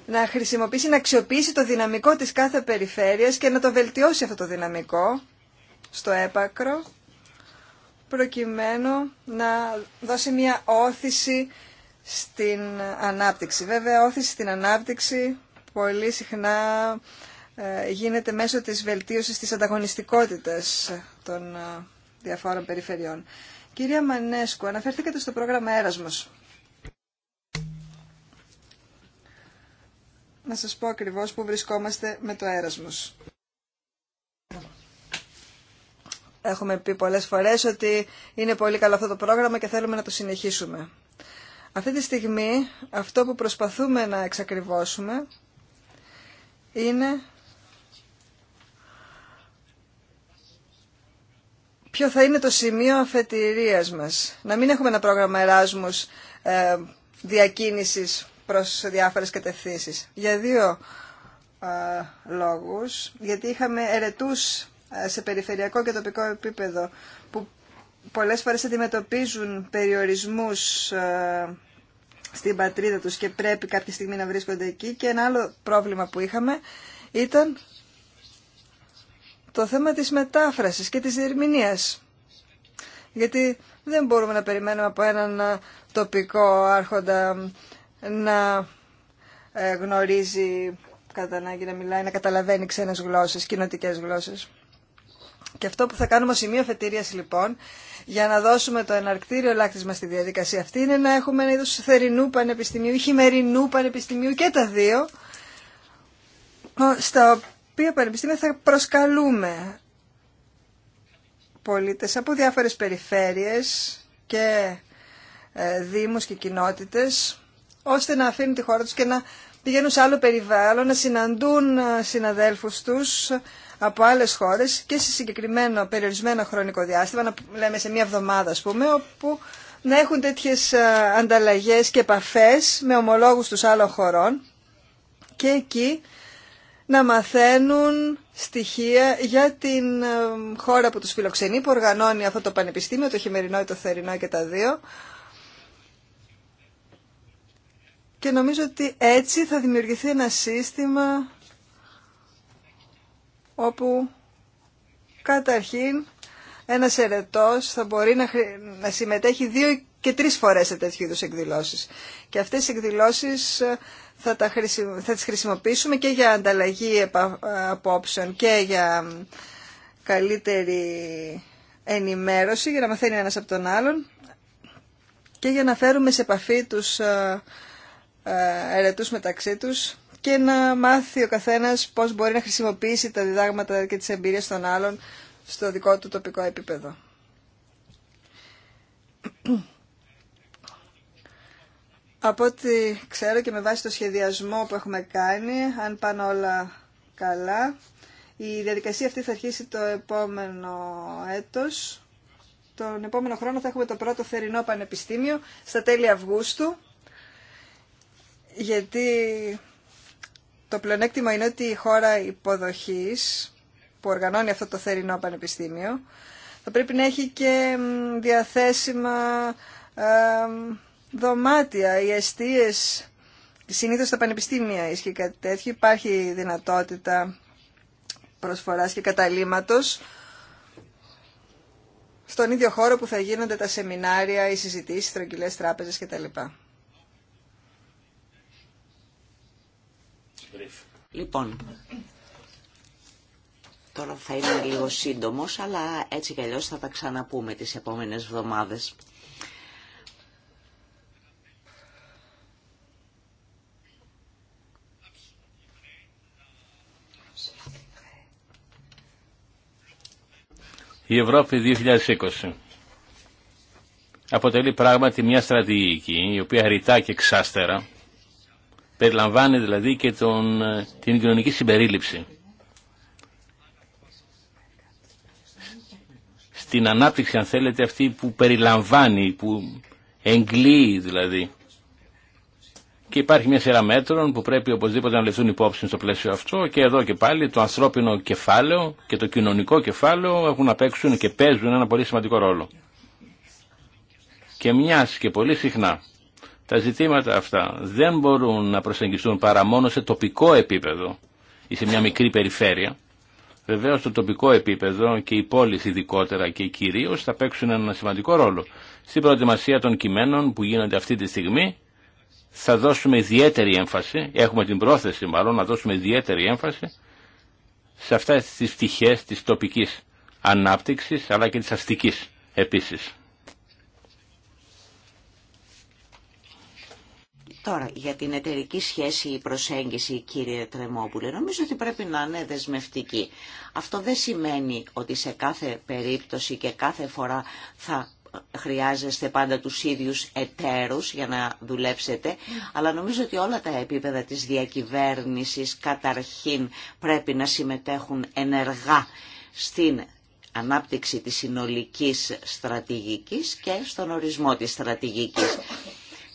να χρησιμοποιήσει, να αξιοποιήσει το δυναμικό της κάθε περιφέρειας και να το βελτιώσει αυτό το δυναμικό στο έπακρο, προκειμένου να δώσει μια όθηση στην ανάπτυξη. Βέβαια, όθηση στην ανάπτυξη πολύ συχνά ε, γίνεται μέσω της βελτίωσης της ανταγωνιστικότητας των ε, διαφόρων περιφερειών. Κυρία Μανέσκου, αναφερθήκατε στο πρόγραμμα Έρασμος. Να σας πω ακριβώς που βρισκόμαστε με το Έρασμος. Έχουμε πει πολλές φορές ότι είναι πολύ καλό αυτό το πρόγραμμα και θέλουμε να το συνεχίσουμε. Αυτή τη στιγμή αυτό που προσπαθούμε να εξακριβώσουμε είναι ποιο θα είναι το σημείο αφετηρίας μας. Να μην έχουμε ένα πρόγραμμα εράσμους ε, διακίνησης προς διάφορες κατευθύνσεις. Για δύο ε, λόγους, γιατί είχαμε ερετούς ε, σε περιφερειακό και τοπικό επίπεδο που πολλές φορές αντιμετωπίζουν περιορισμούς ε, στην πατρίδα τους και πρέπει κάποια στιγμή να βρίσκονται εκεί και ένα άλλο πρόβλημα που είχαμε ήταν το θέμα της μετάφρασης και της διερμηνίας. Γιατί δεν μπορούμε να περιμένουμε από έναν ε, τοπικό άρχοντα να ε, γνωρίζει κατά ανάγκη να μιλάει, να καταλαβαίνει ξένες γλώσσες, κοινοτικές γλώσσες. Και αυτό που θα κάνουμε ως σημείο φετηρίας λοιπόν, για να δώσουμε το εναρκτήριο λάκτισμα στη διαδικασία αυτή, είναι να έχουμε ένα είδος θερινού πανεπιστημίου χειμερινού πανεπιστημίου και τα δύο, οποία πανεπιστήμια θα προσκαλούμε πολίτες από διάφορες περιφέρειες και ε, δήμους και κοινότητες, ώστε να αφήνουν τη χώρα τους και να πηγαίνουν σε άλλο περιβάλλον, να συναντούν ε, συναδέλφους τους από άλλες χώρες και σε συγκεκριμένο περιορισμένο χρονικό διάστημα, να λέμε σε μία εβδομάδα ας πούμε, όπου να έχουν τέτοιες ε, ανταλλαγές και επαφές με ομολόγους τους άλλων χωρών και εκεί να μαθαίνουν στοιχεία για την ε, χώρα που τους φιλοξενεί, που οργανώνει αυτό το πανεπιστήμιο, το χειμερινό ή το θερινό και τα δύο. Και νομίζω ότι έτσι θα δημιουργηθεί ένα σύστημα όπου καταρχήν ένας ερετός θα μπορεί να συμμετέχει δύο και τρεις φορές σε τέτοιου είδους εκδηλώσεις. Και αυτές οι εκδηλώσεις ε, θα, τα θα τις χρησιμοποιήσουμε και για ανταλλαγή απόψεων και για καλύτερη ενημέρωση, για να μαθαίνει ένας από τον άλλον και για να φέρουμε σε επαφή τους ερετούς ε, μεταξύ τους και να μάθει ο καθένας πώς μπορεί να χρησιμοποιήσει τα διδάγματα και τις εμπειρίες των άλλων στο δικό του τοπικό επίπεδο. Από ό,τι ξέρω και με βάση το σχεδιασμό που έχουμε κάνει, αν πάνε όλα καλά, η διαδικασία αυτή θα αρχίσει το επόμενο έτος. Τον επόμενο χρόνο θα έχουμε το πρώτο θερινό πανεπιστήμιο στα τέλη Αυγούστου, γιατί το πλεονέκτημα είναι ότι η χώρα υποδοχής που οργανώνει αυτό το θερινό πανεπιστήμιο θα πρέπει να έχει και διαθέσιμα ε, δωμάτια, οι αιστείες, συνήθως στα πανεπιστήμια ισχύει κάτι υπάρχει δυνατότητα προσφοράς και καταλήμματος στον ίδιο χώρο που θα γίνονται τα σεμινάρια, οι συζητήσεις, οι τρογγυλές τράπεζες κτλ. Λοιπόν, τώρα θα είμαι λίγο σύντομος, αλλά έτσι κι θα τα ξαναπούμε τις επόμενες εβδομάδες. Η Ευρώπη 2020 αποτελεί πράγματι μια στρατηγική η οποία ρητά και εξάστερα περιλαμβάνει δηλαδή και τον, την κοινωνική συμπερίληψη. Στην ανάπτυξη αν θέλετε αυτή που περιλαμβάνει, που εγκλείει δηλαδή και υπάρχει μια σειρά μέτρων που πρέπει οπωσδήποτε να ληφθούν υπόψη στο πλαίσιο αυτό και εδώ και πάλι το ανθρώπινο κεφάλαιο και το κοινωνικό κεφάλαιο έχουν να παίξουν και παίζουν ένα πολύ σημαντικό ρόλο. Και μια και πολύ συχνά τα ζητήματα αυτά δεν μπορούν να προσεγγιστούν παρά μόνο σε τοπικό επίπεδο ή σε μια μικρή περιφέρεια, Βεβαίω το τοπικό επίπεδο και οι πόλει ειδικότερα και κυρίω θα παίξουν ένα σημαντικό ρόλο στην προετοιμασία των κειμένων που γίνονται αυτή τη στιγμή θα δώσουμε ιδιαίτερη έμφαση, έχουμε την πρόθεση μάλλον να δώσουμε ιδιαίτερη έμφαση σε αυτά τις πτυχές της τοπικής ανάπτυξης αλλά και της αστικής επίσης. Τώρα, για την εταιρική σχέση η προσέγγιση, κύριε Τρεμόπουλε, νομίζω ότι πρέπει να είναι δεσμευτική. Αυτό δεν σημαίνει ότι σε κάθε περίπτωση και κάθε φορά θα χρειάζεστε πάντα τους ίδιους εταίρους για να δουλέψετε, αλλά νομίζω ότι όλα τα επίπεδα της διακυβέρνησης καταρχήν πρέπει να συμμετέχουν ενεργά στην ανάπτυξη της συνολικής στρατηγικής και στον ορισμό της στρατηγικής.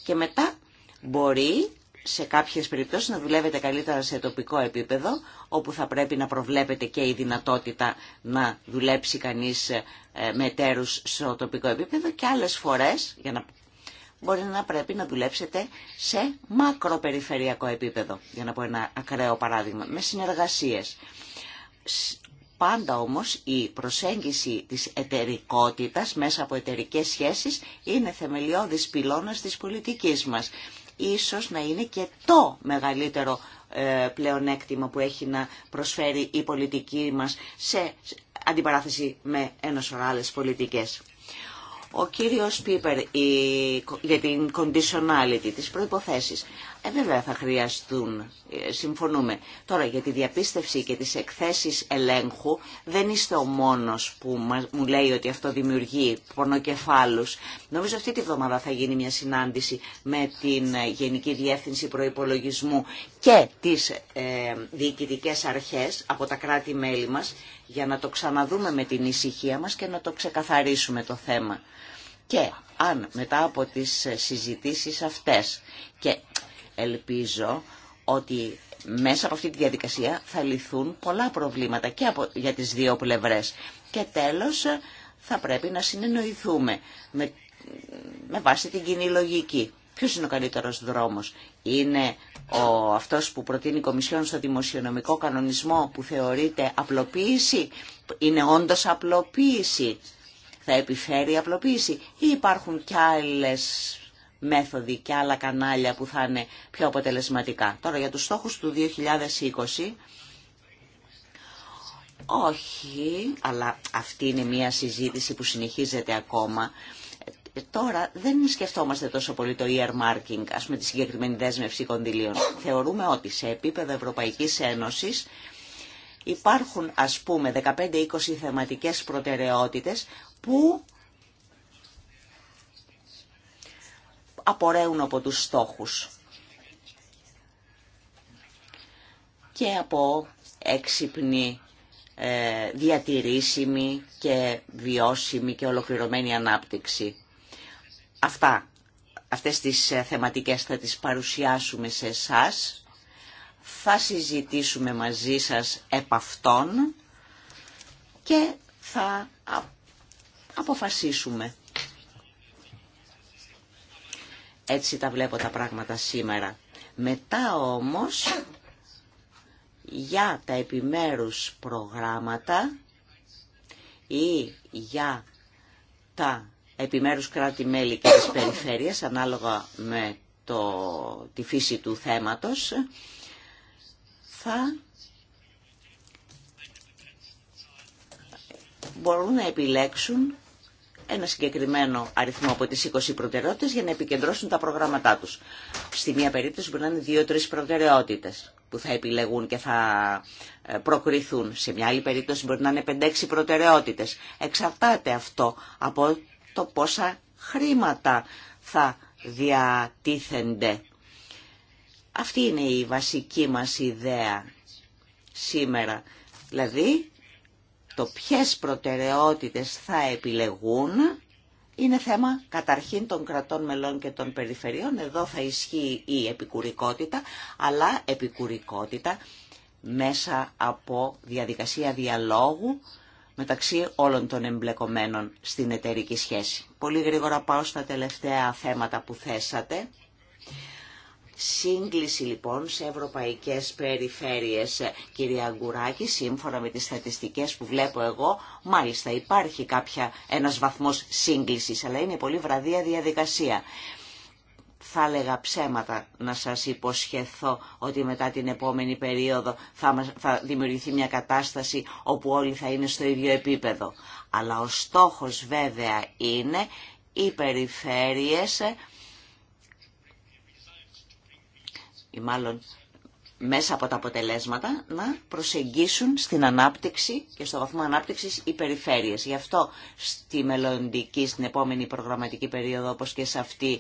Και μετά μπορεί σε κάποιες περιπτώσεις να δουλεύετε καλύτερα σε τοπικό επίπεδο, όπου θα πρέπει να προβλέπετε και η δυνατότητα να δουλέψει κανείς ε, με εταίρους στο τοπικό επίπεδο και άλλες φορές για να μπορεί να πρέπει να δουλέψετε σε μακροπεριφερειακό επίπεδο, για να πω ένα ακραίο παράδειγμα, με συνεργασίες. Πάντα όμως η προσέγγιση της εταιρικότητας μέσα από εταιρικέ σχέσεις είναι θεμελιώδης πυλώνας της πολιτικής μας ίσως να είναι και το μεγαλύτερο ε, πλεονέκτημα που έχει να προσφέρει η πολιτική μας σε αντιπαράθεση με ένα σωρά πολιτικές. Ο κύριος Πίπερ για την conditionality, τις προϋποθέσεις. Ε, βέβαια θα χρειαστούν, ε, συμφωνούμε. Τώρα για τη διαπίστευση και τις εκθέσεις ελέγχου δεν είστε ο μόνος που μου λέει ότι αυτό δημιουργεί πονοκεφάλους. Νομίζω αυτή τη βδομάδα θα γίνει μια συνάντηση με την ε, Γενική Διεύθυνση Προϋπολογισμού και τις ε, διοικητικές αρχές από τα κράτη-μέλη μας για να το ξαναδούμε με την ησυχία μας και να το ξεκαθαρίσουμε το θέμα. Και αν μετά από τις ε, συζητήσεις αυτές και Ελπίζω ότι μέσα από αυτή τη διαδικασία θα λυθούν πολλά προβλήματα και από, για τις δύο πλευρές. Και τέλος θα πρέπει να συνεννοηθούμε με, βάση την κοινή λογική. Ποιος είναι ο καλύτερος δρόμος. Είναι ο, αυτός που προτείνει η Κομισιόν στο δημοσιονομικό κανονισμό που θεωρείται απλοποίηση. Είναι όντως απλοποίηση. Θα επιφέρει απλοποίηση. Ή υπάρχουν κι άλλες μέθοδοι και άλλα κανάλια που θα είναι πιο αποτελεσματικά. Τώρα για τους στόχους του 2020... Όχι, αλλά αυτή είναι μια συζήτηση που συνεχίζεται ακόμα. Τώρα δεν σκεφτόμαστε τόσο πολύ το earmarking, ας πούμε τη συγκεκριμένη δέσμευση κονδυλίων. Θεωρούμε ότι σε επίπεδο Ευρωπαϊκής Ένωσης υπάρχουν ας πούμε 15-20 θεματικές προτεραιότητες που απορρέουν από τους στόχους. Και από έξυπνη, ε, διατηρήσιμη και βιώσιμη και ολοκληρωμένη ανάπτυξη. Αυτά, αυτές τις ε, θεματικές θα τις παρουσιάσουμε σε εσάς. Θα συζητήσουμε μαζί σας επ' αυτών και θα αποφασίσουμε. Έτσι τα βλέπω τα πράγματα σήμερα. Μετά όμως, για τα επιμέρους προγράμματα ή για τα επιμέρους κράτη-μέλη και τις περιφέρειες, ανάλογα με το, τη φύση του θέματος, θα μπορούν να επιλέξουν ένα συγκεκριμένο αριθμό από τις 20 προτεραιότητες για να επικεντρώσουν τα προγράμματά τους. Στη μία περίπτωση μπορεί να είναι 2-3 προτεραιότητες που θα επιλεγούν και θα ε, προκριθούν. Σε μια άλλη περίπτωση μπορεί να είναι 5-6 προτεραιότητες. Εξαρτάται αυτό από το πόσα χρήματα θα διατίθενται. Αυτή είναι η βασική μας ιδέα σήμερα. Δηλαδή το ποιες προτεραιότητες θα επιλεγούν είναι θέμα καταρχήν των κρατών μελών και των περιφερειών. Εδώ θα ισχύει η επικουρικότητα, αλλά επικουρικότητα μέσα από διαδικασία διαλόγου μεταξύ όλων των εμπλεκομένων στην εταιρική σχέση. Πολύ γρήγορα πάω στα τελευταία θέματα που θέσατε. Σύγκληση λοιπόν σε ευρωπαϊκές περιφέρειες, κυρία Αγκουράκη, σύμφωνα με τις στατιστικές που βλέπω εγώ, μάλιστα υπάρχει κάποια, ένας βαθμός σύγκλησης, αλλά είναι πολύ βραδία διαδικασία. Θα έλεγα ψέματα να σας υποσχεθώ ότι μετά την επόμενη περίοδο θα, θα δημιουργηθεί μια κατάσταση όπου όλοι θα είναι στο ίδιο επίπεδο. Αλλά ο στόχος βέβαια είναι οι περιφέρειες ή μάλλον μέσα από τα αποτελέσματα να προσεγγίσουν στην ανάπτυξη και στο βαθμό ανάπτυξης οι περιφέρειες. Γι' αυτό στη μελλοντική, στην επόμενη προγραμματική περίοδο όπως και σε αυτή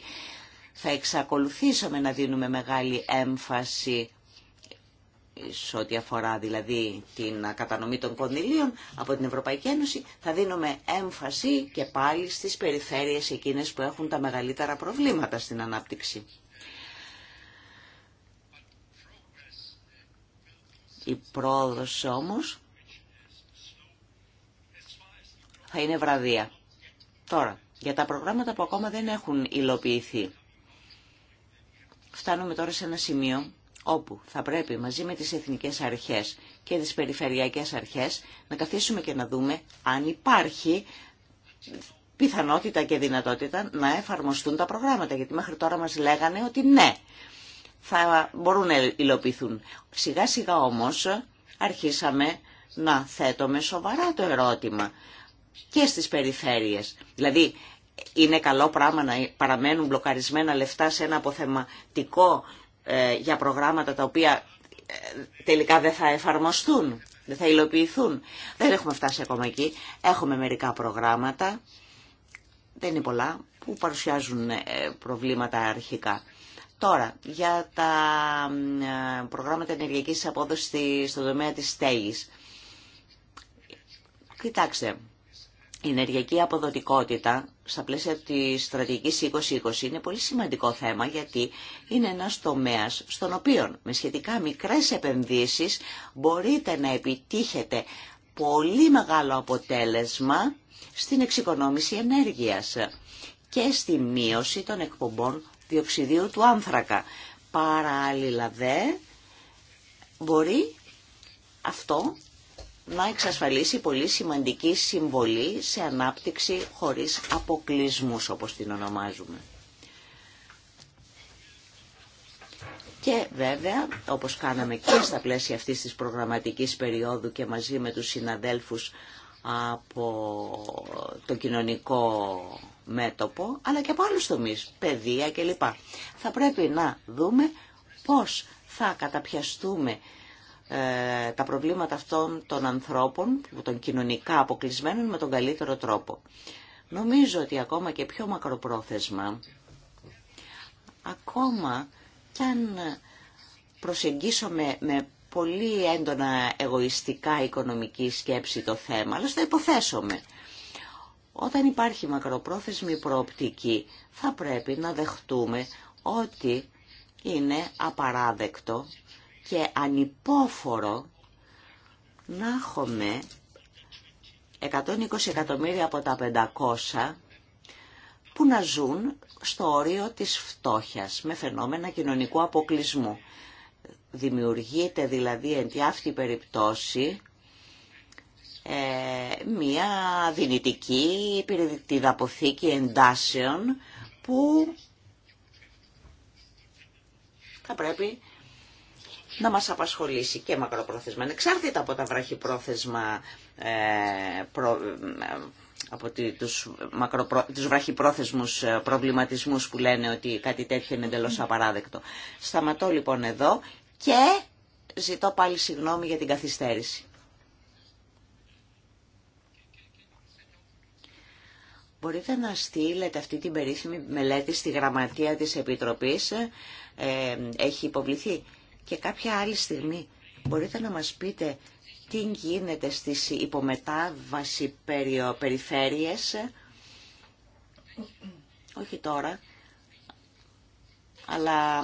θα εξακολουθήσουμε να δίνουμε μεγάλη έμφαση σε ό,τι αφορά δηλαδή την κατανομή των κονδυλίων από την Ευρωπαϊκή Ένωση, θα δίνουμε έμφαση και πάλι στις περιφέρειες εκείνες που έχουν τα μεγαλύτερα προβλήματα στην ανάπτυξη. Η πρόοδος όμως θα είναι βραδία. Τώρα, για τα προγράμματα που ακόμα δεν έχουν υλοποιηθεί. Φτάνουμε τώρα σε ένα σημείο όπου θα πρέπει μαζί με τις εθνικές αρχές και τις περιφερειακές αρχές να καθίσουμε και να δούμε αν υπάρχει πιθανότητα και δυνατότητα να εφαρμοστούν τα προγράμματα. Γιατί μέχρι τώρα μας λέγανε ότι ναι, θα μπορούν να υλοποιηθούν. Σιγά σιγά όμως αρχίσαμε να θέτουμε σοβαρά το ερώτημα και στις περιφέρειες. Δηλαδή είναι καλό πράγμα να παραμένουν μπλοκαρισμένα λεφτά σε ένα αποθεματικό ε, για προγράμματα τα οποία ε, τελικά δεν θα εφαρμοστούν, δεν θα υλοποιηθούν. Δεν έχουμε φτάσει ακόμα εκεί. Έχουμε μερικά προγράμματα, δεν είναι πολλά, που παρουσιάζουν ε, προβλήματα αρχικά. Τώρα, για τα ε, προγράμματα ενεργειακής απόδοσης στον τομέα της στέγης. Κοιτάξτε, η ενεργειακή αποδοτικότητα στα πλαίσια της στρατηγικής 2020 είναι πολύ σημαντικό θέμα γιατί είναι ένας τομέας στον οποίο με σχετικά μικρές επενδύσεις μπορείτε να επιτύχετε πολύ μεγάλο αποτέλεσμα στην εξοικονόμηση ενέργειας και στη μείωση των εκπομπών διοξιδίου του άνθρακα. Παράλληλα δε μπορεί αυτό να εξασφαλίσει πολύ σημαντική συμβολή σε ανάπτυξη χωρίς αποκλεισμούς όπως την ονομάζουμε. Και βέβαια, όπως κάναμε και στα πλαίσια αυτής της προγραμματικής περίοδου και μαζί με τους συναδέλφους από το κοινωνικό μέτωπο, αλλά και από άλλους τομείς, παιδεία κλπ. Θα πρέπει να δούμε πώς θα καταπιαστούμε ε, τα προβλήματα αυτών των ανθρώπων, των κοινωνικά αποκλεισμένων, με τον καλύτερο τρόπο. Νομίζω ότι ακόμα και πιο μακροπρόθεσμα, ακόμα κι αν προσεγγίσουμε με πολύ έντονα εγωιστικά οικονομική σκέψη το θέμα, αλλά στο υποθέσουμε. Όταν υπάρχει μακροπρόθεσμη προοπτική θα πρέπει να δεχτούμε ότι είναι απαράδεκτο και ανυπόφορο να έχουμε 120 εκατομμύρια από τα 500 που να ζουν στο όριο της φτώχειας με φαινόμενα κοινωνικού αποκλεισμού. Δημιουργείται δηλαδή εν τη αυτή περιπτώση ε, μία δυνητική αποθήκη εντάσεων που θα πρέπει να μας απασχολήσει και μακροπρόθεσμα, εξάρτητα από τα βραχυπρόθεσμα, ε, ε, από τους, μακροπρό, τους βραχυπρόθεσμους προβληματισμούς που λένε ότι κάτι τέτοιο είναι εντελώς απαράδεκτο. Σταματώ λοιπόν εδώ και ζητώ πάλι συγγνώμη για την καθυστέρηση. Μπορείτε να στείλετε αυτή την περίφημη μελέτη στη γραμματεία της Επιτροπής, ε, έχει υποβληθεί. Και κάποια άλλη στιγμή μπορείτε να μας πείτε τι γίνεται στις υπομετάβαση περιφέρειες, όχι τώρα, αλλά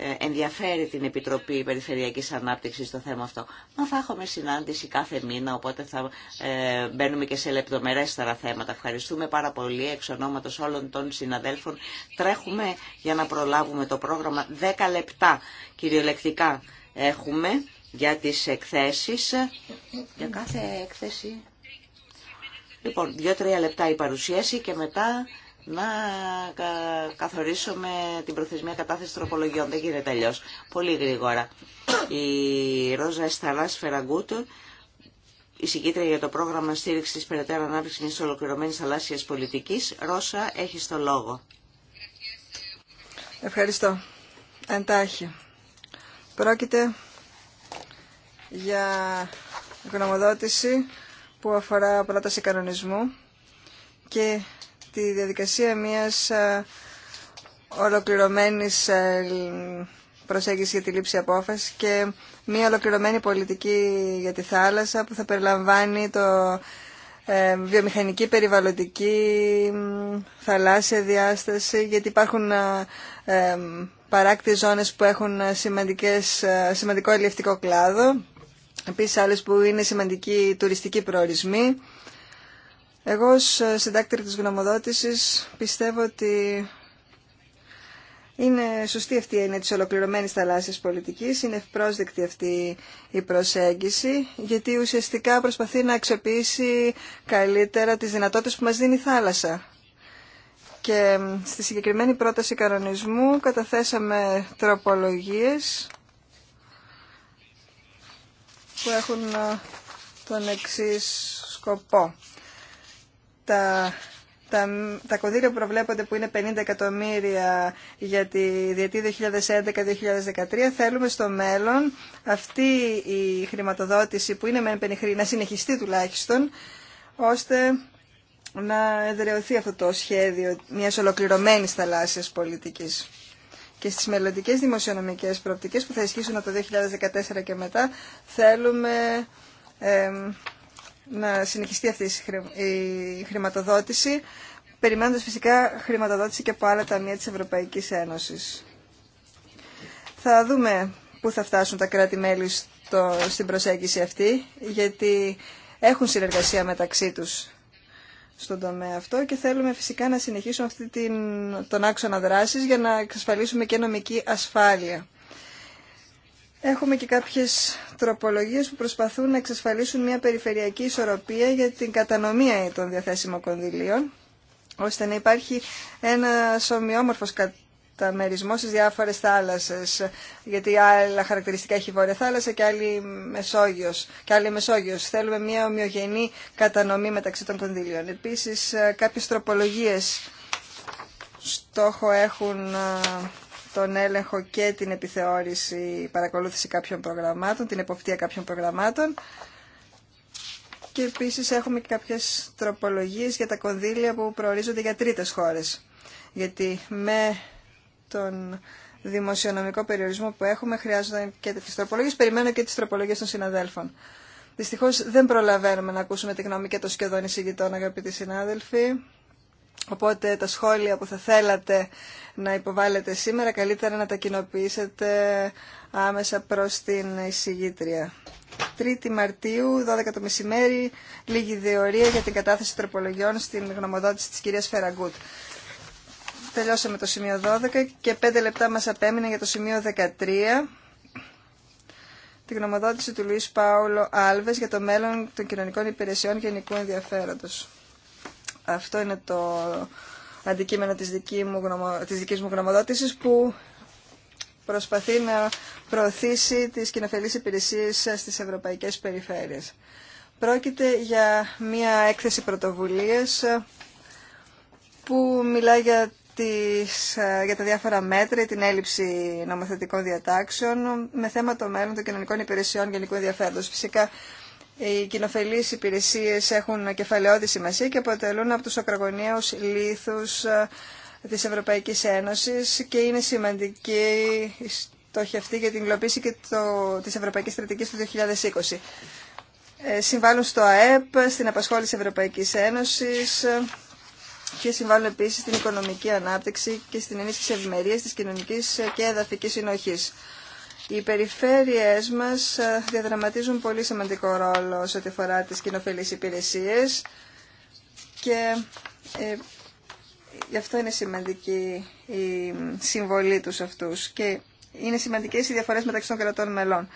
ε, ενδιαφέρει την Επιτροπή Περιφερειακής Ανάπτυξης το θέμα αυτό. Μα θα έχουμε συνάντηση κάθε μήνα, οπότε θα ε, μπαίνουμε και σε λεπτομερέστερα θέματα. Ευχαριστούμε πάρα πολύ εξ ονόματος όλων των συναδέλφων. Τρέχουμε για να προλάβουμε το πρόγραμμα Δέκα λεπτά κυριολεκτικά έχουμε για τις εκθέσεις. Για κάθε έκθεση. Λοιπόν, δύο-τρία λεπτά η παρουσίαση και μετά να καθορίσουμε την προθεσμία κατάθεση τροπολογιών. Δεν γίνεται αλλιώ. Πολύ γρήγορα. Η Ρόζα Εσταλά Φεραγκούτου, συγκίτρια για το πρόγραμμα στήριξη περαιτέρω ανάπτυξη μια ολοκληρωμένη θαλάσσια πολιτική. Ρόσα, έχει το λόγο. Ευχαριστώ. Εντάχει. Πρόκειται για γνωμοδότηση που αφορά πρόταση κανονισμού και ...τη διαδικασία μιας ε, ολοκληρωμένης ε, προσέγγισης για τη λήψη απόφαση και μια ολοκληρωμένη πολιτική για τη θάλασσα που θα περιλαμβάνει το ε, βιομηχανική, περιβαλλοντική, θαλάσσια διάσταση, γιατί υπάρχουν παράκτη ζώνες που έχουν σημαντικό ελιευτικό κλάδο, επίσης άλλες που είναι σημαντικοί τουριστικοί προορισμοί. Εγώ ως ε, συντάκτηρη της γνωμοδότησης πιστεύω ότι είναι σωστή αυτή η έννοια της ολοκληρωμένης πολιτικής, είναι ευπρόσδεκτη αυτή η προσέγγιση, γιατί ουσιαστικά προσπαθεί να αξιοποιήσει καλύτερα τις δυνατότητες που μας δίνει η θάλασσα. Και στη συγκεκριμένη πρόταση κανονισμού καταθέσαμε τροπολογίες που έχουν ε, τον εξής σκοπό τα, τα, τα κονδύλια που προβλέπονται που είναι 50 εκατομμύρια για τη διετή 2011-2013 θέλουμε στο μέλλον αυτή η χρηματοδότηση που είναι με πενιχρή να συνεχιστεί τουλάχιστον ώστε να εδραιωθεί αυτό το σχέδιο μιας ολοκληρωμένης θαλάσσιας πολιτικής. Και στις μελλοντικέ δημοσιονομικές προοπτικές που θα ισχύσουν από το 2014 και μετά θέλουμε να συνεχιστεί αυτή η χρηματοδότηση, περιμένοντας φυσικά χρηματοδότηση και από άλλα ταμεία της Ευρωπαϊκής Ένωσης. Θα δούμε πού θα φτάσουν τα κράτη-μέλη στην προσέγγιση αυτή, γιατί έχουν συνεργασία μεταξύ τους στον τομέα αυτό και θέλουμε φυσικά να συνεχίσουμε αυτή την, τον άξονα δράσης για να εξασφαλίσουμε και νομική ασφάλεια. Έχουμε και κάποιες τροπολογίες που προσπαθούν να εξασφαλίσουν μια περιφερειακή ισορροπία για την κατανομία των διαθέσιμων κονδυλίων, ώστε να υπάρχει ένα ομοιόμορφος καταμερισμό στις διάφορες θάλασσες, γιατί άλλα χαρακτηριστικά έχει η Βόρεια Θάλασσα και άλλη Μεσόγειος. Και άλλη Μεσόγειος. Θέλουμε μια ομοιογενή κατανομή μεταξύ των κονδυλίων. Επίσης, κάποιες τροπολογίες στόχο έχουν τον έλεγχο και την επιθεώρηση, παρακολούθηση κάποιων προγραμμάτων, την εποπτεία κάποιων προγραμμάτων. Και επίσης έχουμε και κάποιες τροπολογίες για τα κονδύλια που προορίζονται για τρίτες χώρες. Γιατί με τον δημοσιονομικό περιορισμό που έχουμε χρειάζονται και τις τροπολογίες. Περιμένω και τις τροπολογίε των συναδέλφων. Δυστυχώ δεν προλαβαίνουμε να ακούσουμε τη γνώμη και των σχεδόν εισηγητών, αγαπητοί συνάδελφοι. Οπότε τα σχόλια που θα θέλατε να υποβάλλετε σήμερα καλύτερα να τα κοινοποιήσετε άμεσα προς την εισηγήτρια. 3η Μαρτίου, 12 το μεσημέρι, λίγη διορία για την κατάθεση τροπολογιών στην γνωμοδότηση της κυρίας Φεραγκούτ. Τελειώσαμε το σημείο 12 και 5 λεπτά μας απέμεινε για το σημείο 13 τη γνωμοδότηση του Λουίς Πάουλο Άλβες για το μέλλον των κοινωνικών υπηρεσιών γενικού ενδιαφέροντος. Αυτό είναι το αντικείμενο της, δική μου γνωμο, της δικής μου γνωμοδότησης που προσπαθεί να προωθήσει τις κοινοφελείς υπηρεσίες στις ευρωπαϊκές περιφέρειες. Πρόκειται για μια έκθεση πρωτοβουλίας που μιλά για, τις, για τα διάφορα μέτρα, την έλλειψη νομοθετικών διατάξεων με θέμα το μέλλον των κοινωνικών υπηρεσιών γενικού ενδιαφέροντος. Φυσικά οι κοινοφελείς υπηρεσίες έχουν κεφαλαιώδη σημασία και αποτελούν από του ακρογωνιαίου λίθους ε, της Ευρωπαϊκής Ένωσης και είναι σημαντική η στόχη για την υλοποίηση και το, της Ευρωπαϊκής Στρατηγικής του 2020. Ε, συμβάλλουν στο ΑΕΠ, στην απασχόληση Ευρωπαϊκής Ένωσης ε, και συμβάλλουν επίσης στην οικονομική ανάπτυξη και στην ενίσχυση ευημερία τη κοινωνική και εδαφική συνοχή. Οι περιφέρειές μας ε, διαδραματίζουν πολύ σημαντικό ρόλο σε ό,τι αφορά τις κοινοφελείς υπηρεσίες και ε, γι' αυτό είναι σημαντική η συμβολή τους αυτούς και είναι σημαντικές οι διαφορές μεταξύ των κρατών μελών.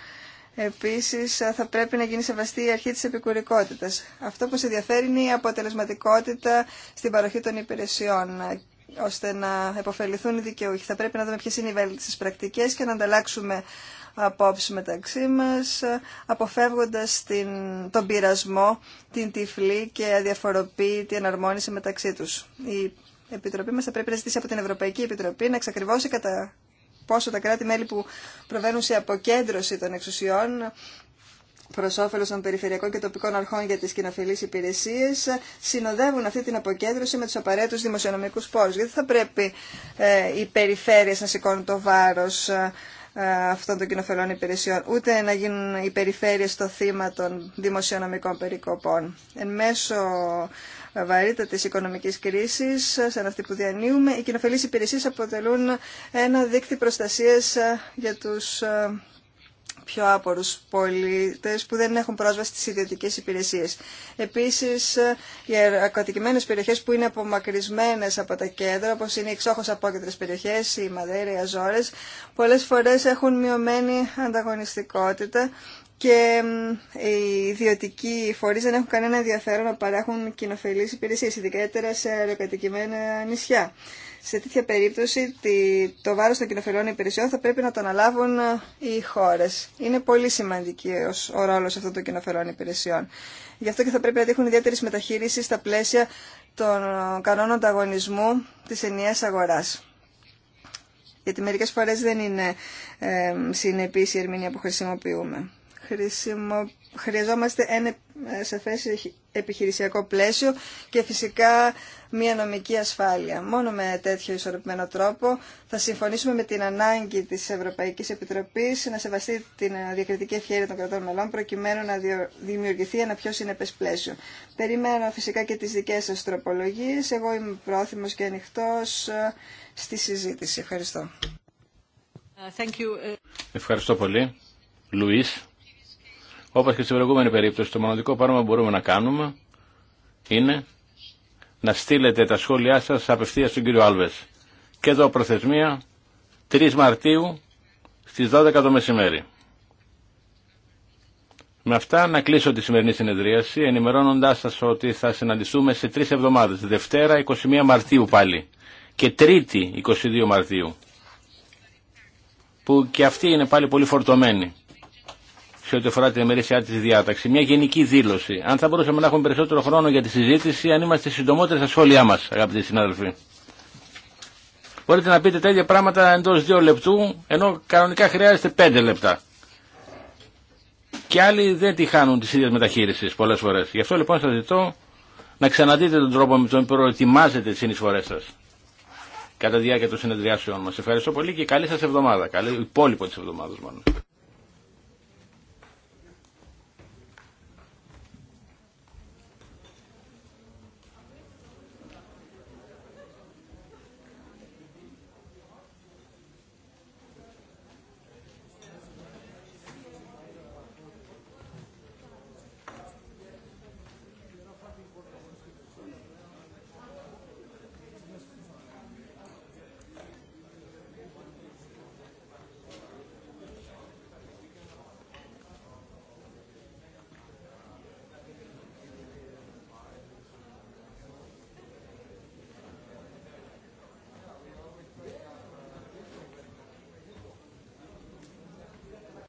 Επίσης ε, θα πρέπει να γίνει σεβαστή η αρχή της επικουρικότητας. Αυτό που σε ενδιαφέρει είναι η αποτελεσματικότητα στην παροχή των υπηρεσιών ώστε να επωφεληθούν οι δικαιούχοι. Θα πρέπει να δούμε ποιε είναι οι βέλτιστε πρακτικέ και να ανταλλάξουμε απόψη μεταξύ μα, αποφεύγοντας τον πειρασμό, την τυφλή και αδιαφοροποίητη εναρμόνιση μεταξύ τους. Η Επιτροπή μας θα πρέπει να ζητήσει από την Ευρωπαϊκή Επιτροπή να εξακριβώσει κατά πόσο τα κράτη-μέλη που προβαίνουν σε αποκέντρωση των εξουσιών προ όφελο των περιφερειακών και τοπικών αρχών για τι κοινοφιλεί υπηρεσίε συνοδεύουν αυτή την αποκέντρωση με του απαραίτητου δημοσιονομικού πόρου. Γιατί θα πρέπει ε, οι περιφέρειε να σηκώνουν το βάρο ε, ε, αυτών των κοινοφελών υπηρεσιών, ούτε να γίνουν οι περιφέρειες το θύμα των δημοσιονομικών περικοπών. Εν μέσω βαρύτατη οικονομική κρίση, σαν αυτή που διανύουμε, οι κοινοφελεί υπηρεσίε αποτελούν ένα δίκτυο προστασία για του πιο άπορους πολίτες που δεν έχουν πρόσβαση στις ιδιωτικές υπηρεσίες. Επίσης, οι ακατοικημένες περιοχές που είναι απομακρυσμένες από τα κέντρα, όπως είναι οι εξόχως απόκεντρες περιοχές, οι Μαδέρια, οι Αζόρες, πολλές φορές έχουν μειωμένη ανταγωνιστικότητα και οι ιδιωτικοί φορείς δεν έχουν κανένα ενδιαφέρον να παρέχουν κοινοφελείς υπηρεσίες, ιδιαίτερα σε αεροκατοικημένα νησιά. Σε τέτοια περίπτωση το βάρος των κοινοφελών υπηρεσιών θα πρέπει να το αναλάβουν ε, οι χώρες. Είναι πολύ σημαντική ο ρόλος αυτών των κοινοφελών υπηρεσιών. Γι' αυτό και θα πρέπει να τύχουν ιδιαίτερη μεταχείριση στα πλαίσια των ε, κανόνων ανταγωνισμού της ενιαίας αγοράς. Γιατί μερικές φορές δεν είναι ε, ε συνεπής η ερμηνεία που χρησιμοποιούμε χρειαζόμαστε ένα ε, σαφές επιχειρησιακό πλαίσιο και φυσικά μια νομική ασφάλεια. Μόνο με τέτοιο ισορροπημένο τρόπο θα συμφωνήσουμε με την ανάγκη της Ευρωπαϊκής Επιτροπής να σεβαστεί την διακριτική ευχαίρεια των κρατών μελών προκειμένου να δημιουργηθεί ένα πιο συνεπές πλαίσιο. Περιμένω φυσικά και τις δικές σας τροπολογίες. Εγώ είμαι πρόθυμος και ανοιχτός ε, στη συζήτηση. Ευχαριστώ. Uh, Ευχαριστώ πολύ. Λουίς. Όπω και στην προηγούμενη περίπτωση, το μοναδικό πράγμα που μπορούμε να κάνουμε είναι να στείλετε τα σχόλιά σα απευθεία στον κύριο Αλβε Και εδώ προθεσμία 3 Μαρτίου στι 12 το μεσημέρι. Με αυτά να κλείσω τη σημερινή συνεδρίαση ενημερώνοντα σα ότι θα συναντηθούμε σε τρει εβδομάδε. Δευτέρα 21 Μαρτίου πάλι και Τρίτη 22 Μαρτίου που και αυτή είναι πάλι πολύ φορτωμένη σε ό,τι αφορά την ημερήσια τη διάταξη. Μια γενική δήλωση. Αν θα μπορούσαμε να έχουμε περισσότερο χρόνο για τη συζήτηση, αν είμαστε συντομότεροι στα σχόλιά μα, αγαπητοί συνάδελφοι. Μπορείτε να πείτε τέτοια πράγματα εντό δύο λεπτού, ενώ κανονικά χρειάζεται πέντε λεπτά. Και άλλοι δεν τη χάνουν τη ίδια μεταχείριση πολλέ φορέ. Γι' αυτό λοιπόν σα ζητώ να ξαναδείτε τον τρόπο με τον οποίο προετοιμάζετε τι συνεισφορέ σα κατά τη διάρκεια των συνεδριάσεων μα. Ευχαριστώ πολύ και καλή σα εβδομάδα, καλή υπόλοιπο τη εβδομάδα, μάλλον.